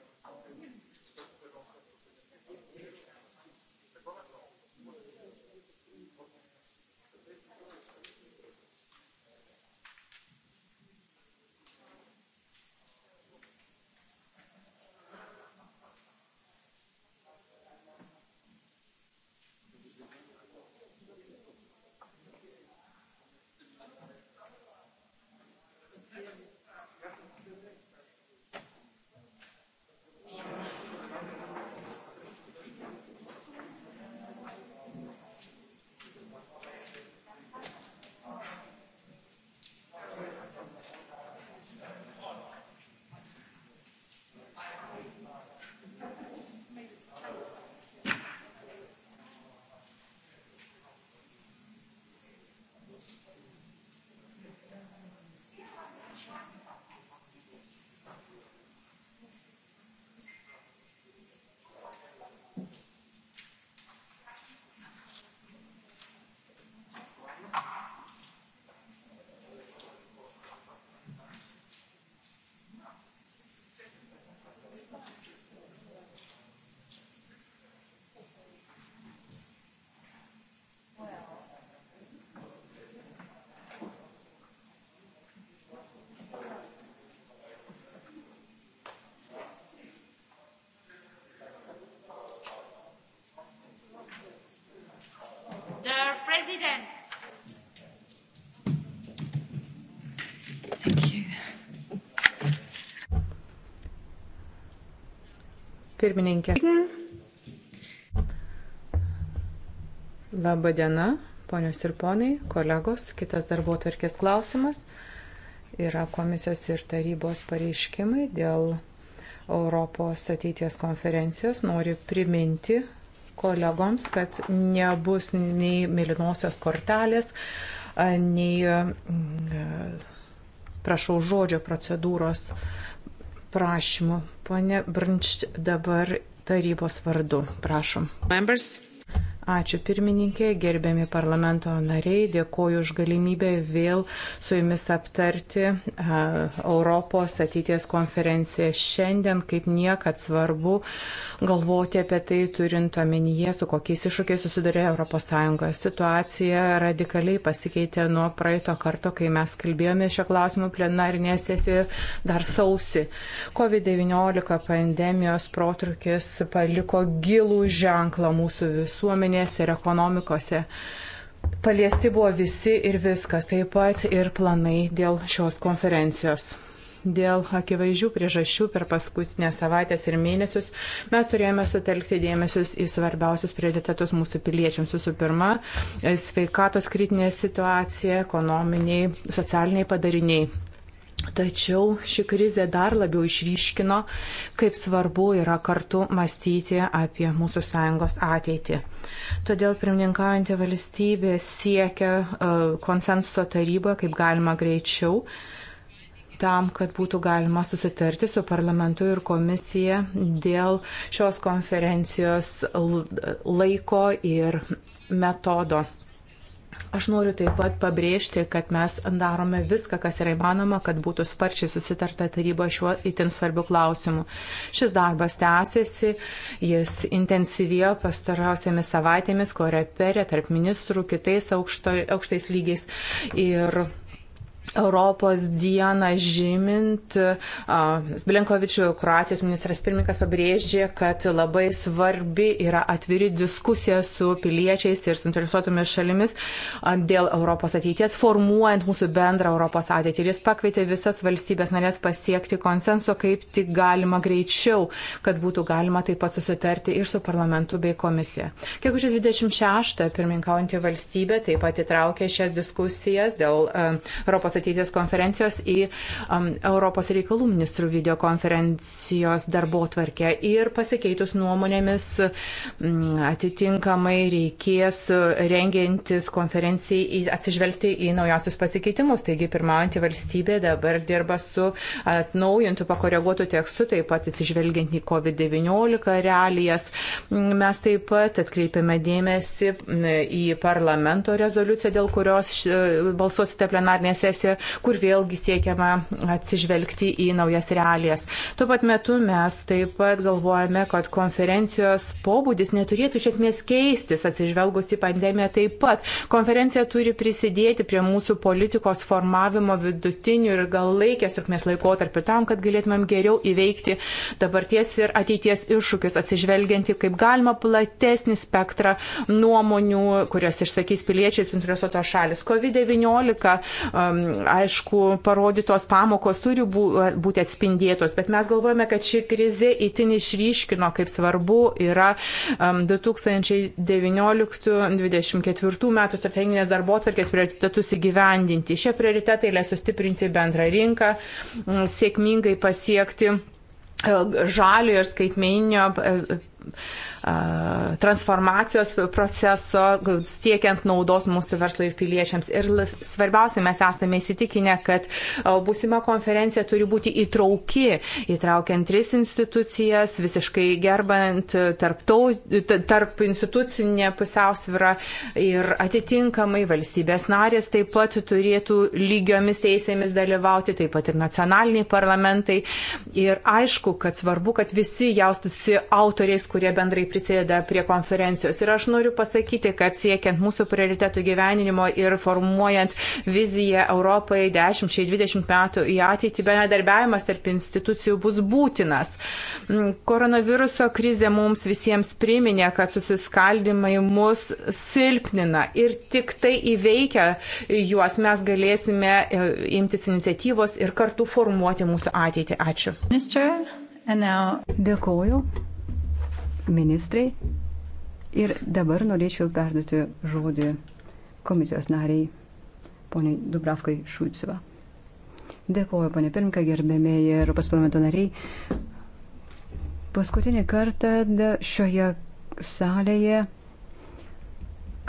Pirmininkė. Labą dieną, ponios ir ponai, kolegos. Kitas darbo tvarkės klausimas yra komisijos ir tarybos pareiškimai dėl Europos ateities konferencijos. Noriu priminti kolegoms, kad nebus nei mėlynosios kortelės, nei mm, prašau žodžio procedūros prašymu. Pone Brnšt dabar tarybos vardu, prašom. Members. Ačiū pirmininkė, gerbiami parlamento nariai, dėkoju už galimybę vėl su jumis aptarti Europos ateities konferenciją šiandien, kaip niekad svarbu galvoti apie tai, turint omenyje, su kokiais iššūkiais susiduria ES. Situacija radikaliai pasikeitė nuo praeito karto, kai mes kalbėjome šio klausimu plenarinėje sesijoje dar sausi. COVID-19 pandemijos protrukis paliko gilų ženklą mūsų visuomenė pramonėse ir ekonomikose. Paliesti buvo visi ir viskas, taip pat ir planai dėl šios konferencijos. Dėl akivaizdžių priežasčių per paskutinę savaitęs ir mėnesius mes turėjome sutelkti dėmesius į svarbiausius prioritetus mūsų piliečiams. Visų pirma, sveikatos kritinė situacija, ekonominiai, socialiniai padariniai. Tačiau ši krizė dar labiau išryškino, kaip svarbu yra kartu mąstyti apie mūsų sąjungos ateitį. Todėl pirmininkaujantį valstybę siekia e, konsensuso taryboje kaip galima greičiau tam, kad būtų galima susitarti su parlamentu ir komisija dėl šios konferencijos laiko ir metodo. Aš noriu taip pat pabrėžti, kad mes darome viską, kas yra įmanoma, kad būtų sparčiai susitarta taryba šiuo itin svarbiu klausimu. Šis darbas tęsiasi, jis intensyvėjo pastarausiamis savaitėmis, korepere, tarp ministrų, kitais aukšto, aukštais lygiais. Ir Europos dieną žymint, Blinkovičių Kroatijos ministras pirmininkas pabrėžė, kad labai svarbi yra atviri diskusija su piliečiais ir suinteresuotomis šalimis dėl Europos ateities, formuojant mūsų bendrą Europos ateitį. Ir jis pakvietė visas valstybės narės pasiekti konsenso, kaip tik galima greičiau, kad būtų galima taip pat susitarti ir su parlamentu bei komisija. Kiekužės 26 pirmininkaujantį valstybę taip pat įtraukė šias diskusijas dėl Europos ateities ateities konferencijos į um, Europos reikalų ministrų videokonferencijos darbo tvarkę. Ir pasikeitus nuomonėmis um, atitinkamai reikės rengiantis konferencijai atsižvelgti į naujausius pasikeitimus. Taigi pirmaujantį valstybę dabar dirba su atnaujintų, pakoreguotų tekstu, taip pat atsižvelgiant į COVID-19 realijas. Mm, mes taip pat atkreipiame dėmesį mm, į parlamento rezoliuciją, dėl kurios balsuosite plenarnėje sesijoje kur vėlgi siekiama atsižvelgti į naujas realijas. Tuo pat metu mes taip pat galvojame, kad konferencijos pobūdis neturėtų iš esmės keistis atsižvelgus į pandemiją taip pat. Konferencija turi prisidėti prie mūsų politikos formavimo vidutinių ir gal laikės trukmės laikotarpių tam, kad galėtumėm geriau įveikti dabarties ir ateities iššūkius, atsižvelgiant į kaip galima platesnį spektrą nuomonių, kurias išsakys piliečiai suinteresuotos šalis. COVID-19 um, aišku, parodytos pamokos turi būti atspindėtos, bet mes galvojame, kad ši krizė itin išryškino, kaip svarbu yra 2019-2024 um, metų strateginės darbo atvarkės prioritetus įgyvendinti. Šie prioritetai leis sustiprinti bendrą rinką, mm, sėkmingai pasiekti e, žalio ir skaitmeninio e, transformacijos proceso, siekiant naudos mūsų verslai ir piliečiams. Ir svarbiausia, mes esame įsitikinę, kad būsima konferencija turi būti įtrauki, įtraukiant tris institucijas, visiškai gerbant tarptau, tarp institucinę pusiausvyrą ir atitinkamai valstybės narės taip pat turėtų lygiomis teisėmis dalyvauti, taip pat ir nacionaliniai parlamentai. Ir aišku, kad svarbu, kad visi jaustųsi autoriais, kurie bendrai prisideda prisideda prie konferencijos. Ir aš noriu pasakyti, kad siekiant mūsų prioritetų gyveninimo ir formuojant viziją Europai 10-20 metų į ateitį, bendradarbiavimas tarp institucijų bus būtinas. Mm, koronaviruso krizė mums visiems priminė, kad susiskaldimai mus silpnina ir tik tai įveikę juos mes galėsime e, imtis iniciatyvos ir kartu formuoti mūsų ateitį. Ačiū. Minister, now... Dėkuoju ministrai. Ir dabar norėčiau perduoti žodį komisijos nariai, poniai Dubravkai Šūtsva. Dėkuoju, ponė Pirmka, gerbėmėjai Europos parlamento nariai. Paskutinį kartą šioje salėje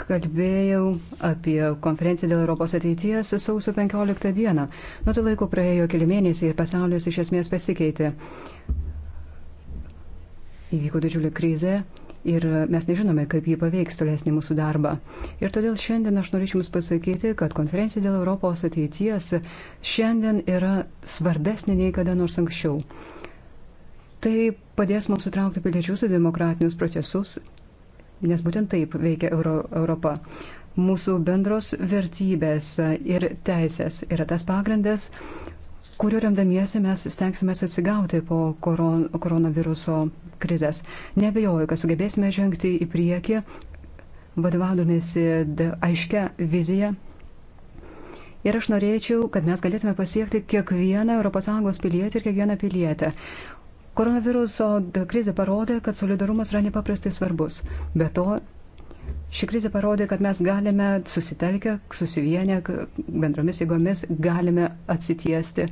kalbėjau apie konferenciją dėl Europos ateities sausio 15 dieną. Nuo to laiko praėjo keli mėnesiai ir pasaulis iš esmės pasikeitė. Įvyko didžiulė krizė ir mes nežinome, kaip jį paveiks tolesnį mūsų darbą. Ir todėl šiandien aš norėčiau Jums pasakyti, kad konferencija dėl Europos ateities šiandien yra svarbesnė nei kada nors anksčiau. Tai padės mums atraukti piliečius į demokratinius procesus, nes būtent taip veikia Euro Europa. Mūsų bendros vertybės ir teisės yra tas pagrindas, kuriuo remdamiesi mes stengsime atsigauti po koron, koronaviruso krizės. Nebejoju, kad sugebėsime žengti į priekį, vadovaudomėsi aiškia vizija. Ir aš norėčiau, kad mes galėtume pasiekti kiekvieną ES pilietį ir kiekvieną pilietę. Koronaviruso krizė parodė, kad solidarumas yra nepaprastai svarbus. Be to, Ši krizė parodė, kad mes galime susitelkę, susivienę bendromis jėgomis, galime atsitiesti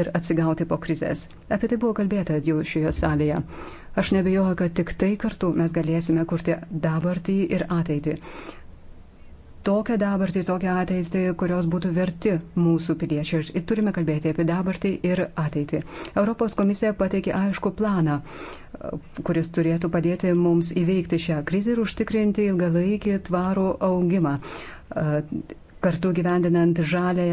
ir atsigauti po krizės. Apie tai buvo kalbėta jau šioje salėje. Aš nebejoju, kad tik tai kartu mes galėsime kurti dabartį ir ateitį. Tokią dabartį, tokią ateitį, kurios būtų verti mūsų piliečiai. Ir turime kalbėti apie dabartį ir ateitį. Europos komisija pateikė aišku planą kuris turėtų padėti mums įveikti šią krizę ir užtikrinti ilgalaikį tvarų augimą, kartu gyvendinant žalę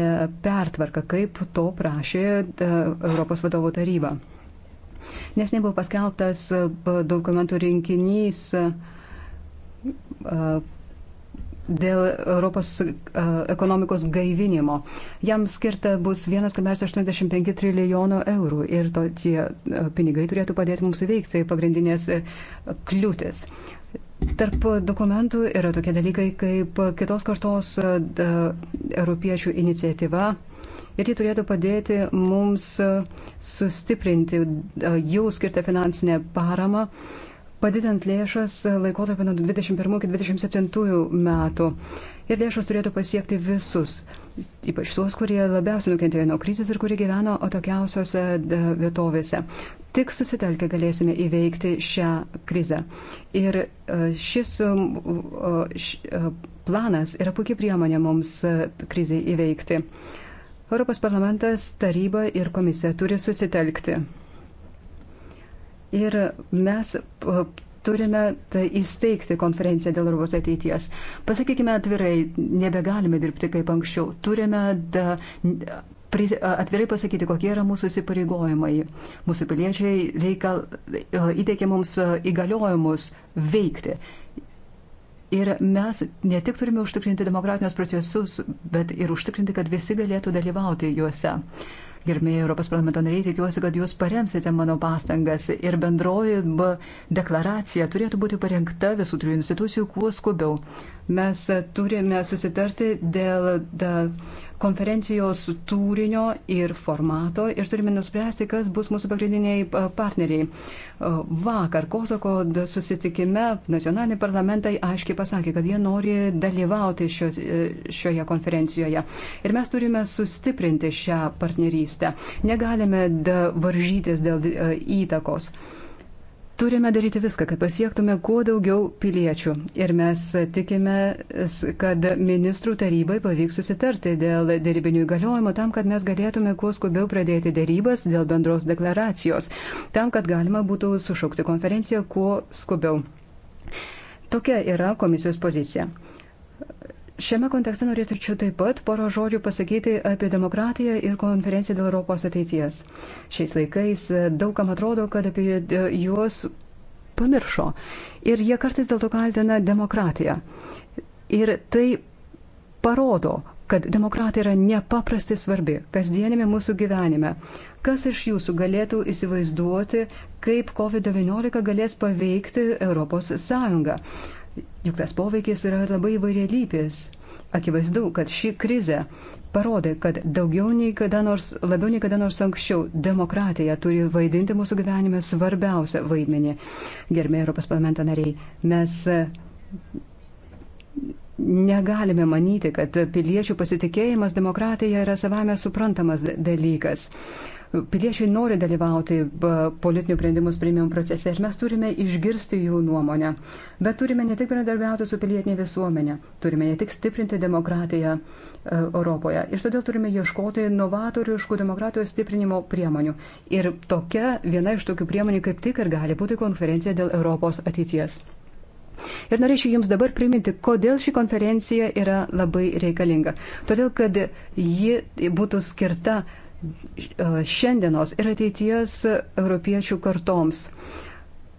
pertvarką, kaip to prašė Europos vadovų taryba. Nes nebuvo paskelbtas dokumentų rinkinys dėl Europos ekonomikos gaivinimo. Jam skirta bus 1,85 trilijono eurų ir to, tie pinigai turėtų padėti mums įveikti pagrindinės kliūtis. Tarp dokumentų yra tokie dalykai kaip kitos kartos europiečių iniciatyva. Ir ji turėtų padėti mums sustiprinti jau skirtą finansinę paramą uh, padidint lėšas laikotarpį nuo 21 iki 27 metų. Ir lėšos turėtų pasiekti visus, ypač tuos, kurie labiausiai nukentėjo nuo krizės ir kurie gyveno atokiausiose e, vietovėse. Tik susitelkę galėsime įveikti šią krizę. Ir e, šis e, planas yra puikia priemonė mums krizai įveikti. Europos parlamentas, taryba ir komisija turi susitelkti. Ir mes turime tai įsteigti konferenciją dėl Europos ateities. Pasakykime atvirai, nebegalime dirbti kaip anksčiau. Turime da, atvirai pasakyti, kokie yra mūsų įsipareigojimai. Mūsų piliečiai reikal, įteikia mums įgaliojimus veikti. Ir mes ne tik turime užtikrinti demokratinius procesus, bet ir užtikrinti, kad visi galėtų dalyvauti juose. Gerbėjai Europos parlamento nariai, tikiuosi, kad jūs paremsite mano pastangas ir bendroji deklaracija turėtų būti parengta visų trijų institucijų kuo skubiau. Mes turime susitarti dėl. dėl konferencijos turinio ir formato ir turime nuspręsti, kas bus mūsų pagrindiniai e, partneriai. E, vakar Kozako susitikime nacionaliniai parlamentai aiškiai pasakė, kad jie nori dalyvauti šios, e, šioje konferencijoje. Ir mes turime sustiprinti šią partnerystę. Negalime varžytis dėl įtakos. Turime daryti viską, kad pasiektume kuo daugiau piliečių. Ir mes tikime, kad ministrų tarybai pavyks susitarti dėl dėrybinių įgaliojimų tam, kad mes galėtume kuo skubiau pradėti dėrybas dėl bendros deklaracijos. Tam, kad galima būtų sušaukti konferenciją kuo skubiau. Tokia yra komisijos pozicija. Šiame kontekste norėčiau taip pat poro žodžių pasakyti apie demokratiją ir konferenciją dėl Europos ateities. Šiais laikais daugam atrodo, kad apie juos pamiršo. Ir jie kartais dėl to kaltina demokratiją. Ir tai parodo, kad demokratija yra nepaprastai svarbi kasdienėme mūsų gyvenime. Kas iš jūsų galėtų įsivaizduoti, kaip COVID-19 galės paveikti ES? juk tas poveikis yra labai įvairialypis. Akivaizdu, kad ši krizė parodė, kad daugiau nei kada nors, labiau nei kada nors anksčiau demokratija turi vaidinti mūsų gyvenime svarbiausią vaidmenį. Gerbėjai Europos parlamento nariai, mes e, negalime manyti, kad piliečių pasitikėjimas demokratija yra savame suprantamas dalykas. Piliečiai nori dalyvauti politinių sprendimų sprendimų procese ir mes turime išgirsti jų nuomonę. Bet turime ne tik bendradarbiauti su pilietinė visuomenė, turime ne tik stiprinti demokratiją e, Europoje. Ir todėl turime ieškoti novatoriškų demokratijos stiprinimo priemonių. Ir tokia viena iš tokių priemonių kaip tik ir gali būti konferencija dėl Europos ateities. Ir norėčiau Jums dabar priminti, kodėl ši konferencija yra labai reikalinga. Todėl, kad ji būtų skirta uh, šiandienos ir ateities europiečių kartoms.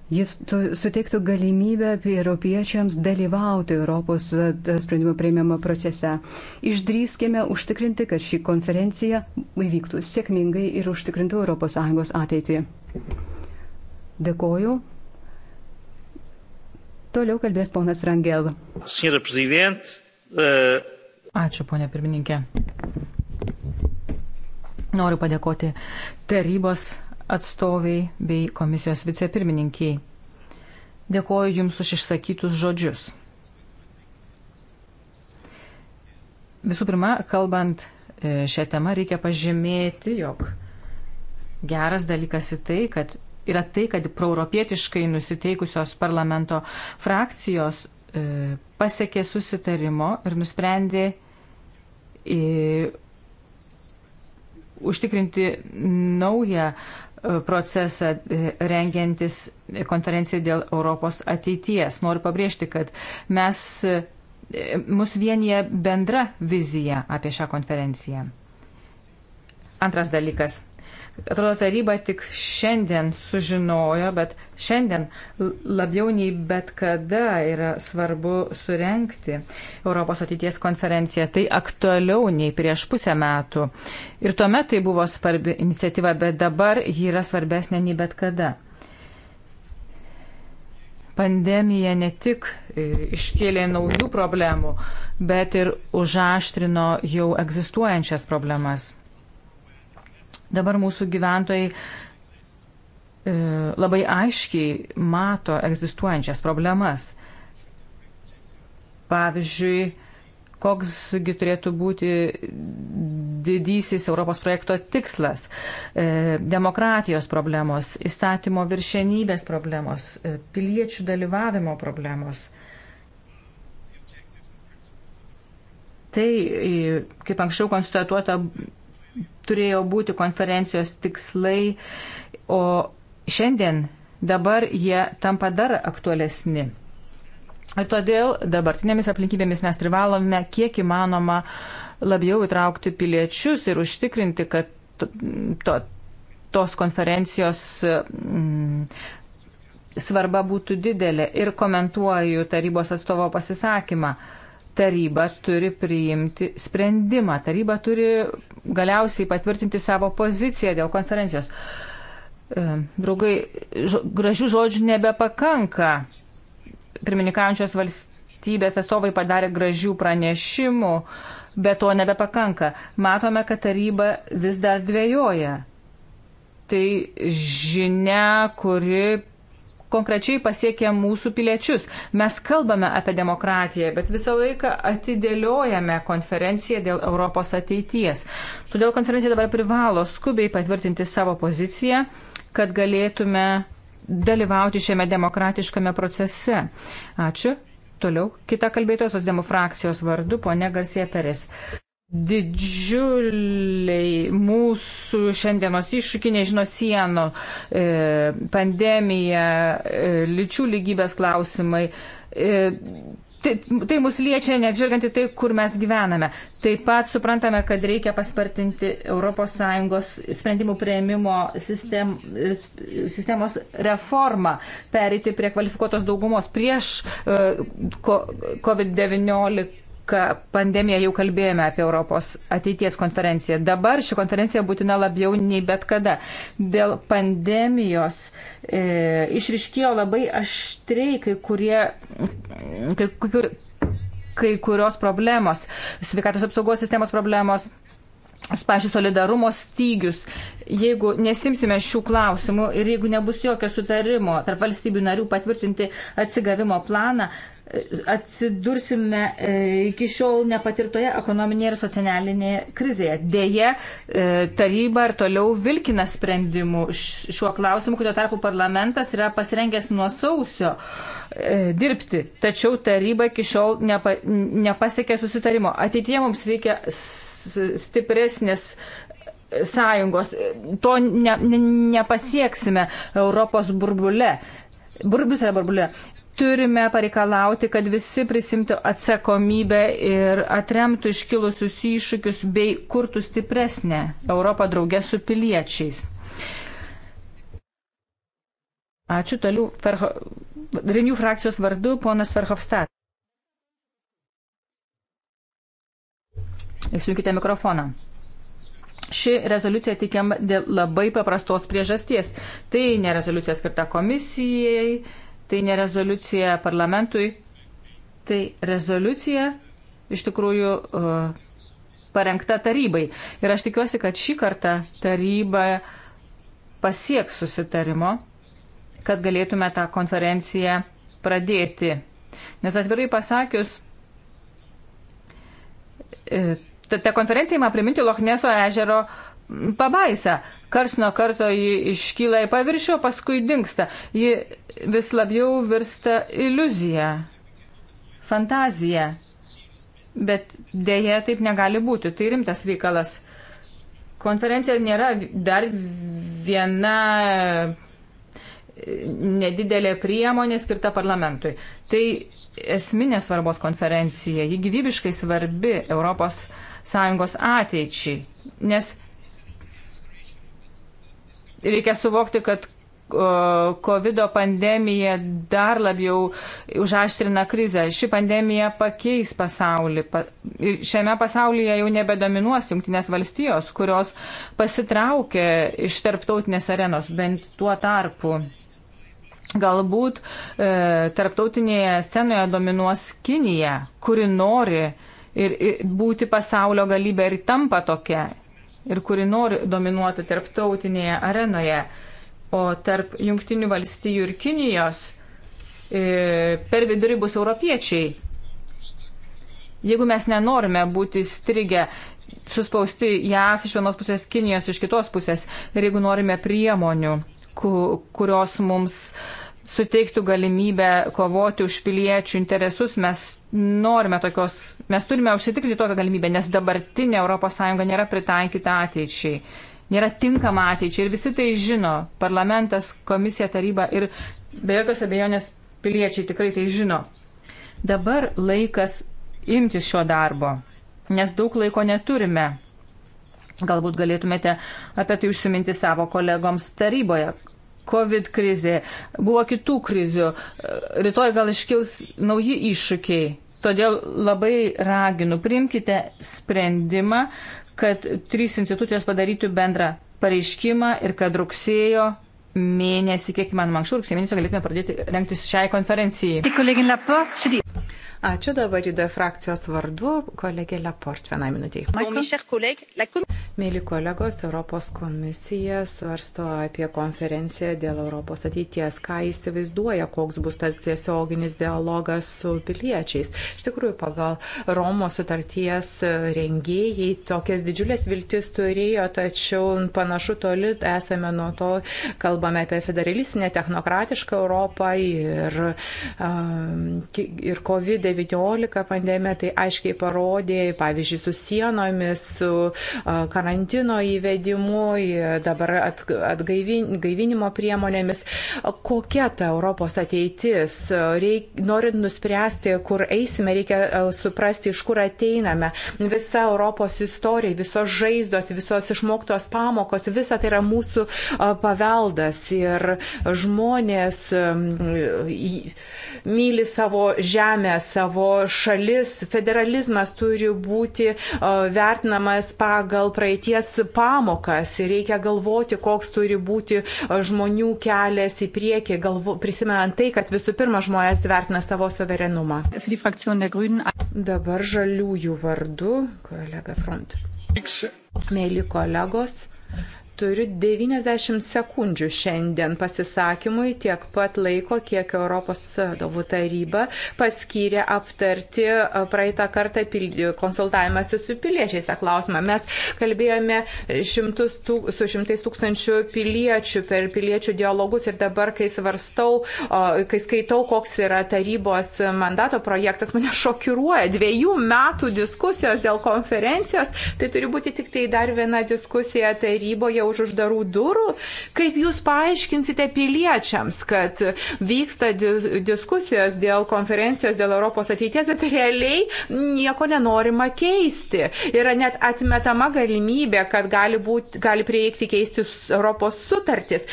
Jis suteiktų galimybę europiečiams dalyvauti Europos sprendimų prieimimo procese. Išdrįskime užtikrinti, kad ši konferencija įvyktų sėkmingai ir užtikrintų ES ateitį. Dėkoju. Toliau kalbės ponas Rangel. Eh, Ačiū, ponė pirmininkė. Noriu padėkoti tarybos atstoviai bei komisijos vicepirmininkiai. Dėkoju Jums už išsakytus žodžius. Visų pirma, kalbant e, šią temą, reikia pažymėti, jog geras dalykas į tai, kad yra tai, kad proeuropietiškai nusiteikusios parlamento frakcijos e, pasiekė susitarimo ir nusprendė e, užtikrinti naują e, procesą e, rengiantis konferencijai dėl Europos ateities. Noriu pabrėžti, kad mes, e, mus vienyje bendra vizija apie šią konferenciją. Antras dalykas. Atrodo, taryba tik šiandien sužinojo, bet Šiandien labiau nei bet kada yra svarbu surenkti Europos ateities konferenciją. Tai aktualiau nei prieš pusę metų. Ir tuomet tai buvo svarbi iniciatyva, bet dabar ji yra svarbesnė nei bet kada. Pandemija ne tik iškėlė naujų problemų, bet ir užaštrino jau egzistuojančias problemas. Dabar mūsų gyventojai E, labai aiškiai mato egzistuojančias problemas. Pavyzdžiui, koksgi turėtų būti didysis Europos projekto tikslas e, - demokratijos problemos, įstatymo viršenybės problemos, e, piliečių dalyvavimo problemos. Tai, kaip anksčiau konstatuota, turėjo būti konferencijos tikslai, o Šiandien dabar jie tampa dar aktualesni. Ir todėl dabartinėmis aplinkybėmis mes privalome kiek įmanoma labiau įtraukti piliečius ir užtikrinti, kad to, tos konferencijos mm, svarba būtų didelė. Ir komentuoju tarybos atstovo pasisakymą. Taryba turi priimti sprendimą. Taryba turi galiausiai patvirtinti savo poziciją dėl konferencijos. Uh, E, draugai, žo, gražių žodžių nebepakanka. Pirmininkaujančios valstybės atstovai padarė gražių pranešimų, bet to nebepakanka. Matome, kad taryba vis dar dvėjoja. Tai žinia, kuri konkrečiai pasiekia mūsų piliečius. Mes kalbame apie demokratiją, bet visą laiką atidėliojame konferenciją dėl Europos ateities. Todėl konferencija dabar privalo skubiai patvirtinti savo poziciją kad galėtume dalyvauti šiame demokratiškame procese. Ačiū. Toliau kita kalbėtoja Sosdemų frakcijos vardu, ponė Garsie Peres. Didžiuliai mūsų šiandienos iššūkiai nežino sienų, e, pandemija, e, lyčių lygybės klausimai. E, Tai, tai mus liečia, nežiūrint į tai, kur mes gyvename. Taip pat suprantame, kad reikia paspartinti ES sprendimų prieimimo sistem, sistemos reformą, perėti prie kvalifikuotos daugumos prieš e, COVID-19 pandemiją jau kalbėjome apie Europos ateities konferenciją. Dabar ši konferencija būtina labiau nei bet kada. Dėl pandemijos e, išriškėjo labai aštriai kai kurie. Kai, kai, kai kurios problemos, sveikatos apsaugos sistemos problemos, pažiūrėjau, solidarumo stygius. Jeigu nesimsime šių klausimų ir jeigu nebus jokio sutarimo tarp valstybių narių patvirtinti atsigavimo planą, atsidursime e, iki šiol nepatirtoje ekonominėje ir socialinėje krizėje. Deja, e, taryba ir toliau vilkina sprendimų šiuo klausimu, kurio tarpu parlamentas yra pasirengęs nuo sausio e, dirbti, tačiau taryba iki šiol nepa, nepasiekė susitarimo. Ateitie mums reikia stipresnės sąjungos. To ne, ne, nepasieksime Europos burbule. Burbus yra burbulė turime pareikalauti, kad visi prisimtų atsakomybę ir atremtų iškilusius iššūkius bei kurtų stipresnę Europą draugę su piliečiais. Ačiū toliau. Ferho... Renių frakcijos vardu ponas Verhofstadt. Įsijunkite mikrofoną. Ši rezoliucija teikiama dėl labai paprastos priežasties. Tai ne rezoliucija skirta komisijai, Tai ne rezoliucija parlamentui, tai rezoliucija iš tikrųjų uh, parengta tarybai. Ir aš tikiuosi, kad šį kartą taryba pasieks susitarimo, kad galėtume tą konferenciją pradėti. Nes atvirai pasakius, uh, ta, ta konferencija man priminti Lochneso ežero uh, pabaisa. Kars nuo karto ji iškyla į paviršių, paskui dinksta. Ji vis labiau virsta iliuzija, fantazija. Bet dėje taip negali būti. Tai rimtas reikalas. Konferencija nėra dar viena e, nedidelė priemonė skirta parlamentui. Tai esminė svarbos konferencija, ji gyvybiškai svarbi ES ateičiai, nes reikia suvokti, kad COVID pandemija dar labiau užaštrina krizę. Ši pandemija pakeis pasaulį. Ir šiame pasaulyje jau nebedominuos jungtinės valstijos, kurios pasitraukė iš tarptautinės arenos, bent tuo tarpu. Galbūt e, tarptautinėje scenoje dominuos Kinija, kuri nori ir, ir būti pasaulio galybė ir tampa tokia ir kuri nori dominuoti tarptautinėje arenoje. O tarp Junktinių valstijų ir Kinijos e, per vidurį bus europiečiai. Jeigu mes nenorime būti strigę, suspausti JAF iš vienos pusės, Kinijos iš kitos pusės ir jeigu norime priemonių, kurios mums uh, suteiktų galimybę kovoti už piliečių interesus, mes norime tokios, mes turime užsitikrinti tokią galimybę, nes dabartinė ES nėra pritaikyta ateičiai, nėra tinkama ateičiai ir visi tai žino, parlamentas, komisija, taryba ir be jokios abejonės piliečiai tikrai tai žino. Dabar laikas imtis šio darbo, nes daug laiko neturime. Galbūt galėtumėte apie tai užsiminti savo kolegoms taryboje, COVID krizė, buvo kitų krizių, rytoj gal iškils nauji iššūkiai. Todėl labai raginu, priimkite sprendimą, kad trys institucijos padarytų bendrą pareiškimą ir kad rugsėjo mėnesį, kiek įmanoma anksčiau, rugsėjo mėnesį galėtume pradėti rengtis šiai konferencijai. Ačiū dabar į D frakcijos vardu kolegė Leport vienai minutiai. Mėly kolegos, Europos komisija svarsto apie konferenciją dėl Europos ateities, ką įsivaizduoja, koks bus tas tiesioginis dialogas su piliečiais. Iš tikrųjų, pagal Romos sutarties rengėjai tokias didžiulės viltis turėjo, tačiau panašu toli esame nuo to, kalbame apie federalistinę technokratišką Europą ir, ir COVID COVID-19 pandemija tai aiškiai parodė, pavyzdžiui, su sienomis, su karantino įvedimu, dabar atgaivinimo priemonėmis. Kokia ta Europos ateitis? Reik, norint nuspręsti, kur eisime, reikia suprasti, iš kur ateiname. Visa Europos istorija, visos žaizdos, visos išmoktos pamokos, visa tai yra mūsų paveldas. Ir žmonės myli savo žemę, savo šalis. Federalizmas turi būti vertinamas pagal praeities pamokas ir reikia galvoti, koks turi būti žmonių kelias į priekį, galvo, prisimenant tai, kad visų pirma žmonės vertina savo suverenumą. Dabar žaliųjų vardu kolega Front. Mėly kolegos, Turiu 90 sekundžių šiandien pasisakymui tiek pat laiko, kiek Europos vadovų taryba paskyrė aptarti praeitą kartą konsultavimąsi su piliečiais. Klausimą. Mes kalbėjome šimtus tūk, su šimtais tūkstančių piliečių per piliečių dialogus ir dabar, kai svarstau, kai skaitau, koks yra tarybos mandato projektas, mane šokiruoja dviejų metų diskusijos dėl konferencijos. Tai turi būti tik tai dar viena diskusija taryboje už uždarų durų, kaip jūs paaiškinsite piliečiams, kad vyksta dis diskusijos dėl konferencijos, dėl Europos ateities, bet realiai nieko nenorima keisti. Yra net atmetama galimybė, kad gali, būt, gali prieikti keisti Europos sutartis.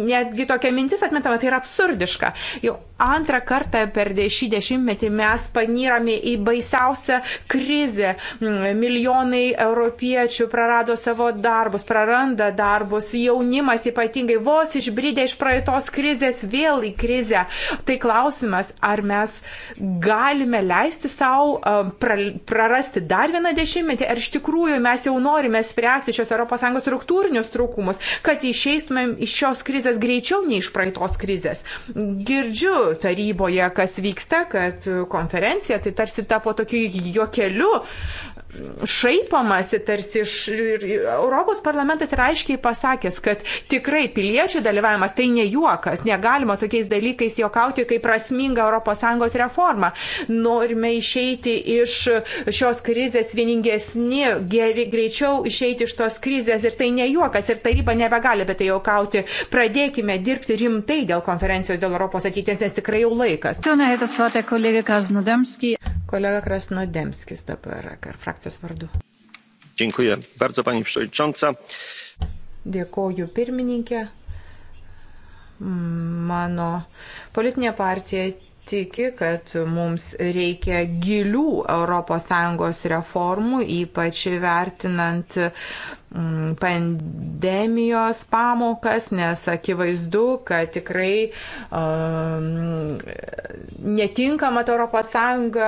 Netgi tokia mintis atmetama, tai yra absurdiška. Jau antrą kartą per šį dešimtmetį mes panyrame į baisiausią krizę. Mm, milijonai europiečių prarado savo darbus, praranda pradeda darbus, jaunimas ypatingai vos išbridė iš praeitos krizės vėl į krizę. Tai klausimas, ar mes galime leisti savo pra, prarasti dar vieną dešimtmetį, ar iš tikrųjų mes jau norime spręsti šios ES struktūrinius trūkumus, kad išeistumėm iš šios krizės greičiau nei iš praeitos krizės. Girdžiu taryboje, kas vyksta, kad konferencija tai tarsi tapo tokiu juokeliu, šaipamasi tarsi iš Europos parlamentas yra aiškiai pasakęs, kad tikrai piliečių dalyvavimas tai ne juokas, negalima tokiais dalykais juokauti kaip prasminga ES reforma. Norime išeiti iš šios krizės vieningesni, geri, greičiau išeiti iš tos krizės ir tai ne juokas ir taryba nebegali apie tai juokauti. Pradėkime dirbti rimtai dėl konferencijos dėl Europos ateities, nes tikrai jau laikas. Kolega Krasnodemskis dabar, frakcijos vardu. Dziękuję bardzo Pani Przewodnicząca. Dėkoju pirmininkė. Mano politinė partija tiki, kad mums reikia gilių ES reformų, ypač vertinant mm, pandemijos pamokas, nes akivaizdu, kad tikrai um, netinkama ES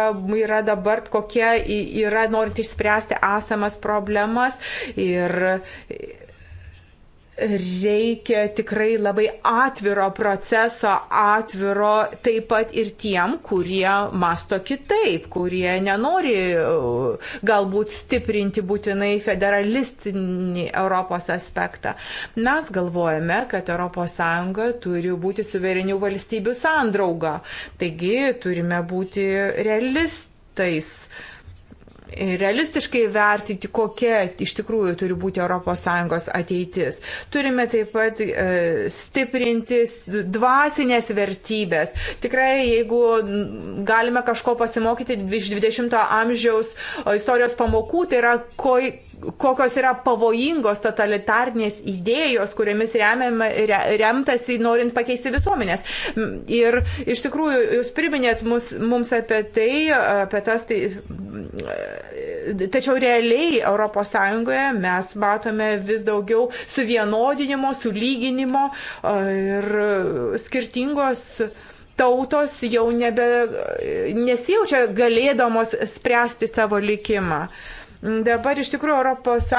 yra dabar, kokia yra norint išspręsti esamas problemas. Ir, reikia tikrai labai atviro proceso, atviro taip pat ir tiem, kurie masto kitaip, kurie nenori uh, galbūt stiprinti būtinai federalistinį Europos aspektą. Mes galvojame, kad ES turi būti suverenių valstybių sandrauga. Taigi turime būti realistais realistiškai vertinti, kokia iš tikrųjų turi būti ES ateitis. Turime taip pat e, stiprinti dvasinės vertybės. Tikrai, jeigu galime kažko pasimokyti iš 20-ojo amžiaus istorijos pamokų, tai yra, koi kokios yra pavojingos totalitarnės idėjos, kuriamis remiama, re, remtasi, norint pakeisti visuomenės. Ir iš tikrųjų, jūs priminėt mus, mums apie tai, apie tas, tai, tačiau realiai ES mes matome vis daugiau suvienodinimo, sulyginimo ir skirtingos tautos jau nebe, nesijaučia galėdamos spręsti savo likimą. Uh, Dabar iš tikrųjų ES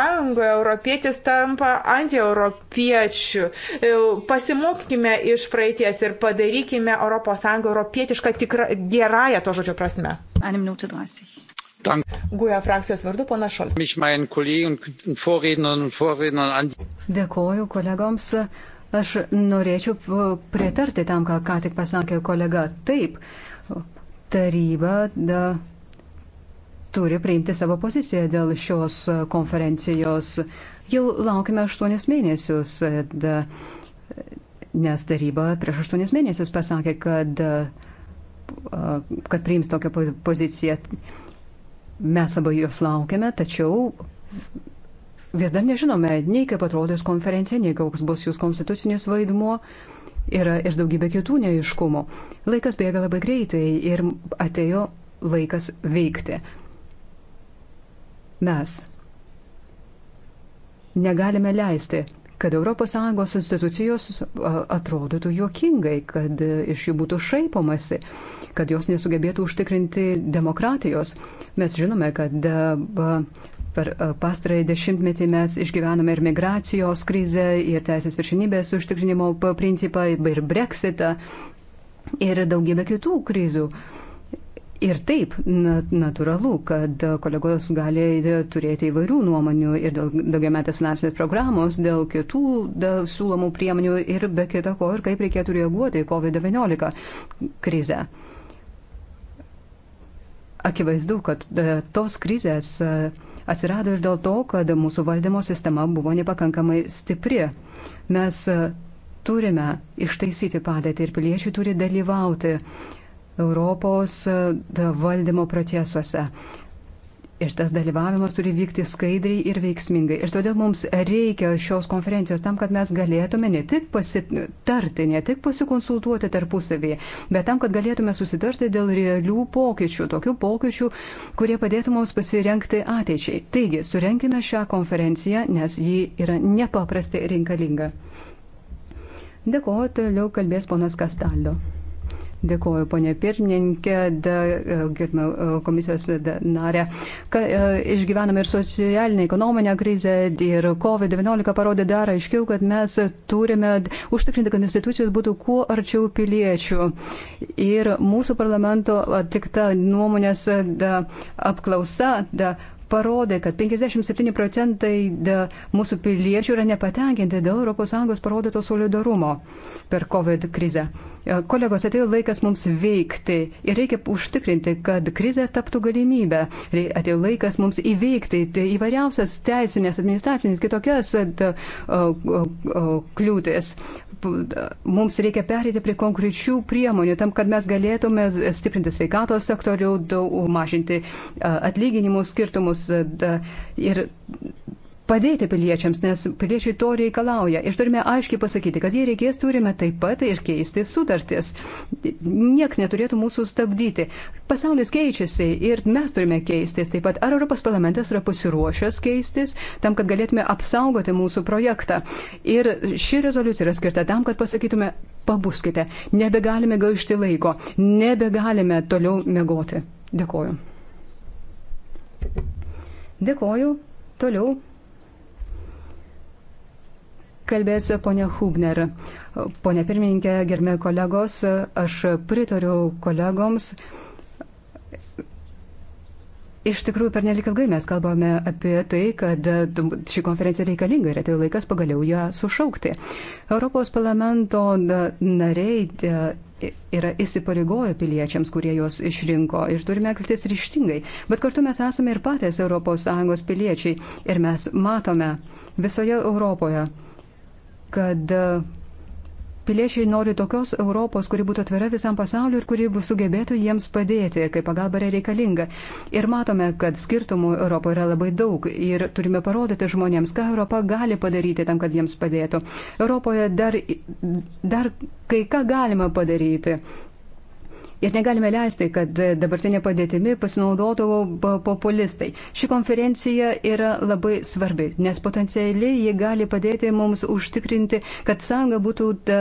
europietis tampa antieuropiečių. E, Pasimokime iš praeities ir padarykime ES europietišką tikrą gerąją to žodžio prasme. Guja frakcijos vardu, pana Šolcas. Dėkoju kolegoms. Aš norėčiau pritarti tam, ką, ką tik pasakė kolega. Taip, taryba da, turi priimti savo poziciją dėl šios konferencijos. Jau laukime aštuonis mėnesius, nes taryba prieš aštuonis mėnesius pasakė, kad, kad priims tokią poziciją. Mes labai jos laukiame, tačiau vis dar nežinome nei kaip atrodys konferencija, nei koks bus jūs konstitucinis vaidmuo. Yra ir daugybė kitų neiškumų. Laikas bėga labai greitai ir atėjo laikas veikti. Mes negalime leisti, kad ES institucijos atrodytų juokingai, kad e, iš jų būtų šaipomasi, kad jos nesugebėtų užtikrinti demokratijos. Mes žinome, kad e, per e, pastarąjį dešimtmetį mes išgyvenome ir migracijos krizę, ir teisės viršinybės užtikrinimo principą, ir Brexitą, ir daugybę kitų krizių. Uh, Ir taip, natūralu, kad kolegos gali turėti įvairių nuomonių ir dėl daugiametės finansinės programos, dėl kitų dėl siūlomų priemonių ir be kita ko ir kaip reikėtų reaguoti į COVID-19 krizę. Akivaizdu, kad e, tos krizės e, atsirado ir dėl to, kad mūsų valdymo sistema buvo nepakankamai stipri. Mes e, turime ištaisyti padėtį ir piliečiai turi dalyvauti uh, Europos e, valdymo procesuose. Ir tas dalyvavimas turi vykti skaidriai ir veiksmingai. Ir todėl mums reikia šios konferencijos tam, kad mes galėtume ne tik pasitarti, ne tik pasikonsultuoti tarpusavėje, bet tam, kad galėtume susitarti dėl realių pokyčių, tokių pokyčių, kurie padėtų mums pasirenkti ateičiai. Taigi, surenkime šią konferenciją, nes ji yra nepaprastai reikalinga. Dėkuoju, toliau kalbės ponas Kastaldo. Dėkuoju, ponė pirmininkė, e, gerbime komisijos e, narę. Ka, e, išgyvename ir socialinę, ekonominę krizę ir COVID-19 parodė dar aiškiau, kad mes turime užtikrinti, kad institucijos būtų kuo arčiau piliečių. Ir mūsų parlamento atlikta nuomonės da, apklausa da, parodė, kad 57 procentai mūsų piliečių yra nepatenkinti dėl ES parodyto solidarumo per COVID krizę. E, kolegos, atėjo laikas mums veikti ir reikia užtikrinti, kad krizė taptų galimybę. Atėjo laikas mums įveikti tai įvairiausias teisinės, administracinės, kitokias kliūtis mums reikia perėti prie konkrečių priemonių tam, kad mes galėtume stiprinti sveikatos sektorių, daug mažinti atlyginimų skirtumus. Ir padėti piliečiams, nes piliečiai to reikalauja. Ir turime aiškiai pasakyti, kad jei reikės, turime taip pat ir keisti sutartis. Niekas neturėtų mūsų stabdyti. Pasaulis keičiasi ir mes turime keistis taip pat. Ar Europos parlamentas yra pasiruošęs keistis tam, kad galėtume apsaugoti mūsų projektą? Ir ši rezoliucija yra skirta tam, kad pasakytume, pabuskite, nebegalime gaišti laiko, nebegalime toliau mėgoti. Dėkoju. Dėkoju. Toliau kalbės ponia Hubner. Pone pirmininkė, gerbė kolegos, aš pritariu kolegoms. Iš tikrųjų, per nelik ilgai mes kalbame apie tai, kad ši konferencija reikalinga ir atėjo laikas pagaliau ją sušaukti. Europos parlamento nariai e, yra įsipareigoję piliečiams, kurie juos išrinko ir turime elgtis ryštingai. Bet kartu mes esame ir patys ES piliečiai ir mes matome visoje Europoje, kad e, piliečiai nori tokios Europos, kuri būtų atvira visam pasauliu ir kuri sugebėtų jiems padėti, kai pagalba yra reikalinga. Ir matome, kad skirtumų Europoje yra labai daug ir turime parodyti žmonėms, ką Europa gali padaryti tam, kad jiems padėtų. Europoje dar, dar kai ką galima padaryti. Ir negalime leisti, kad dabartinė padėtimi pasinaudotų populistai. Ši konferencija yra labai svarbi, nes potencialiai ji gali padėti mums užtikrinti, kad sąjunga būtų ta,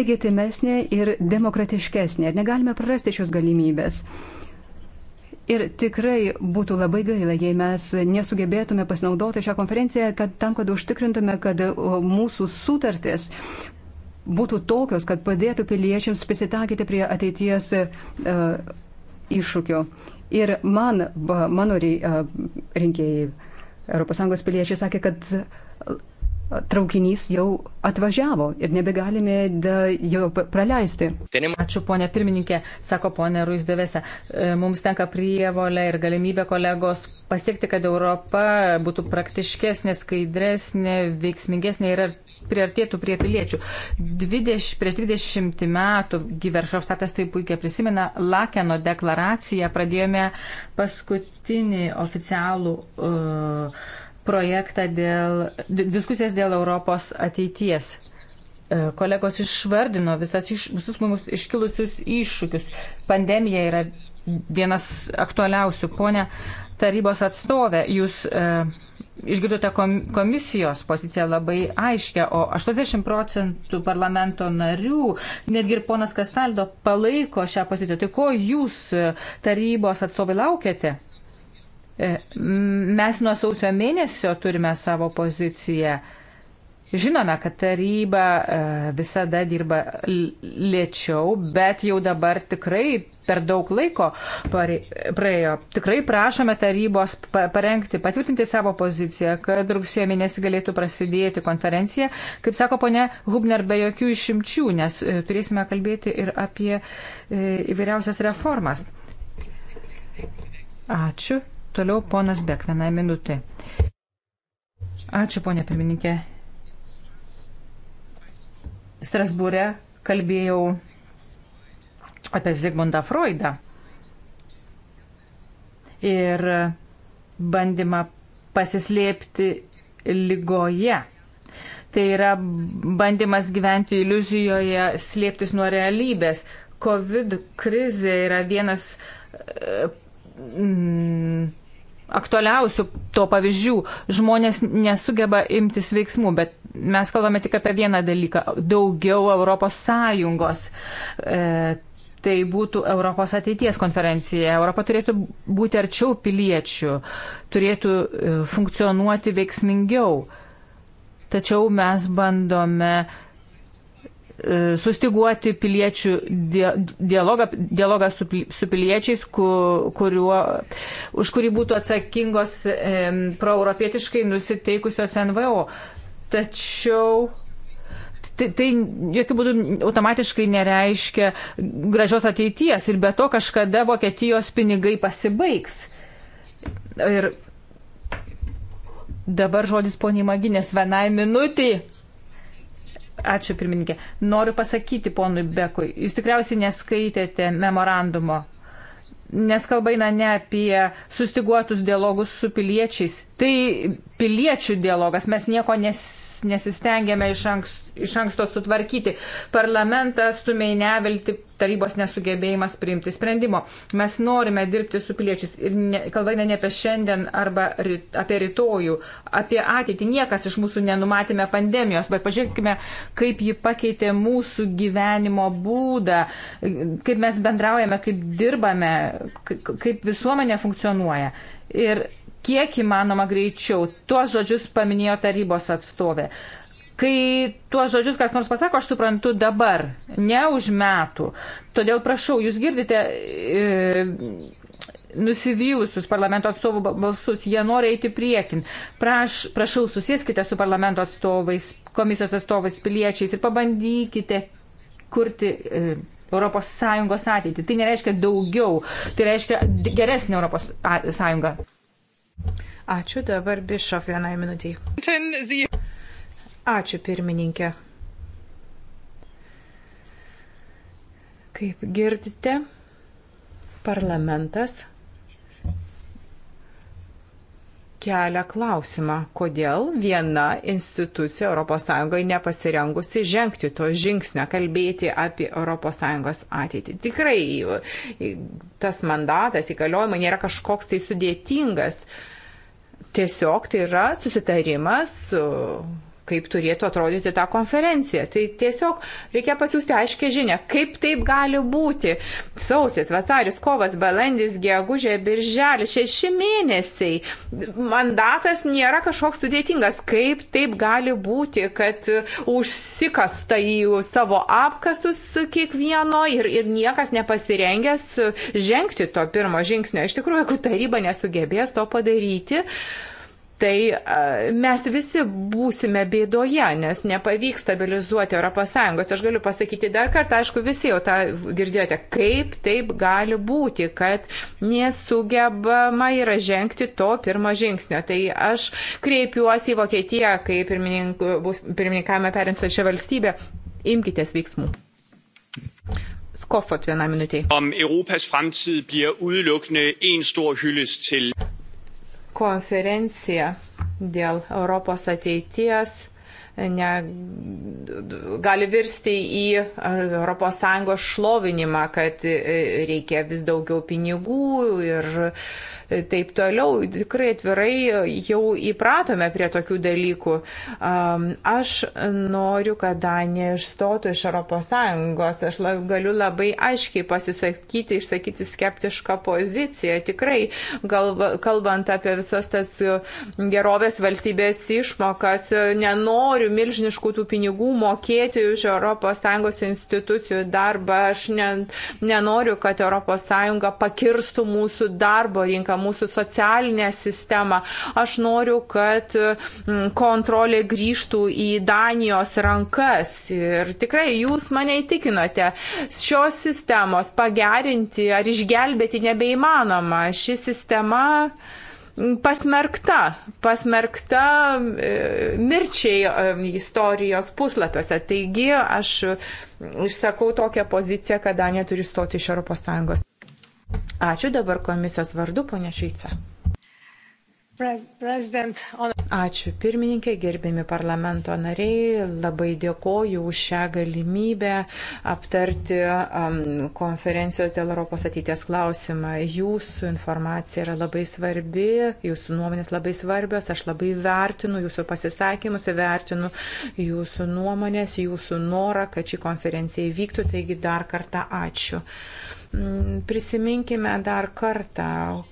legitimesnė ir demokratiškesnė. Negalime prarasti šios galimybės. Ir tikrai būtų labai gaila, jei mes nesugebėtume pasinaudoti šią konferenciją, kad tam, kad užtikrintume, kad mūsų sutartis būtų tokios, kad padėtų piliečiams prisitakyti prie ateities uh, iššūkio. Ir man, mano uh, rinkėjai, ES piliečiai sakė, kad e, traukinys jau atvažiavo ir nebegalime jo praleisti. Ačiū, ponė pirmininkė, sako ponė Ruizdavėse. Mums tenka prievolė ir galimybė kolegos pasiekti, kad Europa būtų praktiškesnė, skaidresnė, veiksmingesnė ir artimesnė priartėtų prie piliečių. 20, prieš 20 metų Giveršovstatas tai puikiai prisimena Lakeno deklaraciją. Pradėjome paskutinį oficialų uh, projektą dėl diskusijas dėl Europos ateities. Uh, kolegos išvardino visas, iš, visus mums iškilusius iššūkius. Pandemija yra vienas aktualiausių. Pone tarybos atstovė, jūs uh, Išgirdote komisijos poziciją labai aiškę, o 80 procentų parlamento narių, netgi ir ponas Kastaldo, palaiko šią poziciją. Tai ko jūs e, tarybos atstovai laukiate? E, mes nuo sausio mėnesio turime savo poziciją. Žinome, kad taryba e, visada dirba lėčiau, bet jau dabar tikrai per daug laiko praėjo. Tikrai prašome tarybos parengti, patvirtinti savo poziciją, kad rugsėjo mėnesį galėtų prasidėti konferencija. Kaip sako ponia Hubner, be jokių išimčių, nes e, turėsime kalbėti ir apie e, įvairiausias reformas. Ačiū. Toliau ponas Bek, vieną minutę. Ačiū, ponė pirmininkė. Strasbūre kalbėjau apie Zigmundą Freudą ir bandymą pasislėpti lygoje. Tai yra bandymas gyventi iliuzijoje, slėptis nuo realybės. COVID krizė yra vienas mm, aktualiausių to pavyzdžių. Žmonės nesugeba imtis veiksmų, bet mes kalbame tik apie vieną dalyką - daugiau Europos Sąjungos. E, tai būtų Europos ateities konferencija. Europa turėtų būti arčiau piliečių, turėtų e, funkcionuoti veiksmingiau. Tačiau mes bandome E, sustiguoti piliečių dialogą, dialogą su, su piliečiais, kur, kuriuo, už kurį būtų atsakingos e, proeuropietiškai nusiteikusios NVO. Tačiau tai, tai jokių būdų automatiškai nereiškia gražios ateities ir be to kažkada Vokietijos pinigai pasibaigs. Ir dabar žodis poniai Maginės vienai minutiai. Ačiū pirmininkė. Noriu pasakyti ponui Bekui, jūs tikriausiai neskaitėte memorandumo, nes kalba eina ne apie sustiguotus dialogus su piliečiais. Tai piliečių dialogas, mes nieko nes nesistengėme iš, anks, iš anksto sutvarkyti. Parlamentas stumė į nevilti tarybos nesugebėjimas priimti sprendimo. Mes norime dirbti su piliečiais ir ne, kalba eina ne apie šiandien arba ryt, apie rytojų, apie ateitį. Niekas iš mūsų nenumatėme pandemijos, bet pažiūrėkime, kaip ji pakeitė mūsų gyvenimo būdą, kaip mes bendraujame, kaip dirbame, kaip visuomenė funkcionuoja. Ir kiek įmanoma greičiau. Tuos žodžius paminėjo tarybos atstovė. Kai tuos žodžius kas nors pasako, aš suprantu dabar, ne už metų. Todėl prašau, jūs girdite e, nusivylusius parlamento atstovų balsus, jie nori eiti priekin. Praš, prašau, susėskite su parlamento atstovais, komisijos atstovais, piliečiais ir pabandykite kurti. E, Europos Sąjungos ateitį. Tai nereiškia daugiau, tai reiškia geresnį Europos Sąjungą. Ačiū dabar Bišov vienai minutiai. Ačiū pirmininkė. Kaip girdite, parlamentas kelia klausimą, kodėl viena institucija ES nepasirengusi žengti to žingsnio, kalbėti apie ES ateitį. Tikrai tas mandatas, įgaliojimai nėra kažkoks tai sudėtingas. Tiesiog tai yra susitarimas kaip turėtų atrodyti ta konferencija. Tai tiesiog reikia pasiūsti aiškę žinę, kaip taip gali būti. Sausis, vasaris, kovas, balandis, gegužė, birželis, šeši mėnesiai. Mandatas nėra kažkoks sudėtingas. Kaip taip gali būti, kad užsikasta į savo apkasus kiekvieno ir, ir niekas nepasirengęs žengti to pirmo žingsnio. Iš tikrųjų, jeigu taryba nesugebės to padaryti, tai mes visi būsime bėdoje, nes nepavyks stabilizuoti ES. Aš galiu pasakyti dar kartą, aišku, visi jau tą girdėjote, kaip taip gali būti, kad nesugebama yra žengti to pirmo žingsnio. Tai aš kreipiuosi į Vokietiją, kai pirmininkavimą pirminink, perimsančią valstybę, imkitės veiksmų. Skofot vieną minutę. Om Europas fremtid bliver udelukkende en stor hyldest til konferencija dėl Europos ateities ne, gali virsti į ES šlovinimą, kad reikia vis daugiau pinigų ir uh, taip toliau. Tikrai atvirai jau įpratome prie tokių dalykų. Aš noriu, kad Danija išstotų iš ES. Aš galiu labai aiškiai pasisakyti, išsakyti skeptišką poziciją. Tikrai, galva, kalbant apie visas tas gerovės valstybės išmokas, nenoriu milžiniškų tų pinigų mokėti už ES institucijų darbą. Aš ne, nenoriu, kad ES pakirstų mūsų darbo rinką, mūsų socialinę sistemą. Aš noriu, kad mm, kontrolė grįžtų į Danijos rankas. Ir tikrai jūs mane įtikinote, šios sistemos pagerinti ar išgelbėti nebeįmanoma. Ši sistema mm, pasmerkta, pasmerkta e, mirčiai e, istorijos puslapiuose. Taigi aš mm, išsakau tokią poziciją, kad Danija turi stoti iš ES. Ačiū dabar komisijos vardu, ponia Šveica. Ačiū pirmininkė, gerbėmi parlamento nariai, labai dėkoju už šią galimybę aptarti um, konferencijos dėl Europos ateities klausimą. Jūsų informacija yra labai svarbi, jūsų nuomonės labai svarbios, aš labai vertinu jūsų pasisakymus, vertinu jūsų nuomonės, jūsų norą, kad ši konferencija įvyktų, taigi dar kartą ačiū. Uh, Mm, prisiminkime dar kartą,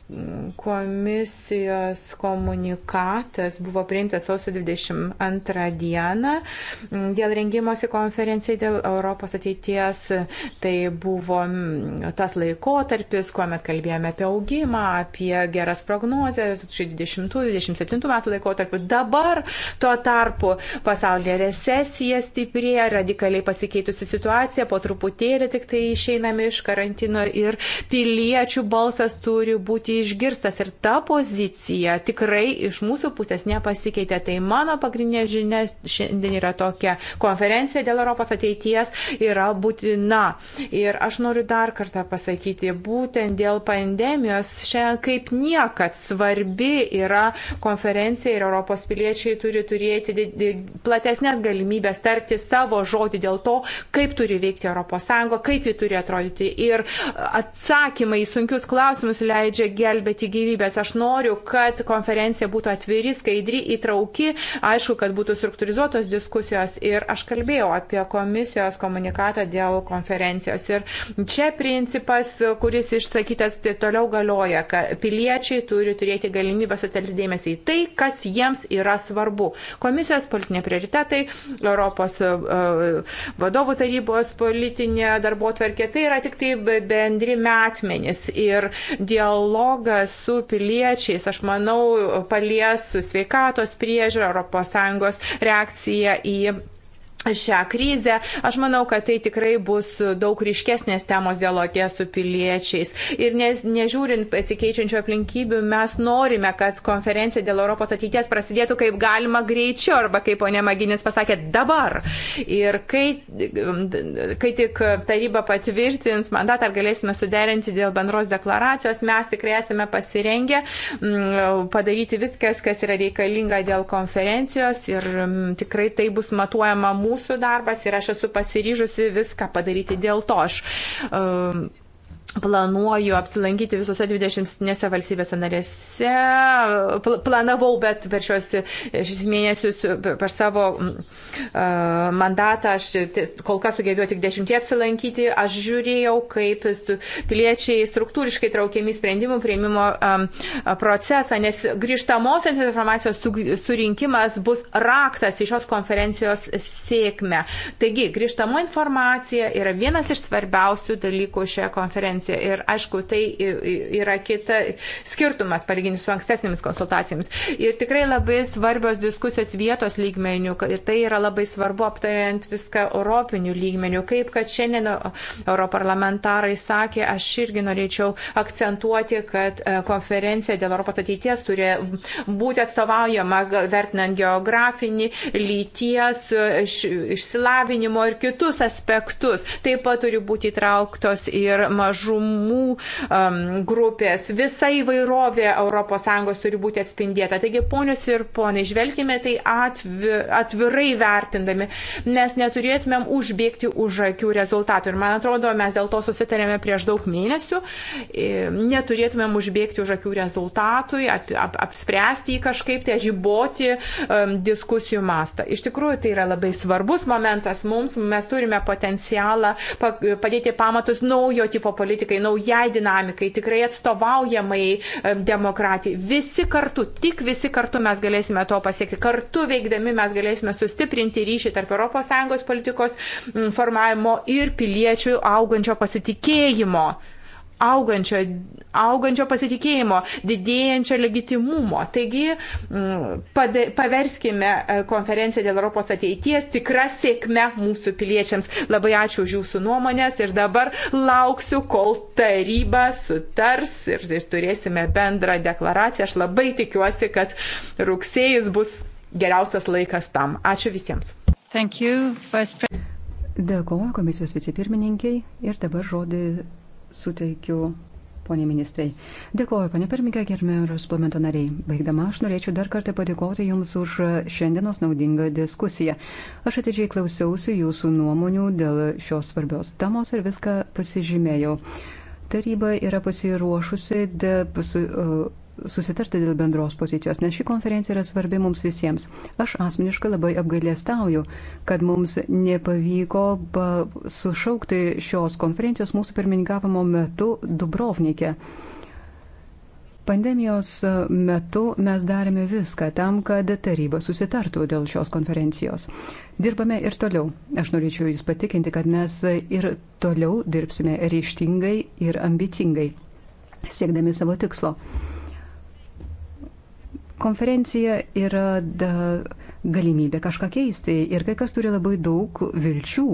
komisijos komunikatas buvo priimtas sausio 22 dieną mm, dėl rengimosi konferencijai dėl Europos ateities. Tai buvo mm, tas laikotarpis, kuomet kalbėjome apie augimą, apie geras prognozes 2020-2027 metų laikotarpiu. Dabar tuo tarpu pasaulyje recesija stiprėja, radikaliai pasikeitusi situacija, po truputėlį tik tai išeiname iš karantino Palestino ir piliečių balsas turi būti išgirstas. Ir ta pozicija tikrai iš mūsų pusės nepasikeitė. Tai mano pagrindinė žinia šiandien yra tokia konferencija dėl Europos ateities yra būtina. Ir aš noriu dar kartą pasakyti, būtent dėl pandemijos šiandien kaip niekad svarbi yra konferencija ir Europos piliečiai turi turėti platesnės galimybės tarti savo žodį dėl to, kaip turi veikti ES, kaip ji turi atrodyti. Ir atsakymai į sunkius klausimus leidžia gelbėti gyvybės. Aš noriu, kad konferencija būtų atviri, skaidri, įtrauki, aišku, kad būtų struktūrizuotos diskusijos ir aš kalbėjau apie komisijos komunikatą dėl konferencijos. Ir čia principas, kuris išsakytas tai toliau galioja, kad piliečiai turi turėti galimybę sutelkti dėmesį į tai, kas jiems yra svarbu. Komisijos politiniai prioritetai, Europos e, vadovų tarybos politinė darbo tvarkė, tai yra tik tai bendri metmenys ir dialogas su piliečiais, aš manau, palies sveikatos priežiūrą, ES reakciją į šią krizę. Aš manau, kad tai tikrai bus daug ryškesnės temos dialogė su piliečiais. Ir ne, nežiūrint pasikeičiančių aplinkybių, mes norime, kad konferencija dėl Europos ateities prasidėtų kaip galima greičiau arba, kaip ponė Maginis pasakė, dabar. Ir kai, kai tik taryba patvirtins mandatą ar galėsime suderinti dėl bendros deklaracijos, mes tikrai esame pasirengę mm, padaryti viskas, kas yra reikalinga dėl konferencijos ir mm, tikrai tai bus matuojama mūsų mūsų darbas ir aš esu pasiryžusi viską padaryti dėl to. Aš, uh, Planuoju apsilankyti visose 27 valstybėse narėse. Planavau, bet per šios šis mėnesius, per savo uh, mandatą, aš kol kas sugebėjau tik dešimtie apsilankyti. Aš žiūrėjau, kaip piliečiai struktūriškai traukiami sprendimų prieimimo um, procesą, nes grįžtamosios informacijos surinkimas bus raktas į šios konferencijos sėkmę. Taigi, grįžtamo informacija yra vienas iš svarbiausių dalykų šioje konferencijoje konferencija. Ir aišku, tai yra kita skirtumas palyginti su ankstesnėmis konsultacijomis. Ir tikrai labai svarbios diskusijos vietos lygmenių. Ir tai yra labai svarbu aptariant viską europinių lygmenių. Kaip kad šiandien europarlamentarai sakė, aš irgi norėčiau akcentuoti, kad e, konferencija dėl Europos ateities turi būti atstovaujama vertinant geografinį, lyties, e, išsilavinimo ir kitus aspektus. Taip pat turi būti įtrauktos ir mažų mažumų um, grupės, visa įvairovė ES turi būti atspindėta. Taigi, ponios ir ponai, žvelgime tai atvi, atvirai vertindami, nes neturėtumėm užbėgti už akių rezultatų. Ir man atrodo, mes dėl to susitarėme prieš daug mėnesių, e, neturėtumėm užbėgti už akių rezultatui, ap, ap, apspręsti jį kažkaip, tai žiboti um, diskusijų mastą. Iš tikrųjų, tai yra labai svarbus momentas mums, mes turime potencialą padėti pamatus naujo tipo politikos politikai, naujai dinamikai, tikrai atstovaujamai demokratijai. Visi kartu, tik visi kartu mes galėsime to pasiekti. Kartu veikdami mes galėsime sustiprinti ryšį tarp ES politikos formavimo ir piliečių augančio pasitikėjimo augančio, augančio pasitikėjimo, didėjančio legitimumo. Taigi mm, pade, paverskime e, konferenciją dėl Europos ateities tikrą sėkmę mūsų piliečiams. Labai ačiū už jūsų nuomonės ir dabar lauksiu, kol taryba sutars ir, ir turėsime bendrą deklaraciją. Aš labai tikiuosi, kad rugsėjas bus geriausias laikas tam. Ačiū visiems. Thank you, Vice President. Dėkuoju komisijos vicepirmininkiai ir dabar žodį suteikiu ponė ministrai. Dėkuoju, ponė pirmininkė, gerbėjus parlamento nariai. Baigdama, aš norėčiau dar kartą padėkoti Jums už šiandienos naudingą diskusiją. Aš atidžiai klausiausi Jūsų nuomonių dėl šios svarbios temos ir viską pasižymėjau. Taryba yra pasiruošusi de, su, uh, susitarti dėl bendros pozicijos, nes ši konferencija yra svarbi mums visiems. Aš asmeniškai labai apgailėstauju, kad mums nepavyko sušaukti šios konferencijos mūsų pirmininkavimo metu Dubrovnikė. Pandemijos metu mes darėme viską tam, kad taryba susitartų dėl šios konferencijos. Dirbame ir toliau. Aš norėčiau Jūs patikinti, kad mes ir toliau dirbsime ryštingai ir ambicingai, siekdami savo tikslo. Konferencija yra da, galimybė kažką keisti ir kai kas turi labai daug vilčių.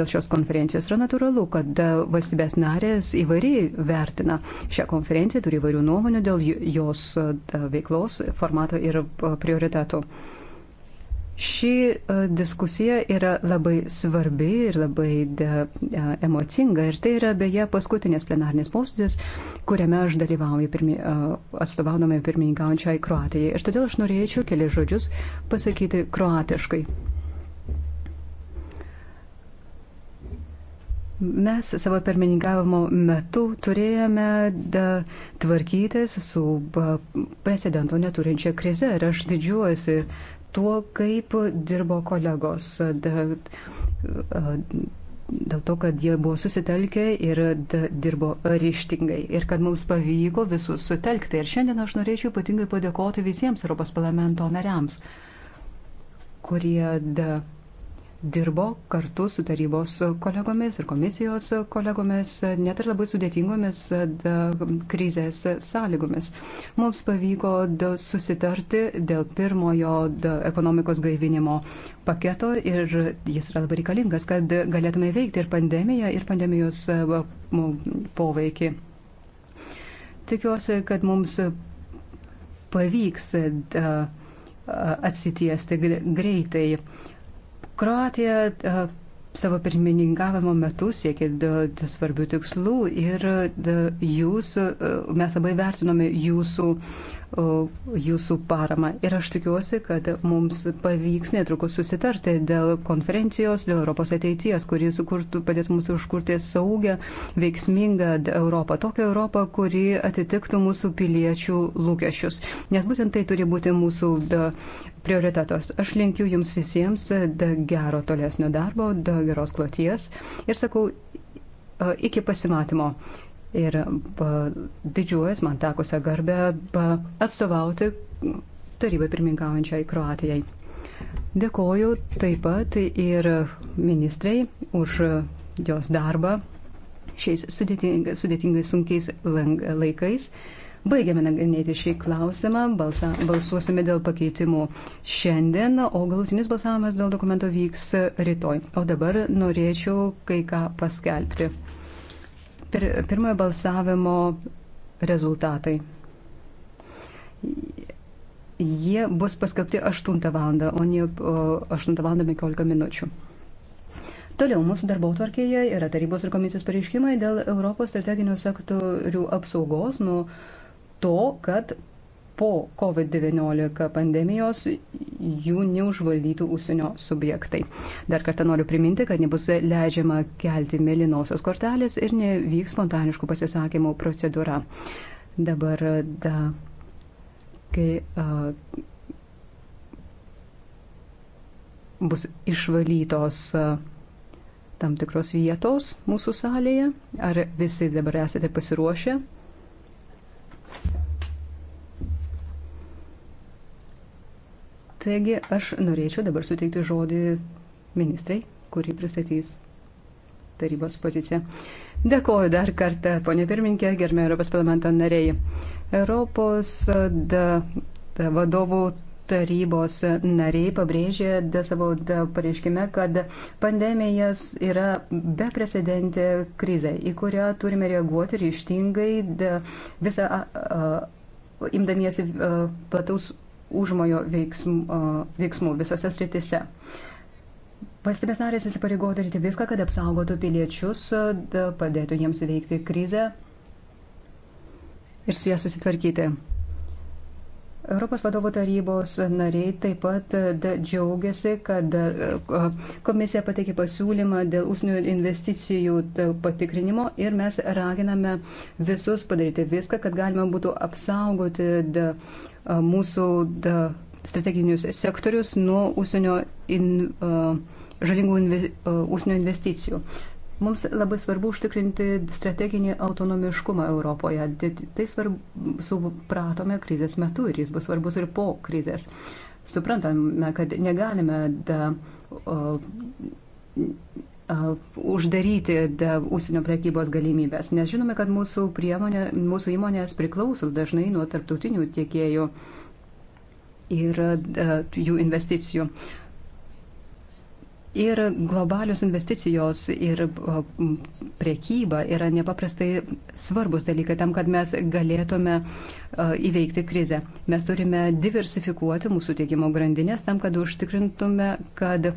Dėl šios konferencijos yra natūralu, kad da, valstybės narės įvairiai vertina šią konferenciją, turi įvairių nuomonių dėl jos da, veiklos, formato ir prioritetų. Uh, Ši e, diskusija yra labai svarbi ir labai de, e, emocinga ir tai yra beje paskutinės plenarnės posėdis, kuriame aš dalyvauju pirmi, e, atstovaudama pirmininkaujančiai Kroatijai. Ir todėl aš norėčiau keli žodžius pasakyti kroatiškai. Mes savo pirmininkavimo metu turėjome da, tvarkytis su precedento neturinčia krize ir aš didžiuojuosi tuo, kaip dirbo kolegos. Dėl to, kad jie buvo susitelkę ir dirbo ryštingai ir kad mums pavyko visus sutelkti. Ir šiandien aš norėčiau ypatingai padėkoti visiems Europos parlamento nariams, kurie da, dirbo kartu su tarybos kolegomis ir komisijos kolegomis, net ir labai sudėtingomis krizės sąlygomis. Mums pavyko susitarti dėl pirmojo ekonomikos gaivinimo paketo ir jis yra labai reikalingas, kad galėtume veikti ir pandemiją, ir pandemijos e, poveikį. Tikiuosi, kad mums pavyks atsitiesti greitai. Kroatija e, savo pirmininkavimo metu siekė svarbių tikslų ir jūs, e, mes labai vertinome jūsų, jūsų paramą. Ir aš tikiuosi, kad mums pavyks netrukus susitarti dėl konferencijos, dėl Europos ateities, kuri sukurtų, padėtų mums užkurti saugę, veiksmingą Europą. Tokią Europą, kuri atitiktų mūsų piliečių lūkesčius. Nes būtent tai turi būti mūsų prioritetus. Aš linkiu jums visiems e, gero tolesnio darbo, geros kloties ir sakau e, iki pasimatymo. Ir e, didžiuojas man tekusią garbę atstovauti tarybai pirmininkaujančiai Kroatijai. Dėkoju taip pat ir ministrei už jos darbą šiais sudėtingai, sudėtingai sunkiais laikais. Baigiame nagrinėti šį klausimą, balsa, balsuosime dėl pakeitimų šiandien, o galutinis balsavimas dėl dokumento vyks rytoj. O dabar norėčiau kai ką paskelbti. Pir, pirmojo balsavimo rezultatai. Jie bus paskelbti 8 val. o ne 8 val. 15 minučių. Toliau mūsų darbo tvarkėje yra tarybos ir komisijos pareiškimai dėl Europos strateginių sektorių apsaugos nuo to, kad po COVID-19 pandemijos jų neužvaldytų užsienio subjektai. Dar kartą noriu priminti, kad nebus leidžiama kelti mėlynosios kortelės ir nevyks spontaniškų pasisakymų procedūra. Dabar, da, kai a, bus išvalytos a, tam tikros vietos mūsų salėje, ar visi dabar esate pasiruošę? Taigi aš norėčiau dabar suteikti žodį ministrai, kurį pristatys tarybos poziciją. Dėkoju dar kartą, ponė pirmininkė, gerbė Europos parlamento nariai. Europos da, da, vadovų tarybos nariai pabrėžė savo pareiškime, kad pandemijas yra beprecedentė krizė, į kurią turime reaguoti ryštingai visą imdamiesi plataus užmojo veiksmų, veiksmų visose sritise. Valstybės narės įsipareigo daryti viską, kad apsaugotų piliečius, padėtų jiems veikti krizę ir su ją susitvarkyti. Europos vadovų tarybos nariai taip pat e, džiaugiasi, kad e, komisija pateikė pasiūlymą dėl ūsnių investicijų patikrinimo ir mes raginame visus padaryti viską, kad galima būtų apsaugoti e, mūsų strateginius sektorius nuo ūsinio investicijų žalingų užsienio investicijų. Mums labai svarbu užtikrinti strateginį autonomiškumą Europoje. Tai, tai svarbu, supratome krizės metu ir jis bus svarbus ir po krizės. Suprantame, kad negalime da, o, o, uždaryti da, užsienio prekybos galimybės, nes žinome, kad mūsų, priemonė, mūsų įmonės priklauso dažnai nuo tarptautinių tiekėjų ir da, jų investicijų. Ir globalios investicijos ir priekyba yra nepaprastai svarbus dalykai tam, kad mes galėtume įveikti krizę. Mes turime diversifikuoti mūsų tiekimo grandinės tam, kad užtikrintume, kad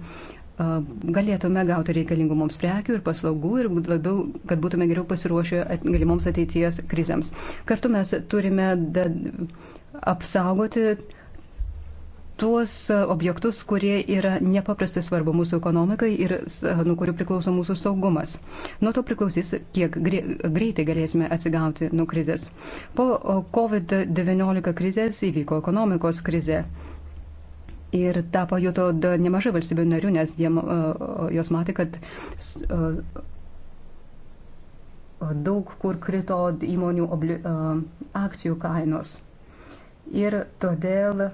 galėtume gauti reikalingų mums prekių ir paslaugų ir labiau, kad būtume geriau pasiruošę galimoms ateities krizėms. Kartu mes turime apsaugoti tuos e, objektus, kurie yra nepaprastai svarbu mūsų ekonomikai ir e, nuo kurių priklauso mūsų saugumas. Nuo to priklausys, kiek greitai galėsime atsigauti nuo krizės. Po COVID-19 krizės įvyko ekonomikos krizė. Ir tą pajuto nemažai valstybių narių, nes jie, e, jos matė, kad daug kur krito įmonių obli, akcijų kainos. Ir todėl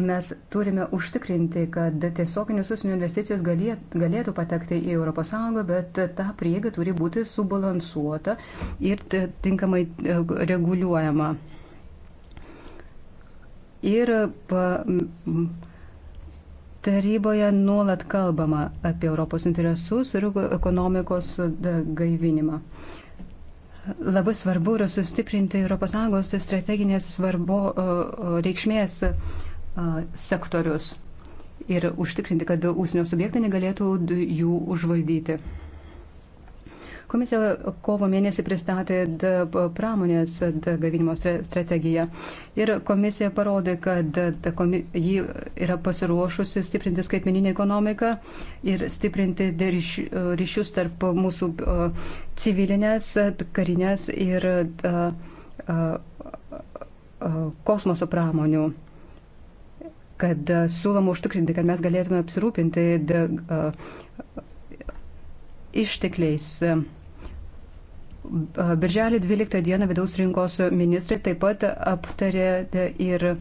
mes turime užtikrinti, kad tiesioginės užsienio investicijos galėtų patekti į ES, bet ta prieiga turi būti subalansuota ir tinkamai e, reguliuojama. Ir pa, taryboje nuolat kalbama apie Europos interesus ir ekonomikos gaivinimą. Labai svarbu yra sustiprinti ES strateginės svarbo reikšmės uh, sektorius ir užtikrinti, kad ūsinio subjektai negalėtų jų užvaldyti. Komisija kovo mėnesį pristatė pramonės gavinimo strategiją ir komisija parodė, kad ji yra pasiruošusi stiprinti skaitmeninį ekonomiką ir stiprinti ryšius tarp mūsų civilinės, karinės ir kosmoso pramonių kad e, siūloma užtikrinti, kad mes galėtume apsirūpinti e, ištekliais. Uh, Birželio 12 dieną vidaus rinkos ministrai taip pat aptarė ir e,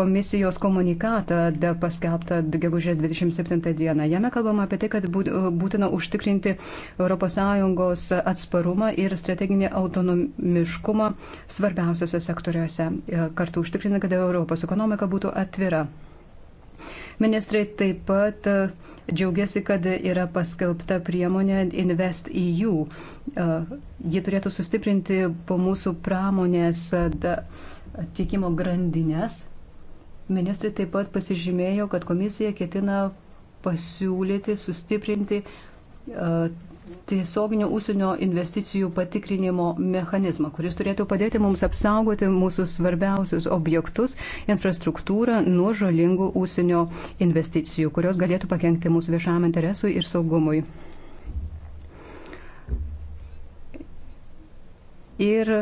komisijos komunikatą paskelbtą gegužės 27 dieną. Jame kalbama apie tai, kad būtina užtikrinti ES atsparumą ir strateginį autonomiškumą svarbiausiose sektoriuose, e, kartu užtikrinti, kad Europos ekonomika būtų atvira. Ministrai taip pat e, džiaugiasi, kad yra paskelbta priemonė Invest EU. E, ji turėtų sustiprinti po mūsų pramonės e, tikimo grandinės. Ministrai taip pat pasižymėjo, kad komisija ketina pasiūlyti sustiprinti tiesioginių užsienio investicijų patikrinimo mechanizmą, kuris turėtų padėti mums apsaugoti mūsų svarbiausius objektus, infrastruktūrą nuo žalingų užsienio investicijų, kurios galėtų pakengti mūsų viešam interesui ir saugumui. Ir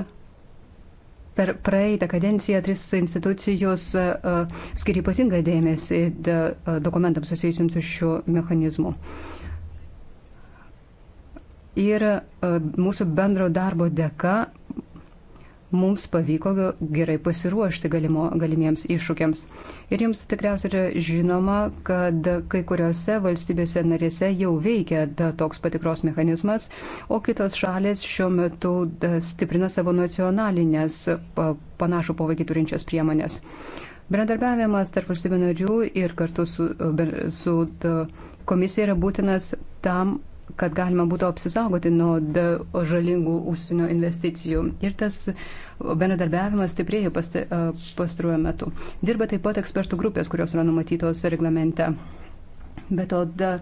per praeitą kadenciją tris institucijos e, e, skiri ypatingą dėmesį e, dokumentams susijusiams su šiuo mechanizmu. Uh, ir e, mūsų bendro darbo dėka mums pavyko gerai pasiruošti galimo, galimiems iššūkiams. Ir jums tikriausiai yra žinoma, kad kai kuriuose valstybėse narėse jau veikia da, toks patikros mechanizmas, o kitos šalės šiuo metu da, stiprina savo nacionalinės pa, panašų poveikį turinčias priemonės. Bendradarbiavimas tarp valstybių narių ir kartu su, su da, komisija yra būtinas tam, kad galima būtų apsisaugoti nuo žalingų užsienio investicijų. Ir tas bendradarbiavimas stiprėja pastaruoju metu. Dirba taip pat ekspertų grupės, kurios yra numatytos reglamente. Bet to da,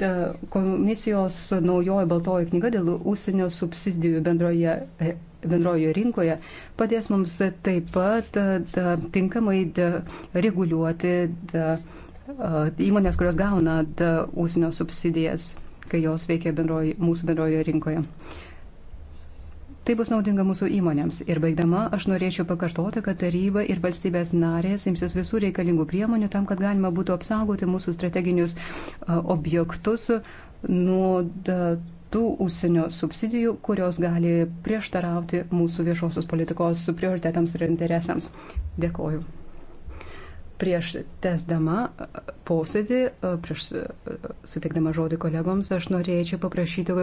da, komisijos naujoji baltoji knyga dėl užsienio subsidijų bendroje, e, bendroje rinkoje padės mums taip pat da, tinkamai da, reguliuoti da, įmonės, kurios gauna da, užsienio subsidijas kai jos veikia bendroj, mūsų bendroje rinkoje. Tai bus naudinga mūsų įmonėms. Ir baigdama, aš norėčiau pakartoti, kad taryba ir valstybės narės imsis visų reikalingų priemonių tam, kad galima būtų apsaugoti mūsų strateginius objektus nuo tų užsienio subsidijų, kurios gali prieštarauti mūsų viešosios politikos prioritetams ir interesams. Dėkoju. Prieš tesdama e, posėdį, e, prieš e, sutikdama žodį kolegoms, aš norėčiau paprašyti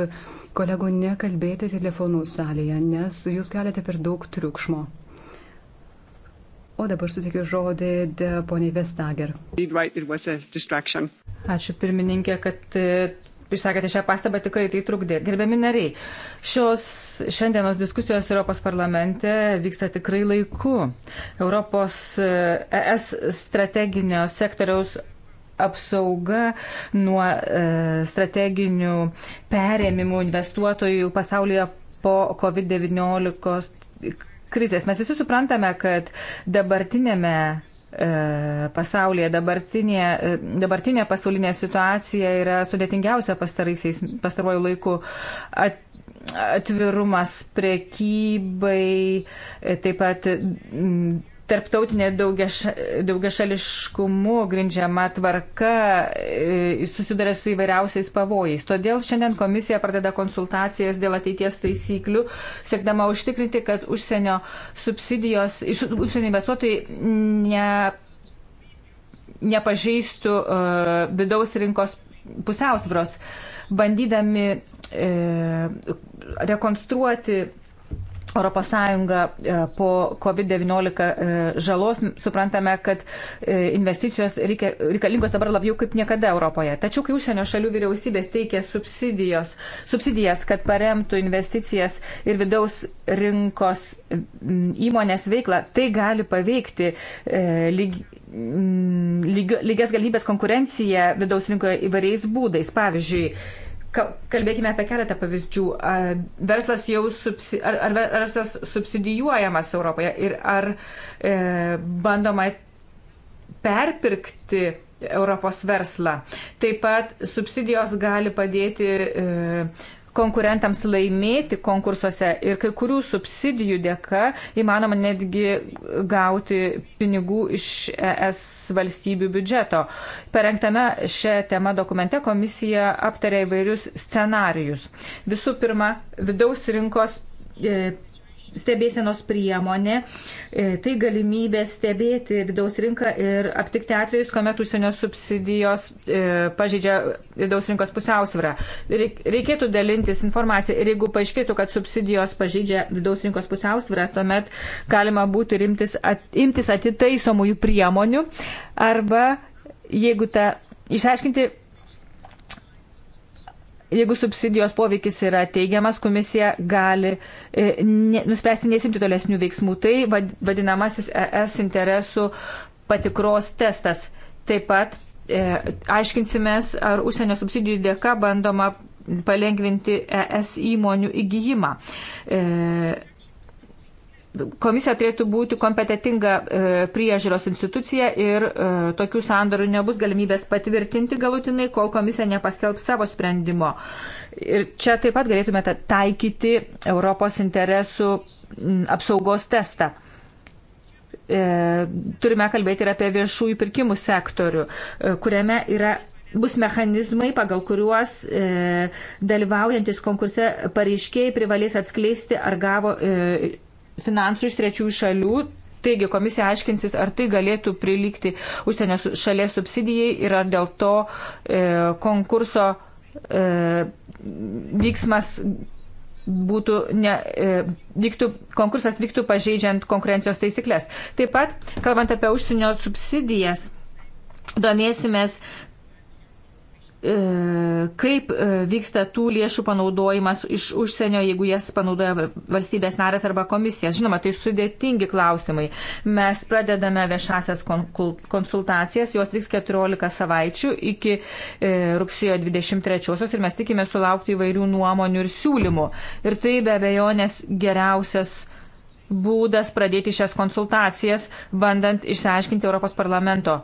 kolegų nekalbėti telefonų salėje, nes jūs galite per daug triukšmo. O dabar sutikiu žodį poniai Vestager. Ačiū pirmininkė, kad išsakėte šią pastabą, tikrai tai trukdė. Gerbiami nariai, šios šiandienos diskusijos Europos parlamente vyksta tikrai laiku. Europos ES e strateginio sektoriaus apsauga nuo e, strateginių perėmimų investuotojų pasaulyje po COVID-19 krizės. Mes visi suprantame, kad dabartinėme E, pasaulyje. Dabartinė, e, dabartinė pasaulinė situacija yra sudėtingiausia pastaruoju laiku. At, atvirumas prekybai, e, taip pat tarptautinė daugiašališkumu grindžiama tvarka e, susiduria su įvairiausiais pavojais. Todėl šiandien komisija pradeda konsultacijas dėl ateities taisyklių, siekdama užtikrinti, kad užsienio subsidijos, iš užsienio investuotojai ne, nepažeistų uh, vidaus rinkos pusiausvros, bandydami uh, rekonstruoti ES e, po COVID-19 e, žalos suprantame, kad e, investicijos reikia, reikalingos dabar labiau kaip niekada Europoje. Tačiau, kai užsienio šalių vyriausybės teikia subsidijas, kad paremtų investicijas ir vidaus rinkos įmonės veiklą, tai gali paveikti lyg, lyg, lygias galimybės konkurenciją vidaus rinkoje įvairiais būdais. Pavyzdžiui, Kalbėkime apie keletą pavyzdžių. Verslas jau subsi, ar, ar verslas subsidijuojamas Europoje ir ar e, bandoma perpirkti Europos verslą. Taip pat subsidijos gali padėti e, konkurentams laimėti konkursuose ir kai kurių subsidijų dėka įmanoma netgi gauti pinigų iš ES valstybių biudžeto. Parengtame šią temą dokumente komisija aptarė įvairius scenarius. Visų pirma, vidaus rinkos e, stebėsenos priemonė, e, tai galimybė stebėti vidaus rinką ir aptikti atvejus, kuomet užsienio subsidijos e, pažydžia vidaus rinkos pusiausvyrą. Reikėtų dalintis informaciją ir jeigu paaiškėtų, kad subsidijos pažydžia vidaus rinkos pusiausvyrą, tuomet galima būtų rimtis, at, imtis atitaisomųjų priemonių arba jeigu ta išaiškinti jeigu subsidijos poveikis yra teigiamas, komisija gali e, ne, nuspręsti nesimti tolesnių veiksmų. Tai vadinamasis ES interesų patikros testas. Taip pat e, aiškinsimės, ar užsienio subsidijų dėka bandoma palengvinti ES įmonių įgyjimą. E, Komisija turėtų būti kompetitinga e, priežiūros institucija ir e, tokių sandorių nebus galimybės patvirtinti galutinai, kol komisija nepaskelbs savo sprendimo. Ir čia taip pat galėtume taikyti Europos interesų apsaugos testą e, turime kalbėti ir apie viešųjų pirkimų sektorių, kuriame yra bus mechanizmai, pagal kuriuos e, dalyvaujantis konkurse pareiškėjai privalės atskleisti, ar gavo e, finansų iš trečiųjų šalių. Taigi komisija aiškinsis, ar tai galėtų prilygti užsienio šalies subsidijai ir ar dėl to e, konkurso e, vyksmas būtų ne, e, vyktų, konkursas vyktų pažeidžiant konkurencijos taisyklės. Taip pat, kalbant apie užsienio subsidijas, domėsimės E, kaip e, vyksta tų lėšų panaudojimas iš užsienio, jeigu jas panaudoja valstybės narės arba komisijas. Žinoma, tai sudėtingi klausimai. Mes pradedame viešasias konsultacijas, jos vyks 14 savaičių iki e, rugsėjo 23-osios ir mes tikime sulaukti įvairių nuomonių ir siūlymų. Ir tai be abejonės geriausias būdas pradėti šias konsultacijas, bandant išsiaiškinti Europos parlamento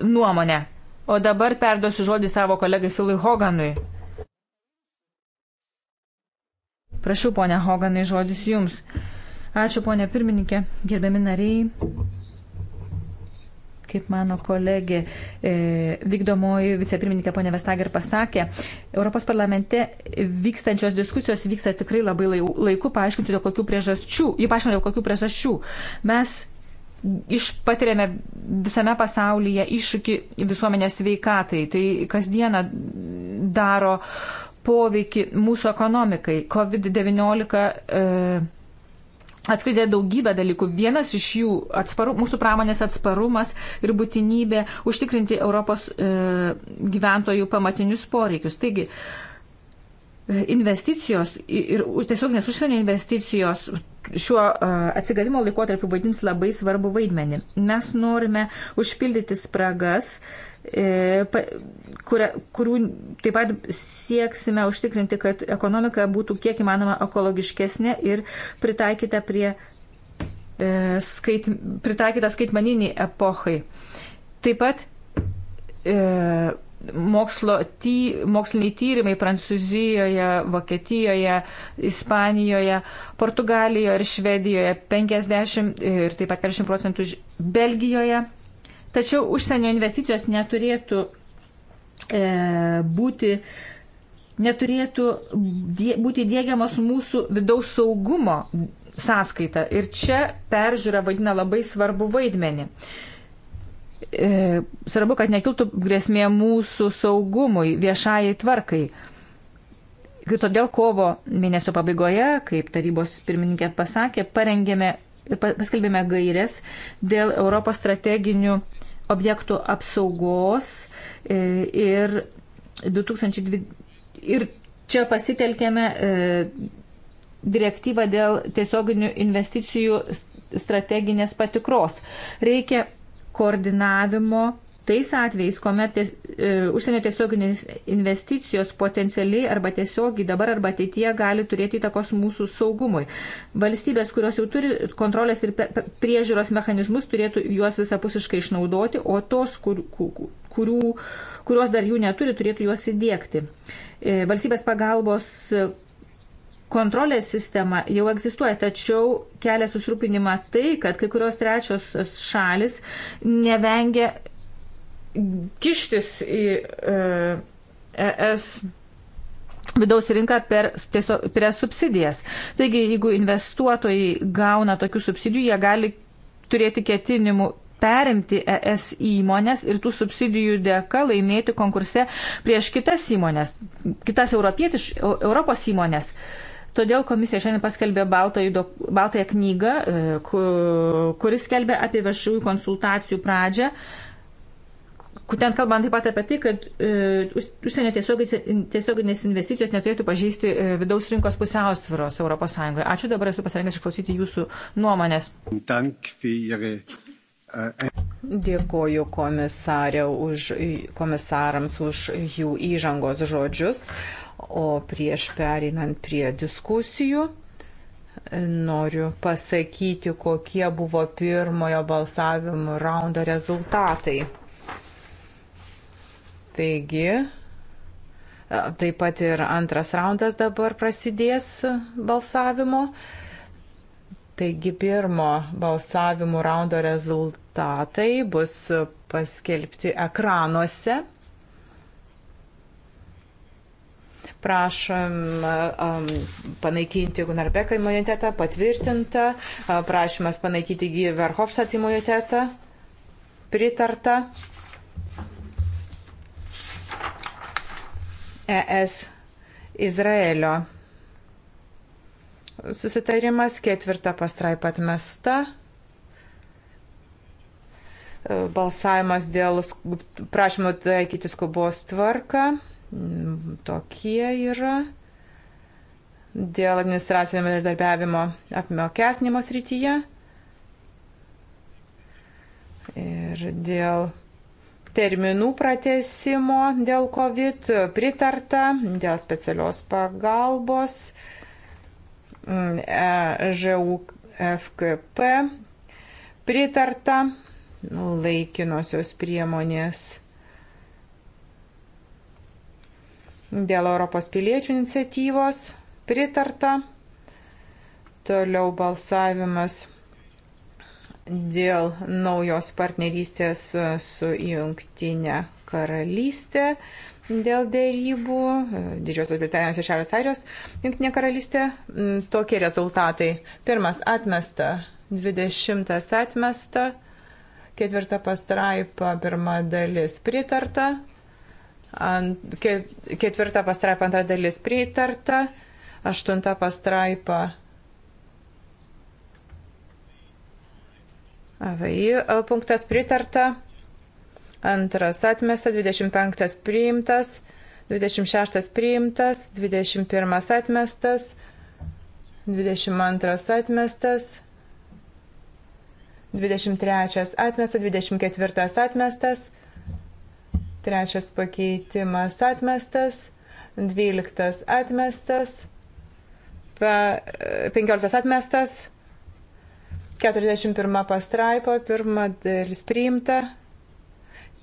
nuomonę O dabar perduosiu žodį savo kolegai Filui Hoganui. Prašau, ponia Hoganai, žodis jums. Ačiū, ponia pirmininkė, gerbiami nariai. Kaip mano kolegė, e, vykdomoji vicepirmininkė ponia Vestager pasakė, Europos parlamente vykstančios diskusijos vyksta tikrai labai laiku, paaiškinti dėl kokių priežasčių. Ji paaiškino dėl kokių priežasčių. Mes Išpatirėme visame pasaulyje iššūkį visuomenės veikatai. Tai kasdieną daro poveikį mūsų ekonomikai. COVID-19 e, atskleidė daugybę dalykų. Vienas iš jų atsparu, mūsų pramonės atsparumas ir būtinybė užtikrinti Europos e, gyventojų pamatinius poreikius. Taigi, e, investicijos ir tiesiog nes užsienio investicijos šiuo atsigavimo laikotarpiu vaidins labai svarbu vaidmenį. Mes norime užpildyti spragas, e, kurių taip pat sieksime užtikrinti, kad ekonomika būtų kiek įmanoma ekologiškesnė ir pritaikyta prie e, skait, pritaikyta skaitmaniniai epochai. Taip pat e, mokslo, ty, moksliniai tyrimai Prancūzijoje, Vokietijoje, Ispanijoje, Portugalijoje ir Švedijoje, 50 ir taip pat 40 procentų Belgijoje. Tačiau užsienio investicijos neturėtų e, būti neturėtų die, būti dėgiamas mūsų vidaus saugumo sąskaita. Ir čia peržiūra vaidina labai svarbu vaidmenį. E, E, svarbu, kad nekiltų grėsmė mūsų saugumui, viešai tvarkai. Ir todėl kovo mėnesio pabaigoje, kaip tarybos pirmininkė pasakė, parengėme ir paskelbėme gairias dėl Europos strateginių objektų apsaugos e, ir 2020. Ir čia pasitelkėme e, direktyvą dėl tiesioginių investicijų strateginės patikros. Reikia koordinavimo tais atvejais, kuomet ties, e, užsienio tiesioginės investicijos potencialiai arba tiesiogiai dabar arba ateityje gali turėti įtakos mūsų saugumui. Valstybės, kurios jau turi kontrolės ir priežiūros mechanizmus, turėtų juos visapusiškai išnaudoti, o tos, kur, kurių, kurios dar jų neturi, turėtų juos įdėkti. E, valstybės pagalbos kontrolės sistema jau egzistuoja, tačiau kelia susirūpinimą tai, kad kai kurios trečios šalis nevengia kištis į ES e vidaus rinką per, tiesiog, per subsidijas. Taigi, jeigu investuotojai gauna tokių subsidijų, jie gali turėti ketinimų perimti ES įmonės ir tų subsidijų dėka laimėti konkurse prieš kitas įmonės, kitas Europos įmonės. Uh, Todėl komisija šiandien paskelbė baltąją knygą, e, kuris skelbė apie viešųjų konsultacijų pradžią. Ten kalbant taip pat apie tai, kad e, užsienio tiesioginės investicijos neturėtų pažeisti e, vidaus rinkos pusiausviros ES. Ačiū, dabar esu pasirengęs išklausyti jūsų nuomonės. E, e- Dėkoju komisarė už, komisarams už jų įžangos žodžius. O prieš pereinant prie diskusijų, noriu pasakyti, kokie buvo pirmojo balsavimo raundo rezultatai. Taigi, taip pat ir antras raundas dabar prasidės balsavimo. Taigi, pirmo balsavimo raundo rezultatai bus paskelbti ekranuose. prašom panaikinti Gunarbeką imunitetą, patvirtinta, prašymas panaikyti Giverhofsat imunitetą, pritarta. ES Izraelio susitarimas, ketvirta pastraipa atmesta e, balsavimas dėl prašymo taikyti skubos tvarką. Mm, tokie yra dėl administracinio bendradarbiavimo apmokesnimo srityje ir dėl terminų pratesimo dėl COVID pritarta, dėl specialios pagalbos, mm, e ŽUFKP pritarta, laikinosios priemonės Dėl Europos piliečių iniciatyvos pritarta. Toliau balsavimas dėl naujos partnerystės su jungtinė karalystė dėl dėrybų, Didžiosios Britanijos ir Šiaurės Airijos jungtinė karalystė. Mm, tokie rezultatai. Pirmas atmesta, dvidešimtas atmesta, ketvirta pastraipa, pirma dalis pritarta, Ant, ketvirta pastraipa antra dalis pritarta, aštunta pastraipa AVI e, punktas pritarta, antras atmestas, 25 priimtas, 26 priimtas, 21 atmestas, 22 atmestas, 23 atmestas, 24 atmestas, Trečias pakeitimas atmestas. Dvyliktas atmestas. Penkioliktas atmestas. 41 pastraipa, pirma dalis priimta.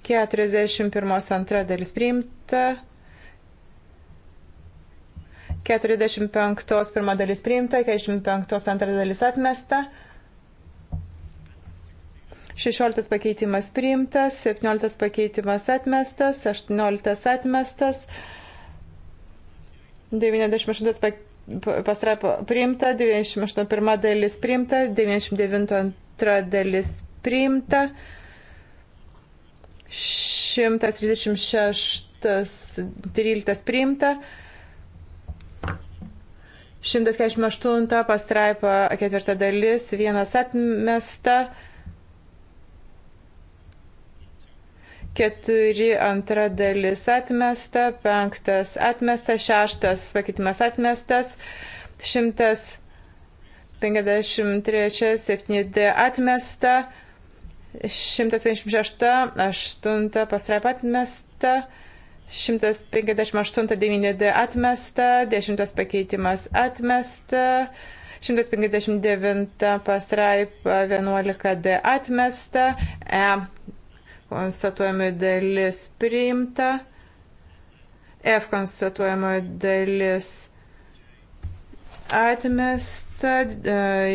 41 antra dalis priimta. 45 pirma dalis priimta, 45 antra dalis atmesta. 16 pakeitimas priimtas, 17 pakeitimas atmestas, 18 atmestas, 98 pasraipa priimta, 91 dalis priimta, 99 antra dalis priimta, 136 13 priimta, 148 pastraipa ketvirta dalis, vienas atmesta. keturi antra dalis atmesta, penktas atmestas, šeštas pakeitimas atmestas, šimtas 53, 7D atmesta, 156, 8 pasraipa atmesta, 158, 9D atmesta, 10 pakeitimas atmesta, 159 pasraipa 11D atmesta, E konstatuojama dalis priimta, F konstatuojama dalis atmesta,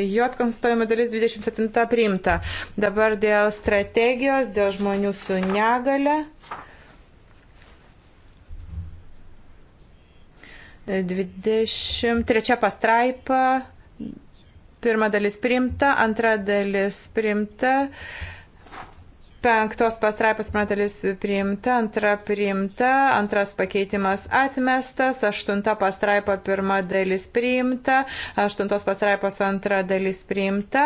J konstatuojama dalis 27 priimta. Dabar dėl strategijos, dėl žmonių su negale. 23 pastraipa, pirma dalis priimta, antra dalis priimta. Penktos pastraipos pradalis priimta, antra priimta, antras pakeitimas atmestas, aštunta pastraipa pirma dalis priimta, aštuntos pastraipos antra dalis priimta,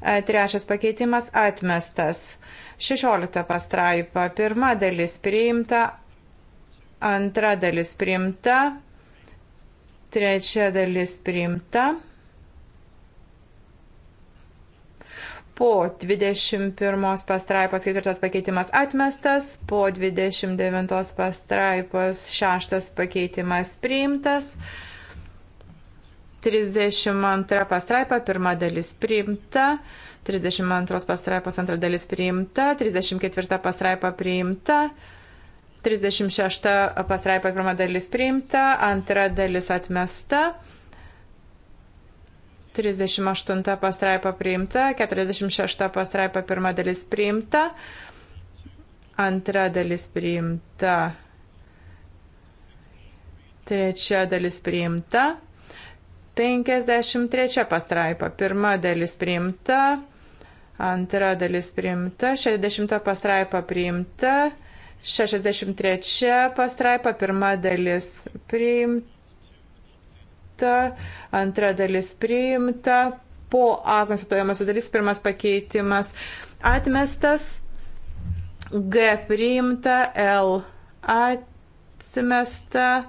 e, trečias pakeitimas atmestas. Šešiolikta pastraipa pirma dalis priimta, antra dalis priimta, trečia dalis priimta. po 21 pastraipos 4 pakeitimas atmestas, po 29 pastraipos 6 pakeitimas priimtas, 32 pastraipa 1 dalis priimta, 32 pastraipos 2 dalis priimta, 34 pastraipa priimta. 36 pasraipa pirma dalis priimta, antra dalis atmesta, 38 pastraipa priimta, 46 pastraipa pirma dalis priimta, antra dalis priimta, trečia dalis priimta, 53 pastraipa pirma dalis priimta, antra dalis priimta, 60 pastraipa priimta, 63 pastraipa pirma dalis priimta priimta, antra dalis priimta, po A konstatuojamas dalis pirmas pakeitimas atmestas, G priimta, L atmesta,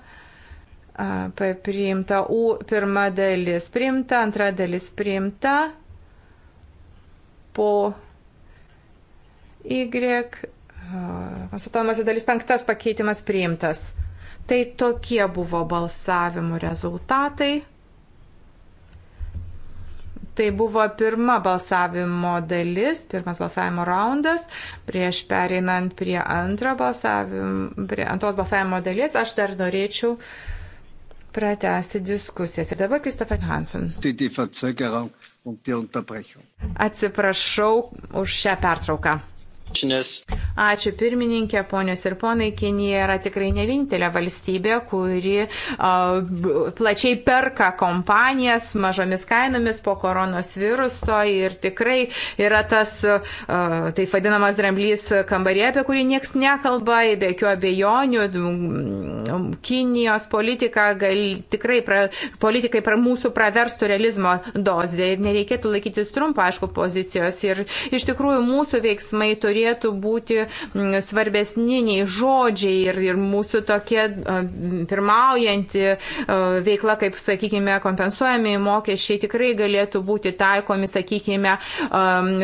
P priimta, U pirma dalis priimta, antra dalis priimta, po Y konstatuojamas dalis penktas pakeitimas priimtas. Tai tokie buvo balsavimų rezultatai. Tai buvo pirma balsavimo dalis, pirmas balsavimo raundas. Prieš pereinant prie, balsavim, prie antros balsavimo dalies, aš dar norėčiau pratęsti diskusijas. Ir dabar Kristofen Hansen. Atsiprašau už šią pertrauką. Ačiū pirmininkė, ponios ir ponai, Kinija yra tikrai ne vienintelė valstybė, kuri uh, plačiai perka kompanijas mažomis kainomis po koronos viruso ir tikrai yra tas, uh, taip vadinamas, dramblys kambarė, apie kurį nieks nekalba, be jokių abejonių. Kinijos politika gal, tikrai pra, politikai pra, mūsų praverstų realizmo dozę ir nereikėtų laikytis trumpą, aišku, pozicijos. Ir iš tikrųjų mūsų veiksmai turi turėtų būti mm, svarbesni nei žodžiai ir, ir mūsų tokia pirmaujanti veikla, kaip, sakykime, kompensuojami mokesčiai tikrai galėtų būti taikomi, sakykime,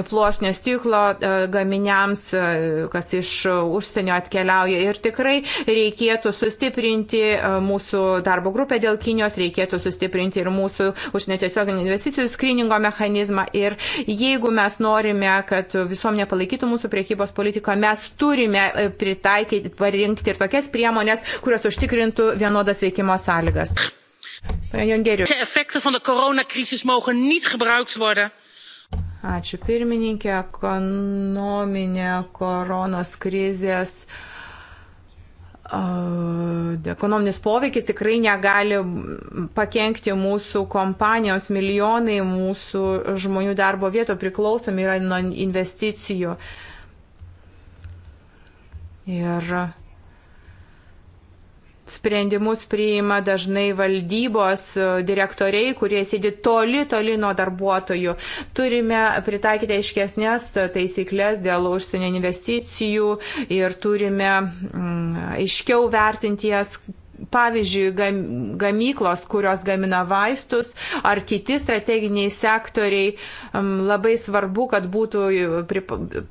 plošnio stiklo gaminiams, kas iš užsienio atkeliauja. Ir tikrai reikėtų sustiprinti mūsų darbo grupę dėl Kinijos, reikėtų sustiprinti ir mūsų užsienio tiesioginių investicijų skriningo mechanizmą. Ir jeigu mes norime, kad visuomenė palaikytų mūsų prie priekybos politiką, mes turime e, pritaikyti, parinkti ir tokias priemonės, kurios užtikrintų vienodas veikimo sąlygas. De effecten van de coronacrisis mogen niet gebruikt worden Ačiū pirmininkė, ekonominė koronos krizės. Ekonominis poveikis tikrai negali pakengti mūsų kompanijoms, milijonai mūsų žmonių darbo vieto priklausomi yra nuo investicijų. Uh, Ir sprendimus priima dažnai valdybos e, direktoriai, kurie sėdi toli, toli nuo darbuotojų. Turime pritaikyti aiškesnės taisyklės dėl užsienio investicijų ir turime mm, aiškiau vertinti jas, pavyzdžiui, gamyklos, kurios gamina vaistus ar kiti strateginiai sektoriai, um, labai svarbu, kad būtų uh,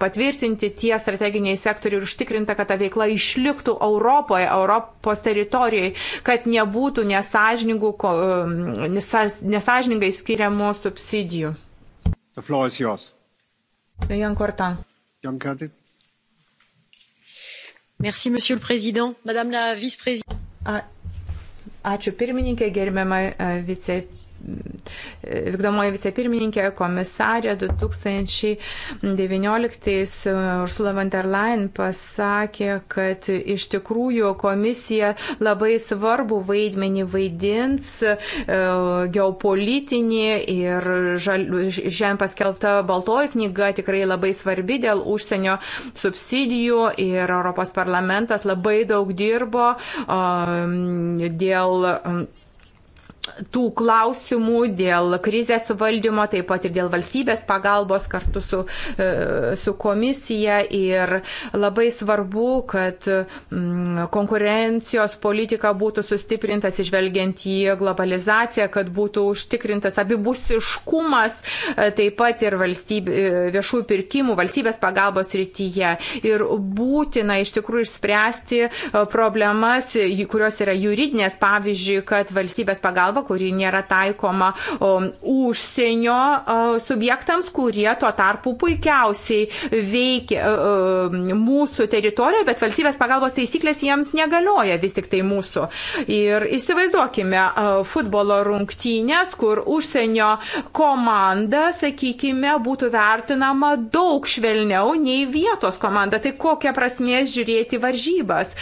patvirtinti tie strateginiai sektoriai ir užtikrinta, kad ta veikla išliktų Europoje, Europos teritorijoje, kad nebūtų nesažiningai um, skiriamų subsidijų. Jan Kortan. Jan Merci, Monsieur le Président, Madame la Vice-Présidente. A, ačiū pirmininkė, gerbiama e, viceprezidentė vykdomoji vicepirmininkė, komisarė 2019 e, Ursula von der Leyen pasakė, kad iš tikrųjų komisija labai svarbu vaidmenį vaidins e, geopolitinį ir šiandien paskelbta baltoji knyga tikrai labai svarbi dėl užsienio subsidijų ir Europos parlamentas labai daug dirbo e, dėl tų klausimų dėl krizės valdymo, taip pat ir dėl valstybės pagalbos kartu su, e, su komisija. Ir labai svarbu, kad mm, konkurencijos politika būtų sustiprinta atsižvelgiant į globalizaciją, kad būtų užtikrintas abipusiškumas e, taip pat ir e, viešųjų pirkimų, valstybės pagalbos rytyje. Ir būtina iš tikrųjų išspręsti problemas, kurios yra juridinės, pavyzdžiui, kad valstybės pagalbos pagalba, kuri nėra taikoma užsienio subjektams, kurie tuo tarpu puikiausiai veikia mūsų teritorijoje, bet valstybės pagalbos taisyklės jiems negalioja vis tik tai mūsų. Ir įsivaizduokime futbolo rungtynės, kur užsienio komanda, sakykime, būtų vertinama daug švelniau nei vietos komanda. Tai kokia prasmė žiūrėti varžybas?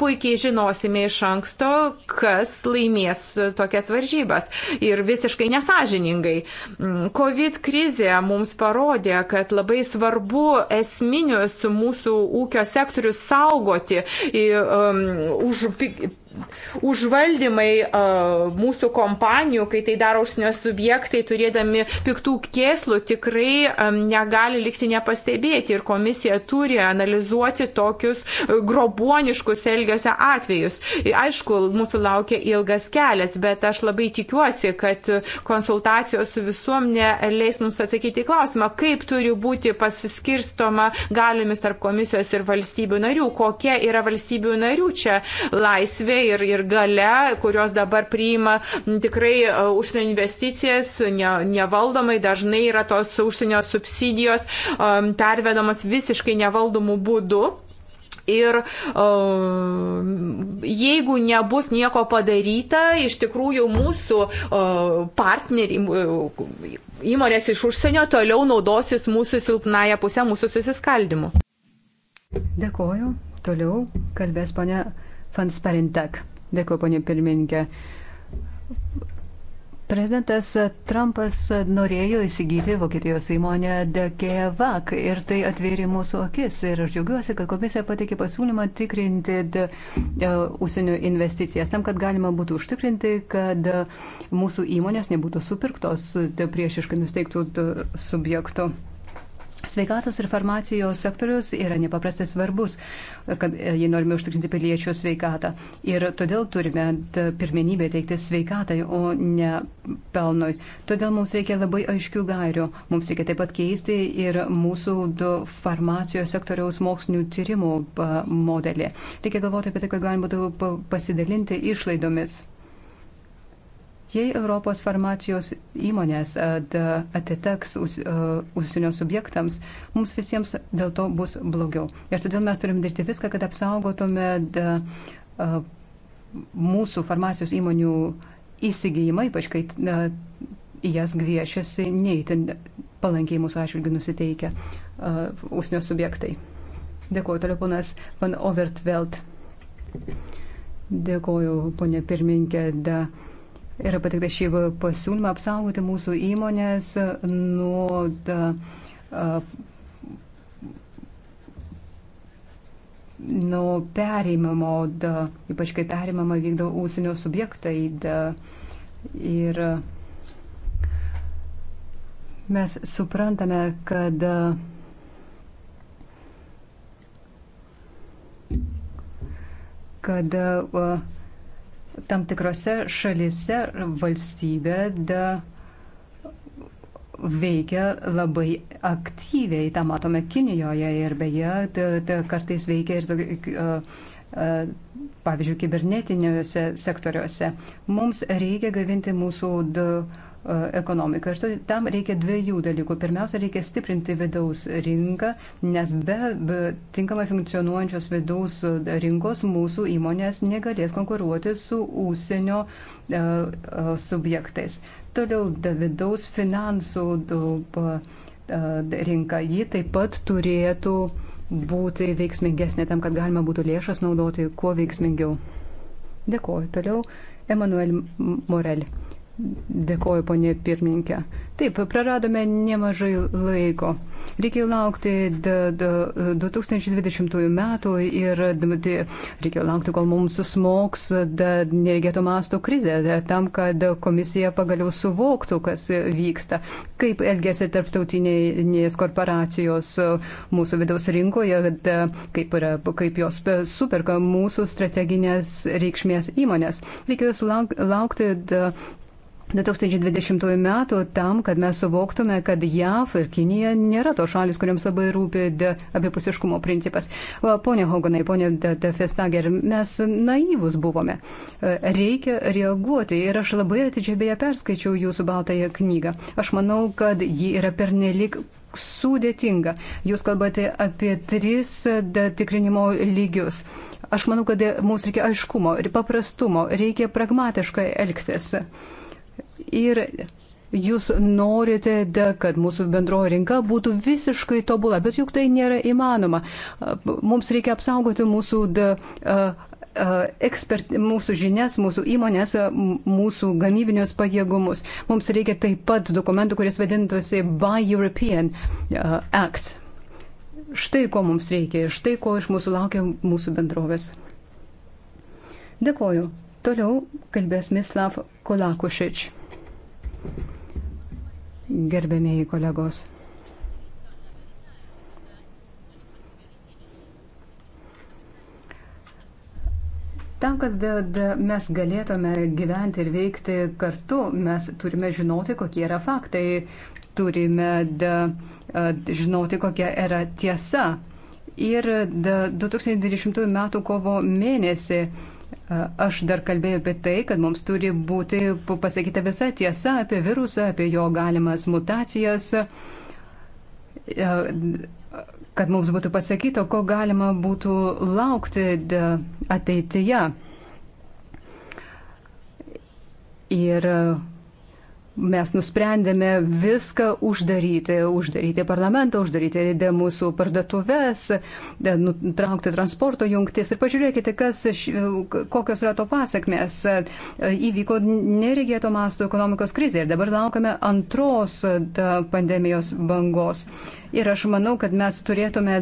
Puikiai žinosime iš anksto, kas laimės tokias olimpinės varžybas ir visiškai nesažiningai. Mm, COVID krizė mums parodė, kad labai svarbu esminius mūsų ūkio sektorius saugoti, um, užpik, užvaldymai mūsų kompanijų, kai tai daro užsienio subjektai, turėdami piktų kėslų, tikrai negali likti nepastebėti ir komisija turi analizuoti tokius grobuoniškus elgesio atvejus. Aišku, mūsų laukia ilgas kelias, bet aš labai tikiuosi, kad konsultacijos su visuomenė leis mums atsakyti klausimą, kaip turi būti pasiskirstoma galimis tarp komisijos ir valstybių narių, kokia yra valstybių narių čia laisvė ir, ir gale, kurios dabar priima tikrai e, užsienio investicijas ne, nevaldomai, dažnai yra tos užsienio subsidijos um, pervedamos visiškai nevaldomų būdų. Ir uh, jeigu nebus nieko padaryta, iš tikrųjų mūsų uh, partneriai, uh, įmonės iš užsienio toliau naudosis mūsų silpnąją pusę, mūsų susiskaldimu. Dėkoju. Toliau kalbės ponia Fansparintak. Dėkuoju, ponė pirmininkė. Prezidentas Trumpas norėjo įsigyti Vokietijos įmonę Dekevak ir tai atvėrė mūsų akis. Ir aš džiaugiuosi, kad komisija pateikė pasiūlymą tikrinti e, užsienio investicijas, tam, kad galima būtų užtikrinti, kad mūsų įmonės nebūtų supirktos priešiškai nusteiktų subjektų. Sveikatos ir farmacijos sektorius yra nepaprastai svarbus, kad e, jei norime užtikrinti piliečių sveikatą. Ir todėl turime pirmenybę teikti sveikatai, o ne pelnui. Todėl mums reikia labai aiškių gairių. Mums reikia taip pat keisti ir mūsų farmacijos sektoriaus mokslinių tyrimų modelį. Reikia galvoti apie tai, kad galima būtų pasidalinti išlaidomis. Jei Europos farmacijos įmonės atiteks užsienio subjektams, mums visiems dėl to bus blogiau. Ir todėl mes turim daryti viską, kad apsaugotume mūsų farmacijos įmonių įsigijimą, ypač kai į jas gviešiasi neįtin palankiai mūsų atžvilgių nusiteikę užsienio subjektai. Dėkuoju toliau ponas Van Overtveld. Dėkuoju, ponė pirmininkė. De, yra patikta šį pasiūlymą apsaugoti mūsų įmonės nuo da, nuo perimamo, da, ypač kai perimama vykdo ūsinio subjektai. Da, ir mes suprantame, kad kad uh, tam tikrose šalise valstybė da, veikia labai aktyviai. Ta matome Kinijoje ir beje, da, da, kartais veikia ir, uh, pavyzdžiui, kibernetiniuose sektoriuose. Mums reikia gavinti mūsų da, uh, E, ekonomiką. Ir tam reikia dviejų dalykų. Pirmiausia, reikia stiprinti vidaus rinką, nes be, be tinkamai funkcionuojančios vidaus e, rinkos mūsų įmonės negalės konkuruoti su ūsienio uh, subjektais. Toliau da, vidaus finansų uh, rinka. Ji taip pat turėtų būti veiksmingesnė tam, kad galima būtų lėšas naudoti kuo veiksmingiau. Dėkuoju. Toliau Emanuel Morel. Dėkoju, ponė pirmininkė. Taip, praradome nemažai laiko. Reikėjo laukti 2020 metų ir reikėjo laukti, kol mums susmoks nereikėto masto krizė, tam, kad komisija pagaliau suvoktų, kas vyksta, kaip elgesi tarptautinės korporacijos mūsų vidaus rinkoje, kaip, yra, kaip jos superka mūsų strateginės reikšmės įmonės. Reikėjo laukti 2020 metų tam, kad mes suvoktume, kad JAV ir Kinija nėra to šalis, kuriams labai rūpi abipusiškumo principas. Va, ponia Hoganai, ponia Festager, mes naivus buvome. E, reikia reaguoti ir aš labai atidžiai beje perskaičiau jūsų baltąją knygą. Aš manau, kad ji yra pernelik sudėtinga. Jūs kalbate apie tris tikrinimo lygius. Aš manau, kad mums reikia aiškumo ir paprastumo, reikia pragmatiškai elgtis ir jūs norite, de, kad mūsų bendroji rinka būtų visiškai tobula, bet juk tai nėra įmanoma. Mums reikia apsaugoti mūsų de, ekspert, mūsų žinias, mūsų įmonės, mūsų gamybinius pajėgumus. Mums reikia taip pat dokumentų, kuris vadintųsi Buy European Act. Štai ko mums reikia ir štai ko iš mūsų laukia mūsų bendrovės. Dėkoju. Toliau kalbės Mislav Kolakušič. Gerbėmėjai kolegos. Tam, kad mes galėtume gyventi ir veikti kartu, mes turime žinoti, kokie yra faktai, turime žinoti, kokia yra tiesa. Ir 2020 m. kovo mėnesį Aš dar kalbėjau apie tai, kad mums turi būti pasakyta visa tiesa apie virusą, apie jo galimas mutacijas, kad mums būtų pasakyta, ko galima būtų laukti ateityje. Ir mes nusprendėme viską uždaryti, uždaryti parlamentą, uždaryti mūsų parduotuvės, nutraukti transporto jungtis. Ir pažiūrėkite, kas, kokios yra to pasiekmes. Įvyko neregėto masto ekonomikos krizė ir dabar laukame antros pandemijos bangos. Ir aš manau, kad mes turėtume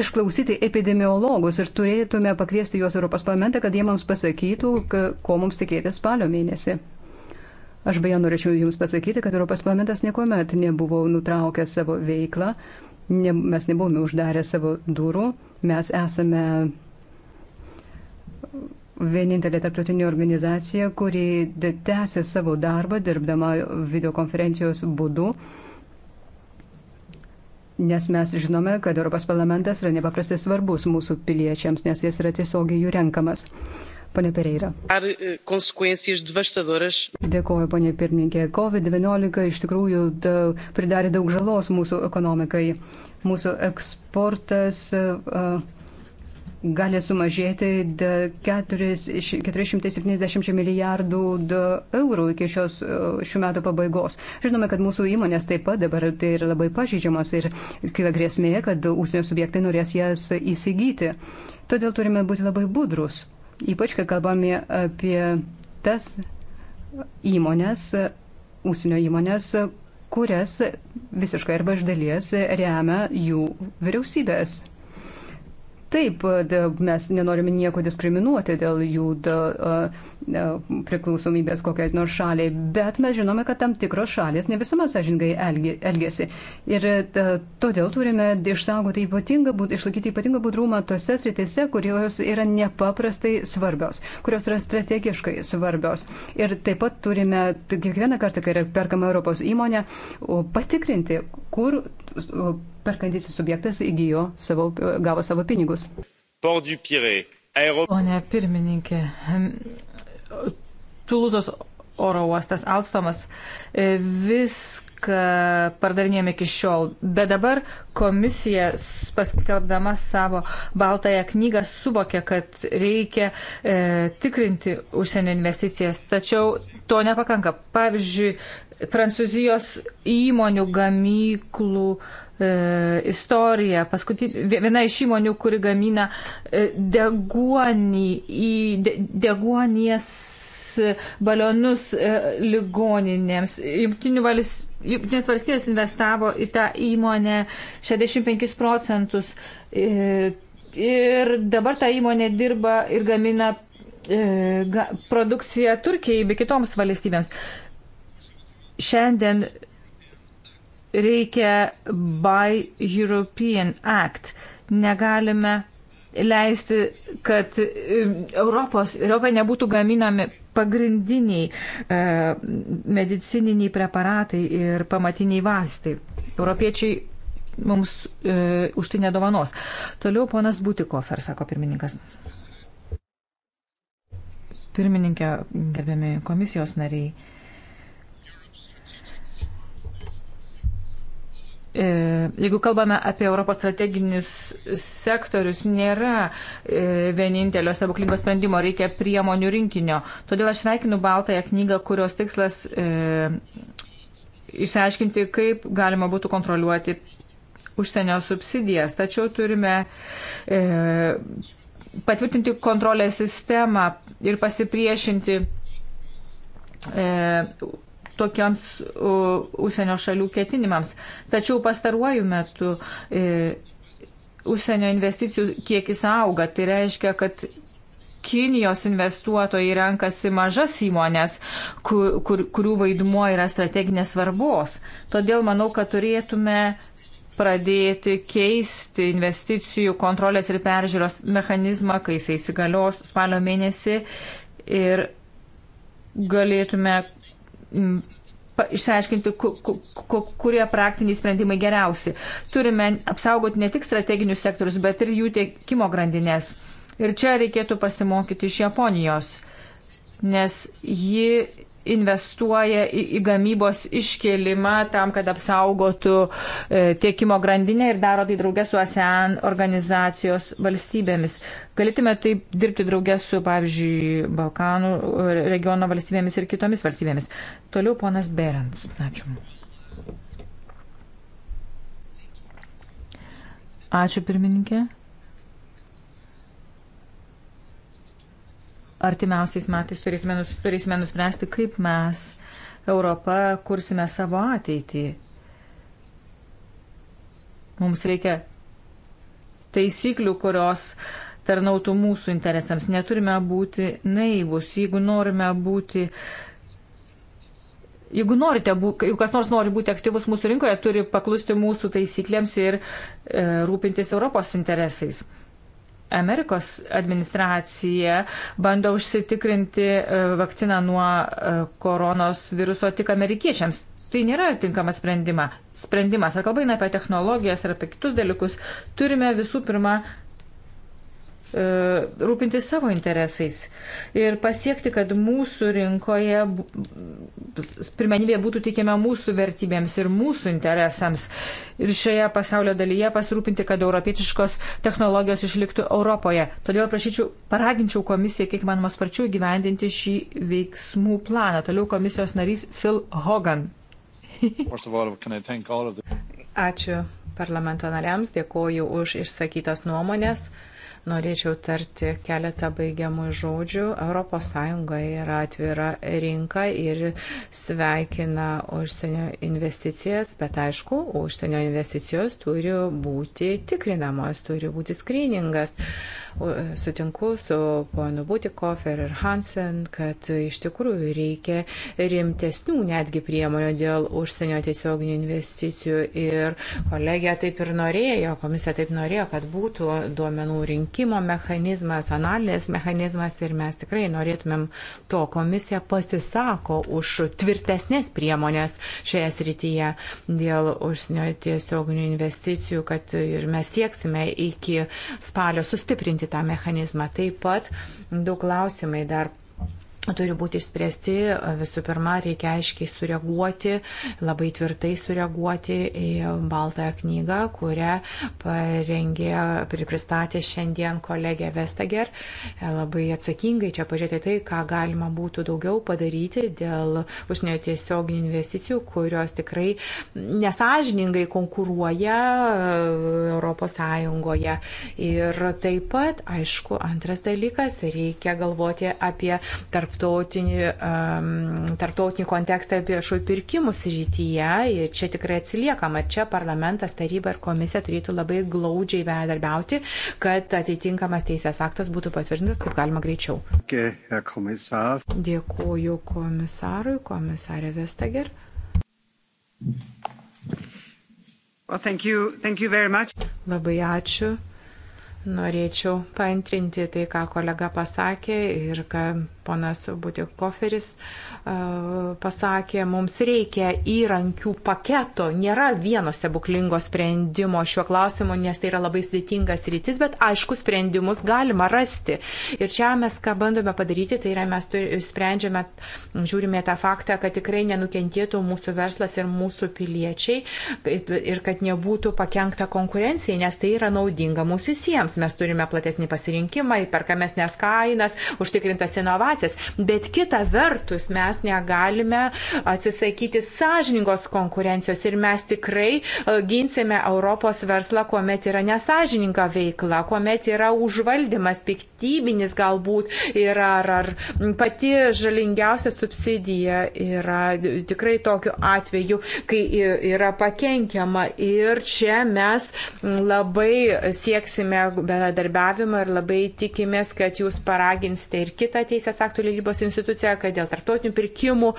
išklausyti epidemiologus ir turėtume pakviesti juos Europos parlamentą, kad jie mums pasakytų, ko mums tikėti spalio mėnesį. Aš beje norėčiau Jums pasakyti, kad Europos parlamentas niekuomet nebuvo nutraukęs savo veiklą, ne, mes nebuvome uždarę savo durų, mes esame vienintelė tarptautinė organizacija, kuri tęsė savo darbą dirbdama videokonferencijos būdu. Nes mes žinome, kad Europos parlamentas yra nepaprastai svarbus mūsų piliečiams, nes jis yra tiesiogiai jų renkamas. Uh, Pane Pereira. Ar konsekvencijas e, devastadoras? Dėkoju, pane pirmininkė. COVID-19 iš tikrųjų da, pridarė daug žalos mūsų ekonomikai. Mūsų eksportas uh, gali sumažėti 470 milijardų eurų iki šios šių metų pabaigos. Žinome, kad mūsų įmonės taip pat dabar tai yra labai pažydžiamas ir kyla grėsmė, kad ūsienio subjektai norės jas įsigyti. Todėl turime būti labai budrus. Ypač, kai kalbame apie tas įmonės, ūsinio įmonės, kurias visiškai arba iš dalies remia jų vyriausybės. Taip, mes nenorime nieko diskriminuoti dėl jų da, E, priklausomybės kokiais nors šaliai, bet mes žinome, kad tam tikros šalis ne visuomet sąžingai elgesi. Ir e, todėl turime išsaugoti ypatingą, išlaikyti ypatingą budrumą tose sritise, kurios yra nepaprastai svarbios, kurios yra strategiškai svarbios. Ir taip pat turime kiekvieną kartą, kai yra perkama Europos įmonė, patikrinti, kur perkantysis subjektas įgyjo savo, gavo savo pinigus. Port du Pirée. Aero... Pone pirmininkė, Tulūzos oro uostas Alstomas e, viską pardavinėjome iki šiol, bet dabar komisija paskelbdama savo baltąją knygą suvokė, kad reikia e, tikrinti užsienio investicijas, tačiau to nepakanka. Pavyzdžiui, Prancūzijos įmonių gamyklų e, E, istorija. Paskutinė, viena iš įmonių, kuri gamina e, deguonį, į de, deguonies balionus e, ligoninėms. Junktinių valstybių. Junktinės valstijos investavo į tą įmonę 65 procentus ir dabar ta įmonė dirba ir gamina produkciją Turkijai bei kitoms valstybėms. Šiandien reikia Buy European Act. Negalime leisti, kad Europos, Europoje nebūtų gaminami pagrindiniai e, medicininiai preparatai ir pamatiniai vastai. Europiečiai mums e, už tai nedovanos. Toliau ponas Butikofer, sako pirmininkas. Pirmininkė, gerbiami komisijos nariai E, jeigu kalbame apie Europos strateginius sektorius, nėra e, vienintelio stebuklingo sprendimo, reikia priemonių rinkinio. Todėl aš sveikinu Baltąją knygą, kurios tikslas e, išsiaiškinti, kaip galima būtų kontroliuoti užsienio subsidijas. Tačiau turime. E, patvirtinti kontrolės sistemą ir pasipriešinti e, tokiams užsienio šalių ketinimams. Tačiau pastaruoju metu e, užsienio investicijų kiekis auga. Tai reiškia, kad Kinijos investuotojai renkasi mažas įmonės, kur, kur, kurių vaidmuo yra strateginės svarbos. Todėl manau, kad turėtume pradėti keisti investicijų kontrolės ir peržiūros mechanizmą, kai jisai įsigalios spalio mėnesį ir galėtume išsiaiškinti, kurie praktiniai sprendimai geriausi. Turime apsaugoti ne tik strateginius sektorius, bet ir jų tiekimo grandinės. Ir čia reikėtų pasimokyti iš Japonijos nes ji investuoja į, į gamybos iškelimą tam, kad apsaugotų e, tiekimo grandinę ir daro tai draugė su ASEAN organizacijos valstybėmis. Galėtume taip dirbti draugė su, pavyzdžiui, Balkanų e, regiono valstybėmis ir kitomis valstybėmis. Toliau ponas Berens. Ačiū. Ačiū pirmininkė. artimiausiais metais turėtume, turėsime nuspręsti, kaip mes Europą kursime savo ateitį. Mums reikia taisyklių, kurios tarnautų mūsų interesams. Neturime būti naivus. Jeigu norime būti. Jeigu norite, bū, jeigu kas nors nori būti aktyvus mūsų rinkoje, turi paklusti mūsų taisyklėms ir e, rūpintis Europos interesais. Amerikos administracija bando užsitikrinti e, vakciną nuo e, koronos viruso tik amerikiečiams. Tai nėra tinkamas sprendimas. Ar kalba eina apie technologijas ar apie kitus dalykus, turime visų pirma E, rūpinti savo interesais ir pasiekti, kad mūsų rinkoje pirmenybė būtų teikiama mūsų vertybėms ir mūsų interesams. Ir šioje pasaulio dalyje pasirūpinti, kad europietiškos technologijos išliktų Europoje. Todėl prašyčiau, paraginčiau komisiją, kiek manoma, sparčiau gyvendinti šį veiksmų planą. Toliau komisijos narys Phil Hogan. Ačiū parlamento nariams, dėkoju už išsakytas nuomonės. Mm -hmm norėčiau tarti keletą baigiamų žodžių. ES yra atvira rinka ir sveikina užsienio investicijas, bet aišku, užsienio investicijos turi būti tikrinamos, turi būti skryningas. Uh, E, sutinku su ponu Butikofer ir Hansen, kad iš tikrųjų reikia rimtesnių netgi priemonių dėl užsienio tiesioginių investicijų. Ir kolegija taip ir norėjo, komisija taip norėjo, kad būtų duomenų rinkimo mechanizmas, analizės mechanizmas ir mes tikrai norėtumėm to. Komisija pasisako už tvirtesnės priemonės šioje srityje dėl užsienio tiesioginių investicijų, kad ir mes sieksime iki spalio sustiprinti tą mechanizmą. Taip pat daug klausimai dar turi būti išspręsti. Visų pirma, reikia aiškiai sureaguoti, labai tvirtai sureaguoti į Baltąją knygą, kurią parengė, pristatė šiandien kolegė Vestager. Labai atsakingai čia pažiūrėti tai, ką galima būtų daugiau padaryti dėl užsienio tiesioginių investicijų, kurios tikrai nesažiningai konkuruoja ES. Ir taip pat, aišku, antras dalykas, reikia galvoti apie tarp tarptautinį, um, tarptautinį kontekstą viešųjų pirkimų srityje ir čia tikrai atsiliekama. Čia parlamentas, taryba ir komisija turėtų labai glaudžiai bendarbiauti, kad atitinkamas teisės aktas būtų patvirtintas kaip galima greičiau. Dėkuoju komisarui, komisarė Vestager. Well, thank you. Thank you labai ačiū norėčiau paantrinti tai, ką kolega pasakė ir ką ponas Butikoferis e, pasakė, mums reikia įrankių paketo. Nėra vieno stebuklingo sprendimo šiuo klausimu, nes tai yra labai sudėtingas rytis, bet aišku, sprendimus galima rasti. Ir čia mes ką bandome padaryti, tai yra mes sprendžiame, žiūrime tą faktą, kad tikrai nenukentėtų mūsų verslas ir mūsų piliečiai ir kad nebūtų pakengta konkurencijai, nes tai yra naudinga mums visiems. Mes turime platesnį pasirinkimą, įperkamesnės kainas, užtikrintas inovacijas obligacijas. Bet kita vertus, mes negalime atsisakyti sąžiningos konkurencijos ir mes tikrai e, ginsime Europos verslą, kuomet yra nesažininga veikla, kuomet yra užvaldymas, piktybinis galbūt ir ar, ar pati žalingiausia subsidija yra tikrai tokiu atveju, kai yra pakenkiama. Ir čia mes labai sieksime bendradarbiavimo ir labai tikimės, kad jūs paraginsite ir kitą teisės teisės aktų leidybos instituciją, kad dėl tarptautinių pirkimų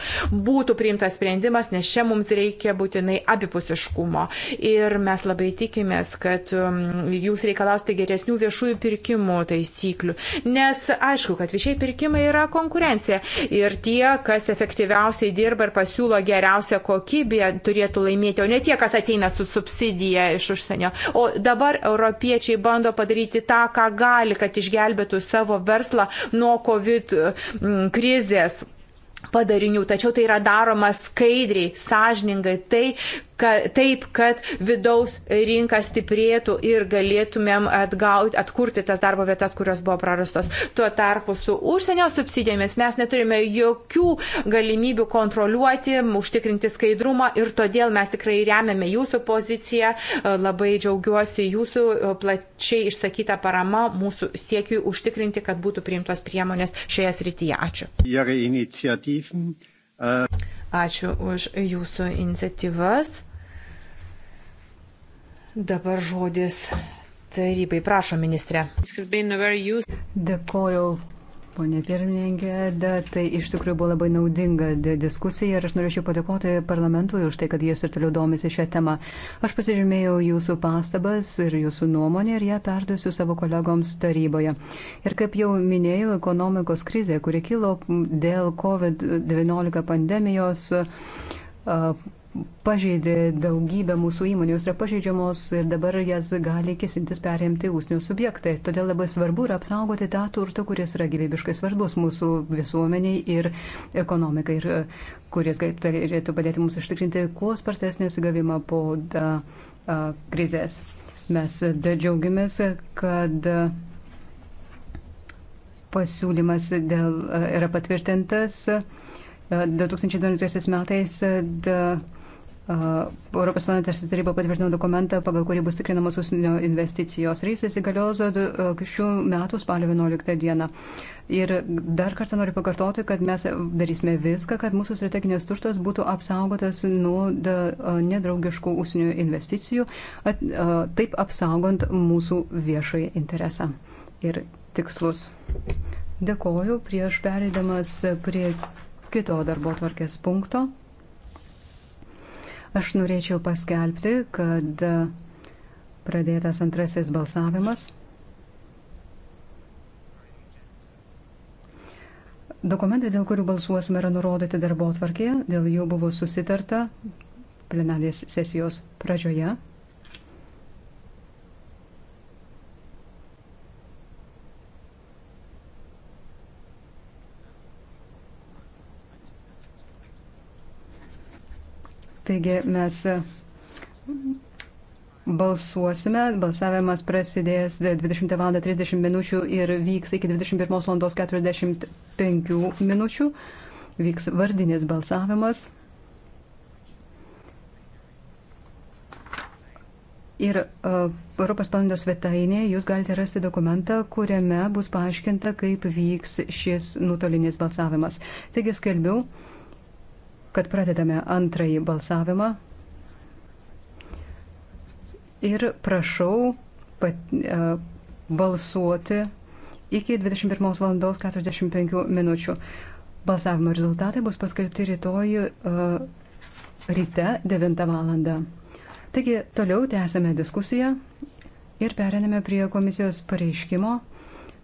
būtų priimtas sprendimas, nes čia mums reikia būtinai abipusiškumo. Ir mes labai tikimės, kad um, jūs reikalausite geresnių viešųjų pirkimų taisyklių. Nes aišku, kad viešiai pirkimai yra konkurencija. Ir tie, kas efektyviausiai dirba ir pasiūlo geriausią kokybę, turėtų laimėti, o ne tie, kas ateina su subsidija iš užsienio. O dabar europiečiai bando padaryti tą, ką gali, kad išgelbėtų savo verslą nuo COVID Mm, krizės padarinių, tačiau tai yra daroma skaidriai, sąžiningai, tai, kad, taip, kad vidaus rinka stiprėtų ir galėtumėm atgauti, atkurti tas darbo vietas, kurios buvo prarastos. Tuo tarpu su užsienio subsidijomis mes neturime jokių galimybių kontroliuoti, užtikrinti skaidrumą ir todėl mes tikrai remiame jūsų poziciją. Labai džiaugiuosi jūsų plačiai išsakytą paramą mūsų siekiui užtikrinti, kad būtų priimtos priemonės šioje srityje. Ačiū. Ačiū už jūsų iniciatyvas. Dabar žodis tarybai. Prašom, ministrė. Dėkoju, ponė pirmininkė. Da, tai iš tikrųjų buvo labai naudinga diskusija ir aš norėčiau padėkoti parlamentui už tai, kad jis ir toliau domisi šią temą. Aš pasižymėjau jūsų pastabas ir jūsų nuomonę ir ją perduosiu savo kolegoms taryboje. Ir kaip jau minėjau, ekonomikos krizė, kuri kilo dėl COVID-19 pandemijos. Uh, pažeidė daugybę mūsų įmonių, jos yra pažeidžiamos ir dabar jas gali kisintis perimti ūsnių subjektai. Todėl labai svarbu yra apsaugoti tą turtą, kuris yra gyvybiškai svarbus mūsų visuomeniai ir ekonomikai ir e, kuris turėtų padėti mums ištikrinti kuo spartesnį įsigavimą po da, a, krizės. Mes e, džiaugiamės, kad e, pasiūlymas dėl, yra patvirtintas. 2012 metais da, Europos parlamentas ir taryba patvirtino dokumentą, pagal kurį bus tikrinamos užsienio investicijos. Ir jis įsigalios e, šių metų spalio 11 dieną. Ir dar kartą noriu pakartoti, kad mes darysime viską, kad mūsų strateginės turtas būtų apsaugotas nuo e, nedraugiškų užsienio investicijų, at, a, e, taip apsaugant mūsų viešai interesą ir tikslus. Dėkoju prieš perėdamas prie kito darbo tvarkės punkto. Aš norėčiau paskelbti, kad pradėtas antrasis balsavimas. Dokumentai, dėl kurių balsuosime, yra nurodyti darbo atvarkėje, dėl jų buvo susitarta plenarės sesijos pradžioje. Taigi mes balsuosime. Balsavimas prasidės 20 val. 30 minučių ir vyks iki 21 val. 45 minučių. Vyks vardinis balsavimas. Ir uh, Europos parlamento svetainėje jūs galite rasti dokumentą, kuriame bus paaiškinta, kaip vyks šis nutolinis balsavimas. Taigi skelbiu kad pradedame antrąjį balsavimą. Ir prašau pat, uh, balsuoti iki 21 val. 45 minučių. Balsavimo rezultatai bus paskelbti rytoj uh, ryte 9 val. Taigi toliau tęsame diskusiją ir perėmėme prie komisijos pareiškimo.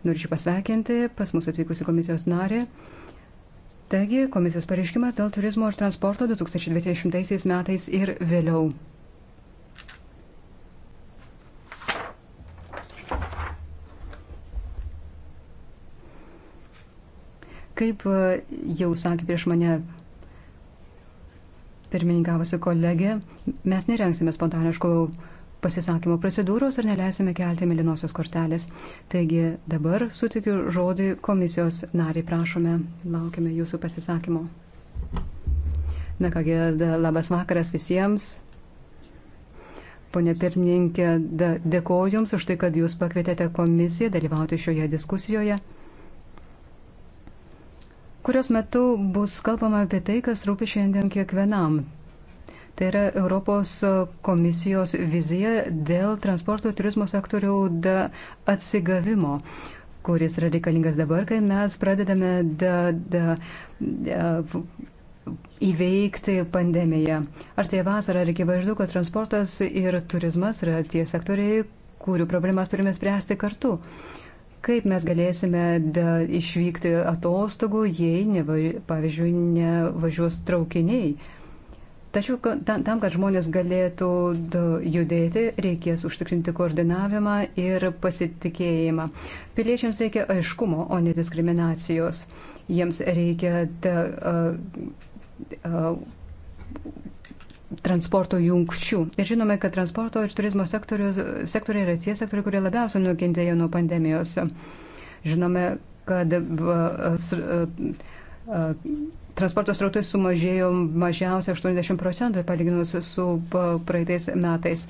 Norėčiau pasveikinti pas mus atvykusi komisijos narį. Taigi, komisijos pareiškimas dėl turizmo ir transporto 2020 metais ir vėliau. Kaip e, jau sakė prieš mane pirmininkavusi kolegė, mes nerengsime spontaniškų pasisakymo procedūros ir neleisime kelti mėlynosios kortelės. Taigi dabar sutikiu žodį komisijos nariai, prašome, laukime jūsų pasisakymo. Na kągi, labas vakaras visiems. Pone pirmininkė, dėkoju Jums už tai, kad Jūs pakvietėte komisiją dalyvauti šioje diskusijoje, kurios metu bus kalbama apie tai, kas rūpi šiandien kiekvienam Tai yra Europos komisijos vizija dėl transporto turizmo sektorių atsigavimo kuris yra reikalingas dabar, kai mes pradedame da, da, da, įveikti pandemiją. Ar tai vasara, ar akivaizdu, kad transportas ir turizmas yra tie sektoriai, kurių problemas turime spręsti kartu. Kaip mes galėsime da, išvykti atostogų, jei, ne, pavyzdžiui, nevažiuos traukiniai? Tačiau tam, kad žmonės galėtų judėti, reikės užtikrinti koordinavimą ir pasitikėjimą. Piliečiams reikia aiškumo, o ne diskriminacijos. Jiems reikia da, a, a, transporto jungčių. Ir žinome, kad transporto ir turizmo sektoriai yra tie sektoriai, kurie labiausiai nukentėjo nuo pandemijos. Žinome, kad a, a, a, Transporto srautai sumažėjo mažiausiai 80 procentų palyginus su praeitais metais.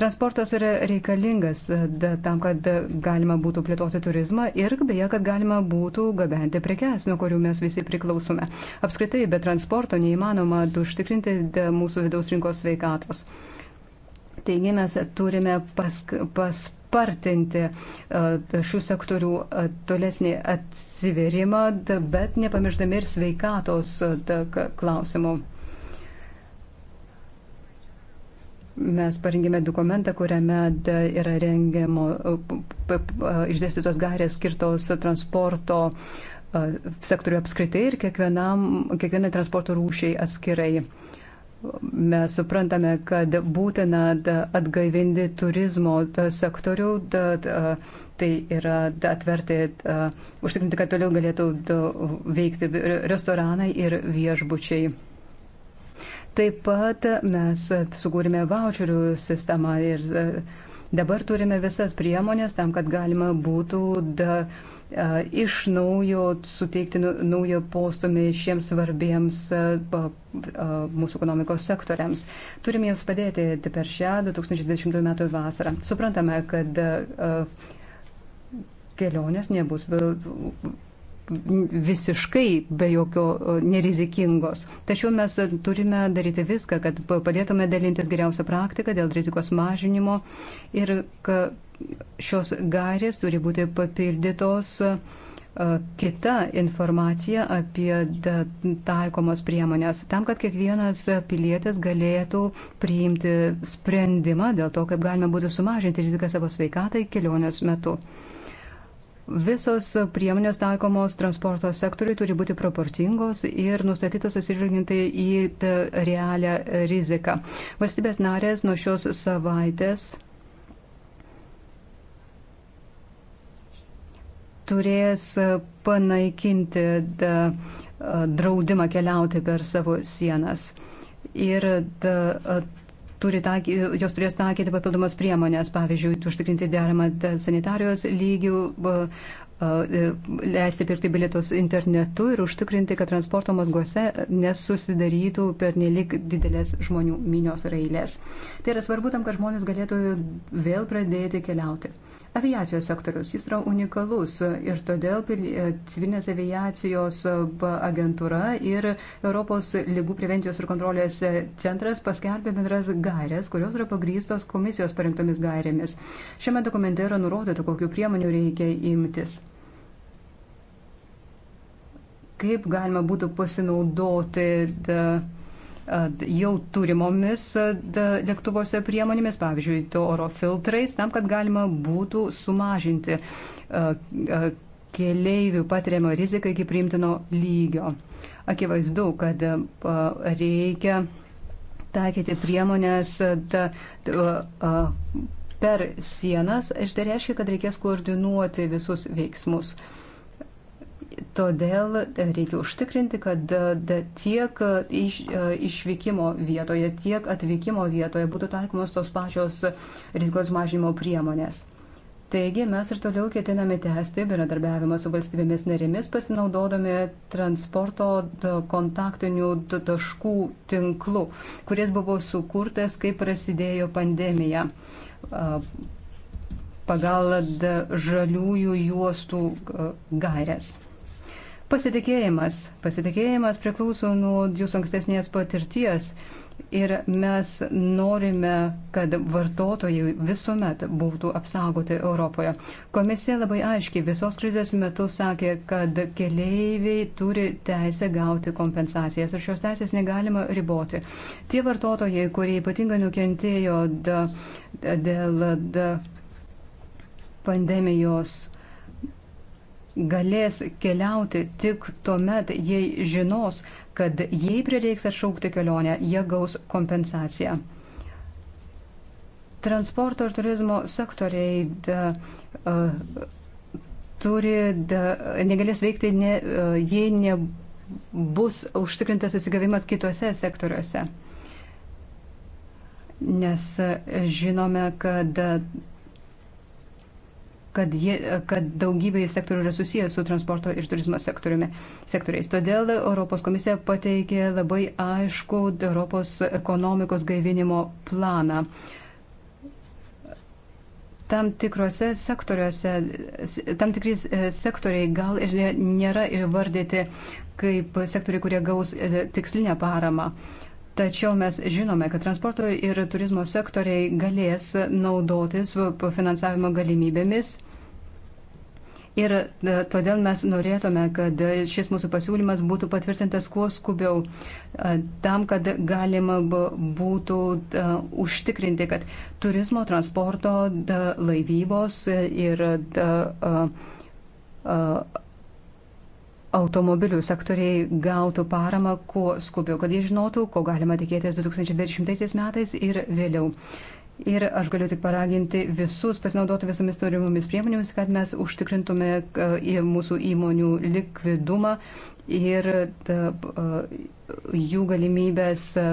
Transportas yra reikalingas e, da, tam, kad galima būtų plėtoti turizmą ir beje, kad galima būtų gabenti prekes, nuo kurių mes visi priklausome. Apskritai, be transporto neįmanoma užtikrinti e, mūsų vidaus rinkos sveikatos. Taigi mes turime pask, pas, spartinti e, šių sektorių e, tolesnį atsiverimą, bet nepamiršdami ir sveikatos e, klausimų. Mes parengėme dokumentą, kuriame yra rengiamo išdėstytos garės skirtos transporto sektoriu apskritai ir kiekvienai transporto rūšiai atskirai. Mes suprantame, kad būtina atgaivinti turizmo sektorių, tai yra atverti, užtikrinti, kad toliau galėtų veikti restoranai ir viešbučiai. Taip pat mes sukūrėme voucherių sistemą ir e, dabar turime visas priemonės tam, kad galima būtų da, iš naujo suteikti nu, naują postumį šiems svarbiems mūsų ekonomikos sektoriams. Turime jiems padėti per šią 2020 m. vasarą. Suprantame, kad kelionės nebus visiškai be jokio nerizikingos. Tačiau mes turime daryti viską, kad padėtume dalintis geriausią praktiką dėl rizikos mažinimo ir šios gairės turi būti papildytos kita informacija apie taikomas priemonės, tam, kad kiekvienas pilietis galėtų priimti sprendimą dėl to, kaip galima būtų sumažinti riziką savo sveikatai kelionės metu. Visos priemonės taikomos transporto sektoriui turi būti proporcingos ir nustatytos atsižvelginti į realią riziką. Valstybės narės nuo šios savaitės turės panaikinti draudimą keliauti per savo sienas. Ir da, turi taky, jos turės taikyti papildomas priemonės, pavyzdžiui, užtikrinti deramą sanitarijos lygių, e, leisti pirkti bilietus internetu ir užtikrinti, kad transporto mazguose nesusidarytų per nelik didelės žmonių minios railės. Tai yra svarbu tam, kad žmonės galėtų vėl pradėti keliauti aviacijos sektorius. Jis yra unikalus ir todėl e, civilinės aviacijos e, agentūra ir Europos lygų prevencijos ir kontrolės e, centras paskelbė bendras gairės, kurios yra pagrystos komisijos parinktomis gairėmis. Šiame dokumente yra nurodyta, kokiu priemonių reikia imtis. Kaip galima būtų pasinaudoti. Da, jau turimomis lėktuvose priemonėmis, pavyzdžiui, to oro filtrais, tam, kad galima būtų sumažinti keleivių patiriamą riziką iki priimtino lygio. Akivaizdu, kad reikia taikyti priemonės ta, ta, per sienas, aš tai reiškia, kad reikės koordinuoti visus veiksmus. Todėl e, reikia užtikrinti, kad e, tiek e, iš, išvykimo vietoje, tiek atvykimo vietoje būtų taikomos tos pačios rizikos mažinimo priemonės. Taigi mes ir toliau ketiname tęsti bendradarbiavimą su valstybėmis narėmis, pasinaudodami transporto kontaktinių taškų tinklų, kuris buvo sukurtas, kai prasidėjo pandemija pagal žaliųjų juostų gairias. Pasitikėjimas. Pasitikėjimas priklauso nuo jūsų ankstesnės patirties ir mes norime, kad vartotojai visuomet būtų apsaugoti Europoje. Komisija labai aiškiai visos krizės metu sakė, kad keleiviai turi teisę gauti kompensacijas ir šios teisės negalima riboti. Tie vartotojai, kurie ypatingai nukentėjo dėl pandemijos galės keliauti tik tuo met, jei žinos, kad jei prireiks atšaukti kelionę, jie gaus kompensaciją. Transporto ir turizmo sektoriai da, uh, turi, da, negalės veikti, ne, uh, jei nebus užtikrintas įsigavimas kitose sektoriuose. Nes žinome, kad kad, jie, kad daugybė sektorių yra susijęs su transporto ir turizmo sektoriais. Todėl Europos komisija pateikė labai aišku Europos ekonomikos gaivinimo planą. Tam tikrose sektoriuose, tam tikris sektoriai gal ir nėra įvardyti kaip sektoriai, kurie gaus e, tikslinę paramą. Tačiau mes žinome, kad transporto ir turizmo sektoriai galės naudotis finansavimo galimybėmis. Ir e, todėl mes norėtume, kad šis mūsų pasiūlymas būtų patvirtintas kuo skubiau, e, tam, kad galima būtų e, užtikrinti, kad turizmo, transporto, laivybos ir automobilių sektoriai gautų paramą kuo skubiau, kad jie žinotų, ko galima tikėtis 2020 metais ir vėliau. Ir aš galiu tik paraginti visus pasinaudoti visomis turimomis priemonėmis, kad mes užtikrintume e, mūsų įmonių likvidumą ir e, jų galimybės e,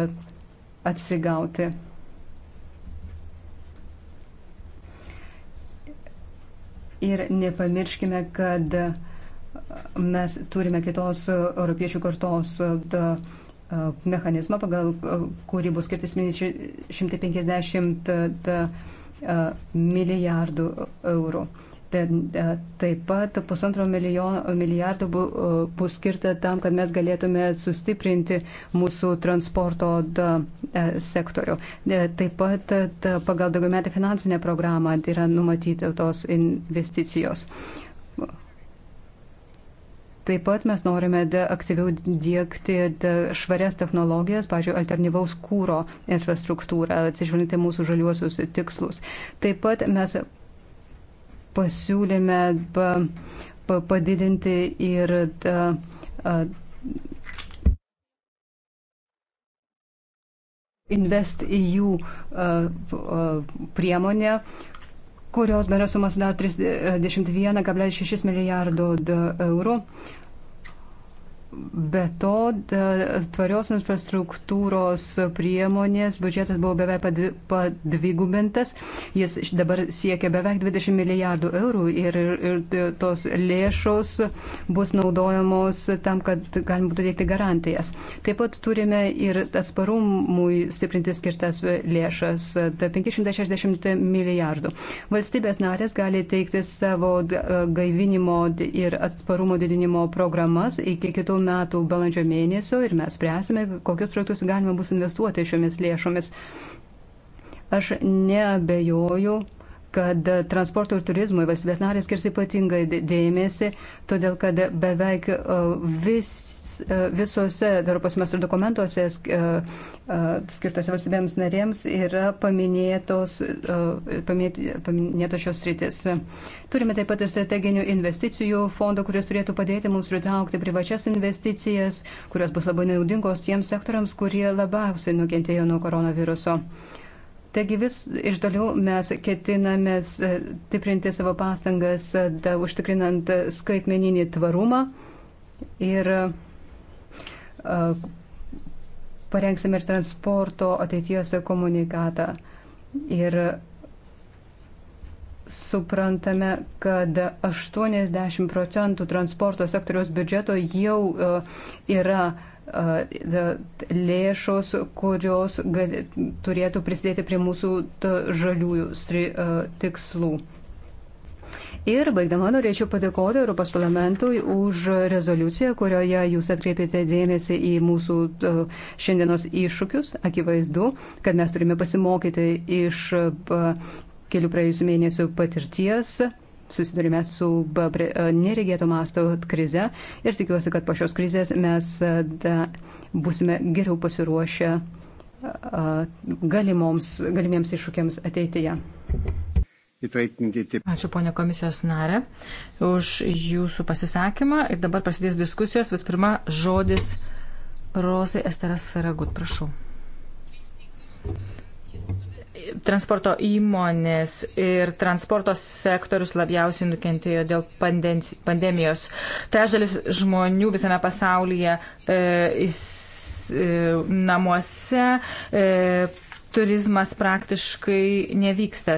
atsigauti. Ir nepamirškime, kad uh, mes turime kitos e, europiečių kartos e, e, mechanizmą, pagal kurį bus skirtis 150 milijardų eurų. Taip pat pusantro milijardo bus skirta tam, kad mes galėtume sustiprinti mūsų transporto sektorių. Taip pat pagal daugiametę finansinę programą yra numatyti tos investicijos. Taip pat mes norime aktyviau dėkti švarias technologijas, pažiūrėjau, alternatyvaus kūro infrastruktūrą, atsižvelgti mūsų žaliuosius tikslus. Taip pat mes pasiūlėme padidinti ir Invest EU priemonė, uh, kurios bendras sumas sudaro 31,6 e, milijardo eurų. Be to, tvarios infrastruktūros priemonės biudžetas buvo beveik padvigubintas, jis dabar siekia beveik 20 milijardų eurų ir, ir, ir tos lėšos bus naudojamos tam, kad galima būtų teikti garantijas. Taip pat turime ir atsparumui stiprinti skirtas lėšas tai - 560 milijardų. Valstybės narės gali teikti savo gaivinimo ir atsparumo didinimo programas iki kitų metų balandžio mėnesio ir mes spręsime, kokius projektus galima bus investuoti šiomis lėšomis. Aš neabejoju, kad transporto ir turizmui valstybės narės skirs ypatingai dėmesį, todėl kad beveik uh, visi E, visuose Europos semestro dokumentuose e, e, skirtose valstybėms narėms yra paminėtos, paminėtos šios rytis. Turime taip pat ir strateginių investicijų fondo, kuris turėtų padėti mums pritraukti privačias investicijas, kurios bus labai naudingos tiems sektoriams, kurie labiausiai nukentėjo nuo koronaviruso. Taigi vis ir toliau mes ketiname stiprinti savo pastangas, da, užtikrinant skaitmeninį tvarumą ir parengsime ir transporto ateities komunikatą. Ir suprantame, kad 80 procentų transporto sektoriaus biudžeto jau yra lėšos, kurios turėtų prisidėti prie mūsų žaliųjų tikslų. Ir baigdama norėčiau padėkoti Europos parlamentui už rezoliuciją, kurioje jūs atkreipėte dėmesį į mūsų e, šiandienos iššūkius. Akivaizdu, kad mes turime pasimokyti iš e, kelių praėjusių mėnesių patirties susidurime su e, neregėto masto krize ir tikiuosi, kad po šios krizės mes da, busime geriau pasiruošę galimoms, galimiems iššūkiams ateityje. Ačiū ponė komisijos narė už jūsų pasisakymą ir dabar prasidės diskusijos. Vis pirma, žodis Rozai Esteras Feragut, prašau. Transporto įmonės ir transporto sektorius labiausiai nukentėjo dėl pandemijos. Trečdalis žmonių visame pasaulyje e, e namuose e, turizmas praktiškai nevyksta.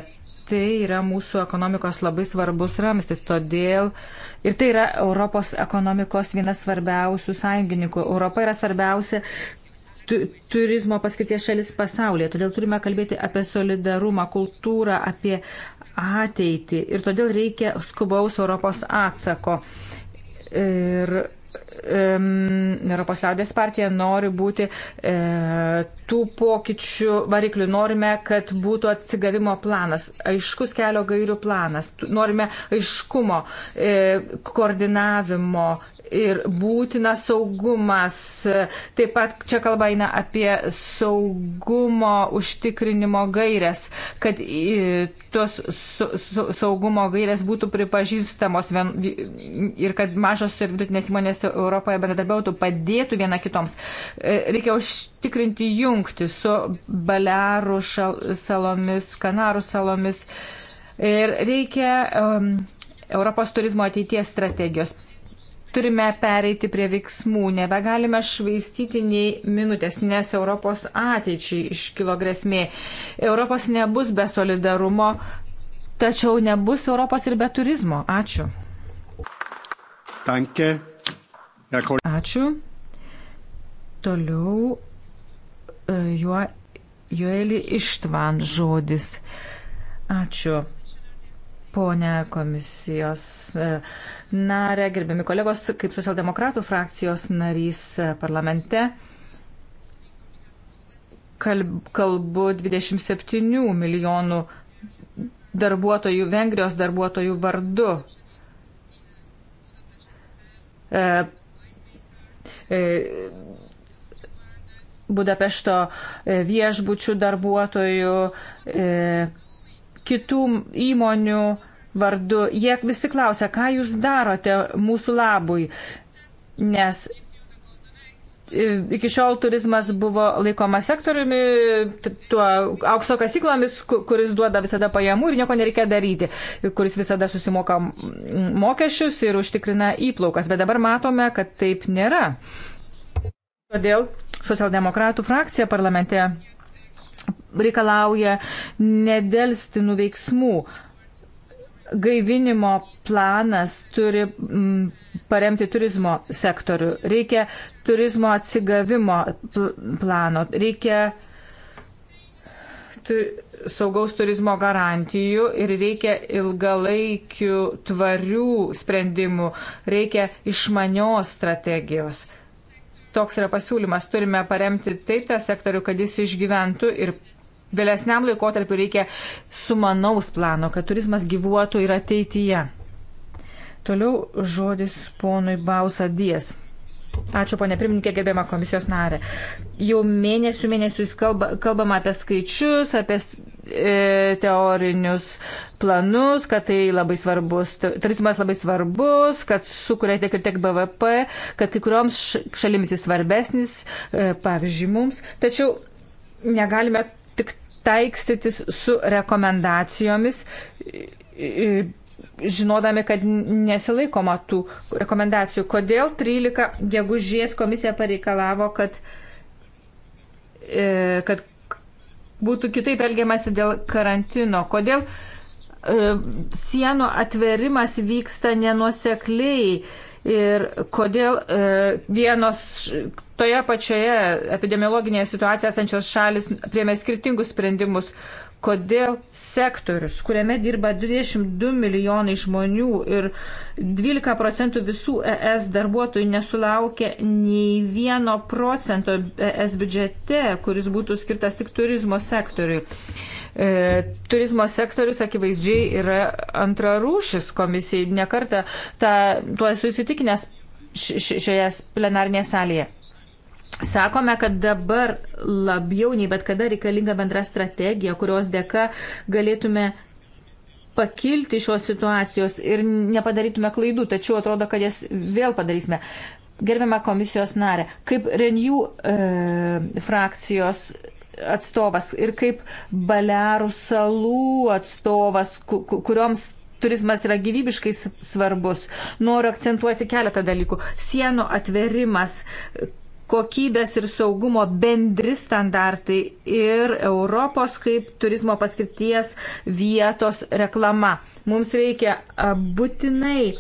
Tai yra mūsų ekonomikos labai svarbus ramstis, todėl ir tai yra Europos ekonomikos vienas svarbiausių sąjungininkų. Europa yra svarbiausia tu, turizmo paskirties šalis pasaulyje, todėl turime kalbėti apie solidarumą, kultūrą, apie ateitį ir todėl reikia skubaus Europos atsako. Ir Europos liaudės partija nori būti e, tų pokyčių variklių. Norime, kad būtų atsigavimo planas, aiškus kelio gairių planas. Norime aiškumo, e, koordinavimo ir būtina saugumas. Taip pat čia kalba eina apie saugumo užtikrinimo gairias, kad e, tos su, su, saugumo gairias būtų pripažįstamos vien, ir kad mažos ir vidutinės įmonės valstybės Europoje bendradarbiautų, padėtų viena kitoms. E, reikia užtikrinti jungti su Balearų salomis, Kanarų salomis. Ir reikia um, Europos turizmo ateities strategijos turime pereiti prie veiksmų, nebegalime švaistyti nei minutės, nes Europos ateičiai iškilo grėsmė. Europos nebus be solidarumo, tačiau nebus Europos ir be turizmo. Ačiū. Danke. Ačiū. Toliau e, juo, Joeli Ištvan žodis. Ačiū. Pone komisijos e, narė, gerbiami kolegos, kaip socialdemokratų frakcijos narys parlamente, kalbu 27 milijonų darbuotojų, Vengrijos darbuotojų vardu. E, E, Budapešto e, viešbučių darbuotojų, e, kitų įmonių vardu. Jie visi klausia, ką jūs darote mūsų labui, nes iki šiol turizmas buvo laikoma sektoriumi, tuo aukso kasyklomis, kuris duoda visada pajamų ir nieko nereikia daryti, kuris visada susimoka mokesčius ir užtikrina įplaukas. Bet dabar matome, kad taip nėra. Todėl socialdemokratų frakcija parlamente reikalauja nedelsti nuveiksmų veiksmų gaivinimo planas turi m, paremti turizmo sektorių, reikia turizmo atsigavimo pl plano, reikia tu saugaus turizmo garantijų ir reikia ilgalaikių tvarių sprendimų, reikia išmanios strategijos. Toks yra pasiūlymas. Turime paremti taip tą sektorių, kad jis išgyventų ir vėlesniam laikotarpiu reikia sumanaus plano, kad turizmas gyvuotų ir ateityje. Toliau žodis ponui Bausadies. Ačiū, ponė pirmininkė, gerbėma komisijos narė. Jau mėnesių mėnesius kalba, kalbama apie skaičius, apie e, teorinius planus, kad tai labai svarbus, turizmas labai svarbus, kad sukuria tiek ir tiek BVP, kad kai kurioms šalims jis svarbesnis, e, pavyzdžiui, mums. Tačiau negalime taikstytis su rekomendacijomis, žinodami, kad nesilaikoma tų rekomendacijų. Kodėl 13 gegužės komisija pareikalavo, kad, e, kad būtų kitaip elgiamasi dėl karantino? Kodėl e, sienų atverimas vyksta nenuosekliai? ir kodėl e, vienos toje pačioje epidemiologinėje situacijoje esančios šalis priemė skirtingus sprendimus, kodėl sektorius, kuriame dirba 22 milijonai žmonių ir 12 procentų visų ES darbuotojų nesulaukia nei vieno procento ES biudžete, kuris būtų skirtas tik turizmo sektoriui e, turizmo sektorius akivaizdžiai yra antrarūšis komisijai. Nekartą tuo esu įsitikinęs šioje plenarnėje salėje. Sakome, kad dabar labiau nei bet kada reikalinga bendra strategija, kurios dėka galėtume pakilti šios situacijos ir nepadarytume klaidų, tačiau atrodo, kad jas vėl padarysime. Gerbiama komisijos narė, kaip Renew e, frakcijos atstovas ir kaip Balearų salų atstovas, kurioms turizmas yra gyvybiškai svarbus. Noriu akcentuoti keletą dalykų. Sienų atverimas, kokybės ir saugumo bendri standartai ir Europos kaip turizmo paskirties vietos reklama. Mums reikia būtinai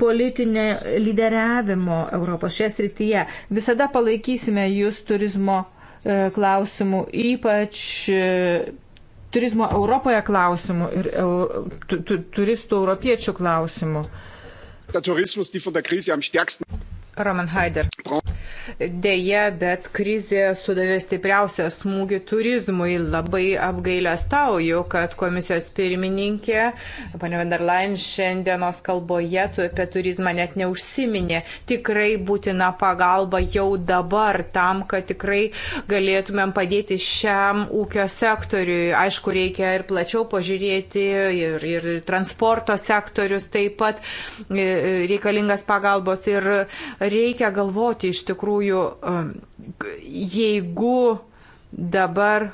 politinio lyderiavimo Europos šioje srityje. Visada palaikysime jūs turizmo E, klausimų, ypač e, turizmo Europoje klausimų ir turistų europiečių klausimų. Roman Haider. Deja, bet krizė sudavė stipriausią smūgį turizmui. Labai apgailę stauju, kad komisijos pirmininkė, panė Venderlein, šiandienos kalboje apie turizmą net neužsiminė. Tikrai būtina pagalba jau dabar tam, kad tikrai galėtumėm padėti šiam ūkio sektoriui. Aišku, reikia ir plačiau pažiūrėti, ir, ir transporto sektorius taip pat e, e, reikalingas pagalbos. Ir reikia galvoti iš tikrųjų, um, jeigu dabar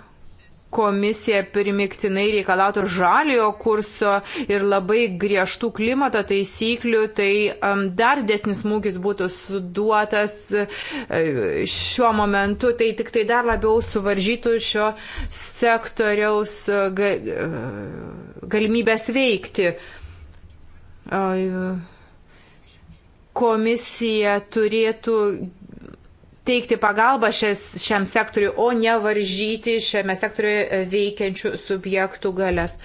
komisija primiktinai reikalautų žaliojo kurso ir labai griežtų klimato taisyklių, tai um, dar desnis smūgis būtų suduotas uh, šiuo momentu, tai tik tai dar labiau suvaržytų šio sektoriaus uh, ga, uh, galimybės veikti. Uh, komisija turėtų teikti pagalbą šias, šiam sektoriu, o ne varžyti šiame sektoriu veikiančių subjektų galės.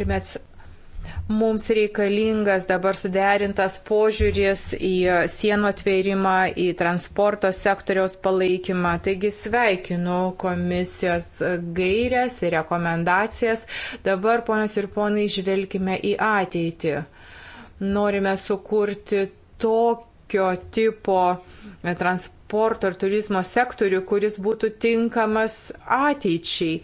Limits Mums reikalingas dabar suderintas požiūris į e, sienų atvėrimą, į transporto sektoriaus palaikymą. Taigi sveikinu komisijos gairias ir rekomendacijas. Dabar, ponios ir ponai, žvelgime į ateitį. Norime sukurti tokio tipo e, transporto transporto ir turizmo sektorių, kuris būtų tinkamas ateičiai.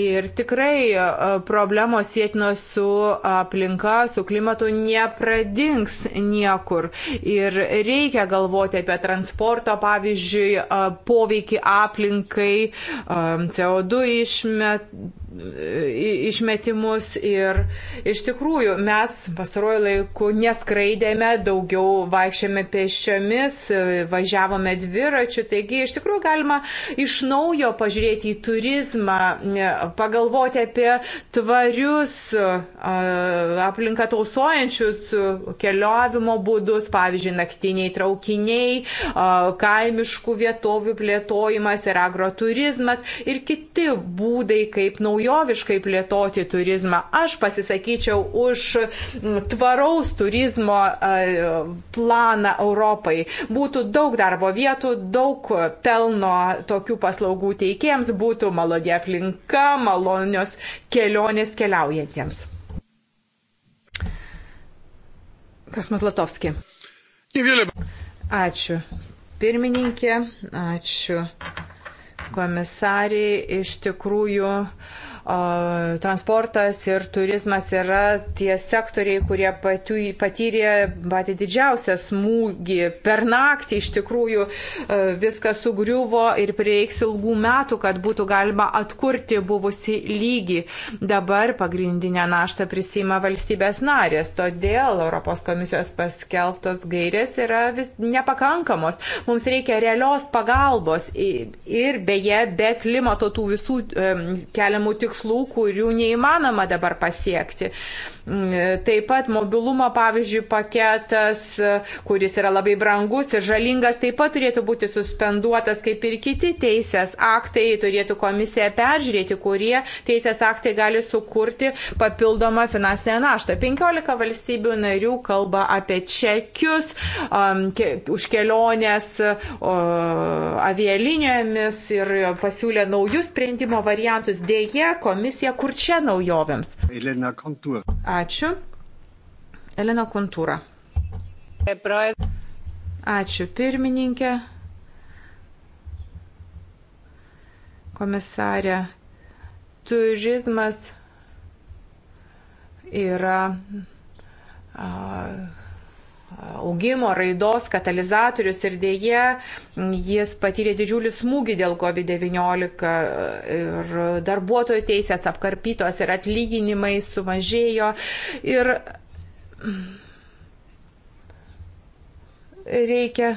Ir tikrai e, problemos sėtinos su aplinka, su klimatu nepradings niekur. Ir reikia galvoti apie transporto, pavyzdžiui, e, poveikį aplinkai, e, CO2 išmet išmetimus ir iš tikrųjų mes pastaruoju laiku neskraidėme, daugiau vaikščiame pėsčiomis, važiavome dviračiu, taigi iš tikrųjų galima iš naujo pažiūrėti į turizmą, pagalvoti apie tvarius aplinką tausojančius keliavimo būdus, pavyzdžiui, naktiniai traukiniai, kaimiškų vietovių plėtojimas ir agroturizmas ir kiti būdai, kaip naujo naujoviškai plėtoti turizmą. Aš pasisakyčiau už tvaraus turizmo planą Europai. Būtų daug darbo vietų, daug pelno tokių paslaugų teikėjams, būtų malodė aplinka, malonios kelionės keliaujantiems. Kasmas Latovski. Ačiū. Pirmininkė, ačiū. Komisariai, iš tikrųjų. Uh, transportas ir turizmas yra tie sektoriai, kurie pati, patyrė patį didžiausią smūgį. Per naktį iš tikrųjų e, viskas sugriuvo ir prireiks ilgų metų, kad būtų galima atkurti buvusi lygį. Dabar pagrindinę naštą prisima valstybės narės, todėl Europos komisijos paskelbtos gairės yra vis nepakankamos. Mums reikia realios pagalbos ir beje, be klimato tų visų keliamų tikslų tikslų, kurių neįmanoma dabar pasiekti. Mm, taip pat mobilumo, pavyzdžiui, paketas, kuris yra labai brangus ir žalingas, taip pat turėtų būti suspenduotas, kaip ir kiti teisės aktai, turėtų komisija peržiūrėti, kurie teisės aktai gali sukurti papildomą finansinę naštą. 15 valstybių narių kalba apie čekius um, ke, už kelionės um, avialinijomis ir pasiūlė naujus sprendimo variantus. Deja, komisija kur čia naujovėms? Elena Kontūra. Ačiū. Elena Kontūra. Ačiū pirmininkė. Komisarė, turizmas yra. Uh, augimo, raidos katalizatorius ir dėje jis patyrė didžiulį smūgį dėl COVID-19 ir darbuotojų teisės apkarpytos ir atlyginimai sumažėjo. Ir reikia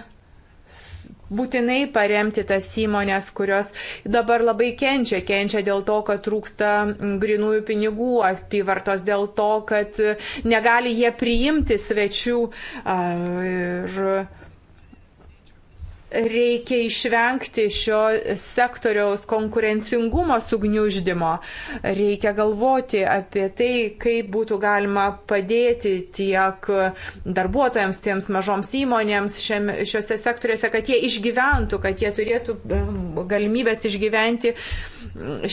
būtinai paremti tas įmonės, kurios dabar labai kenčia. Kenčia dėl to, kad trūksta mm, grinųjų pinigų apyvartos, dėl to, kad negali jie priimti svečių. Ir reikia išvengti šio sektoriaus konkurencingumo sugniuždymo. Reikia galvoti apie tai, kaip būtų galima padėti tiek darbuotojams, tiems mažoms įmonėms šiam, šiuose sektoriuose, kad jie išgyventų, kad jie turėtų galimybės išgyventi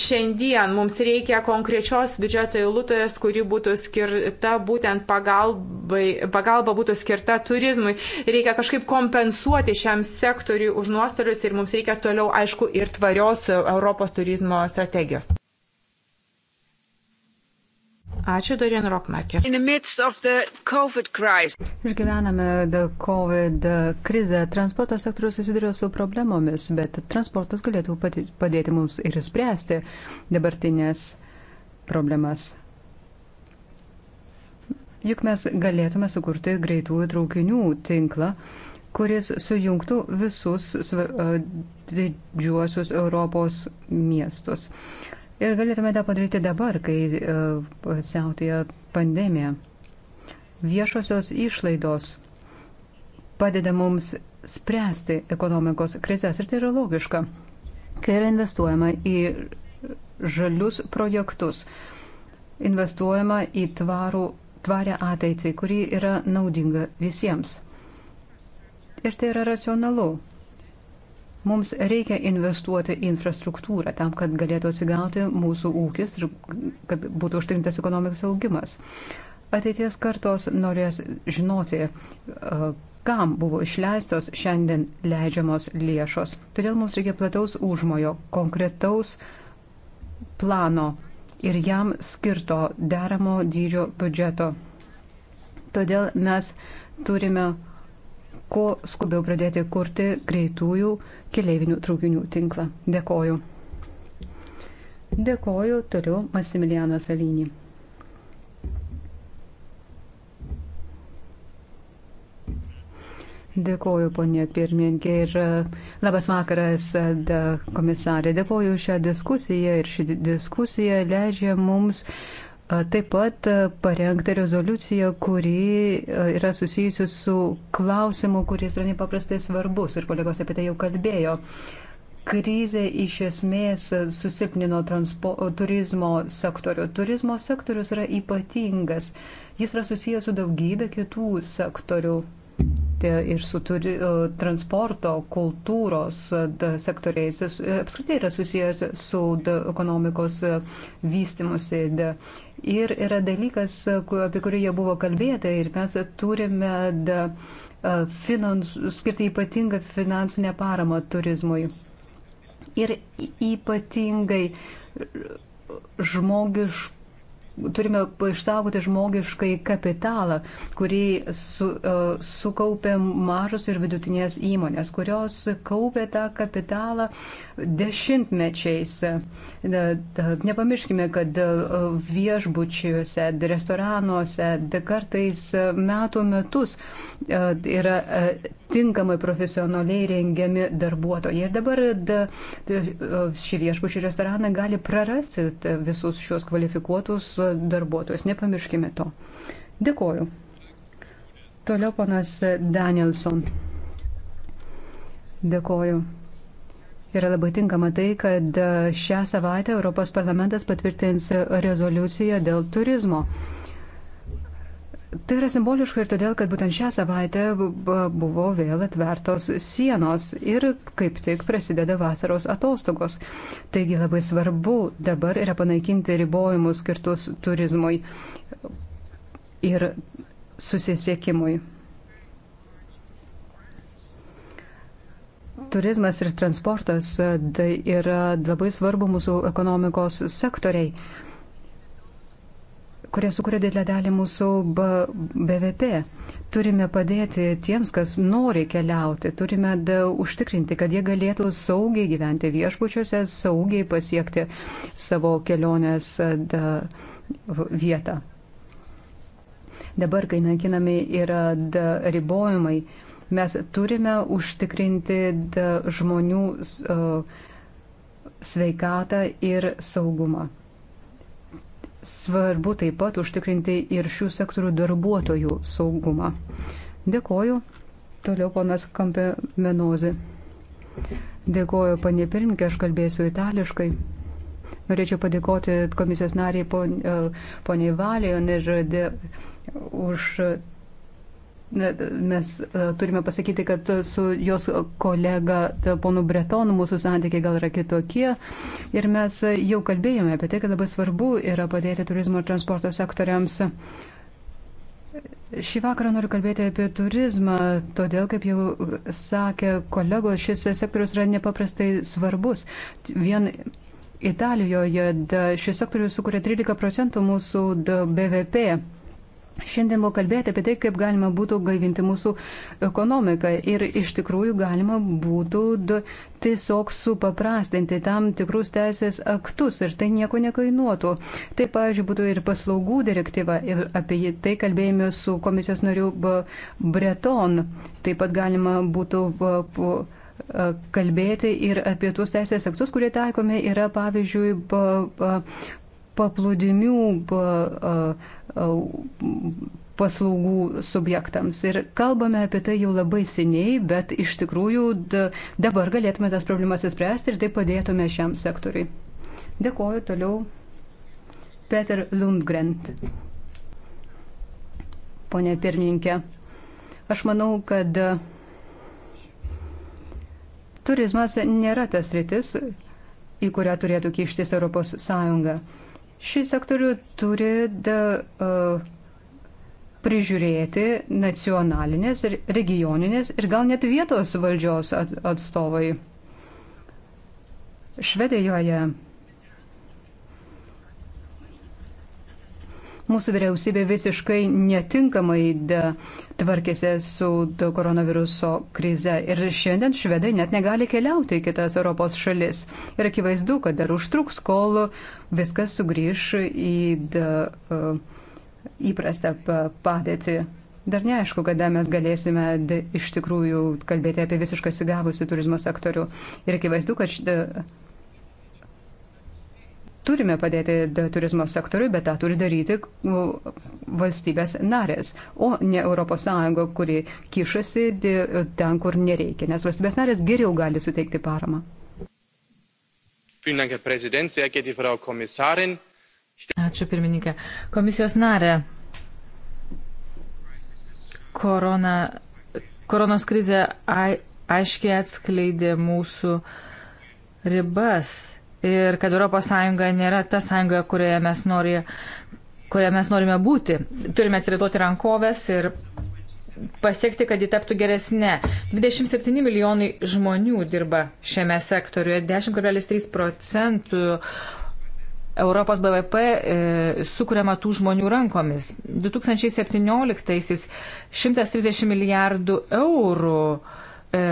šiandien mums reikia konkrečios biudžeto eilutės, kuri būtų skirta būtent pagalbai, pagalba būtų skirta turizmui. Reikia kažkaip kompensuoti šiam sektoriui už nuostolius ir mums reikia toliau, aišku, ir tvarios Europos turizmo strategijos. Ačiū, Dorien Roknaker. Išgyvename COVID krizę. Transporto sektorius susiduria su problemomis, bet transportas galėtų padėti mums ir spręsti dabartinės problemas. Juk mes galėtume sukurti greitųjų traukinių tinklą, kuris sujungtų visus didžiuosius Europos miestus. Uh, Ir galėtume tą padaryti dabar, kai uh, e, siautėja pandemija. Viešosios išlaidos padeda mums spręsti ekonomikos krizės ir tai yra logiška, kai yra investuojama į žalius projektus, investuojama į tvarų, tvarę ateitį, kuri yra naudinga visiems. Ir tai yra racionalu. Mums reikia investuoti į infrastruktūrą tam, kad galėtų atsigauti mūsų ūkis ir kad būtų užtikrintas ekonomikos augimas. Ateities kartos norės žinoti, uh, kam buvo išleistos šiandien leidžiamos lėšos. Todėl mums reikia plataus užmojo, konkretaus plano ir jam skirto deramo dydžio biudžeto. Todėl mes turime kuo skubiau pradėti kurti greitųjų keleivinių traukinių tinklą. Dėkoju. Dėkoju toliau Masimiliano Salinį. Dėkoju, ponė pirmininkė, ir e, labas vakaras, e, komisarė. Dėkoju šią diskusiją ir ši diskusija leidžia mums uh, Taip pat e, parengta rezoliucija, kuri e, yra susijusi su klausimu, kuris yra nepaprastai svarbus ir kolegos apie tai jau kalbėjo. Krizė iš esmės susilpnino transpo, turizmo sektorių. Turizmo sektorius yra ypatingas. Jis yra susijęs su daugybė kitų sektorių ir su turi, transporto, kultūros sektoriais e, apskritai yra susijęs su ekonomikos e, vystimusi. Ir yra dalykas, e, apie kurį jau buvo kalbėta ir mes turime da, finans, skirti ypatingą finansinę paramą turizmui. Ir ypatingai žmogiškų turime išsaugoti žmogiškai kapitalą, kurį su, uh, sukaupė mažos ir vidutinės įmonės, kurios kaupė tą kapitalą dešimtmečiais. E, e, nepamirškime, kad viešbučiuose, restoranuose kartais metų metus yra tinkamai profesionaliai rengiami darbuotojai. Ir dabar da, šį viešbučių restoraną gali prarasti visus šios kvalifikuotus darbuotojus. Nepamirškime to. Dėkoju. Toliau ponas Danielson. Dėkoju. Yra labai tinkama tai, kad šią savaitę Europos parlamentas patvirtins rezoliuciją dėl turizmo. Tai yra simboliška ir todėl, kad būtent šią savaitę buvo vėl atvertos sienos ir kaip tik prasideda vasaros atostogos. Taigi labai svarbu dabar yra panaikinti ribojimus skirtus turizmui ir susisiekimui. Turizmas ir transportas e, tai yra labai svarbu mūsų ekonomikos sektoriai kurie sukuria didelę dalį mūsų BVP. Turime padėti tiems, kas nori keliauti, turime užtikrinti, kad jie galėtų saugiai gyventi viešbučiuose, saugiai pasiekti savo kelionės vietą. Dabar, kai naikinami yra ribojimai, mes turime užtikrinti žmonių sveikatą ir saugumą svarbu taip pat užtikrinti ir šių sektorių darbuotojų saugumą. Dėkoju. Toliau ponas Kampe Menozi. Dėkoju, panė pirmininkė, aš kalbėsiu itališkai. Norėčiau padėkoti komisijos nariai e, poniai Valijon ir de, už mes e, turime pasakyti, kad su jos kolega e, ponu Bretonu mūsų santykiai gal yra kitokie. Ir mes jau kalbėjome apie tai, kad labai svarbu yra padėti turizmo ir transporto sektoriams. Šį vakarą noriu kalbėti apie turizmą, todėl, kaip jau sakė kolegos, šis sektorius yra nepaprastai svarbus. Vien Italijoje šis sektorius sukuria 13 procentų mūsų BVP. Šiandien buvo kalbėti apie tai, kaip galima būtų gaivinti mūsų ekonomiką ir iš tikrųjų galima būtų tiesiog supaprastinti tam tikrus teisės aktus ir tai nieko nekainuotų. Tai, pavyzdžiui, būtų ir paslaugų direktyva ir apie tai kalbėjome su komisijos nariu Breton. Taip pat galima būtų kalbėti ir apie tuos teisės aktus, kurie taikomi yra, pavyzdžiui, paplūdimių. Pa, pa, E, paslaugų subjektams. Ir kalbame apie tai jau labai seniai, bet iš tikrųjų dabar galėtume tas problemas įspręsti ir tai padėtume šiam sektoriui. Dėkoju toliau Peter Lundgrent. Pone pirmininkė, aš manau, kad turizmas nėra tas rytis, į kurią turėtų kištis ES. Šį sektorių turi da, uh, prižiūrėti nacionalinės ir regioninės ir gal net vietos valdžios atstovai. Švedijoje Mūsų vyriausybė visiškai netinkamai tvarkėsi su koronaviruso krize ir šiandien švedai net negali keliauti į kitas Europos šalis. Ir akivaizdu, kad dar užtruks, kol viskas sugrįž į da, e, įprastą padėtį. Dar neaišku, kada mes galėsime de, iš tikrųjų kalbėti apie visišką sigavusi turizmo sektorių. Ir akivaizdu, kad šitą turime padėti turizmo sektoriui, bet tą turi daryti valstybės narės, o ne ES, kuri kišasi ten, kur nereikia, nes valstybės narės geriau gali suteikti paramą. Ačiū pirmininkė. Komisijos narė. Korona, koronos krizė aiškiai atskleidė mūsų ribas ir kad ES nėra ta sąjunga, kurioje mes, nori, kurioje mes norime būti. Turime atsirituoti rankovės ir pasiekti, kad ji taptų geresnė. 27 milijonai žmonių dirba šiame sektoriuje, 10,3 procentų Europos BVP e, sukuriama tų žmonių rankomis. 2017-aisiais 130 milijardų eurų e,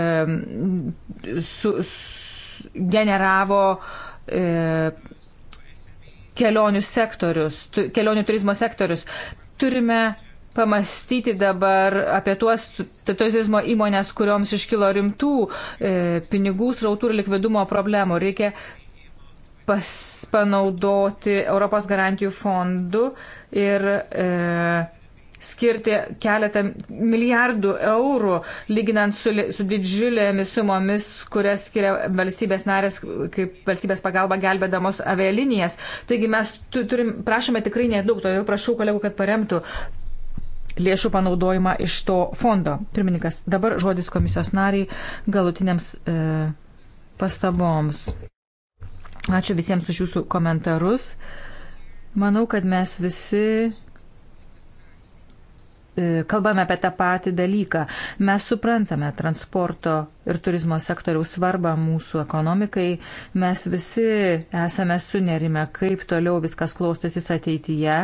su, su, generavo e, e, kelionių sektorius, tu, kelionių turizmo sektorius. Turime pamastyti dabar apie tuos turizmo įmonės, kurioms iškilo rimtų e, pinigų srautų ir likvidumo problemų. Reikia pas, panaudoti Europos garantijų fondų ir e, skirti keletą milijardų eurų, lyginant su, su didžiulėmis sumomis, kurias skiria valstybės narės, kaip valstybės pagalba gelbėdamos avialinijas. Taigi mes turim, prašome tikrai nedaug, todėl prašau kolegų, kad paremtų lėšų panaudojimą iš to fondo. Pirmininkas, dabar žodis komisijos nariai galutiniams e, pastaboms. Ačiū visiems už jūsų komentarus. Manau, kad mes visi E, kalbame apie tą patį dalyką. Mes suprantame transporto ir turizmo sektoriaus svarbą mūsų ekonomikai. Mes visi esame sunerime, kaip toliau viskas klostysis ateityje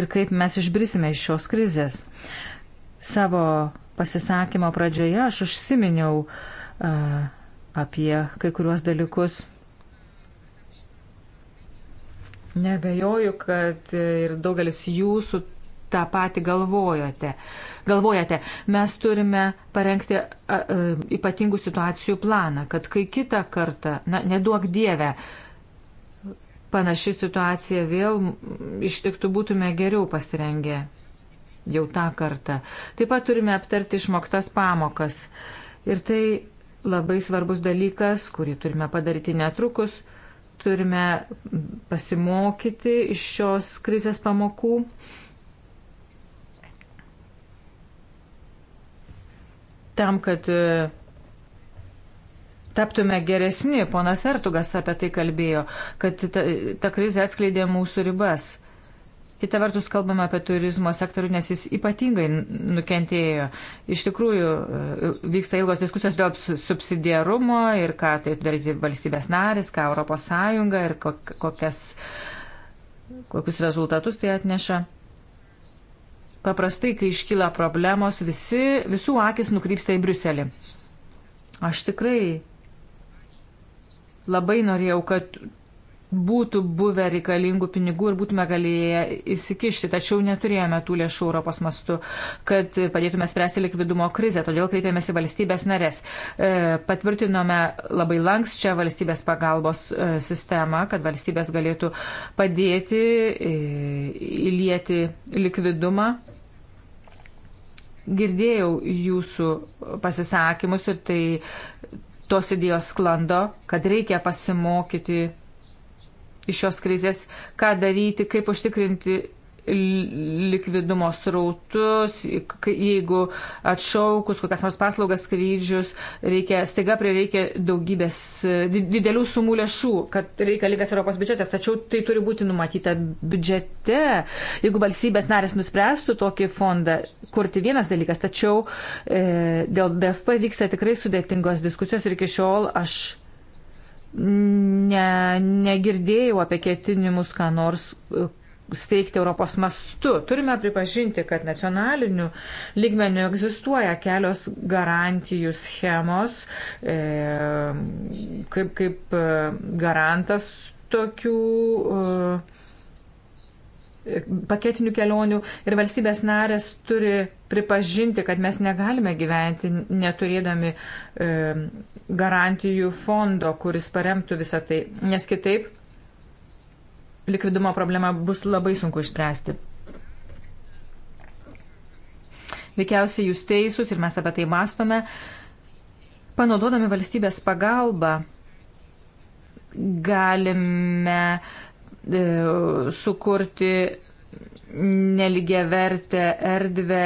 ir kaip mes išbrisime iš šios krizės. Savo pasisakymo pradžioje aš užsiminiau uh, apie kai kuriuos dalykus. Nebejoju, kad ir daugelis jūsų tą patį galvojate. galvojate. Mes turime parengti a, a, ypatingų situacijų planą, kad kai kitą kartą, na, neduok dievę, panaši situacija vėl ištiktų būtume geriau pasirengę jau tą kartą. Taip pat turime aptarti išmoktas pamokas. Ir tai labai svarbus dalykas, kurį turime padaryti netrukus. Turime pasimokyti iš šios krizės pamokų. Tam, kad e, taptume geresni, ponas Ertugas apie tai kalbėjo, kad ta, ta krizė atskleidė mūsų ribas. Kita vertus, kalbame apie turizmo sektorių, nes jis ypatingai nukentėjo. Iš tikrųjų, e, vyksta ilgos diskusijos dėl subsidiarumo ir ką tai daryti valstybės narės, ką Europos Sąjunga ir kokias, kokius rezultatus tai atneša. Paprastai, kai iškyla problemos, visi, visų akis nukrypsta į Briuselį. Aš tikrai labai norėjau, kad būtų buvę reikalingų pinigų ir būtume galėję įsikišti, tačiau neturėjome tų lėšų Europos mastu, kad padėtume spręsti likvidumo krizę, todėl kreipėmės į valstybės narės. E, patvirtinome labai lankščią valstybės pagalbos e, sistemą, kad valstybės galėtų padėti e, įlieti likvidumą Girdėjau jūsų pasisakymus ir tai tos idėjos sklando, kad reikia pasimokyti iš šios krizės, ką daryti, kaip užtikrinti likvidumo srautus, jeigu atšaukus kokias nors paslaugas skrydžius, reikia, staiga prireikia daugybės didelių sumų lėšų, kad reikalingas Europos biudžetas, tačiau tai turi būti numatyta biudžete. Jeigu valstybės narės nuspręstų tokį fondą kurti vienas dalykas, tačiau e, dėl DFP vyksta tikrai sudėtingos diskusijos ir iki šiol aš ne, negirdėjau apie ketinimus ką nors steigti Europos mastu. Turime pripažinti, kad nacionaliniu lygmeniu egzistuoja kelios garantijų schemos, e, kaip, kaip e, garantas tokių e, paketinių kelionių ir valstybės narės turi pripažinti, kad mes negalime gyventi neturėdami e, garantijų fondo, kuris paremtų visą tai, nes kitaip likvidumo problemą bus labai sunku išspręsti. Veikiausiai jūs teisūs ir mes apie tai mastome. Panaudodami valstybės pagalbą galime e, sukurti neligiavertę erdvę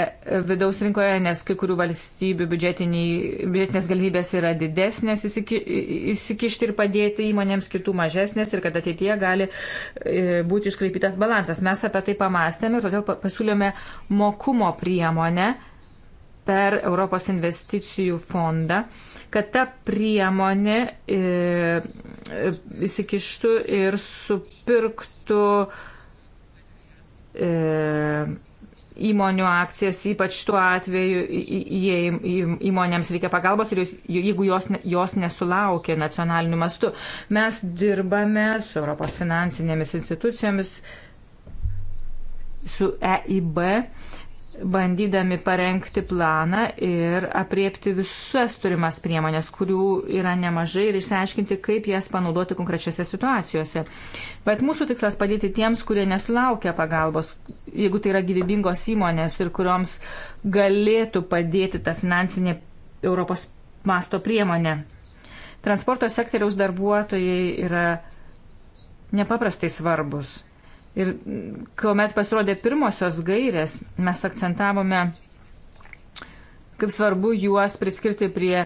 vidaus rinkoje, nes kai kurių valstybių biudžetinės galimybės yra didesnės įsiki, įsikišti ir padėti įmonėms kitų mažesnės ir kad ateityje gali e, būti iškreipytas balansas. Mes apie tai pamastėme ir todėl pasiūlėme mokumo priemonę per Europos investicijų fondą kad ta priemonė e, e, įsikištų ir supirktų uh, e, įmonių akcijas, ypač tuo atveju, jei įmonėms reikia pagalbos ir jeigu jos, jos nesulaukia nacionaliniu mastu. Mes dirbame su Europos finansinėmis institucijomis, su EIB bandydami parengti planą ir apriepti visas turimas priemonės, kurių yra nemažai ir išsiaiškinti, kaip jas panaudoti konkrečiose situacijose. Bet mūsų tikslas padėti tiems, kurie nesulaukia pagalbos, jeigu tai yra gyvybingos įmonės ir kurioms galėtų padėti ta finansinė Europos masto priemonė. Transporto sektoriaus darbuotojai yra nepaprastai svarbus Ir kuomet pasirodė pirmosios gairės, mes akcentavome, kaip svarbu juos priskirti prie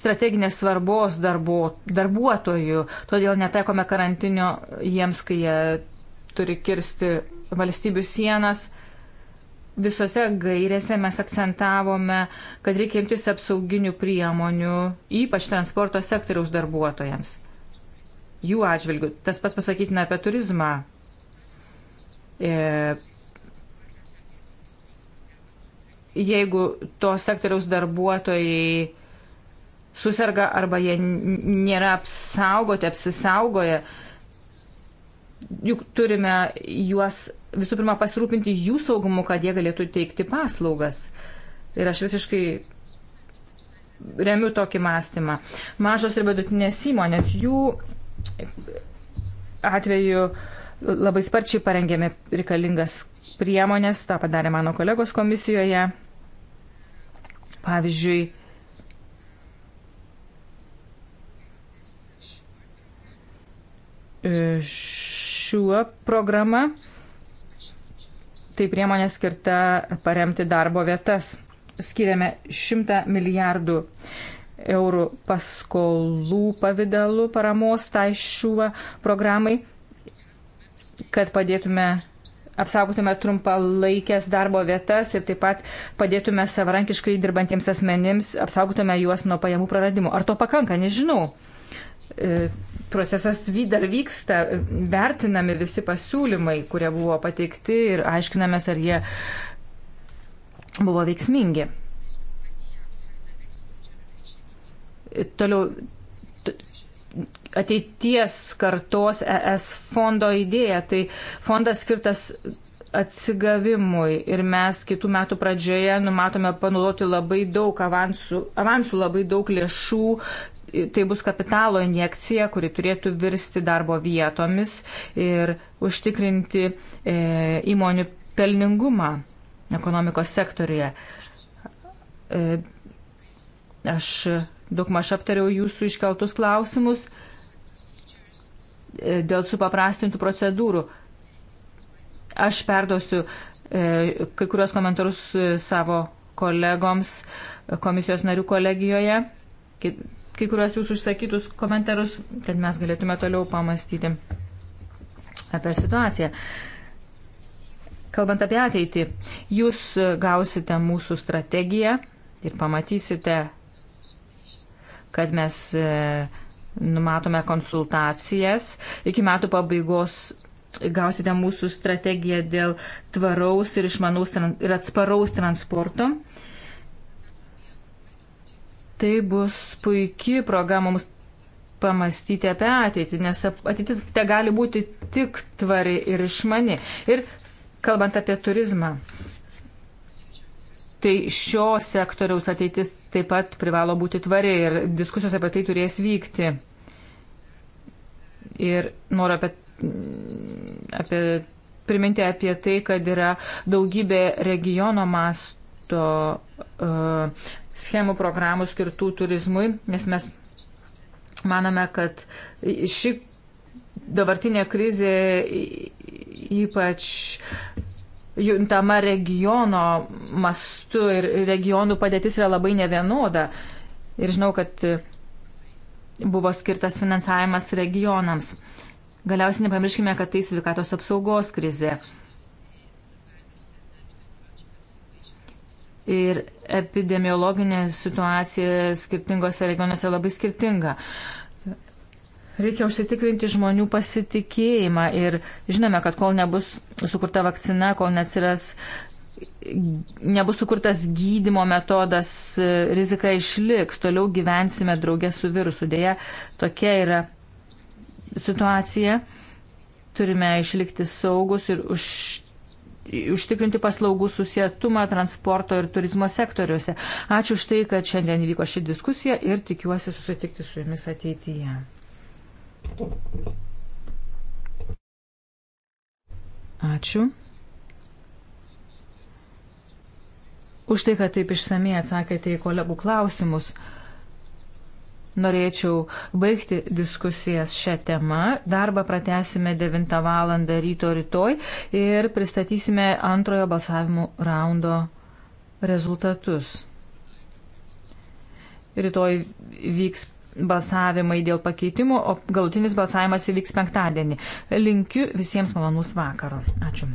strateginės svarbos darbo, darbuotojų, todėl netekome karantinio jiems, kai jie turi kirsti valstybių sienas. Visose gairėse mes akcentavome, kad reikia imtis apsauginių priemonių, ypač transporto sektoriaus darbuotojams. Jų atžvilgių. Tas pats pasakytina apie turizmą. E, jeigu to sektoriaus darbuotojai susirga arba jie nėra apsaugoti, apsisaugoja, juk turime juos visų pirma pasirūpinti jų saugumu, kad jie galėtų teikti paslaugas. Ir aš visiškai remiu tokį mąstymą. Mažos ir vidutinės įmonės, jų atveju Labai sparčiai parengėme reikalingas priemonės, tą padarė mano kolegos komisijoje. Pavyzdžiui, e, šiuo programa. Tai priemonė skirta paremti darbo vietas. Skiriame 100 milijardų eurų paskolų pavydalu paramos tai šiuo programai kad padėtume apsaugotume trumpalaikės darbo vietas ir taip pat padėtume savarankiškai dirbantiems asmenims, apsaugotume juos nuo pajamų praradimų. Ar to pakanka, nežinau. E, procesas dar vyksta, vertinami visi pasiūlymai, kurie buvo pateikti ir aiškinamės, ar jie buvo veiksmingi. Toliau ateities kartos ES fondo idėja. Tai fondas skirtas atsigavimui ir mes kitų metų pradžioje numatome panaudoti labai daug avansų, avansų labai daug lėšų. Tai bus kapitalo injekcija, kuri turėtų virsti darbo vietomis ir užtikrinti e, įmonių pelningumą ekonomikos sektoriuje. E, aš daugmaž aptariau jūsų iškeltus klausimus. E, E, dėl supaprastintų procedūrų. Aš perduosiu e, kai kurios komentarus e, savo kolegoms komisijos narių kolegijoje, kai kuriuos jūsų užsakytus komentarus, kad mes galėtume toliau pamastyti apie situaciją. Kalbant apie ateitį, jūs gausite mūsų strategiją ir pamatysite, kad mes numatome konsultacijas. Iki metų pabaigos gausite mūsų strategiją dėl tvaraus ir išmanaus ir atsparaus transporto. Tai bus puikia proga mums pamastyti apie ateitį, nes ateitis te gali būti tik tvari ir išmani. Ir kalbant apie turizmą, Tai šio sektoriaus ateitis taip pat privalo būti tvari ir diskusijos apie tai turės vykti. Ir noriu apie, apie, priminti apie tai, kad yra daugybė regiono masto uh, schemų programų skirtų turizmui, nes mes manome, kad ši dabartinė krizė ypač juntama regiono mastu ir regionų padėtis yra labai nevienoda. Ir žinau, kad buvo skirtas finansavimas regionams. Galiausiai nepamirškime, kad tai sveikatos apsaugos krize. Ir epidemiologinė situacija skirtingose regionuose labai skirtinga. Reikia užsitikrinti žmonių pasitikėjimą ir žinome, kad kol nebus sukurta vakcina, kol neatsiras, nebus sukurtas gydimo metodas, rizika išliks, toliau gyvensime draugė su virusu. Deja, tokia yra situacija. Turime išlikti saugus ir už, užtikrinti paslaugų susietumą transporto ir turizmo sektoriuose. Ačiū už tai, kad šiandien vyko ši diskusija ir tikiuosi susitikti su jumis ateityje. Ačiū. Už tai, kad taip išsamei atsakėte į kolegų klausimus, norėčiau baigti diskusijas šią temą. Darbą pratesime 9 val. ryto rytoj ir pristatysime antrojo balsavimų raundo rezultatus. Rytoj vyks balsavimai dėl pakeitimų, o galutinis balsavimas įvyks penktadienį. Linkiu visiems malonus vakaro. Ačiū.